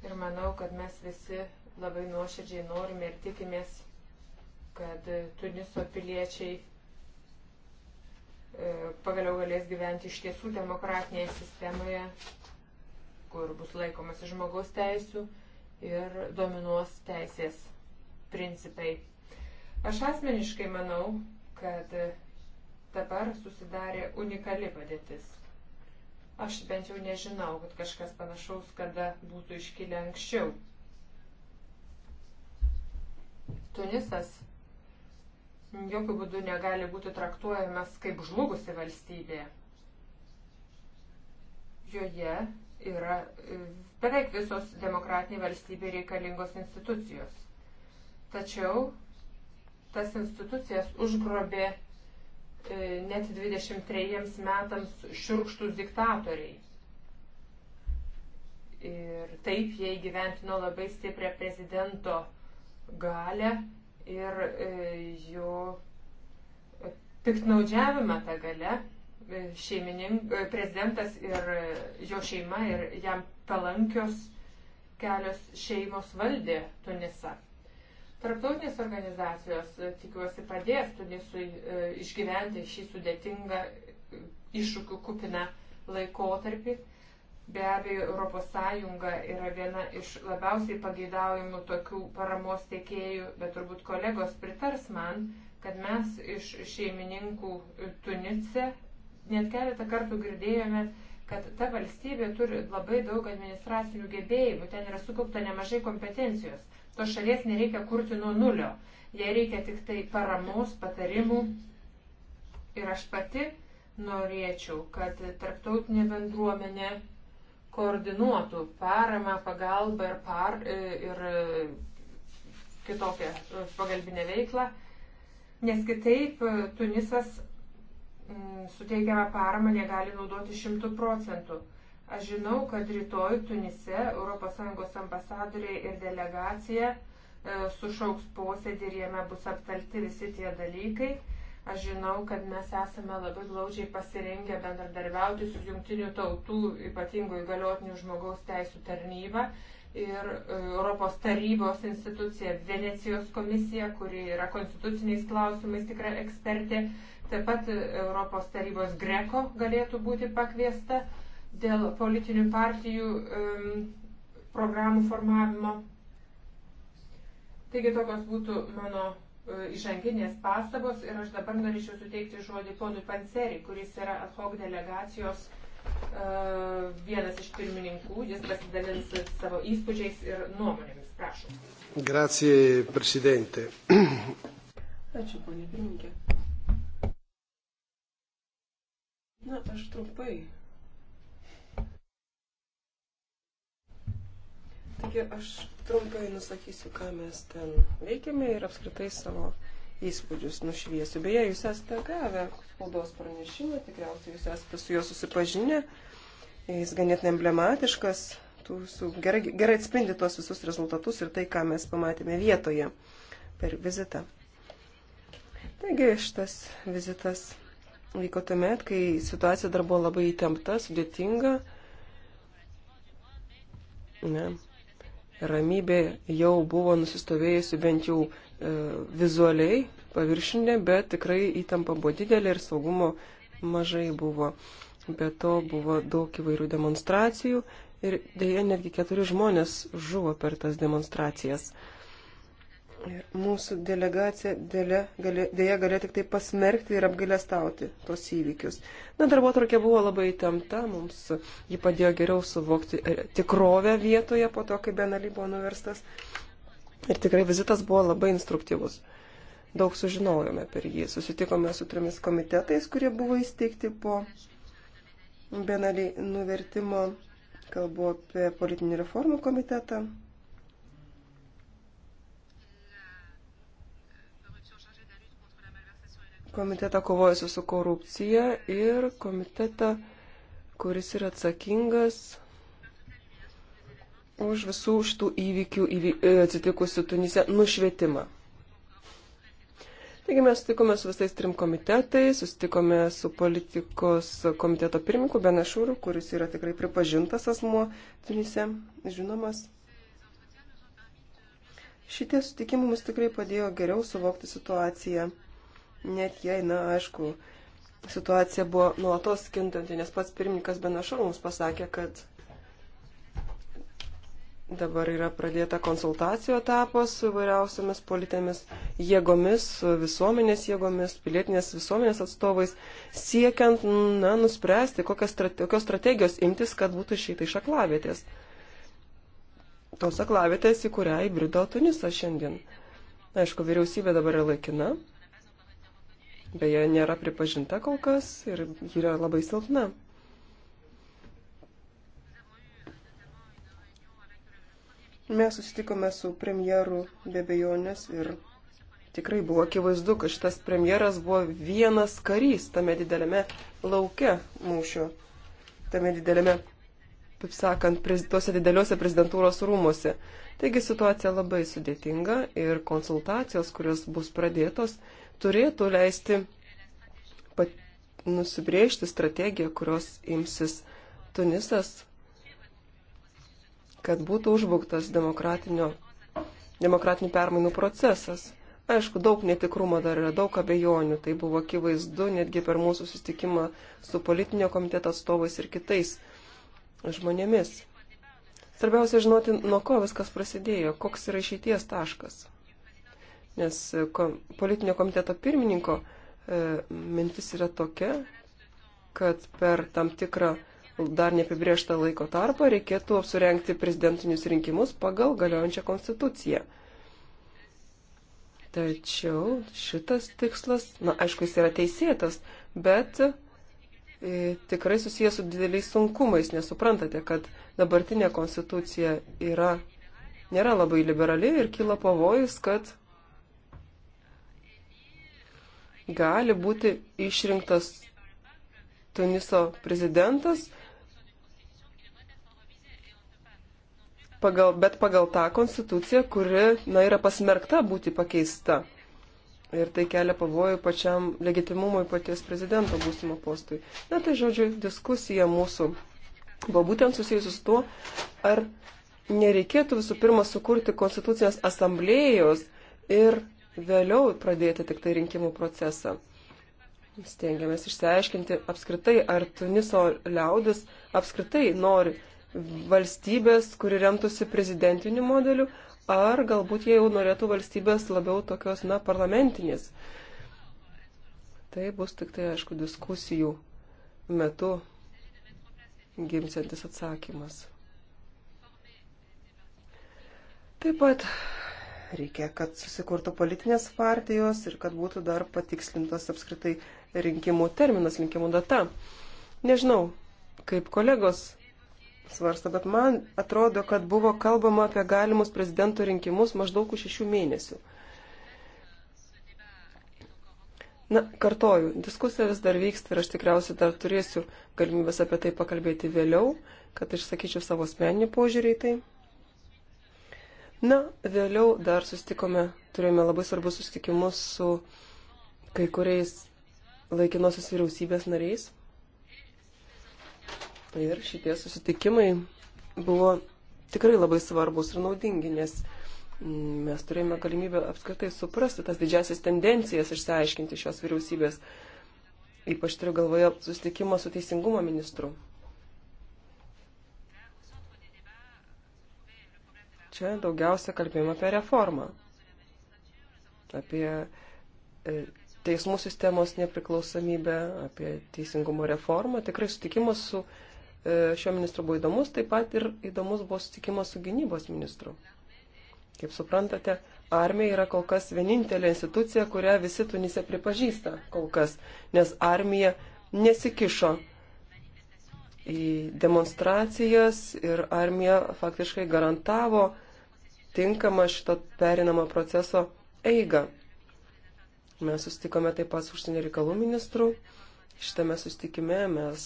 Ir manau, kad mes visi Labai nuoširdžiai norime ir tikimės, kad Tuniso piliečiai e, pagaliau galės gyventi iš tiesų demokratinėje sistemoje, kur bus laikomasi žmogaus teisų ir dominuos teisės principai. Aš asmeniškai manau, kad dabar susidarė unikali padėtis. Aš bent jau nežinau, kad kažkas panašaus kada būtų iškilę anksčiau. Tunisas jokių būdų negali būti traktuojamas kaip žlugusi valstybė. Joje yra e, beveik visos demokratiniai valstybė reikalingos institucijos. Tačiau tas institucijas užgrobė e, net 23 metams širkštus diktatoriai. Ir taip jie įgyventino labai stiprią prezidento uh, galę ir e, jų piktnaudžiavimą tą galę. E, e, prezidentas ir jo šeima ir jam palankios kelios šeimos valdė Tunisą. Tarptautinės organizacijos, tikiuosi, padės Tunisui išgyventi šį sudėtingą iššūkių kupiną laikotarpį Be abejo, ES yra viena iš labiausiai pageidaujimų tokių paramos tiekėjų, bet turbūt kolegos pritars man, kad mes iš šeimininkų Tunice net keletą kartų girdėjome, kad ta valstybė turi labai daug administracinių gebėjimų, ten yra sukaupta nemažai kompetencijos. To šalies nereikia kurti nuo nulio, jai reikia tik tai paramos, patarimų. Ir aš pati norėčiau, kad tarptautinė bendruomenė koordinuotų paramą, pagalbą ir, par, e, ir e, kitokią e, pagalbinę veiklą, nes kitaip Tunisas mm, suteikiamą paramą negali naudoti šimtų procentų. Aš žinau, kad rytoj Tunise ES ambasadoriai ir delegacija sušauks posėdį ir jame bus aptarti visi tie dalykai Aš žinau, kad mes esame labai glaudžiai pasirengę bendradarbiauti su jungtinių tautų ypatingų įgaliotinių žmogaus teisų tarnyba ir e, Europos tarybos institucija, Venecijos komisija, kuri yra konstituciniais klausimais tikra ekspertė. Taip pat e, Europos tarybos Greko galėtų būti pakviesta dėl politinių partijų um, programų formavimo. Taigi tokios būtų mano E, įžanginės pastabos ir aš dabar norėčiau suteikti žodį ponui Panceri, kuris yra ad hoc delegacijos e, vienas iš pirmininkų, jis pasidalins savo įspūdžiais ir nuomonėmis. Prašom. Grazie, prezidente. Ačiū, ponė pirmininkė. Na, aš trumpai Taigi aš trumpai nusakysiu, ką mes ten veikiame ir apskritai savo įspūdžius nušviesiu. Beje, jūs esate gavę spaudos pranešimą, tikriausiai jūs esate su juo susipažinę. Jis ganėtinai emblematiškas, tų, su, gerai, gerai atspindi tuos visus rezultatus ir tai, ką mes pamatėme vietoje per vizitą. Taigi šitas vizitas vyko tuomet, kai situacija dar buvo labai įtempta, sudėtinga. Ne ramybė jau buvo nusistovėjusi bent jau e, vizualiai, paviršinė, bet tikrai įtampa buvo didelė ir saugumo mažai buvo. Be to buvo daug įvairių demonstracijų ir dėja netgi keturi žmonės žuvo per tas demonstracijas. E, Ir mūsų delegacija dėlė, galė, dėja galėjo tik tai pasmerkti ir apgailestauti tos įvykius. Na, darbo trukė buvo labai įtempta, mums ji padėjo geriau suvokti e, tikrovę vietoje po to, kai Benali buvo nuverstas. Ir tikrai vizitas buvo labai instruktyvus. Daug sužinojome per jį. Susitikome su trimis komitetais, kurie buvo įsteigti po Benali nuvertimo. Kalbu apie politinių reformų komitetą, komitetą kovojusių su korupcija ir komitetą, kuris yra atsakingas už visų šitų įvykių įvy... E, atsitikusių Tunise nušvietimą. Taigi mes sutikome su visais trim komitetais, susitikome su politikos komiteto pirmininku Benešūru, kuris yra tikrai pripažintas asmuo Tunise, žinomas. Šitie sutikimai mus tikrai padėjo geriau suvokti situaciją net jei, na, aišku, situacija buvo nuolatos kintanti, nes pats pirmininkas Benašar mums pasakė, kad dabar yra pradėta konsultacijų etapas su vairiausiamis politinėmis jėgomis, visuomenės jėgomis, pilietinės visuomenės atstovais, siekiant, na, nuspręsti, kokios, kokios strategijos imtis, kad būtų išeita iš aklavietės. Tos aklavietės, į kurią įbrido Tunisas šiandien. Aišku, vyriausybė dabar yra laikina, beje, nėra pripažinta kol kas ir yra labai silpna. Mes susitikome su premjeru be bejonės ir tikrai buvo akivaizdu, kad šitas premjeras buvo vienas karys tame didelėme lauke mūšio, tame didelėme, taip sakant, tuose dideliuose prezidentūros rūmuose. Taigi situacija labai sudėtinga ir konsultacijos, kurios bus pradėtos, turėtų leisti pat, nusibriežti strategiją, kurios imsis Tunisas, kad būtų užbūktas demokratinių permainų procesas. Aišku, daug netikrumo dar yra, daug abejonių. Tai buvo akivaizdu netgi per mūsų sustikimą su politinio komiteto atstovais ir kitais žmonėmis. Svarbiausia žinoti, nuo ko viskas prasidėjo, koks yra išeities taškas. Nes e, kom, politinio komiteto pirmininko e, mintis yra tokia, kad per tam tikrą dar neapibrieštą laiko tarpą reikėtų apsurengti prezidentinius rinkimus pagal galiojančią konstituciją. Tačiau šitas tikslas, na, aišku, jis yra teisėtas, bet e, tikrai susijęs su dideliais sunkumais, nesuprantate, kad dabartinė konstitucija yra, nėra labai liberali ir kyla pavojus, kad gali būti išrinktas Tuniso prezidentas, pagal, bet pagal tą konstituciją, kuri na, yra pasmerkta būti pakeista. Ir tai kelia pavojų pačiam legitimumui paties prezidento būsimo postui. Na tai žodžiu, diskusija mūsų buvo būtent susijusi su tuo, ar nereikėtų visų pirma sukurti konstitucinės asamblėjos ir vėliau pradėti tik tai rinkimų procesą. Stengiamės išsiaiškinti apskritai, ar Tuniso liaudis apskritai nori valstybės, kuri remtųsi prezidentiniu modeliu, ar galbūt jie jau norėtų valstybės labiau tokios, na, parlamentinės. Tai bus tik tai, aišku, diskusijų metu gimsiantis atsakymas. Taip pat Reikia, kad susikurtų politinės partijos ir kad būtų dar patikslintas apskritai rinkimų terminas, rinkimų data. Nežinau, kaip kolegos svarsta, bet man atrodo, kad buvo kalbama apie galimus prezidento rinkimus maždaug už šešių mėnesių. Na, kartoju, diskusija vis dar vyksta ir aš tikriausiai dar turėsiu galimybės apie tai pakalbėti vėliau, kad išsakyčiau savo asmeninį požiūrį į tai. Na, vėliau dar sustikome, turėjome labai svarbus susitikimus su kai kuriais laikinosios vyriausybės nariais. Ir šitie susitikimai buvo tikrai labai svarbus ir naudingi, nes mm, mes turėjome galimybę apskritai suprasti tas didžiasias tendencijas išsiaiškinti šios vyriausybės. Ypač turiu galvoje susitikimą su teisingumo ministru. Čia daugiausia kalbėjome apie reformą, apie e, teismų sistemos nepriklausomybę, apie teisingumo reformą. Tikrai sutikimas su e, šio ministru buvo įdomus, taip pat ir įdomus buvo sutikimas su gynybos ministru. Kaip suprantate, armija yra kol kas vienintelė institucija, kurią visi Tunise pripažįsta kol kas, nes armija nesikišo į demonstracijas ir armija faktiškai garantavo tinkamą šito perinamą proceso eigą. Mes sustikome taip pat su užsienio reikalų ministru. Šitame sustikime mes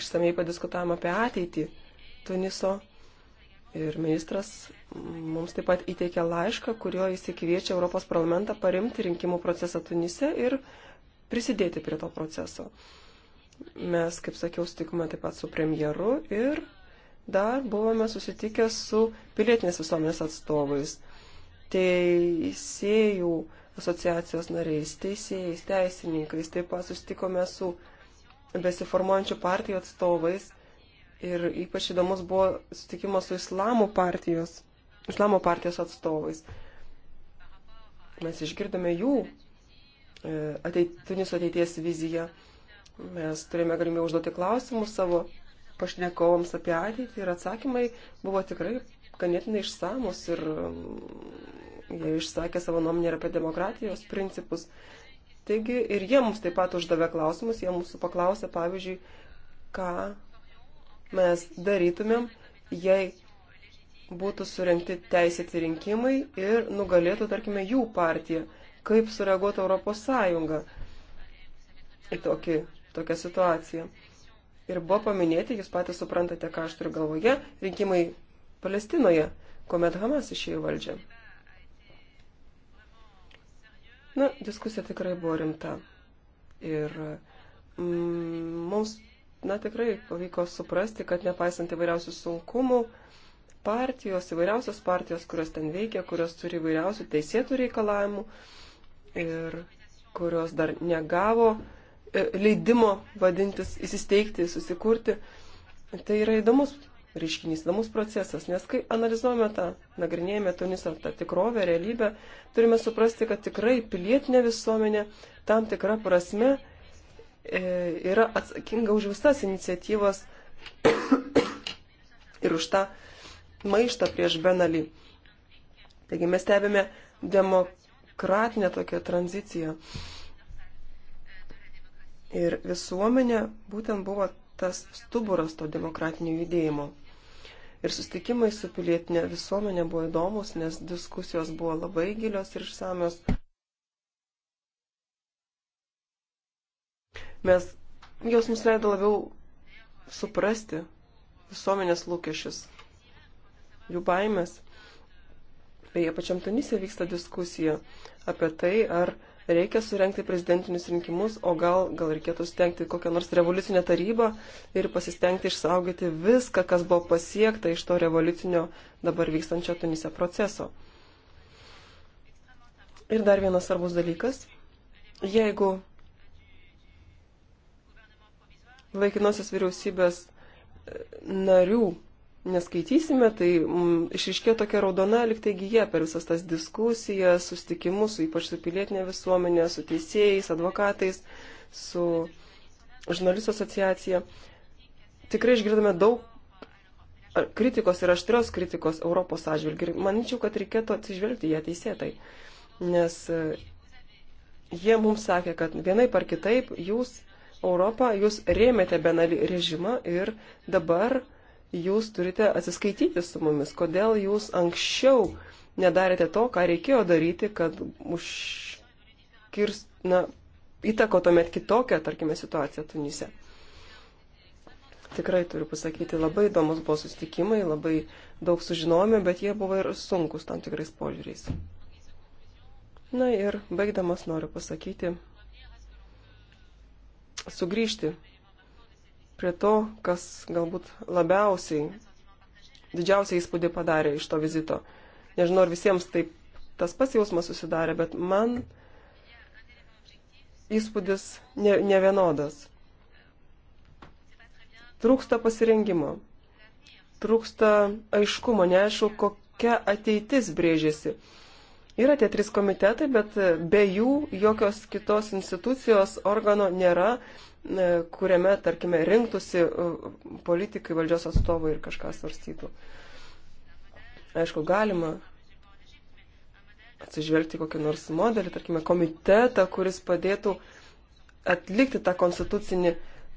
išsamei padiskutavome apie ateitį Tuniso. Ir ministras mums taip pat įteikė laišką, kuriuo jis įkviečia Europos parlamentą paremti rinkimų procesą Tunise ir prisidėti prie to proceso. Mes, kaip sakiau, sutikome taip pat su premjeru ir dar buvome susitikę su pilietinės visuomenės atstovais, teisėjų asociacijos nariais, teisėjais, teisininkais, taip pat susitikome su besiformuojančių partijų atstovais ir ypač įdomus buvo susitikimas su islamo partijos, islamo partijos atstovais. Mes išgirdome jų e, ateit, Tuniso ateities viziją. Mes turėjome galimybę užduoti klausimus savo pašnekovams apie ateitį ir atsakymai buvo tikrai ganėtinai išsamus ir mm, jie išsakė savo nuomonę ir apie demokratijos principus. Taigi ir jie mums taip pat uždavė klausimus, jie mūsų paklausė, pavyzdžiui, ką mes darytumėm, jei būtų surinkti teisėti rinkimai ir nugalėtų, tarkime, jų partija. Kaip sureaguotų Europos Sąjunga į tokį, tokią situaciją? ir buvo paminėti, jūs patys suprantate, ką aš turiu galvoje, rinkimai Palestinoje, kuomet Hamas išėjo valdžią. Na, diskusija tikrai buvo rimta. Ir mm, mums, na, tikrai pavyko suprasti, kad nepaisant įvairiausių sunkumų, partijos, įvairiausios partijos, kurios ten veikia, kurios turi įvairiausių teisėtų reikalavimų ir kurios dar negavo E, leidimo vadintis, įsisteigti, susikurti. Tai yra įdomus reiškinys, įdomus procesas, nes kai analizuojame tą, nagrinėjame Tunis ar tą tikrovę, realybę, turime suprasti, kad tikrai pilietinė visuomenė tam tikra prasme e, yra atsakinga už visas iniciatyvas *coughs* ir už tą maištą prieš Benalį. Taigi mes stebime demokratinę tokią tranziciją. Ir visuomenė būtent buvo tas stuburas to demokratinio judėjimo. Ir sustikimai su pilietinė visuomenė buvo įdomus, nes diskusijos buvo labai gilios ir išsamios. Mes jos mus leido labiau suprasti visuomenės lūkesčius, jų baimės. Beje, pačiam Tunise vyksta diskusija apie tai, ar reikia surenkti prezidentinius rinkimus, o gal, gal reikėtų stengti kokią nors revoliucinę tarybą ir pasistengti išsaugoti viską, kas buvo pasiekta iš to revoliucinio dabar vykstančio Tunise proceso. Ir dar vienas svarbus dalykas. Jeigu laikinosios vyriausybės e, narių neskaitysime, tai mm, išriškė tokia raudona liktai gyja per visas tas diskusijas, sustikimus, su, ypač su pilietinė visuomenė, su teisėjais, advokatais, su žurnalistų asociacija. Tikrai išgirdome daug kritikos ir aštrios kritikos Europos atžvilgių. Ir manyčiau, kad reikėtų atsižvelgti ją teisėtai. Nes e, jie mums sakė, kad vienai par kitaip jūs Europą, jūs rėmėte Benali režimą ir dabar uh, jūs turite atsiskaityti su mumis, kodėl jūs anksčiau nedarėte to, ką reikėjo daryti, kad užkirs, na, įtako tuomet kitokią, tarkime, situaciją Tunise. Tikrai turiu pasakyti, labai įdomus buvo sustikimai, labai daug sužinojome, bet jie buvo ir sunkus tam tikrais požiūriais. Na ir baigdamas noriu pasakyti, sugrįžti prie to, kas galbūt labiausiai, didžiausiai įspūdį padarė iš to vizito. Nežinau, ar visiems taip tas pats jausmas susidarė, bet man įspūdis ne, ne vienodas. Trūksta pasirengimo, trūksta aiškumo, neaišku, kokia ateitis brėžėsi. Yra tie trys komitetai, bet e, be jų jokios kitos institucijos organo nėra, e, kuriame, tarkime, rinktųsi e, politikai, valdžios atstovai ir kažką svarstytų. Aišku, galima atsižvelgti kokį nors modelį, tarkime, komitetą, kuris padėtų atlikti tą konstitucinį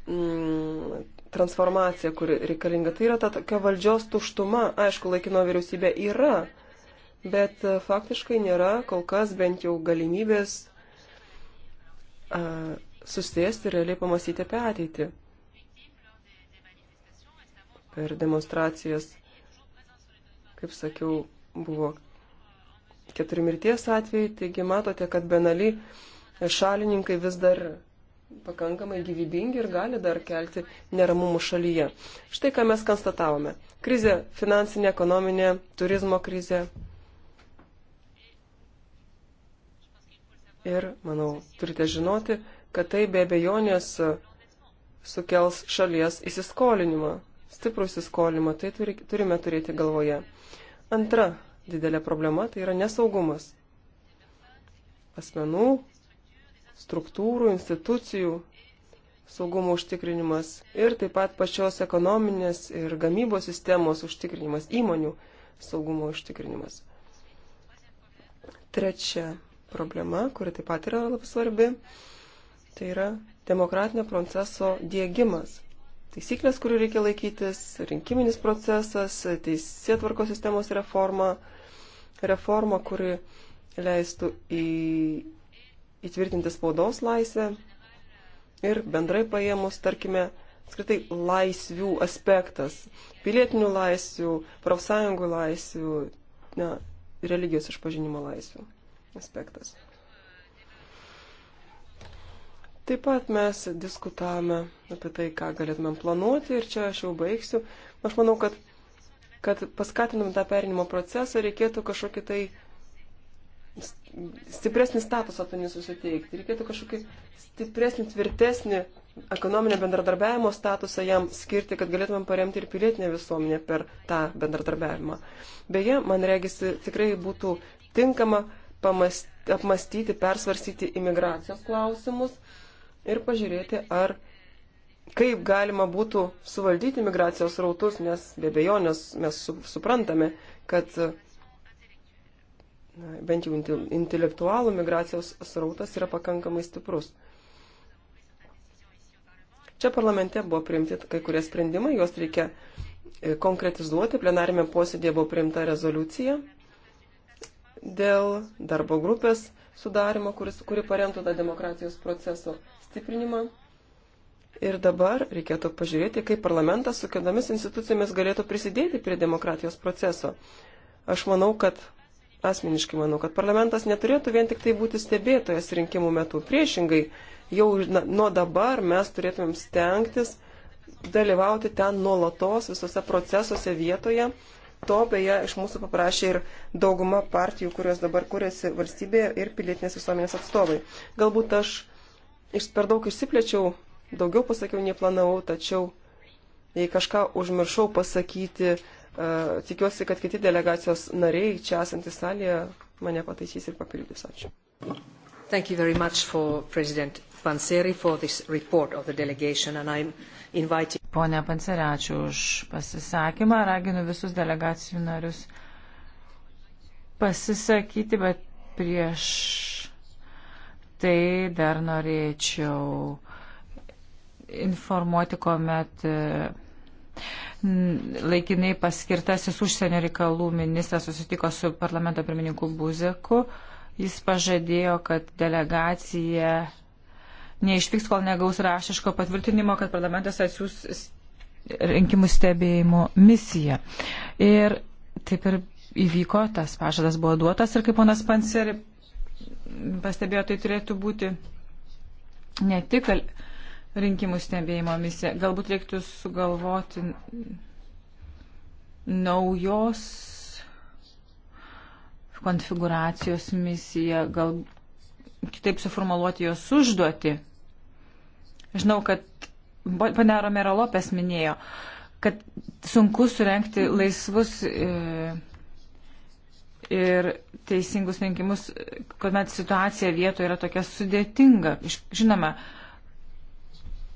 mm, transformaciją, kuri reikalinga. Tai yra ta tokia valdžios tuštuma. Aišku, laikino vyriausybė yra bet e, faktiškai nėra kol kas bent jau galimybės a, e, susėsti ir realiai pamastyti apie ateitį. Per demonstracijas, kaip sakiau, buvo keturi mirties atvejai, taigi matote, kad benali šalininkai vis dar pakankamai gyvybingi ir gali dar kelti neramumų šalyje. Štai ką mes konstatavome. Krizė finansinė, ekonominė, turizmo krizė, Ir, manau, turite žinoti, kad tai be abejonės sukels šalies įsiskolinimą, stiprų įsiskolinimą, tai turi, turime turėti galvoje. Antra didelė problema tai yra nesaugumas. Asmenų, struktūrų, institucijų saugumo užtikrinimas ir taip pat pačios ekonominės ir gamybos sistemos užtikrinimas, įmonių saugumo užtikrinimas. Trečia problema, kuri taip pat yra labai svarbi. Tai yra demokratinio proceso dėgymas. Taisyklės, kurių reikia laikytis, rinkiminis procesas, teisėtvarkos sistemos reforma, reforma, kuri leistų į, įtvirtinti spaudos laisvę ir bendrai paėmus, tarkime, apskritai laisvių aspektas, pilietinių laisvių, profsąjungų laisvių, ne, religijos išpažinimo laisvių aspektas. Taip pat mes diskutavome apie tai, ką galėtumėm planuoti ir čia aš jau baigsiu. Aš manau, kad, kad paskatinam tą perinimo procesą, reikėtų kažkokį tai stipresnį statusą to nesuteikti. Reikėtų kažkokį stipresnį, tvirtesnį ekonominio bendradarbiavimo statusą jam skirti, kad galėtumėm paremti ir pilietinę visuomenę per tą bendradarbiavimą. Beje, man regisi, tikrai būtų tinkama apmastyti, persvarstyti imigracijos klausimus ir pažiūrėti, ar kaip galima būtų suvaldyti migracijos rautus, nes be bejonės mes su, suprantame, kad na, bent jau intelektualų migracijos srautas yra pakankamai stiprus. Čia parlamente buvo priimti kai kurie sprendimai, juos reikia e, konkretizuoti. Plenarime posėdėje buvo priimta rezoliucija dėl darbo grupės sudarimo, kuris, kuri paremtų tą demokratijos proceso stiprinimą. Ir dabar reikėtų pažiūrėti, kaip parlamentas su kitomis institucijomis galėtų prisidėti prie demokratijos proceso. Aš manau, kad asmeniškai manau, kad parlamentas neturėtų vien tik tai būti stebėtojas rinkimų metu. Priešingai, jau na, nuo dabar mes turėtumėm stengtis dalyvauti ten nuolatos visose procesuose vietoje To beje iš mūsų paprašė ir dauguma partijų, kurios dabar kūrėsi valstybėje ir pilietinės visuomenės atstovai. Galbūt aš per daug išsiplėčiau, daugiau pasakiau, neplanavau, tačiau jei kažką užmiršau pasakyti, uh, tikiuosi, kad kiti delegacijos nariai čia esantys salėje mane pataisys ir papildys. Ačiū. For, Panseri for this report of the delegation and I'm inviting. Pone Panseri, ačiū už pasisakymą. Raginu visus delegacijų narius pasisakyti, bet prieš tai dar norėčiau informuoti, kuomet e, laikinai paskirtasis užsienio reikalų ministras susitiko su parlamento pirmininku Buzeku. Jis pažadėjo, kad delegacija neišvyks, kol negaus rašiško patvirtinimo, kad parlamentas atsiūs rinkimų stebėjimo misiją. Ir taip ir įvyko, tas pažadas buvo duotas ir kaip ponas Panseri pastebėjo, tai turėtų būti ne tik rinkimų stebėjimo misija, galbūt reiktų sugalvoti naujos konfiguracijos misiją, gal kitaip suformuoluoti jos užduoti Žinau, kad pane Romero Lopes minėjo, kad sunku surenkti laisvus e, ir teisingus rinkimus, kuomet situacija vietoje yra tokia sudėtinga. Žinoma,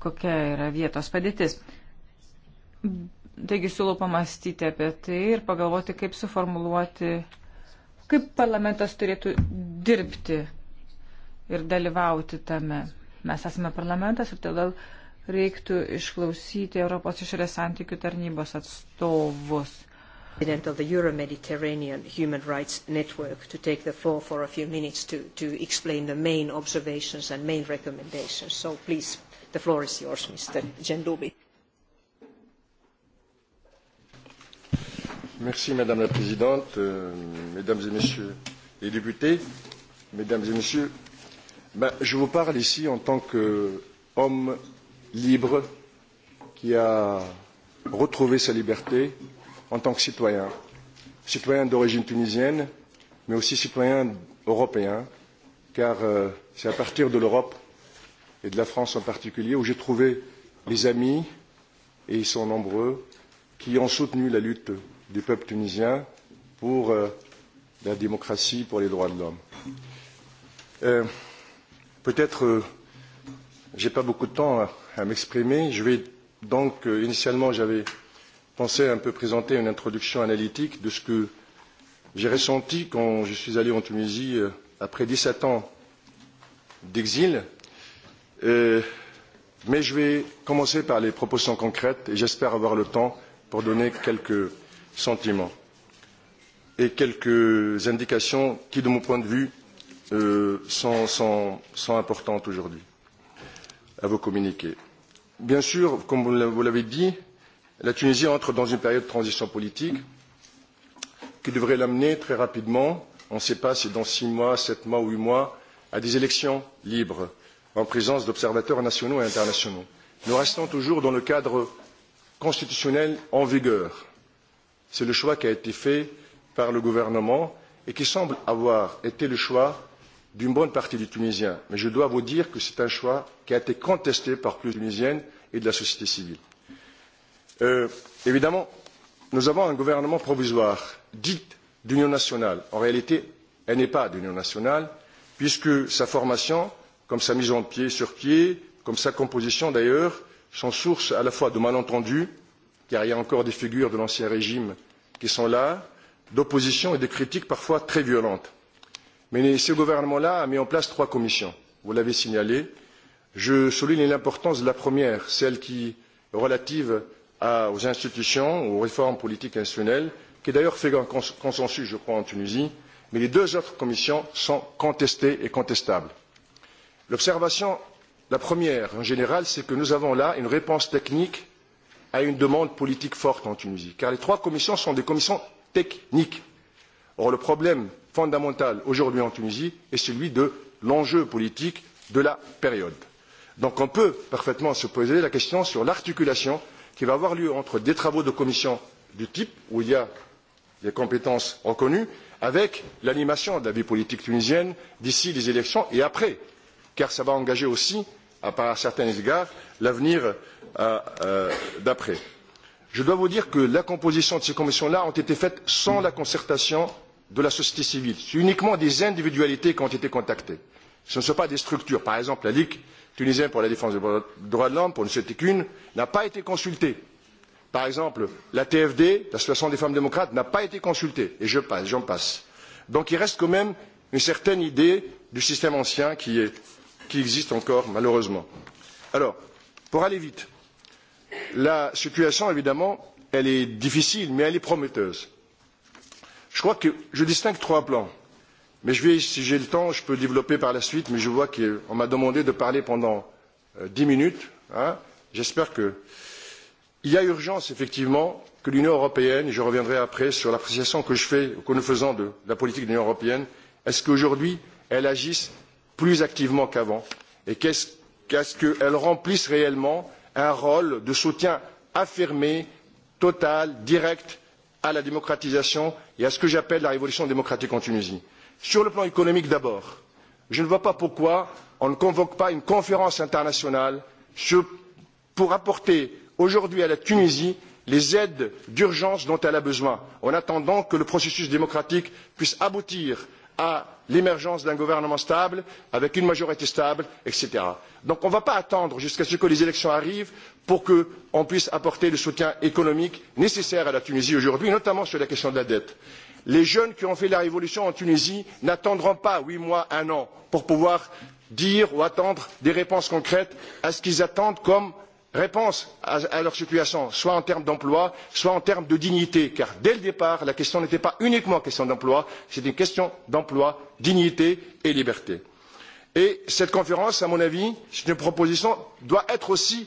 kokia yra vietos padėtis. Taigi siūlau pamastyti apie tai ir pagalvoti, kaip suformuluoti, kaip parlamentas turėtų dirbti ir dalyvauti tame. Mes esame parlamentas ir todėl reiktų išklausyti Europos išorės santykių tarnybos atstovus. President of the Euro-Mediterranean Human Rights Network to take the floor for a few minutes to, to explain the main observations and main recommendations. So please, the floor is yours, Mr. Gendoubi. Merci, Madame la Présidente, euh, Mesdames et Messieurs les députés, Mesdames et Messieurs ben, Je vous parle ici en tant qu'homme libre qui a retrouvé sa liberté en tant que citoyen, citoyen d'origine tunisienne, mais aussi citoyen européen, car euh, c'est à partir de l'Europe et de la France en particulier où j'ai trouvé les amis, et ils sont nombreux, qui ont soutenu la lutte du peuple tunisien pour euh, la démocratie, pour les droits de l'homme. Euh, Peut-être, euh, j'ai pas beaucoup de temps à, à m'exprimer. Je vais donc, euh, initialement, j'avais pensé un peu présenter une introduction analytique de ce que j'ai ressenti quand je suis allé en Tunisie euh, après 17 ans d'exil. Euh, mais je vais commencer par les propositions concrètes et j'espère avoir le temps pour donner quelques sentiments et quelques indications qui, de mon point de vue, euh, sont, sont, sont importantes aujourd'hui à vos communiqués. Bien sûr, comme vous l'avez dit, la Tunisie entre dans une période de transition politique qui devrait l'amener très rapidement, on ne sait pas si dans six mois, sept mois ou huit mois, à des élections libres en présence d'observateurs nationaux et internationaux. Nous restons toujours dans le cadre constitutionnel en vigueur. C'est le choix qui a été fait par le gouvernement et qui semble avoir été le choix d'une bonne partie des Tunisiens. Mais je dois vous dire que c'est un choix qui a été contesté par plusieurs Tunisiennes et de la société civile. Euh, évidemment, nous avons un gouvernement provisoire, dit d'union nationale. En réalité, elle n'est pas d'union nationale, puisque sa formation, comme sa mise en pied sur pied, comme sa composition d'ailleurs, sont source à la fois de malentendus, car il y a encore des figures de l'ancien régime qui sont là, d'opposition et de critiques parfois très violentes. Mais ce gouvernement-là a mis en place trois commissions. Vous l'avez signalé. Je souligne l'importance de la première, celle qui est relative à, aux institutions, aux réformes politiques institutionnelles, qui d'ailleurs fait un cons consensus, je crois, en Tunisie. Mais les deux autres commissions sont contestées et contestables. L'observation, la première en général, c'est que nous avons là une réponse technique à une demande politique forte en Tunisie, car les trois commissions sont des commissions techniques. Or, le problème fondamental aujourd'hui en Tunisie est celui de l'enjeu politique de la période. Donc on peut parfaitement se poser la question sur l'articulation qui va avoir lieu entre des travaux de commission du type où il y a des compétences reconnues avec l'animation de la vie politique tunisienne d'ici les élections et après car cela va engager aussi à certains égards l'avenir euh, euh, d'après. je dois vous dire que la composition de ces commissions là a été faite sans la concertation de la société civile. C'est uniquement des individualités qui ont été contactées. Ce ne sont pas des structures. Par exemple, la Ligue tunisienne pour la défense des droits de l'homme, pour ne citer qu'une, n'a pas été consultée. Par exemple, la TFD, l'Association des femmes démocrates, n'a pas été consultée. Et je passe, j'en passe. Donc il reste quand même une certaine idée du système ancien qui, est, qui existe encore, malheureusement. Alors, pour aller vite, la situation, évidemment, elle est difficile, mais elle est prometteuse Je crois que je distingue trois plans. Mais je vais, si j'ai le temps, je peux développer par la suite, mais je vois qu'on m'a demandé de parler pendant euh, dix euh, minutes. Hein. J'espère que. Il y a urgence, effectivement, que l'Union européenne, et je reviendrai après sur l'appréciation que je fais, que nous faisons de la politique de l'Union européenne, est-ce qu'aujourd'hui, elle agisse plus activement qu'avant Et qu'est-ce qu'est-ce qu'elle remplisse réellement un rôle de soutien affirmé, total, direct à la démocratisation et à ce que j'appelle la révolution démocratique en Tunisie. Sur le plan économique d'abord, je ne vois pas pourquoi on ne convoque pas une conférence internationale sur, pour apporter aujourd'hui à la Tunisie les aides d'urgence dont elle a besoin, en attendant que le processus démocratique puisse aboutir à l'émergence d'un gouvernement stable avec une majorité stable etc. donc on ne va pas attendre jusqu'à ce que les élections arrivent pour que l'on puisse apporter le soutien économique nécessaire à la tunisie aujourd'hui notamment sur la question de la dette. les jeunes qui ont fait la révolution en tunisie n'attendront pas huit mois un an pour pouvoir dire ou attendre des réponses concrètes à ce qu'ils attendent comme réponse à, à leur situation soit en termes d'emploi soit en termes de dignité car dès le départ la question n'était pas uniquement une question d'emploi c'est une question d'emploi dignité et liberté. et cette conférence à mon avis c'est une proposition doit être aussi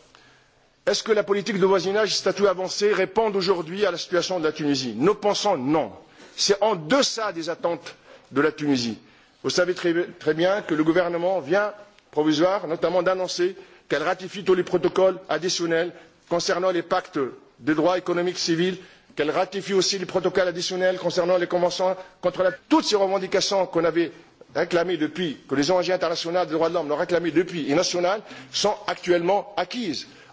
est ce que la politique de voisinage statut avancé répond aujourd'hui à la situation de la tunisie? nous pensons non. c'est en deçà des attentes de la tunisie. vous savez très, très bien que le gouvernement vient provisoire notamment d'annoncer qu'elle ratifie tous les protocoles additionnels concernant les pactes de droit économique et civil qu'elle ratifie aussi les protocoles additionnels concernant les conventions contre la toutes ces revendications qu'on avait réclamées depuis que les ong internationales des droits de l'homme l'ont réclamées depuis et nationales sont actuellement acquises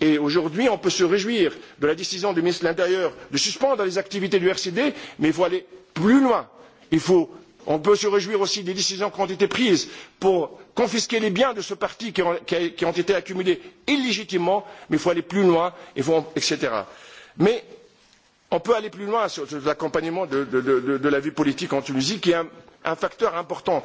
et aujourd'hui on peut se réjouir de la décision du ministre de l'intérieur de suspendre les activités du rcd mais il faut aller plus loin. Faut, on peut se réjouir aussi des décisions qui ont été prises pour confisquer les biens de ce parti qui ont, qui, qui ont été accumulés illégitimement mais il faut aller plus loin faut, etc. mais on peut aller plus loin sur, sur l'accompagnement de, de, de, de la vie politique en tunisie qui est un, un facteur important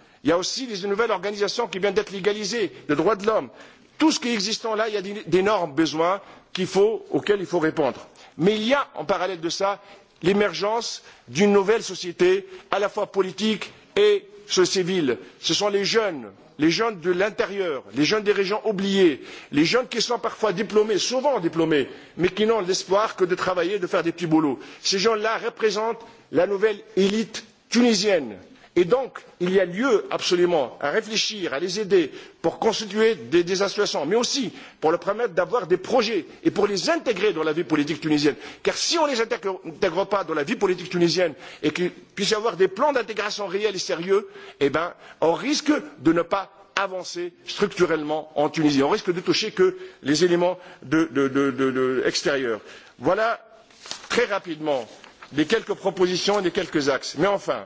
il y a aussi les nouvelles organisations qui viennent d'être légalisées les droits de l'homme tout ce qui est existant là il y a d'énormes besoins il faut, auxquels il faut répondre mais il y a en parallèle de cela l'émergence d'une nouvelle société à la fois politique et civile ce sont les jeunes les jeunes de l'intérieur les jeunes des régions oubliées les jeunes qui sont parfois diplômés souvent diplômés mais qui n'ont l'espoir que de travailler de faire des petits boulots. ces gens là représentent la nouvelle élite tunisienne et donc il y a lieu absolument à réfléchir à les aider pour constituer des, des associations mais aussi pour leur permettre d'avoir des projets et pour les intégrer dans la vie politique tunisienne car si on ne les intègre pas dans la vie politique tunisienne et qu'il puisse y avoir des plans d'intégration réels et sérieux eh bien on risque de ne pas avancer structurellement en Tunisie. On risque de toucher que les éléments de, de, de, de, de extérieurs. Voilà très rapidement les quelques propositions et les quelques axes. Mais enfin, euh,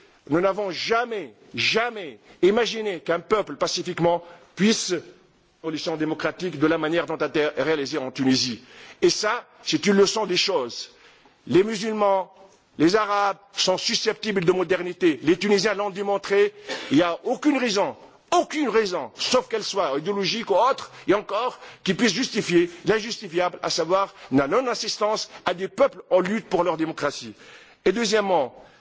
nous n'avons jamais jamais imaginé qu'un peuple pacifiquement puisse l'évolution démocratique de la manière dont elle est réalisée en tunisie et ça c'est une leçon des choses. les musulmans les arabes sont susceptibles de modernité les tunisiens l'ont démontré il n'y a aucune raison aucune raison sauf qu'elle soit idéologique ou autre et encore qui puisse justifier l'injustifiable à savoir la non assistance à des peuples en lutte pour leur démocratie. et deuxièmement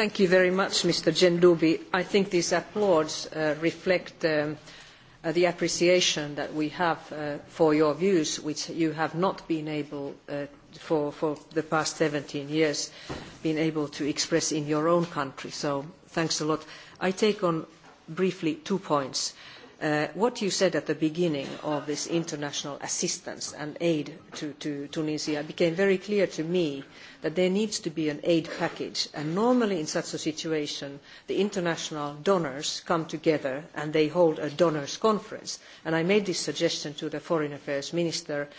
Thank you very much, Mr. Gendubi. I think these applauds uh, reflect um, uh, the appreciation that we have uh, for your views, which you have not been able uh, for, for the past 17 years, been able to express in your own country. So thanks a lot. I take on briefly two points. Uh, Uh, what you said at the beginning of this international assistance and aid to, to Tunisia became very clear to me that there needs to be an aid package. And normally in such a situation, the international donors come together and they hold a donors conference. And I made this suggestion to the Foreign Affairs Minister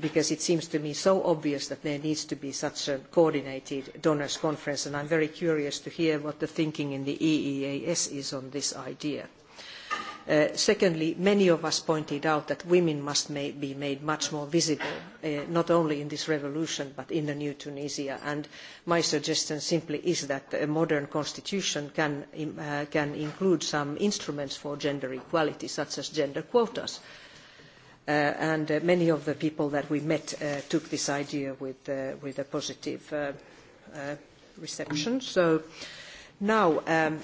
because it seems to me so obvious that there needs to be such a coordinated donors conference. And I'm very curious to hear what the thinking in the EEAS is on this idea. Uh, secondly, many of us pointed out that women must may, be made much more visible, uh, not only in this revolution, but in the new Tunisia. And my suggestion simply is that a modern constitution can, uh, can include some instruments for gender equality, such as gender quotas. Uh, and uh, many of the people that we met uh, took this idea with, uh, with a positive uh, uh, reception. So now, um,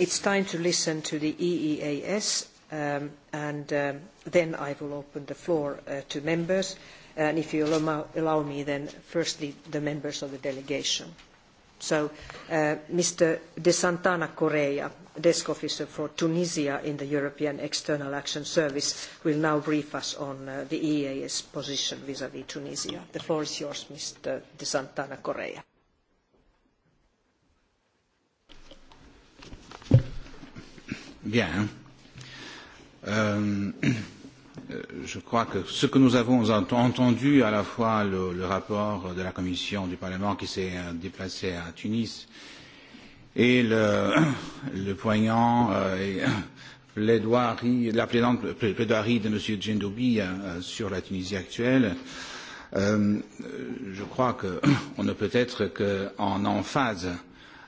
It's time to listen to the EEAS, um, and um, then I will open the floor uh, to members. And if you allow, allow me, then firstly, the members of the delegation. So, uh, Mr. De Santana Correa, desk officer for Tunisia in the European External Action Service, will now brief us on uh, the EAS e position vis-à-vis -vis Tunisia. The floor is yours, Mr. De Santana Correa. Bien. Euh, *clears throat* je crois que ce que nous avons ent entendu, à la fois le, le rapport de la Commission du Parlement qui s'est euh, déplacée à Tunis et le, *clears throat* le poignant euh, et, *clears throat* plaidoirie, la plaidante, plaidoirie de M. Djendoubi euh, euh, sur la Tunisie actuelle, euh, je crois qu'on ne peut être qu'en emphase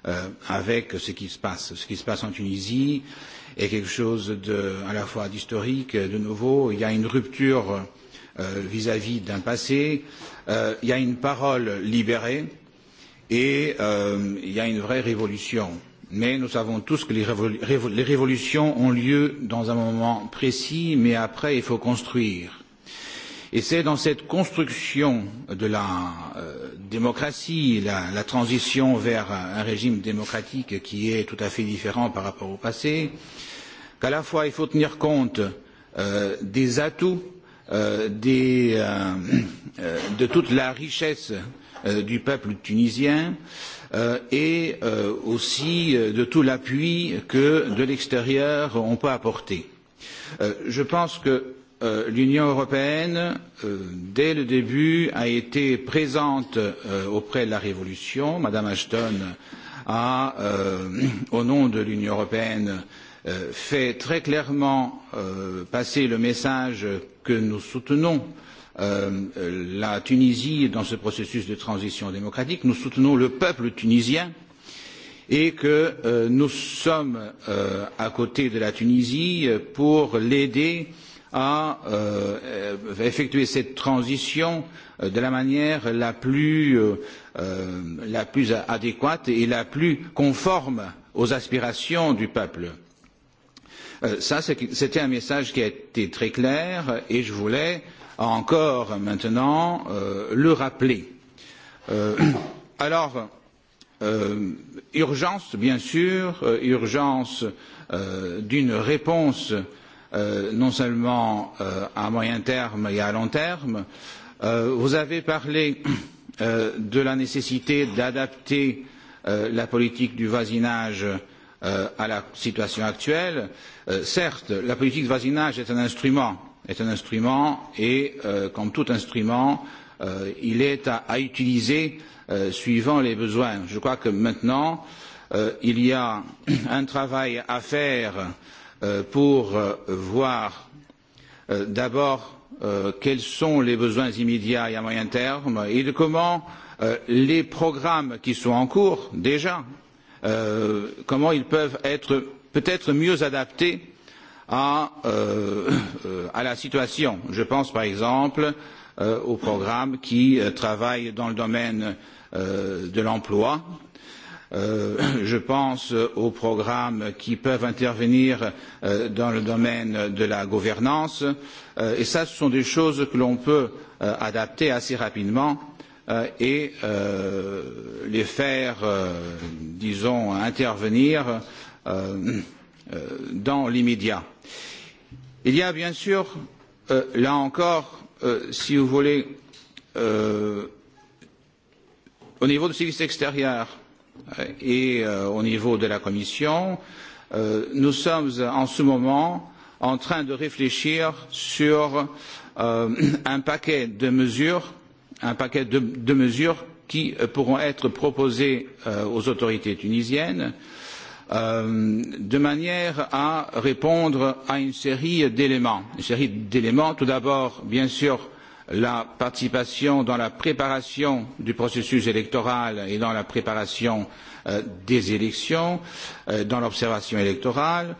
euh, avec ce qui se passe, ce qui se passe en Tunisie. Euh, est quelque chose de, à la fois d'historique, de nouveau. Il y a une rupture euh, vis-à-vis euh, -vis d'un passé. Euh, il y a une parole libérée et euh, il y a une vraie révolution. Mais nous savons tous que les, révol révol les révolutions ont lieu dans un moment précis, mais après il faut construire. Et c'est dans cette construction de la euh, démocratie, la, la transition vers un, un régime démocratique qui est tout à fait différent par rapport au passé, euh, qu'à la fois il faut tenir compte euh, des atouts euh, des, euh, euh, de toute la richesse euh, du peuple tunisien euh, et euh, aussi euh, de tout l'appui que de l'extérieur on peut apporter. Euh, je pense que euh, l'Union européenne, euh, dès le début, a été présente euh, auprès de la Révolution. Madame Ashton a, euh, au nom de l'Union européenne, euh, Euh, fait très clairement euh, passer le message que nous soutenons euh, la Tunisie dans ce processus de transition démocratique, nous soutenons le peuple tunisien et que euh, nous sommes euh, à côté de la Tunisie pour l'aider à euh, effectuer cette transition euh, de la manière la plus, euh, euh la plus adéquate et la plus conforme aux aspirations du peuple. Euh, Euh, ça, c'était un message qui a été très clair et je voulais encore maintenant euh, le rappeler. Euh, alors, euh, urgence, bien sûr, euh, urgence euh, d'une réponse euh, non seulement euh, à moyen terme et à long terme. Euh, vous avez parlé euh, de la nécessité d'adapter euh, la politique du voisinage euh, euh, à la situation actuelle. Euh, certes, la politique de voisinage est un instrument, est un instrument et, euh, comme tout instrument, euh, il est à, à utiliser euh, suivant les besoins. Je crois que maintenant, euh, il y a *clears throat* un travail à faire euh, pour euh, voir euh, d'abord euh, quels sont les besoins immédiats et à moyen terme et de comment euh, les programmes qui sont en cours déjà euh, comment ils peuvent être peut être mieux adaptés à, euh, *coughs* à la situation. Je pense par exemple euh, aux programmes qui euh, travaillent dans le domaine euh, de l'emploi. Euh, *coughs* je pense aux programmes qui peuvent intervenir euh, dans le domaine de la gouvernance euh, et ça ce sont des choses que l'on peut euh, adapter assez rapidement euh, et euh, les faire, euh, disons, intervenir euh, euh, dans l'immédiat. Il y a bien sûr, euh, là encore, euh, si vous voulez, euh, au niveau du service extérieur euh, et euh, au niveau de la Commission, euh, nous sommes en ce moment en train de réfléchir sur euh, un paquet de mesures un paquet de, de mesures qui euh, pourront être proposées euh, aux autorités tunisiennes euh, de manière à répondre à une série d'éléments. Une série d'éléments, tout d'abord, bien sûr, la participation dans la préparation du processus électoral et dans la préparation euh, des élections, euh, dans l'observation électorale,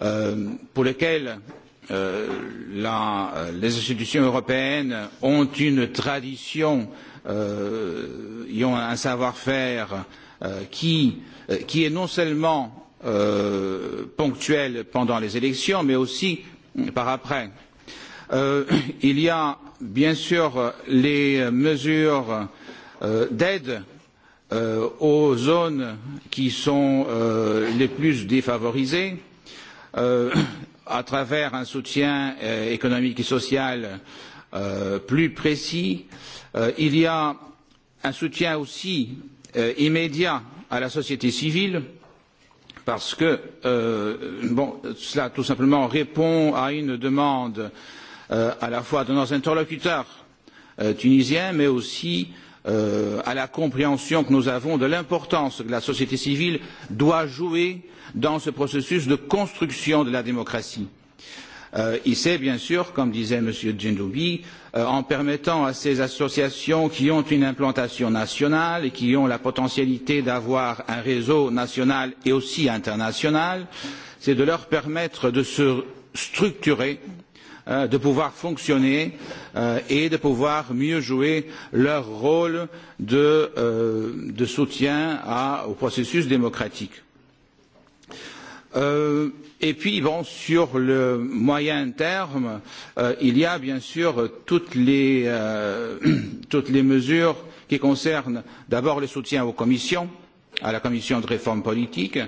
euh, pour lesquelles Euh, la, euh, les institutions européennes ont une tradition euh, et ont un savoir-faire euh, qui, euh, qui est non seulement euh, ponctuel pendant les élections, mais aussi par après. Euh, il y a bien sûr les mesures euh, d'aide euh, aux zones qui sont euh, les plus défavorisées. Euh, à travers un soutien euh, économique et social euh, plus précis. Euh, il y a un soutien aussi euh, immédiat à la société civile parce que euh, bon, cela tout simplement répond à une demande euh, à la fois de nos interlocuteurs euh, tunisiens mais aussi euh, euh, à la compréhension que nous avons de l'importance que la société civile doit jouer dans ce processus de construction de la démocratie. Euh, il sait bien sûr, comme disait M. Djendoubi, euh, en permettant à ces associations qui ont une implantation nationale et qui ont la potentialité d'avoir un réseau national et aussi international, c'est de leur permettre de se structurer euh, euh, de pouvoir fonctionner euh, et de pouvoir mieux jouer leur rôle de, euh, de soutien à, au processus démocratique. Euh, et puis bon, sur le moyen terme, euh, il y a bien sûr toutes les, euh, *clears throat* toutes les mesures qui concernent d'abord le soutien aux commissions, à la commission de réforme politique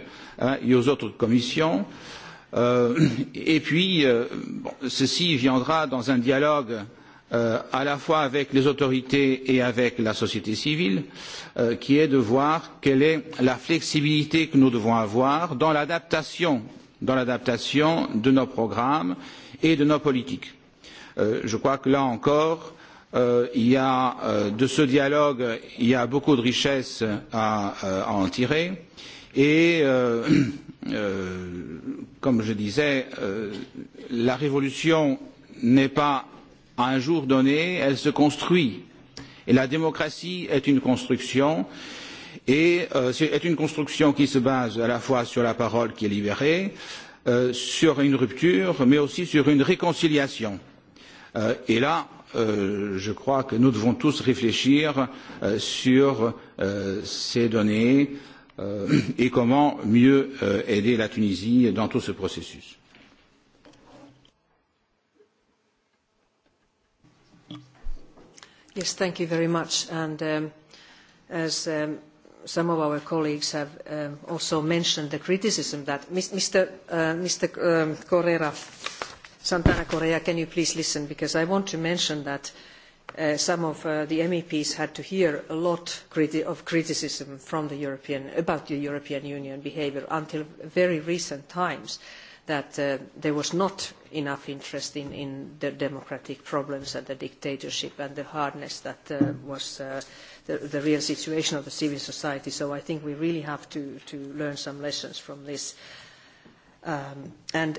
euh, et aux autres commissions, euh, Euh, et puis, euh, bon, ceci viendra dans un dialogue euh, à la fois avec les autorités et avec la société civile, euh, qui est de voir quelle est la flexibilité que nous devons avoir dans l'adaptation, dans l'adaptation de nos programmes et de nos politiques. Euh, je crois que là encore, euh, il y a, euh, de ce dialogue, il y a beaucoup de richesses à, euh, à en tirer et euh, *clears throat* euh, comme je disais, euh, la révolution n'est pas à un jour donné, elle se construit. Et la démocratie est une construction, et euh, est une construction qui se base à la fois sur la parole qui est libérée, euh, sur une rupture, mais aussi sur une réconciliation. Euh, et là, euh, je crois que nous devons tous réfléchir euh, sur euh, ces données, euh, euh, et comment mieux euh, aider la Tunisie dans tout ce processus. Yes, thank you very much. And um, as um, some of our colleagues have um, also mentioned the criticism that Mr. Uh, Mr. Um, Correa, Santana Correa, can you please listen? Because I want to mention that uh, uh, some of uh, the MEPs had to hear a lot criti of criticism from the European, about the European Union behaviour until very recent times that uh, there was not enough interest in, in the democratic problems and the dictatorship and the hardness that uh, was uh, the, the real situation of the civil society. So I think we really have to, to learn some lessons from this. Um, and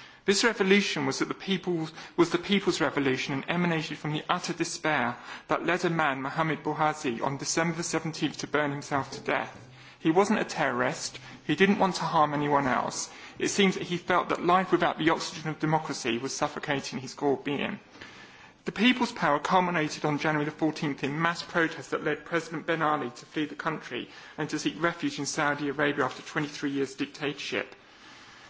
This revolution was, that the people's, was the people's revolution and emanated from the utter despair that led a man, Mohamed Bouhazi, on December 17th to burn himself to death. He wasn't a terrorist. He didn't want to harm anyone else. It seems that he felt that life without the oxygen of democracy was suffocating his whole being. The people's power culminated on January the 14th in mass protests that led President Ben Ali to flee the country and to seek refuge in Saudi Arabia after 23 years' dictatorship.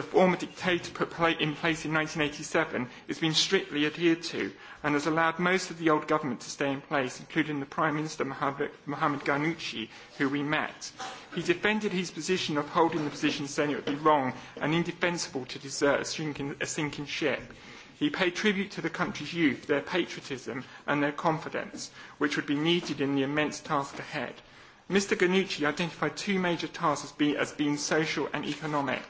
The former dictator put in place in 1987 has been strictly adhered to and has allowed most of the old government to stay in place, including the Prime Minister Mohamed Ghannouchi, who we met. He defended his position of holding the position, saying it would be wrong and indefensible to desert a sinking, a sinking ship. He paid tribute to the country's youth, their patriotism and their confidence, which would be needed in the immense task ahead. Mr. Ganucci identified two major tasks as being, as being social and economic.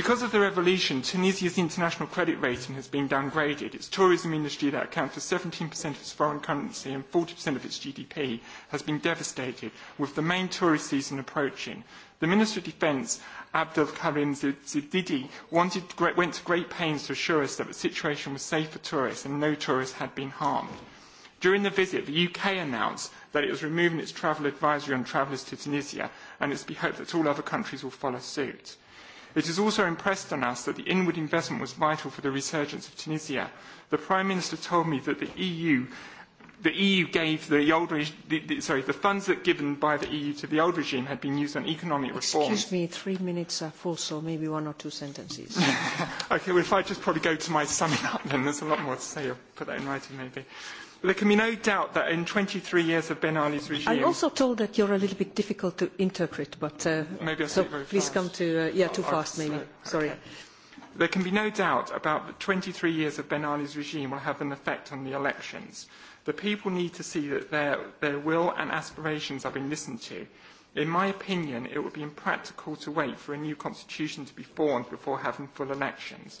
Because of the revolution, Tunisia's international credit rating has been downgraded. Its tourism industry, that accounts for 17% of its foreign currency and 40% of its GDP, has been devastated, with the main tourist season approaching. The Minister of Defence, Abdel Karim Zididi, wanted, went to great pains to assure us that the situation was safe for tourists and no tourists had been harmed. During the visit, the UK announced that it was removing its travel advisory on travellers to Tunisia, and it's to be hoped that all other countries will follow suit. It is also impressed on us that the inward investment was vital for the resurgence of Tunisia. The Prime Minister told me that the EU the EU gave the old reg- the, the, sorry the funds that given by the EU to the old regime had been used on economic reform. Excuse me, three minutes are full, so maybe one or two sentences. *laughs* okay, well if I just probably go to my summing *laughs* up, then there's a lot more to say. I'll put that in writing maybe. Uh, There can be no doubt that in 23 years of Ben Ali's regime... I'm also told that you're a little bit difficult to interpret, but... Uh, maybe I so very fast. Please come to... Uh, yeah, too oh, fast, maybe. Slow. Sorry. Okay. There can be no doubt about that 23 years of Ben Ali's regime will have an effect on the elections. The people need to see that their, their will and aspirations are being listened to. In my opinion, it would be impractical to wait for a new constitution to be formed before having full elections.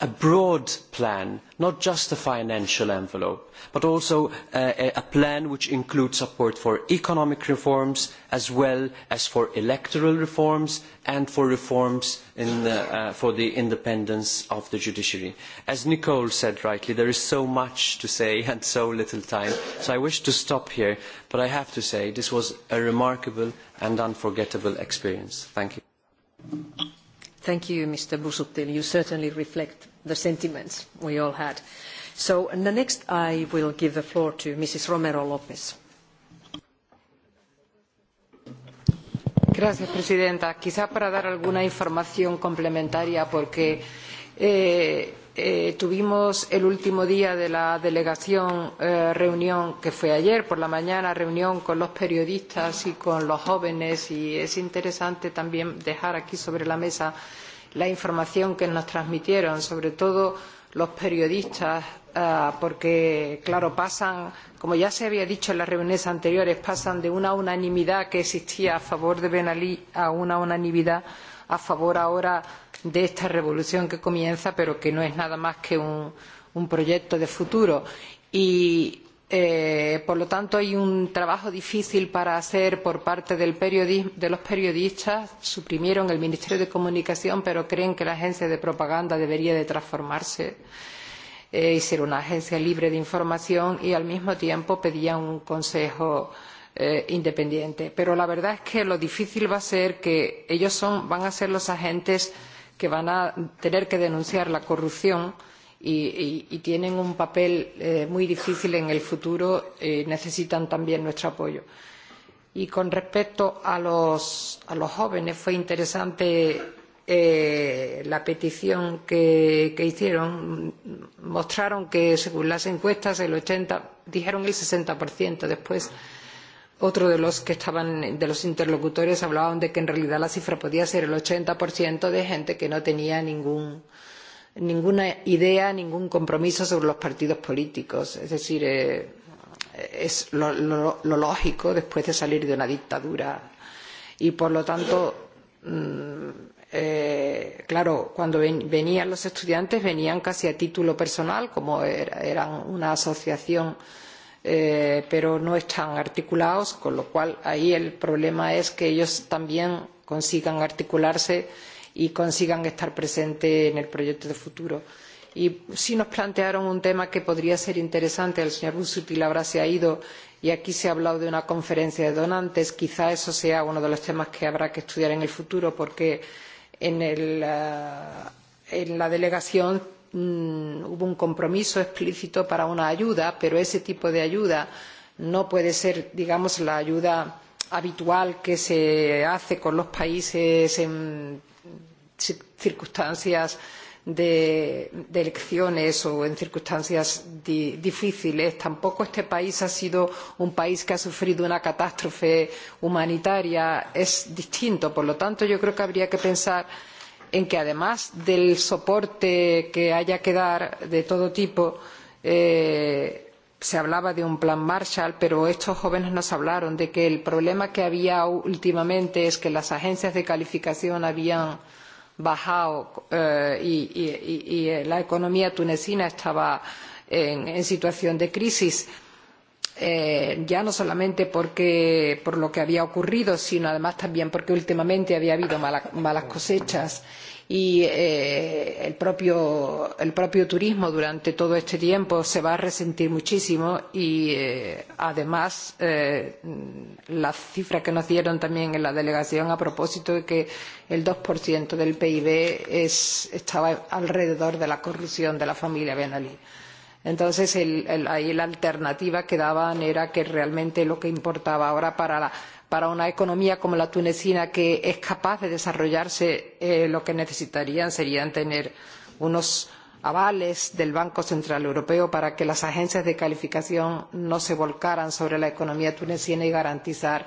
a broad plan, not just a financial envelope, but also uh, a, a plan which includes support for economic reforms as well as for electoral reforms and for reforms in the, uh, for the independence of the judiciary. As Nicole said rightly, there is so much to say *laughs* and so little time, so I wish to stop here, but I have to say this was a remarkable and unforgettable experience. Thank you. Thank you. Thank you, Mr. Busuttil. You certainly reflect the sentiments we all had. So the next I will give the floor to Mrs. Romero Lopez. Gracias, presidenta. Quizá para dar alguna información complementaria, porque eh, Eh, tuvimos el último día de la delegación eh, reunión que fue ayer por la mañana reunión con los periodistas y con los jóvenes y es interesante también dejar aquí sobre la mesa la información que nos transmitieron sobre todo los periodistas eh, porque claro pasan como ya se había dicho en las reuniones anteriores pasan de una unanimidad que existía a favor de Ben Ali a una unanimidad a favor ahora de de esta revolución que comienza, pero que no es nada más que un, un proyecto de futuro. Y, eh, por lo tanto, hay un trabajo difícil para hacer por parte del de los periodistas. Suprimieron el Ministerio de Comunicación, pero creen que la agencia de propaganda debería de transformarse eh, y ser una agencia libre de información y, al mismo tiempo, pedían un consejo eh, independiente. Pero la verdad es que lo difícil va a ser que ellos son, van a ser los agentes eh, que van a tener que denunciar la corrupción y, y, y tienen un papel eh, muy difícil en el futuro y eh, necesitan también nuestro apoyo. Y con respecto a los, a los jóvenes, fue interesante eh, la petición que, que hicieron. Mostraron que, según las encuestas, el 80, dijeron el 60%. Después. Uh -huh Otro de los que estaban, de los interlocutores hablaban de que en realidad la cifra podía ser el 80% de gente que no tenía ningún, ninguna idea, ningún compromiso sobre los partidos políticos. Es decir, eh, es lo, lo, lo lógico después de salir de una dictadura. Y por lo tanto, mm, eh, claro, cuando ven, venían los estudiantes venían casi a título personal, como era, eran una asociación eh, eh, pero no están articulados, con lo cual ahí el problema es que ellos también consigan articularse y consigan estar presentes en el proyecto de futuro. Y sí nos plantearon un tema que podría ser interesante, el señor Busutil ahora se ha ido y aquí se ha hablado de una conferencia de donantes, quizá eso sea uno de los temas que habrá que estudiar en el futuro porque en, el, ah, en la delegación mm, hubo un compromiso explícito para una ayuda, pero ese tipo de ayuda no puede ser, digamos, la ayuda habitual que se hace con los países en circunstancias de, de elecciones o en circunstancias di, difíciles. Tampoco este país ha sido un país que ha sufrido una catástrofe humanitaria. Es distinto. Por lo tanto, yo creo que habría que pensar en que además del soporte que haya que dar de todo tipo eh, se hablaba de un plan Marshall, pero estos jóvenes nos hablaron de que el problema que había últimamente es que las agencias de calificación habían bajado eh, y, y, y, y la economía tunecina estaba en, en situación de crisis. Eh, eh, ya no solamente porque, por lo que había ocurrido, sino además también porque últimamente había habido mala, malas cosechas y eh, el, propio, el propio turismo durante todo este tiempo se va a resentir muchísimo y eh, además eh, las cifras que nos dieron también en la delegación a propósito de que el 2% del PIB es, estaba alrededor de la corrupción de la familia Benalí. Eh, Entonces, el, el, ahí la alternativa que daban era que realmente lo que importaba ahora para, la, para una economía como la tunecina, que es capaz de desarrollarse, eh, lo que necesitarían serían tener unos avales del Banco Central Europeo para que las agencias de calificación no se volcaran sobre la economía tunecina y garantizar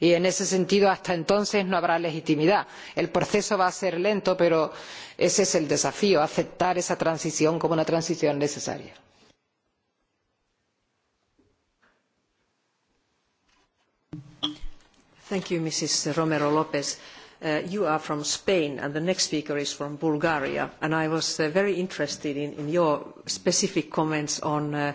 y en ese sentido hasta entonces no habrá legitimidad. el proceso va a ser lento pero ese es el desafío aceptar esa transición como una transición necesaria. Thank you, Mrs. Romero Lopez. Uh, you are from Spain and the next speaker is from Bulgaria. And I was uh, very interested in, in your specific comments on uh,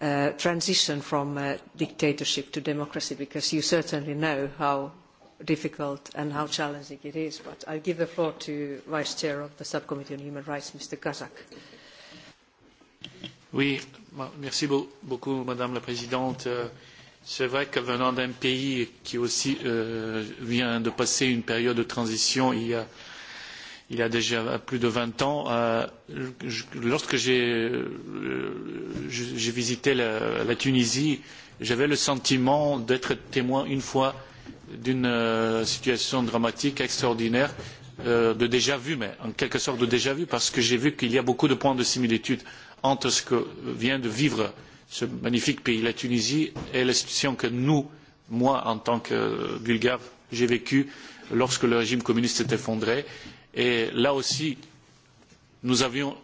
uh, transition from uh, dictatorship to democracy, because you certainly know how difficult and how challenging it is. But I'll give the floor to Vice Chair of the Subcommittee on Human Rights, Mr. Kazak. Oui, merci beaucoup, Madame la Présidente. Euh, c'est vrai que venant d'un pays qui aussi euh, vient de passer une période de transition, il y a euh, il y a déjà plus de 20 ans, euh, je, lorsque j'ai euh, visité la, la Tunisie, j'avais le sentiment d'être témoin une fois d'une euh, situation dramatique, extraordinaire, euh, de déjà vu, mais en quelque sorte de déjà vu, parce que j'ai vu qu'il y a beaucoup de points de similitude entre ce que vient de vivre ce magnifique pays, la Tunisie, et la situation que nous, moi, en tant que Bulgare, j'ai vécue lorsque le régime communiste s'est effondré Et là aussi, nous avions,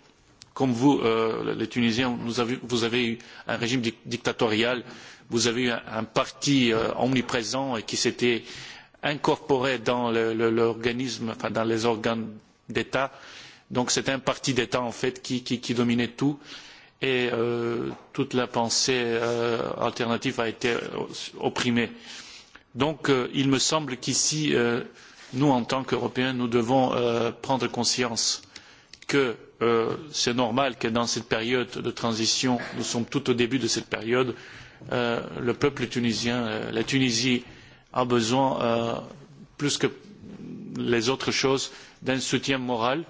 comme vous, euh, les Tunisiens, nous avions, vous avez eu un régime di dictatorial, vous avez eu un, un parti euh, omniprésent et qui s'était incorporé dans l'organisme, le, le, enfin dans les organes d'État. Donc c'était un parti d'État en fait qui, qui, qui dominait tout et euh, toute la pensée euh, alternative a été euh, opprimée. Donc euh, il me semble qu'ici euh, nous, en tant qu'Européens, nous devons euh, prendre conscience que euh, c'est normal que dans cette période de transition, nous sommes tout au début de cette période, euh, le peuple tunisien, euh, la Tunisie a besoin, euh, plus que les autres choses, d'un soutien moral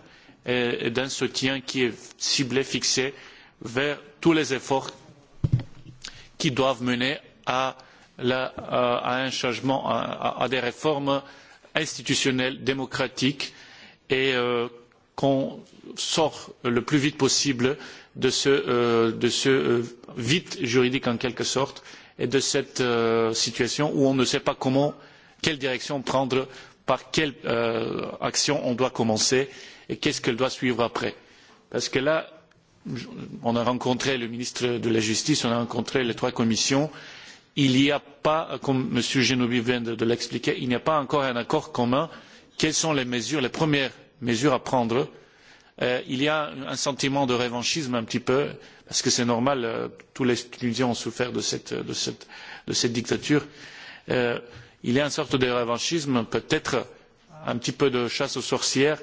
et, et d'un soutien qui est ciblé, fixé vers tous les efforts qui doivent mener à, la, à, à un changement, à, à, à des réformes euh, institutionnelle démocratique et euh, qu'on sorte le plus vite possible de ce, euh, de ce euh, vide juridique en quelque sorte et de cette euh, situation où on ne sait pas comment, quelle direction prendre, par quelle euh, action on doit commencer et qu'est-ce qu'elle doit suivre après. Parce que là, on a rencontré le ministre de la Justice, on a rencontré les trois commissions, euh, il n'y a pas comme m. genovvi vient de l'expliquer il n'y a pas encore un accord commun quelles sont les mesures les premières mesures à prendre? Euh, il y a un sentiment de revanchisme un petit peu parce que c'est normal euh, tous les tunisiens ont souffert de cette, de cette, de cette dictature euh, il y a une sorte de revanchisme peut être un petit peu de chasse aux sorcières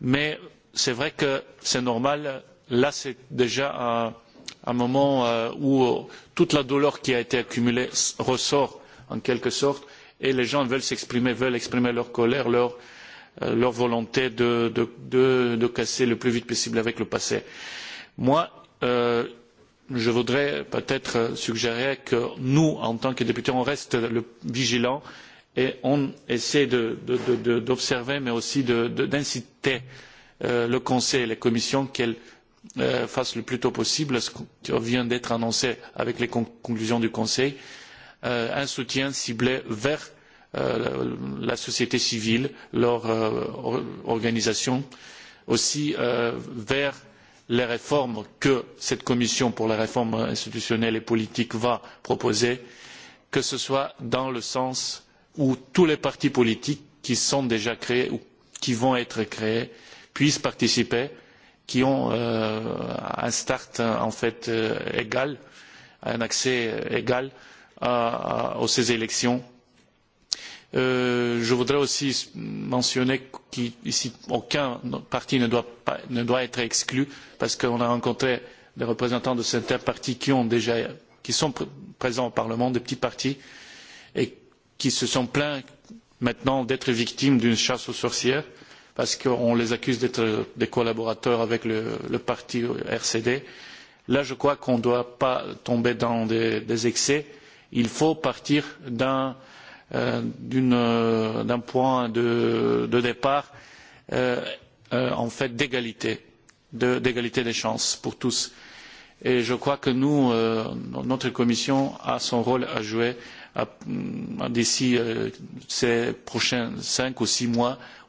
mais c'est vrai que c'est normal là c'est déjà un un moment euh, où euh, toute la douleur qui a été accumulée ressort en quelque sorte et les gens veulent s'exprimer, veulent exprimer leur colère, leur, euh, leur volonté de, de, de, de casser le plus vite possible avec le passé. Moi, euh, je voudrais peut être suggérer que nous en tant que députés on reste vigilants et on essaie d'observer mais aussi d'inciter euh, le conseil et la commission à euh, fasse le plus tôt possible à ce qui vient d'être annoncé avec les con conclusions du Conseil, euh, un soutien ciblé vers euh, la société civile, leur euh, organisation, aussi euh, vers les réformes que cette commission pour les réformes institutionnelles et politiques va proposer, que ce soit dans le sens où tous les partis politiques qui sont déjà créés ou qui vont être créés puissent participer euh, qui ont euh, un start euh, en fait euh, égal, un accès égal à, à, à ces élections. Euh, je voudrais aussi mentionner qu'ici aucun parti ne doit, pas, ne doit être exclu parce qu'on a rencontré des représentants de certains partis qui ont déjà qui sont pr présents au Parlement, des petits partis, et qui se sont plaints maintenant d'être victimes d'une chasse aux sorcières. Euh, parce qu'on les accuse d'être des collaborateurs avec le, le parti RCD. Là, je crois qu'on ne doit pas tomber dans des, des excès. Il faut partir d'un euh, euh, point de, de départ euh, euh, en fait d'égalité, d'égalité de, des chances pour tous. Et je crois que nous, euh, notre commission a son rôle à jouer d'ici euh, ces prochains cinq ou six mois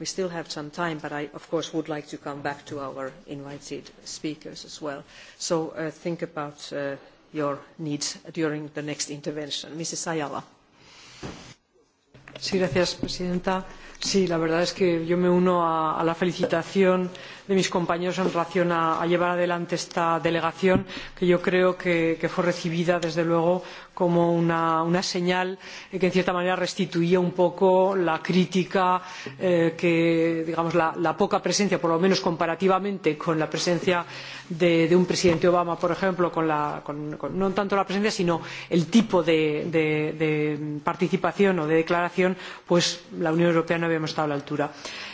We still have some time, but I, of course, would like to come back to our invited speakers as well. So uh, think about uh, your needs during the next intervention. Mrs. Ayala. Sí, gracias, Presidenta. Sí, la verdad es que yo me uno a, a la felicitación. Uh, de mis compañeros en relación con llevar adelante esta delegación que yo creo que, que fue recibida desde luego como una, una señal eh, que en cierta manera restituía un poco la crítica eh, que digamos la, la poca presencia por lo menos comparativamente con la presencia de, de un presidente Obama por ejemplo con la, con, con, no tanto la presencia sino el tipo de, de, de participación o de declaración pues la Unión Europea no habíamos estado a la altura. Eh,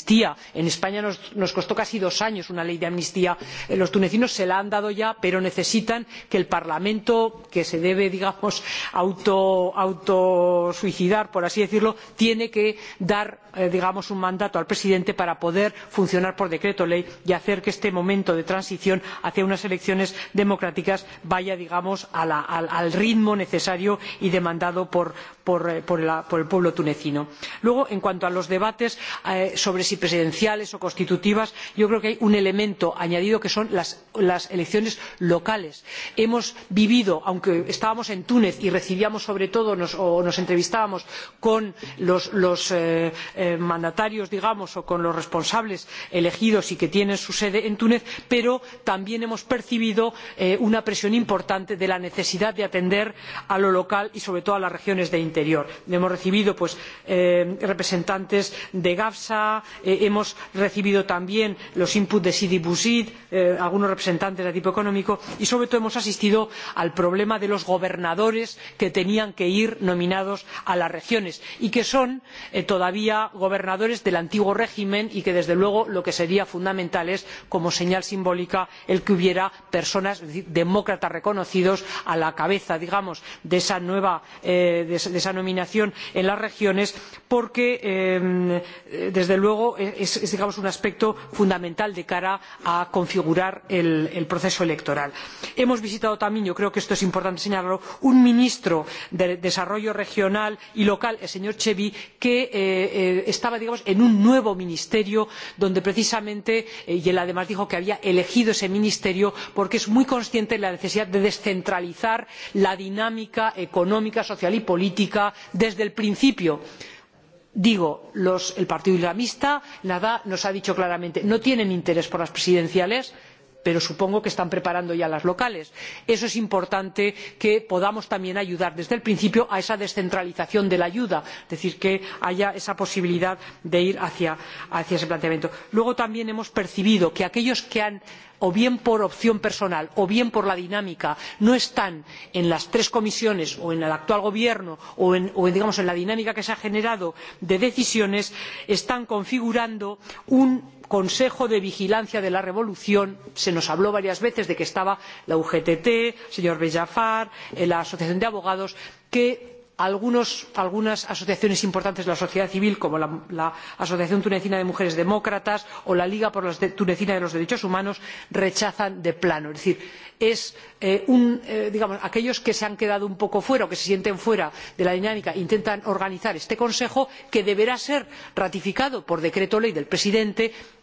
amnistía en españa nos, nos costó casi dos años una ley de amnistía eh, los tunecinos se la han dado ya pero necesitan que el parlamento que se debe digamos autosuicidar auto por así decirlo dé eh, digamos un mandato al presidente para poder funcionar por decreto ley y hacer que este momento de transición hacia unas elecciones democráticas vaya digamos la, al, al ritmo necesario y demandado por, por, eh, por, la, por el pueblo tunecino. luego en cuanto a los debates eh, sobre si presidenciales o constitutivas yo creo que hay un elemento añadido que son las, las elecciones locales. hemos vivido aunque estábamos en túnez y recibíamos sobre todo nos, o nos entrevistábamos con los, los eh, eh, mandatarios digamos o con los responsables elegidos y que tienen su sede en túnez pero también hemos percibido eh, una presión importante de la necesidad de atender a lo local y sobre todo a las regiones de interior. hemos recibido pues, eh, representantes de gafsa eh, hemos recibido también los inputs de sidi bouzid eh, algunos representantes de tipo económico y sobre todo hemos asistido al problema de los gobernadores que tenían que ir nominados a las regiones y que son eh, todavía gobernadores del antiguo régimen y que desde luego lo que sería fundamental es como señal simbólica el que hubiera personas es decir, demócratas reconocidos a la cabeza digamos de esa nueva eh, de, de esa nominación en las regiones porque eh, desde luego esto es, es digamos, un aspecto fundamental de cara a configurar el, el proceso electoral. hemos visitado también yo creo que esto es importante señalarlo a un ministro de desarrollo regional y local el señor chebbi que eh, eh, estaba digamos, en un nuevo ministerio donde precisamente eh, y él además dijo que había elegido ese ministerio porque es muy consciente de la necesidad de descentralizar la dinámica económica social y política desde el principio digo los, el partido islamista nadá nos ha dicho claramente no tienen interés por las presidenciales pero supongo que están preparando ya las locales. eso es importante que podamos también ayudar desde el principio a esa descentralización de la ayuda es decir que haya esa posibilidad de ir hacia, hacia ese planteamiento. luego también hemos percibido que aquellos que han o bien por opción personal o bien por la dinámica no están en las tres comisiones o en el actual gobierno o en, o en digamos en la dinámica que se ha generado de decisiones están configurando un consejo de vigilancia de la revolución se nos habló varias veces de que estaba la ugt el señor bellafar eh, la asociación de abogados que algunos, algunas asociaciones importantes de la sociedad civil como la, la asociación tunecina de mujeres demócratas o la liga tunecina de los derechos humanos rechazan de plano es decir es, eh, un, eh, digamos, aquellos que se han quedado un poco fuera o que se sienten fuera de la dinámica intentan organizar este consejo que deberá ser ratificado por decreto ley del presidente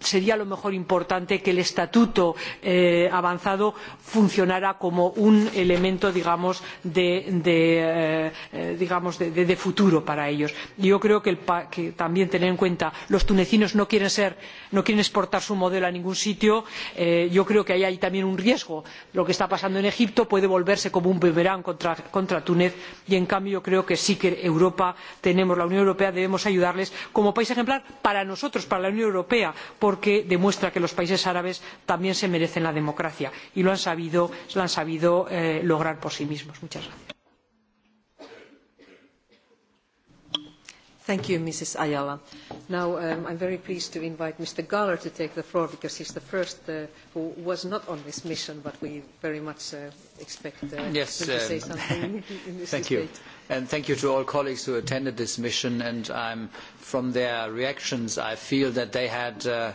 sería a lo mejor importante que el estatuto eh, avanzado funcionara como un elemento digamos de, de, eh, eh digamos de, de futuro para ellos. yo creo que, el, que también tener en cuenta que los tunecinos no quieren, ser, no quieren exportar su modelo a ningún sitio eh, yo creo que ahí hay también un riesgo. lo que está pasando en egipto puede volverse como un boomerang contra, contra túnez y en cambio yo creo que sí que europa tenemos la unión europea debemos ayudarles como país ejemplar para nosotros para la unión europea porque porque demuestra que los países árabes también se merecen la democracia y lo han sabido, lo han sabido eh, lograr por sí mismos. Muchas gracias. Thank you, Mrs. Ayala. Now, um, I'm very pleased to invite Mr. Galler to take the floor because he's the first uh, who was not on this mission, but we very much uh, expect uh, yes, him um, to say um, something in, in this *laughs* Thank debate. you and thank you to all colleagues who attended this mission. And I'm, from their reactions, I feel that they had. Uh,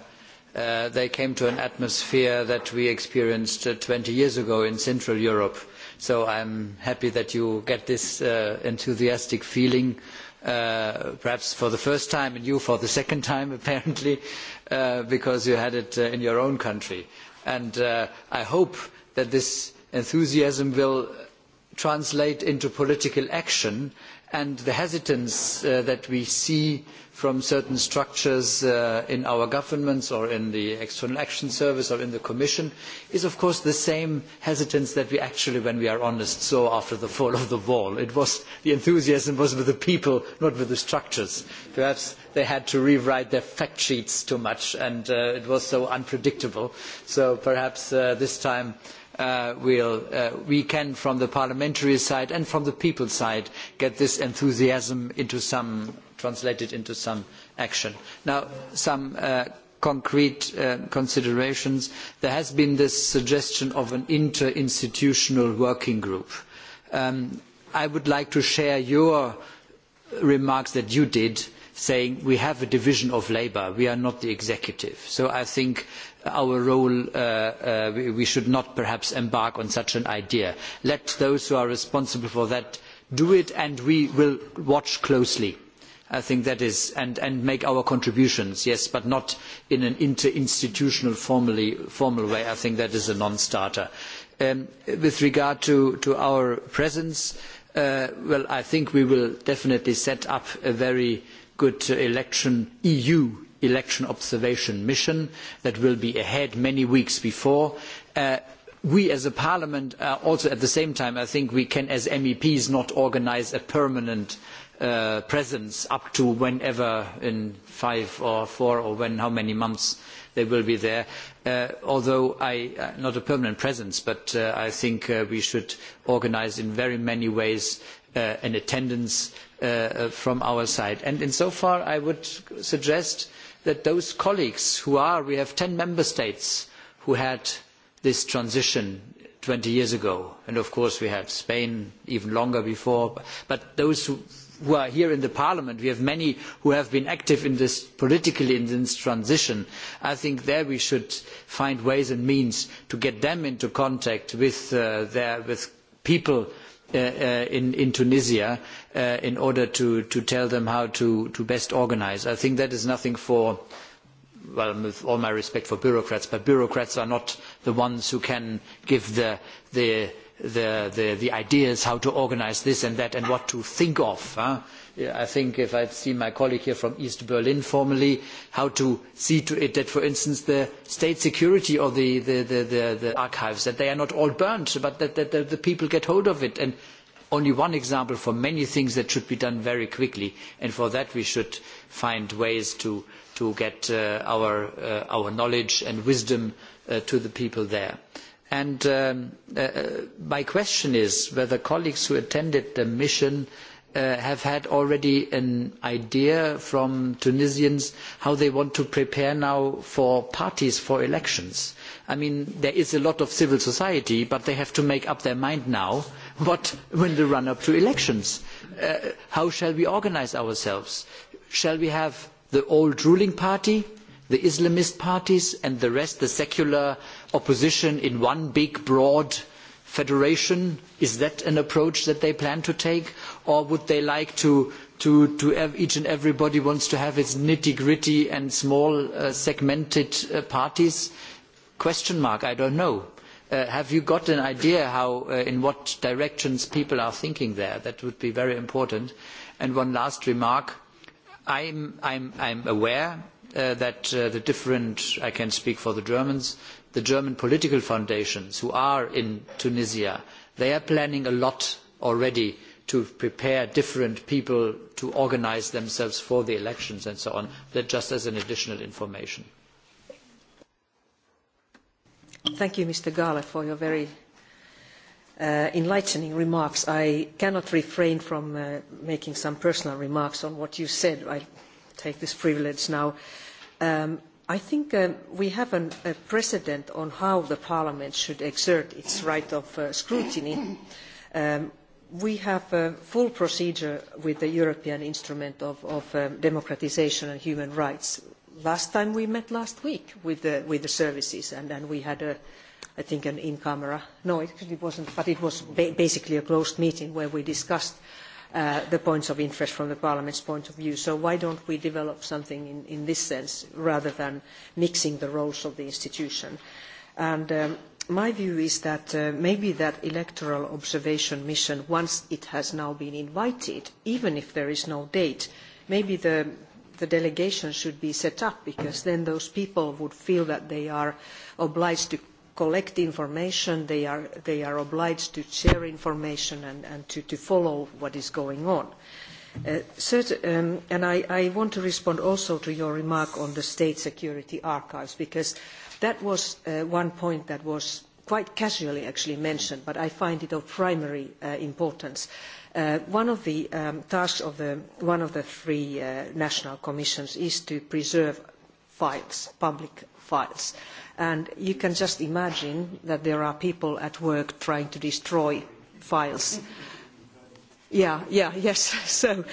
uh, they came to an atmosphere that we experienced uh, 20 years ago in Central Europe. So I'm happy that you get this uh, enthusiastic feeling, uh, perhaps for the first time and you for the second *laughs* time, apparently, uh, because you had it uh, in your own country. And uh, I hope that this enthusiasm will translate into political action and the hesitance uh, that we see from certain structures uh, in our governments or in the External Action Service or in the Commission is of course the same hesitance that we actually, when we are honest, saw after the fall of the wall. It was, the enthusiasm was with the people, not with the structures. Perhaps they had to rewrite their fact sheets too much and uh, it was so unpredictable. So perhaps uh, this time uh, uh, we'll, uh, we can, from the parliamentary side and from the people side, get this enthusiasm into some, translated into some action. Now, some uh, concrete uh, considerations. There has been this suggestion of an interinstitutional working group. Um, I would like to share your remarks that you did saying we have a division of labor, we are not the executive. So I think our role, uh, uh, we, we should not perhaps embark on such an idea. Let those who are responsible for that do it and we will watch closely. I think that is, and, and make our contributions, yes, but not in an interinstitutional formally, formal way. I think that is a non-starter. Um, with regard to, to our presence, uh, well, I think we will definitely set up a very good uh, election EU election observation mission that will be ahead many weeks before. Uh, we as a parliament uh, also at the same time I think we can as MEPs not organize a permanent uh, presence up to whenever in five or four or when how many months they will be there. Uh, although I, uh, not a permanent presence, but uh, I think uh, we should organize in very many ways uh, an attendance uh, from our side. And in so far, I would suggest uh, that those colleagues who are, we have 10 member states who had this transition 20 years ago. And of course we had Spain even longer before. But those who, who are here in the parliament, we have many who have been active in this politically in this transition. I think there we should find ways and means to get them into contact with, uh, their, with people uh, uh, in, in Tunisia uh, in order to, to tell them how to, to best organize. I think that is nothing for, well, with all my respect for bureaucrats, but bureaucrats are not the ones who can give the, the, the, the, the ideas how to organize this and that and what to think of. Huh? I think if I see my colleague here from East Berlin formally, how to see to it that, for instance, the state security or the, the, the, the, the archives, that they are not all burnt, but that, that, that the people get hold of it. And only one example for many things that should be done very quickly, and for that we should find ways to, to get uh, our, uh, our knowledge and wisdom uh, to the people there. And um, uh, uh my question is whether colleagues who attended the mission uh, have had already an idea from Tunisians how they want to prepare now for parties for elections I mean, there is a lot of civil society, but they have to make up their mind now *laughs* what when the run-up to elections. Uh, how shall we organize ourselves? Shall we have the old ruling party, the Islamist parties, and the rest, the secular opposition, in one big, broad federation? Is that an approach that they plan to take? Or would they like to to, to ev each and everybody wants to have its nitty gritty and small uh, segmented uh, parties question mark i don't know uh, have you got an idea how uh, in what directions people are thinking there that would be very important and one last remark i'm i'm i'm aware uh, that uh, the different i can speak for the germans the german political foundations who are in tunisia they are planning a lot already to prepare different people to organize themselves for the elections and so on that just as an additional information Thank you, Mr. Gala, for your very uh, enlightening remarks. I cannot refrain from uh, making some personal remarks on what you said. I take this privilege now. Um, I think um, we have an, a precedent on how the Parliament should exert its right of uh, scrutiny. Um, we have a full procedure with the European Instrument of, of um, Democratization and Human Rights, last time we met last week with the, with the services, and, and we had, a, I think, an in-camera, no, it, it wasn't, but it was ba basically a closed meeting where we discussed uh, the points of interest from the Parliament's point of view. So why don't we develop something in, in this sense rather than mixing the roles of the institution? And um, my view is that uh, maybe that electoral observation mission, once it has now been invited, even if there is no date, maybe the the delegation should be set up because then those people would feel that they are obliged to collect information, they are, they are obliged to share information and, and to, to follow what is going on. Uh, certain, um, and I, I want to respond also to your remark on the state security archives because that was uh, one point that was quite casually actually mentioned, but I find it of primary uh, importance. Uh, Uh, one of the um, tasks of the, one of the three uh, national commissions is to preserve files, public files. And you can just imagine that there are people at work trying to destroy files. Yeah, yeah, *laughs* yes. So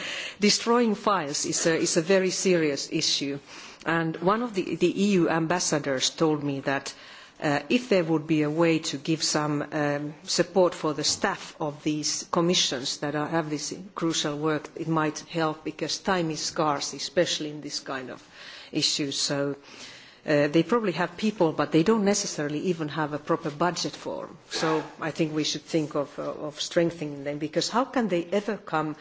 destroying files is a, is a very serious issue. And one of the, the EU ambassadors told me that uh, uh, if there would be a way to give some um, support for the staff of these commissions that are, have this crucial work, it might help because time is scarce, especially in this kind of issues. So uh, they probably have people, but they don't necessarily even have a proper budget for them. So I think we should think of, uh, of strengthening them because how can they ever come uh,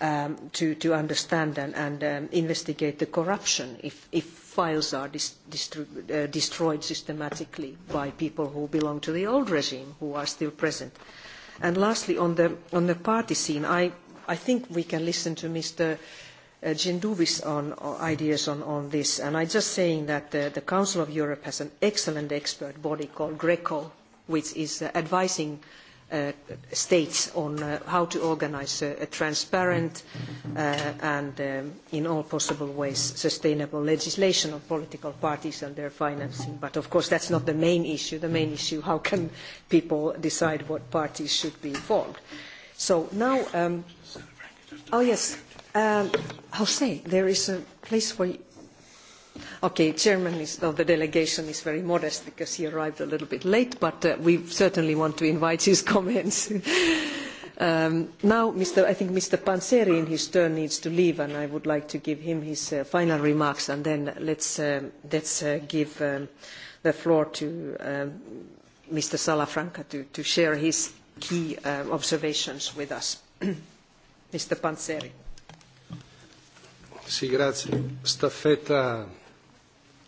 um, to, to understand and, and um, investigate the corruption if, if files are dis distri uh, destroyed systematically by people who belong to the old regime, who are still present. And lastly, on the, on the party scene, I, I think we can listen to Mr. Uh, Genduvis on uh, ideas on, on this. And I'm just saying that the, the Council of Europe has an excellent expert body called GRECO, which is uh, advising uh, uh, states on uh, how to organize a, a transparent uh, and um, in all possible ways sustainable legislation on political parties and their financing. But of course that's not the main issue. The main issue, how can people decide what parties should be formed? So now, um, oh yes, um, Jose, there is a place where Okay, chairman is, of the delegation is very modest because he arrived a little bit late, but uh, we certainly want to invite his *laughs* comments. um, now, Mr., I think Mr. Panseri in his turn needs to leave, and I would like to give him his uh, final remarks, and then let's, um, let's uh, give um, the floor to um, Mr. Salafranca to, to share his key uh, observations with us. *clears throat* Mr. Panseri. Sì, grazie. Staffetta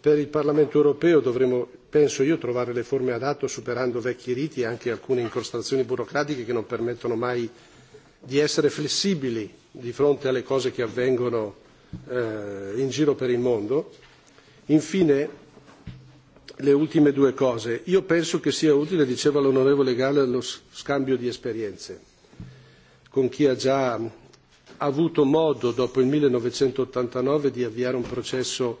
per il Parlamento europeo dovremo, penso io, trovare le forme adatte superando vecchi riti e anche alcune incrostazioni burocratiche che non permettono mai di essere flessibili di fronte alle cose che avvengono eh, in giro per il mondo. Infine, le ultime due cose. Io penso che sia utile, diceva l'onorevole Gale, lo scambio di esperienze con chi ha già avuto modo, dopo il 1989, di avviare un processo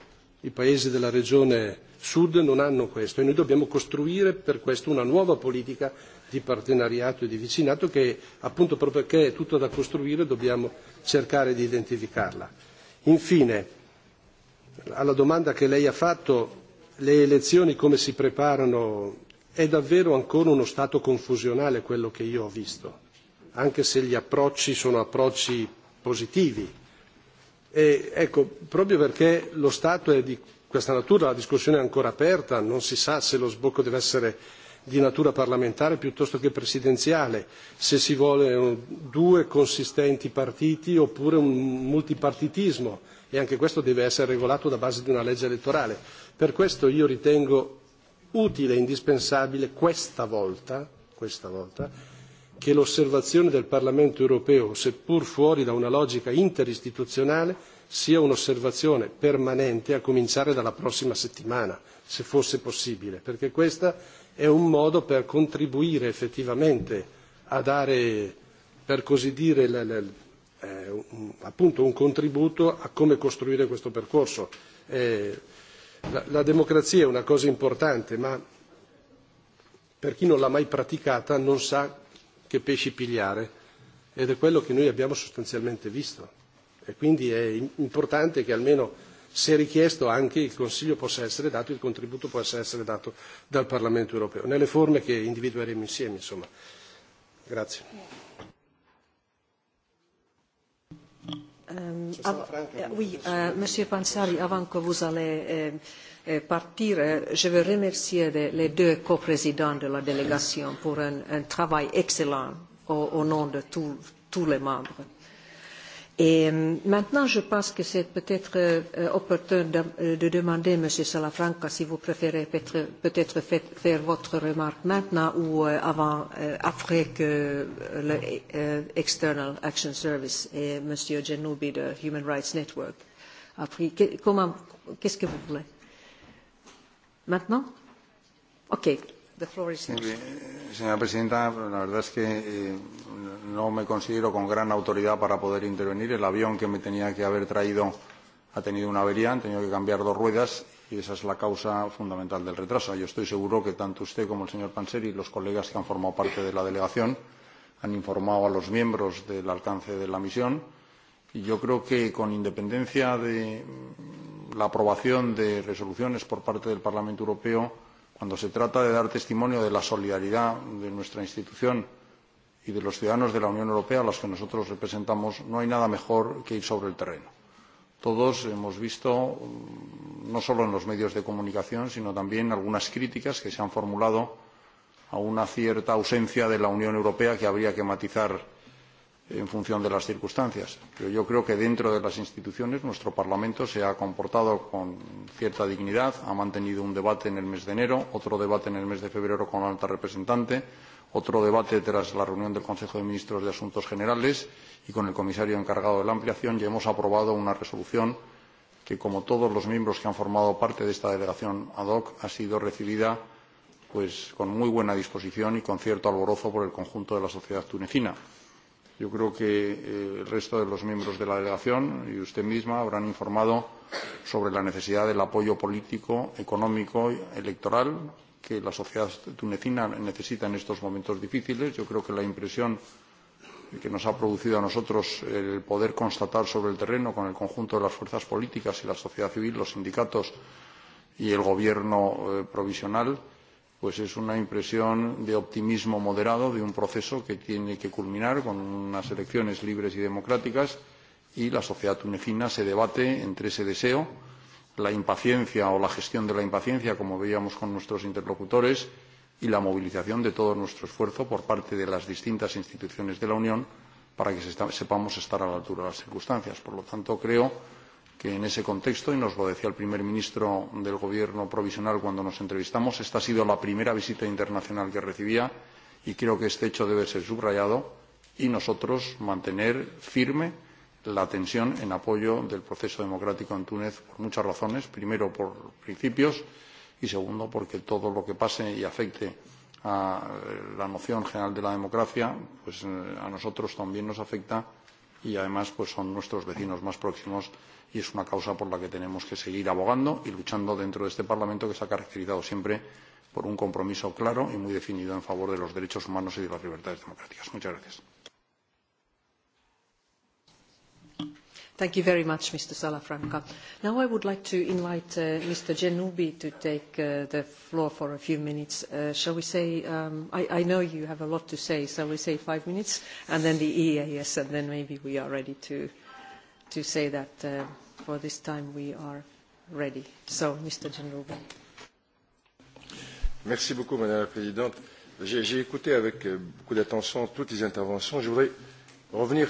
I paesi della regione sud non hanno questo e noi dobbiamo costruire per questo una nuova politica di partenariato e di vicinato che appunto proprio perché è tutto da costruire dobbiamo cercare di identificarla. Infine, alla domanda che lei ha fatto, le elezioni come si preparano? È davvero ancora uno stato confusionale quello che io ho visto, anche se gli approcci sono approcci positivi E, ecco, proprio perché lo Stato è di questa natura, la discussione è ancora aperta, non si sa se lo sbocco deve essere di natura parlamentare piuttosto che presidenziale, se si vogliono due consistenti partiti oppure un multipartitismo e anche questo deve essere regolato da base di una legge elettorale. Per questo io ritengo utile e indispensabile questa volta, questa volta che l'osservazione del Parlamento europeo, seppur fuori da una logica interistituzionale, sia un'osservazione permanente, a cominciare dalla prossima settimana, se fosse possibile, perché questo è un modo per contribuire effettivamente a dare, per così dire, l, l, eh, un, appunto un contributo a come costruire questo percorso. Eh, la, la democrazia è una cosa importante, ma per chi non l'ha mai praticata non sa che pesci pigliare ed è quello che noi abbiamo sostanzialmente visto e quindi è importante che almeno se richiesto anche il Consiglio possa essere dato, il contributo possa essere dato dal Parlamento europeo, nelle forme che individueremo insieme. Insomma. Grazie. Euh, av, euh, oui, euh, Monsieur Pansari, avant que vous allez euh, Eh, partir, eh, je veux remercier les deux coprésidents de la délégation pour un, un travail excellent au, au nom de tout, tous les membres. Et euh, maintenant, je pense que c'est peut-être euh, opportun de, euh, de demander, Monsieur Salafranca, si vous préférez peut-être peut, -être, peut -être fait, faire votre remarque maintenant ou euh, avant, euh, après que le euh, External Action Service et Monsieur Genoubi de Human Rights Network a pris. Que, comment, qu'est-ce que vous voulez Maintenant Ok. The floor is yours. Señora presidenta, la verdad es que eh, no me considero con gran autoridad para poder intervenir. El avión que me tenía que haber traído ha tenido una avería, han tenido que cambiar dos ruedas y esa es la causa fundamental del retraso. Yo estoy seguro que tanto usted como el señor Panseri y los colegas que han formado parte de la delegación han informado a los miembros del alcance de la misión y yo creo que con independencia de la aprobación de resoluciones por parte del Parlamento Europeo cuando se trata de dar testimonio de la solidaridad de nuestra institución y de los ciudadanos de la Unión Europea a los que nosotros representamos, no hay nada mejor que ir sobre el terreno. Todos hemos visto, mm, no solo en los medios de comunicación, sino también algunas críticas que se han formulado a una cierta ausencia de la Unión Europea que habría que matizar en función de las circunstancias. Pero yo creo que dentro de las instituciones nuestro Parlamento se ha comportado con cierta dignidad, ha mantenido un debate en el mes de enero, otro debate en el mes de febrero con la alta representante, otro debate tras la reunión del Consejo de Ministros de Asuntos Generales y con el comisario encargado de la ampliación ya hemos aprobado una resolución que, como todos los miembros que han formado parte de esta delegación ad hoc, ha sido recibida pues, con muy buena disposición y con cierto alborozo por el conjunto de la sociedad tunecina yo creo que eh, el resto de los miembros de la delegación y usted misma habrán informado sobre la necesidad del apoyo político, económico, electoral que la sociedad tunecina necesita en estos momentos difíciles. Yo creo que la impresión que nos ha producido a nosotros el poder constatar sobre el terreno con el conjunto de las fuerzas políticas y la sociedad civil, los sindicatos y el gobierno eh, provisional pues es una impresión de optimismo moderado de un proceso que tiene que culminar con unas elecciones libres y democráticas y la sociedad tunecina se debate entre ese deseo, la impaciencia o la gestión de la impaciencia, como veíamos con nuestros interlocutores, y la movilización de todo nuestro esfuerzo por parte de las distintas instituciones de la Unión para que sepamos estar a la altura de las circunstancias. Por lo tanto, creo que que en ese contexto, y nos lo decía el primer ministro del Gobierno provisional cuando nos entrevistamos, esta ha sido la primera visita internacional que recibía y creo que este hecho debe ser subrayado y nosotros mantener firme la tensión en apoyo del proceso democrático en Túnez por muchas razones. Primero, por principios y segundo, porque todo lo que pase y afecte a la noción general de la democracia, pues eh, a nosotros también nos afecta y además pues son nuestros vecinos más próximos y es una causa por la que tenemos que seguir abogando y luchando dentro de este Parlamento que se ha caracterizado siempre por un compromiso claro y muy definido en favor de los derechos humanos y de las libertades democráticas. Muchas gracias. Thank you very much, Mr. Salafranca. Now I would like to invite uh, Mr. Genubi to take uh, the floor for a few minutes. Uh, shall we say, um, I, I know you have a lot to say, shall we say five minutes, and then the EAS, and then maybe we are ready to, to say that uh, for this time we are ready. So, Mr. Genubi. Merci beaucoup, Madame la Présidente. J'ai écouté avec euh, beaucoup d'attention toutes les interventions. Je voudrais revenir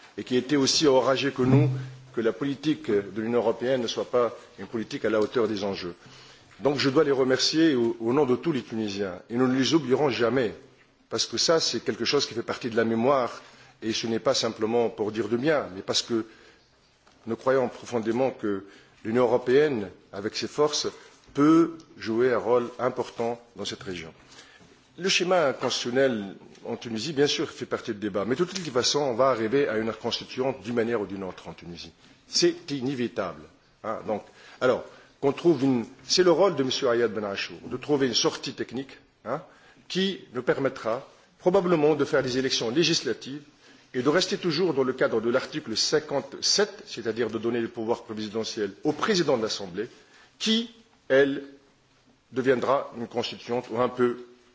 et qui était aussi orageux que nous que la politique de l'Union européenne ne soit pas une politique à la hauteur des enjeux. Donc je dois les remercier au, au nom de tous les Tunisiens et nous ne les oublierons jamais parce que ça c'est quelque chose qui fait partie de la mémoire et ce n'est pas simplement pour dire du bien mais parce que nous croyons profondément que l'Union européenne avec ses forces peut jouer un rôle important dans cette région le schéma constitutionnel en Tunisie, bien sûr, fait partie du débat, mais de toutes les façons, on va arriver à une heure constituante d'une manière ou d'une autre en Tunisie. C'est inévitable. Hein, donc, alors, qu'on trouve une... C'est le rôle de M. Ayad Ben Achour de trouver une sortie technique hein, qui nous permettra probablement de faire des élections législatives et de rester toujours dans le cadre de l'article 57, c'est-à-dire de donner le pouvoir présidentiel au président de l'Assemblée, qui, elle, deviendra une constituante ou un peu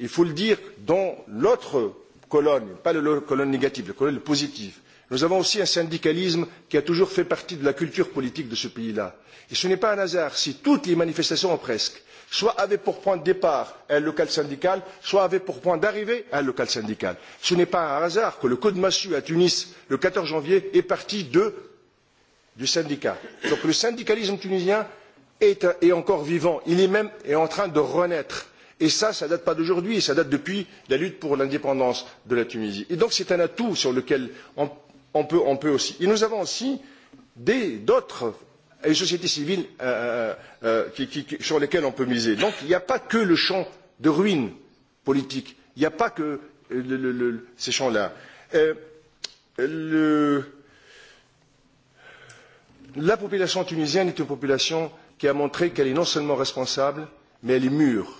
il faut le dire dans l'autre colonne pas la colonne négative la colonne positive nous avons aussi un syndicalisme qui a toujours fait partie de la culture politique de ce pays là et ce n'est pas un hasard si toutes les manifestations ou presque soit avaient pour point de départ un local syndical soit avaient pour point d'arrivée un local syndical. ce n'est pas un hasard que le coup de massue à tunis le quatorze janvier est parti du syndicat. donc le syndicalisme tunisien est encore vivant il est même en train de renaître et ça ça ne date pas d'aujourd'hui ça date depuis la lutte pour l'indépendance de la tunisie et donc c'est un atout sur lequel on, on, peut, on peut aussi et nous avons aussi d'autres une euh, société civile euh, euh, euh, qui, qui, qui, sur lesquelles on peut miser. donc il n'y a pas que le champ de ruines politiques il n'y a pas que euh, le, le, le, ces champs là. Euh, le, la population tunisienne est une population qui a montré qu'elle est non seulement responsable mais elle est mûre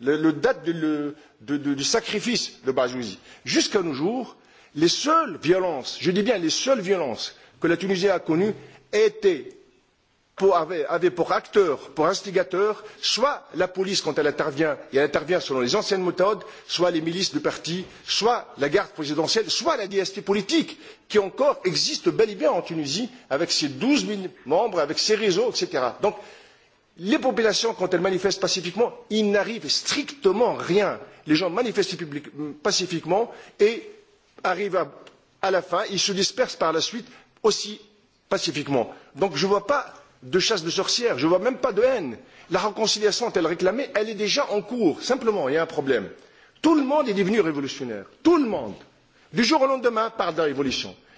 le, le date de, le, de, de, du sacrifice de Bajouzi. Jusqu'à nos jours, les seules violences, je dis bien les seules violences que la Tunisie a connues étaient pour, avait, avait pour acteur, pour instigateur, soit la police quand elle intervient, et elle intervient selon les anciennes méthodes, soit les milices du parti, soit la garde présidentielle, soit la dynastie politique, qui encore existe bel et bien en Tunisie, avec ses 12 000 membres, avec ses réseaux, etc. Donc, les populations, quand elles manifestent pacifiquement, il n'arrive strictement rien. Les gens manifestent public, pacifiquement et arrivent à, à la fin, ils se dispersent par la suite aussi pacifiquement. Donc je ne vois pas de chasse de sorcières, je ne vois même pas de haine. La réconciliation telle réclamée, elle est déjà en cours. Simplement, il y a un problème. Tout le monde est devenu révolutionnaire. Tout le monde. Du jour au lendemain, par de la révolution.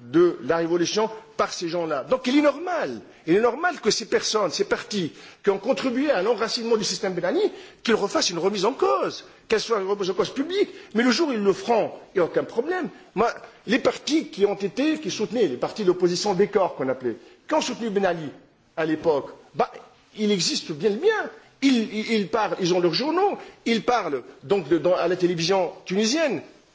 de la révolution par ces gens là. donc il est normal il est normal que ces personnes ces partis qui ont contribué à l'enracinement du système ben ali qu'ils refassent une remise en cause qu'elle soit une remise en cause publique mais le jour où ils le feront il n'y a aucun problème. Moi, les partis qui ont été qui soutenaient les partis d'opposition bécor qu'on appelait qui ont soutenu ben ali à l'époque bah, il existe bien le bien ils, ils, ils parlent ils ont leurs journaux ils parlent donc de, dans, à la télévision tunisienne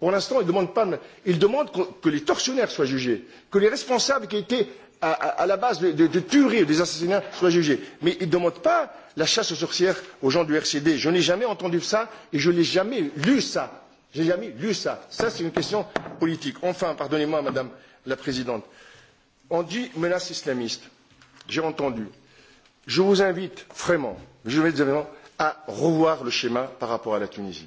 Pour l'instant, ils demandent pas, ils demandent qu que les tortionnaires soient jugés, que les responsables qui étaient à, à, à la base de, de, de tueries ou des assassinats soient jugés. Mais ils ne demandent pas la chasse aux sorcières aux gens du RCD. Je n'ai jamais entendu ça et je n'ai jamais lu ça. J'ai jamais lu ça. Ça, c'est une question politique. Enfin, pardonnez-moi, Madame la Présidente. On dit menace islamiste. J'ai entendu. Je vous invite vraiment, je vais vraiment, à revoir le schéma par rapport à la Tunisie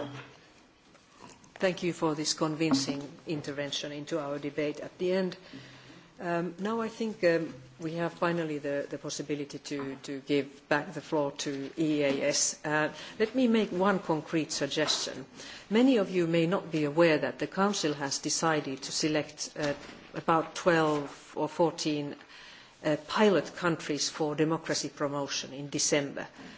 Thank you for this convincing intervention into our debate at the end. Um, now I think um, we have finally the, the possibility to, to give back the floor to EAS. Uh, let me make one concrete suggestion. Many of you may not be aware that the Council has decided to select uh, about 12 or 14 uh, pilot countries for democracy promotion in December. Mm-hmm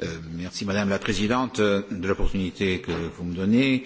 Euh, merci Madame la Présidente euh, de l'opportunité que vous me donnez.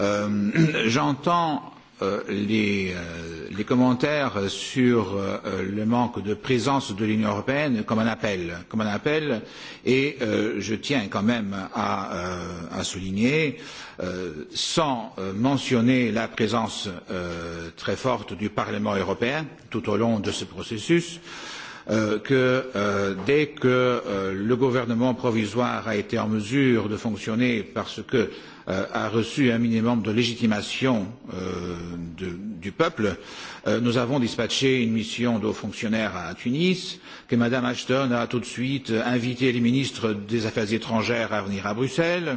Euh, *clears throat* J'entends euh, les, euh, les commentaires sur euh, le manque de présence de l'Union européenne comme un appel, comme un appel, et euh, je tiens quand même à, euh, à souligner, euh, sans euh, mentionner la présence euh, très forte du Parlement européen tout au long de ce processus, euh, euh, que euh, dès que euh, le gouvernement provisoire a été en mesure de fonctionner parce que euh, a reçu un minimum de légitimation euh, de, du peuple, euh, nous avons dispatché une mission de hauts fonctionnaires à Tunis, que Mme Ashton a tout de suite invité les ministres des Affaires étrangères à venir à Bruxelles,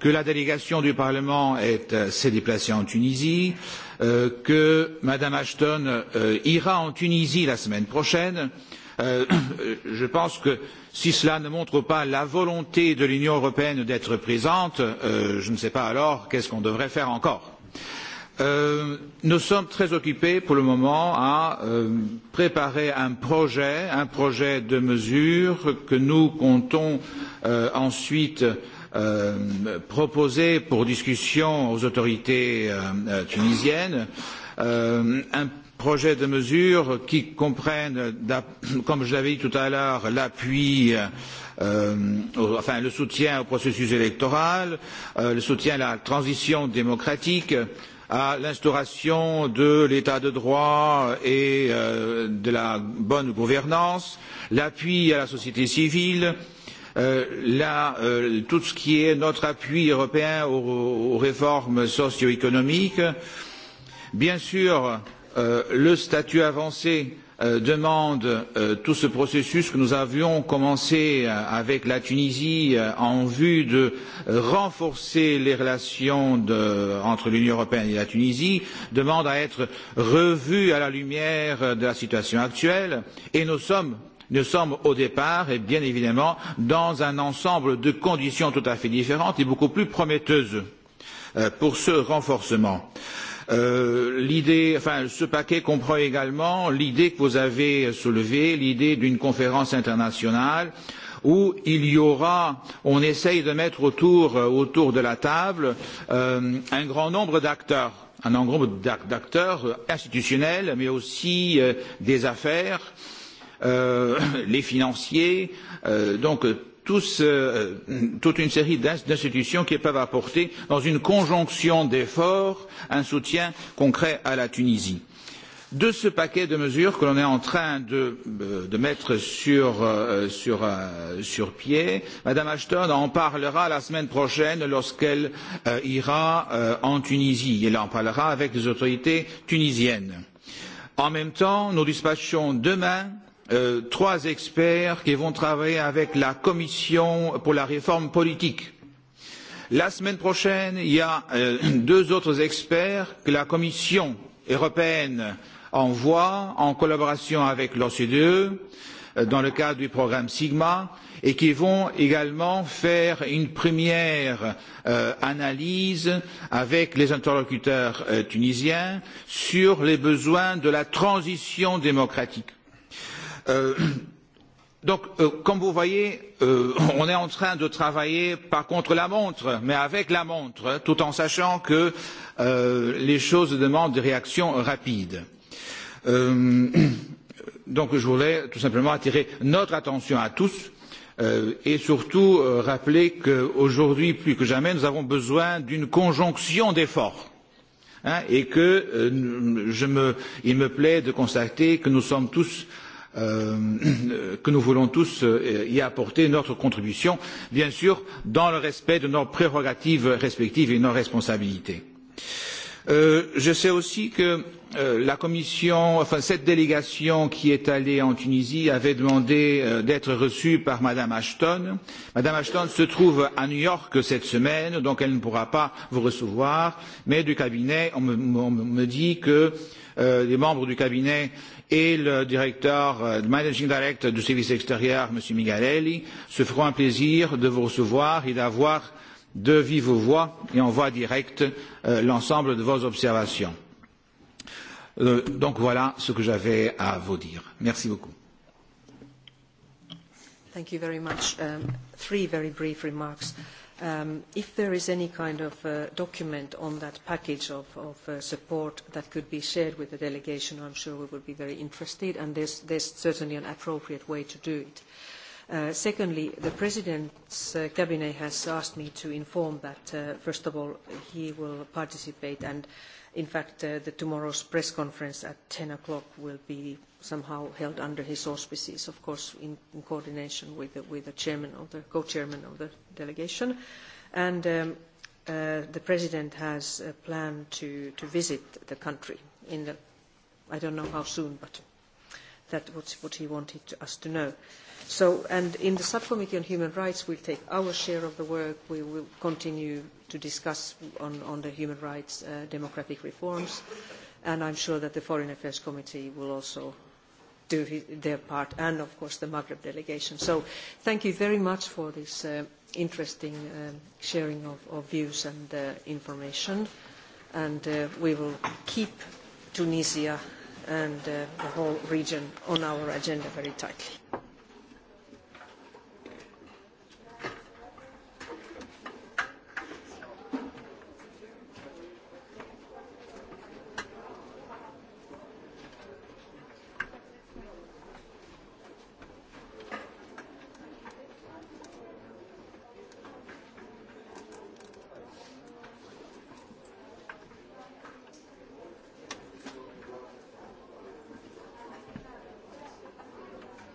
que la délégation du Parlement euh, s'est déplacée en Tunisie, euh, que Mme Ashton euh, ira en Tunisie la semaine prochaine, euh, euh, *coughs* je pense que si cela ne montre pas la volonté de l'Union européenne d'être présente, euh, je ne sais pas alors qu'est-ce qu'on devrait faire encore. Euh, nous sommes très occupés pour le moment à euh, préparer un projet, un projet de mesures que nous comptons euh, ensuite euh, proposer pour discussion aux autorités euh, euh tunisiennes. Euh, un projet de mesures qui comprennent, comme je l'avais dit tout à l'heure, l'appui, euh, enfin le soutien au processus électoral, euh, le soutien à la transition démocratique, à l'instauration de l'état de droit et euh, de la bonne gouvernance, l'appui à la société civile, euh, la, euh, tout ce qui est notre appui européen aux, aux réformes socio-économiques. Bien sûr, euh, euh, le statut avancé euh, demande euh, tout ce processus que nous avions commencé euh, avec la Tunisie euh, en vue de euh, renforcer les relations de, entre l'Union européenne et la Tunisie demande à être revu à la lumière de la situation actuelle et nous sommes nous sommes au départ et bien évidemment dans un ensemble de conditions tout à fait différentes et beaucoup plus prometteuses euh, pour ce renforcement. Euh, Euh, l'idée, enfin, ce paquet comprend également l'idée que vous avez soulevée, l'idée d'une conférence internationale où il y aura, on essaye de mettre autour, euh, autour de la table euh, un grand nombre d'acteurs un grand nombre d'acteurs euh, institutionnels, mais aussi euh, des affaires, euh, *laughs* les financiers, euh, donc tous, euh, toute une série d'institutions qui peuvent apporter, dans une conjonction d'efforts, un soutien concret à la Tunisie. De ce paquet de mesures que l'on est en train de, euh, de mettre sur, euh, sur, euh, sur pied, Madame Ashton en parlera la semaine prochaine lorsqu'elle euh, ira euh, en Tunisie. Elle en parlera avec les autorités tunisiennes. En même temps, nous dispatchons demain euh, trois experts qui vont travailler avec la Commission pour la réforme politique. La semaine prochaine, il y a euh, *clears throat* deux autres experts que la Commission européenne envoie en collaboration avec l'OCDE euh, dans le cadre du programme Sigma et qui vont également faire une première euh, analyse avec les interlocuteurs euh, tunisiens sur les besoins de la transition démocratique Euh, donc, euh, comme vous voyez, euh, on est en train de travailler pas contre la montre, mais avec la montre, tout en sachant que euh, les choses demandent des réactions rapides. Euh, donc, je voulais tout simplement attirer notre attention à tous euh, et surtout euh, rappeler qu'aujourd'hui, plus que jamais, nous avons besoin d'une conjonction d'efforts hein, et que euh, je me, il me plaît de constater que nous sommes tous euh, euh, que nous voulons tous euh, y apporter notre contribution, bien sûr dans le respect de nos prérogatives respectives et nos responsabilités. Euh, je sais aussi que euh, la commission, enfin cette délégation qui est allée en Tunisie avait demandé euh, d'être reçue par Madame Ashton. Madame Ashton se trouve à New York cette semaine, donc elle ne pourra pas vous recevoir, mais du cabinet, on me, on me dit que euh, les membres du cabinet et le directeur, euh, le managing director du service extérieur, M. Migarelli, se feront un plaisir de vous recevoir et d'avoir de vive voix et en voix directe euh, l'ensemble de vos observations. Euh, donc voilà ce que j'avais à vous dire. Merci beaucoup. Thank you very much. Um, three very brief remarks. Uh, um, if there is any kind of uh, document on that package of, of uh, support that could be shared with the delegation, I'm sure we would be very interested, and there's, there's certainly an appropriate way to do it. Uh, secondly, the President's uh, Cabinet has asked me to inform that, uh, first of all, he will participate, and in fact, uh, the tomorrow's press conference at 10 o'clock will be somehow held under his auspices, of course, in, in coordination with the, with the chairman of the co-chairman of the delegation. And um, uh, the president has a plan to, to visit the country in the, I don't know how soon, but that's what, what he wanted to, us to know. So, and in the subcommittee on human rights, we'll take our share of the work. We will continue to discuss on, on the human rights, uh, democratic reforms, and I'm sure that the Foreign Affairs Committee will also do his, their part, and of course the Maghreb delegation. So thank you very much for this uh, interesting um, sharing of, of views and uh, information. And uh, we will keep Tunisia and uh, the whole region on our agenda very tightly.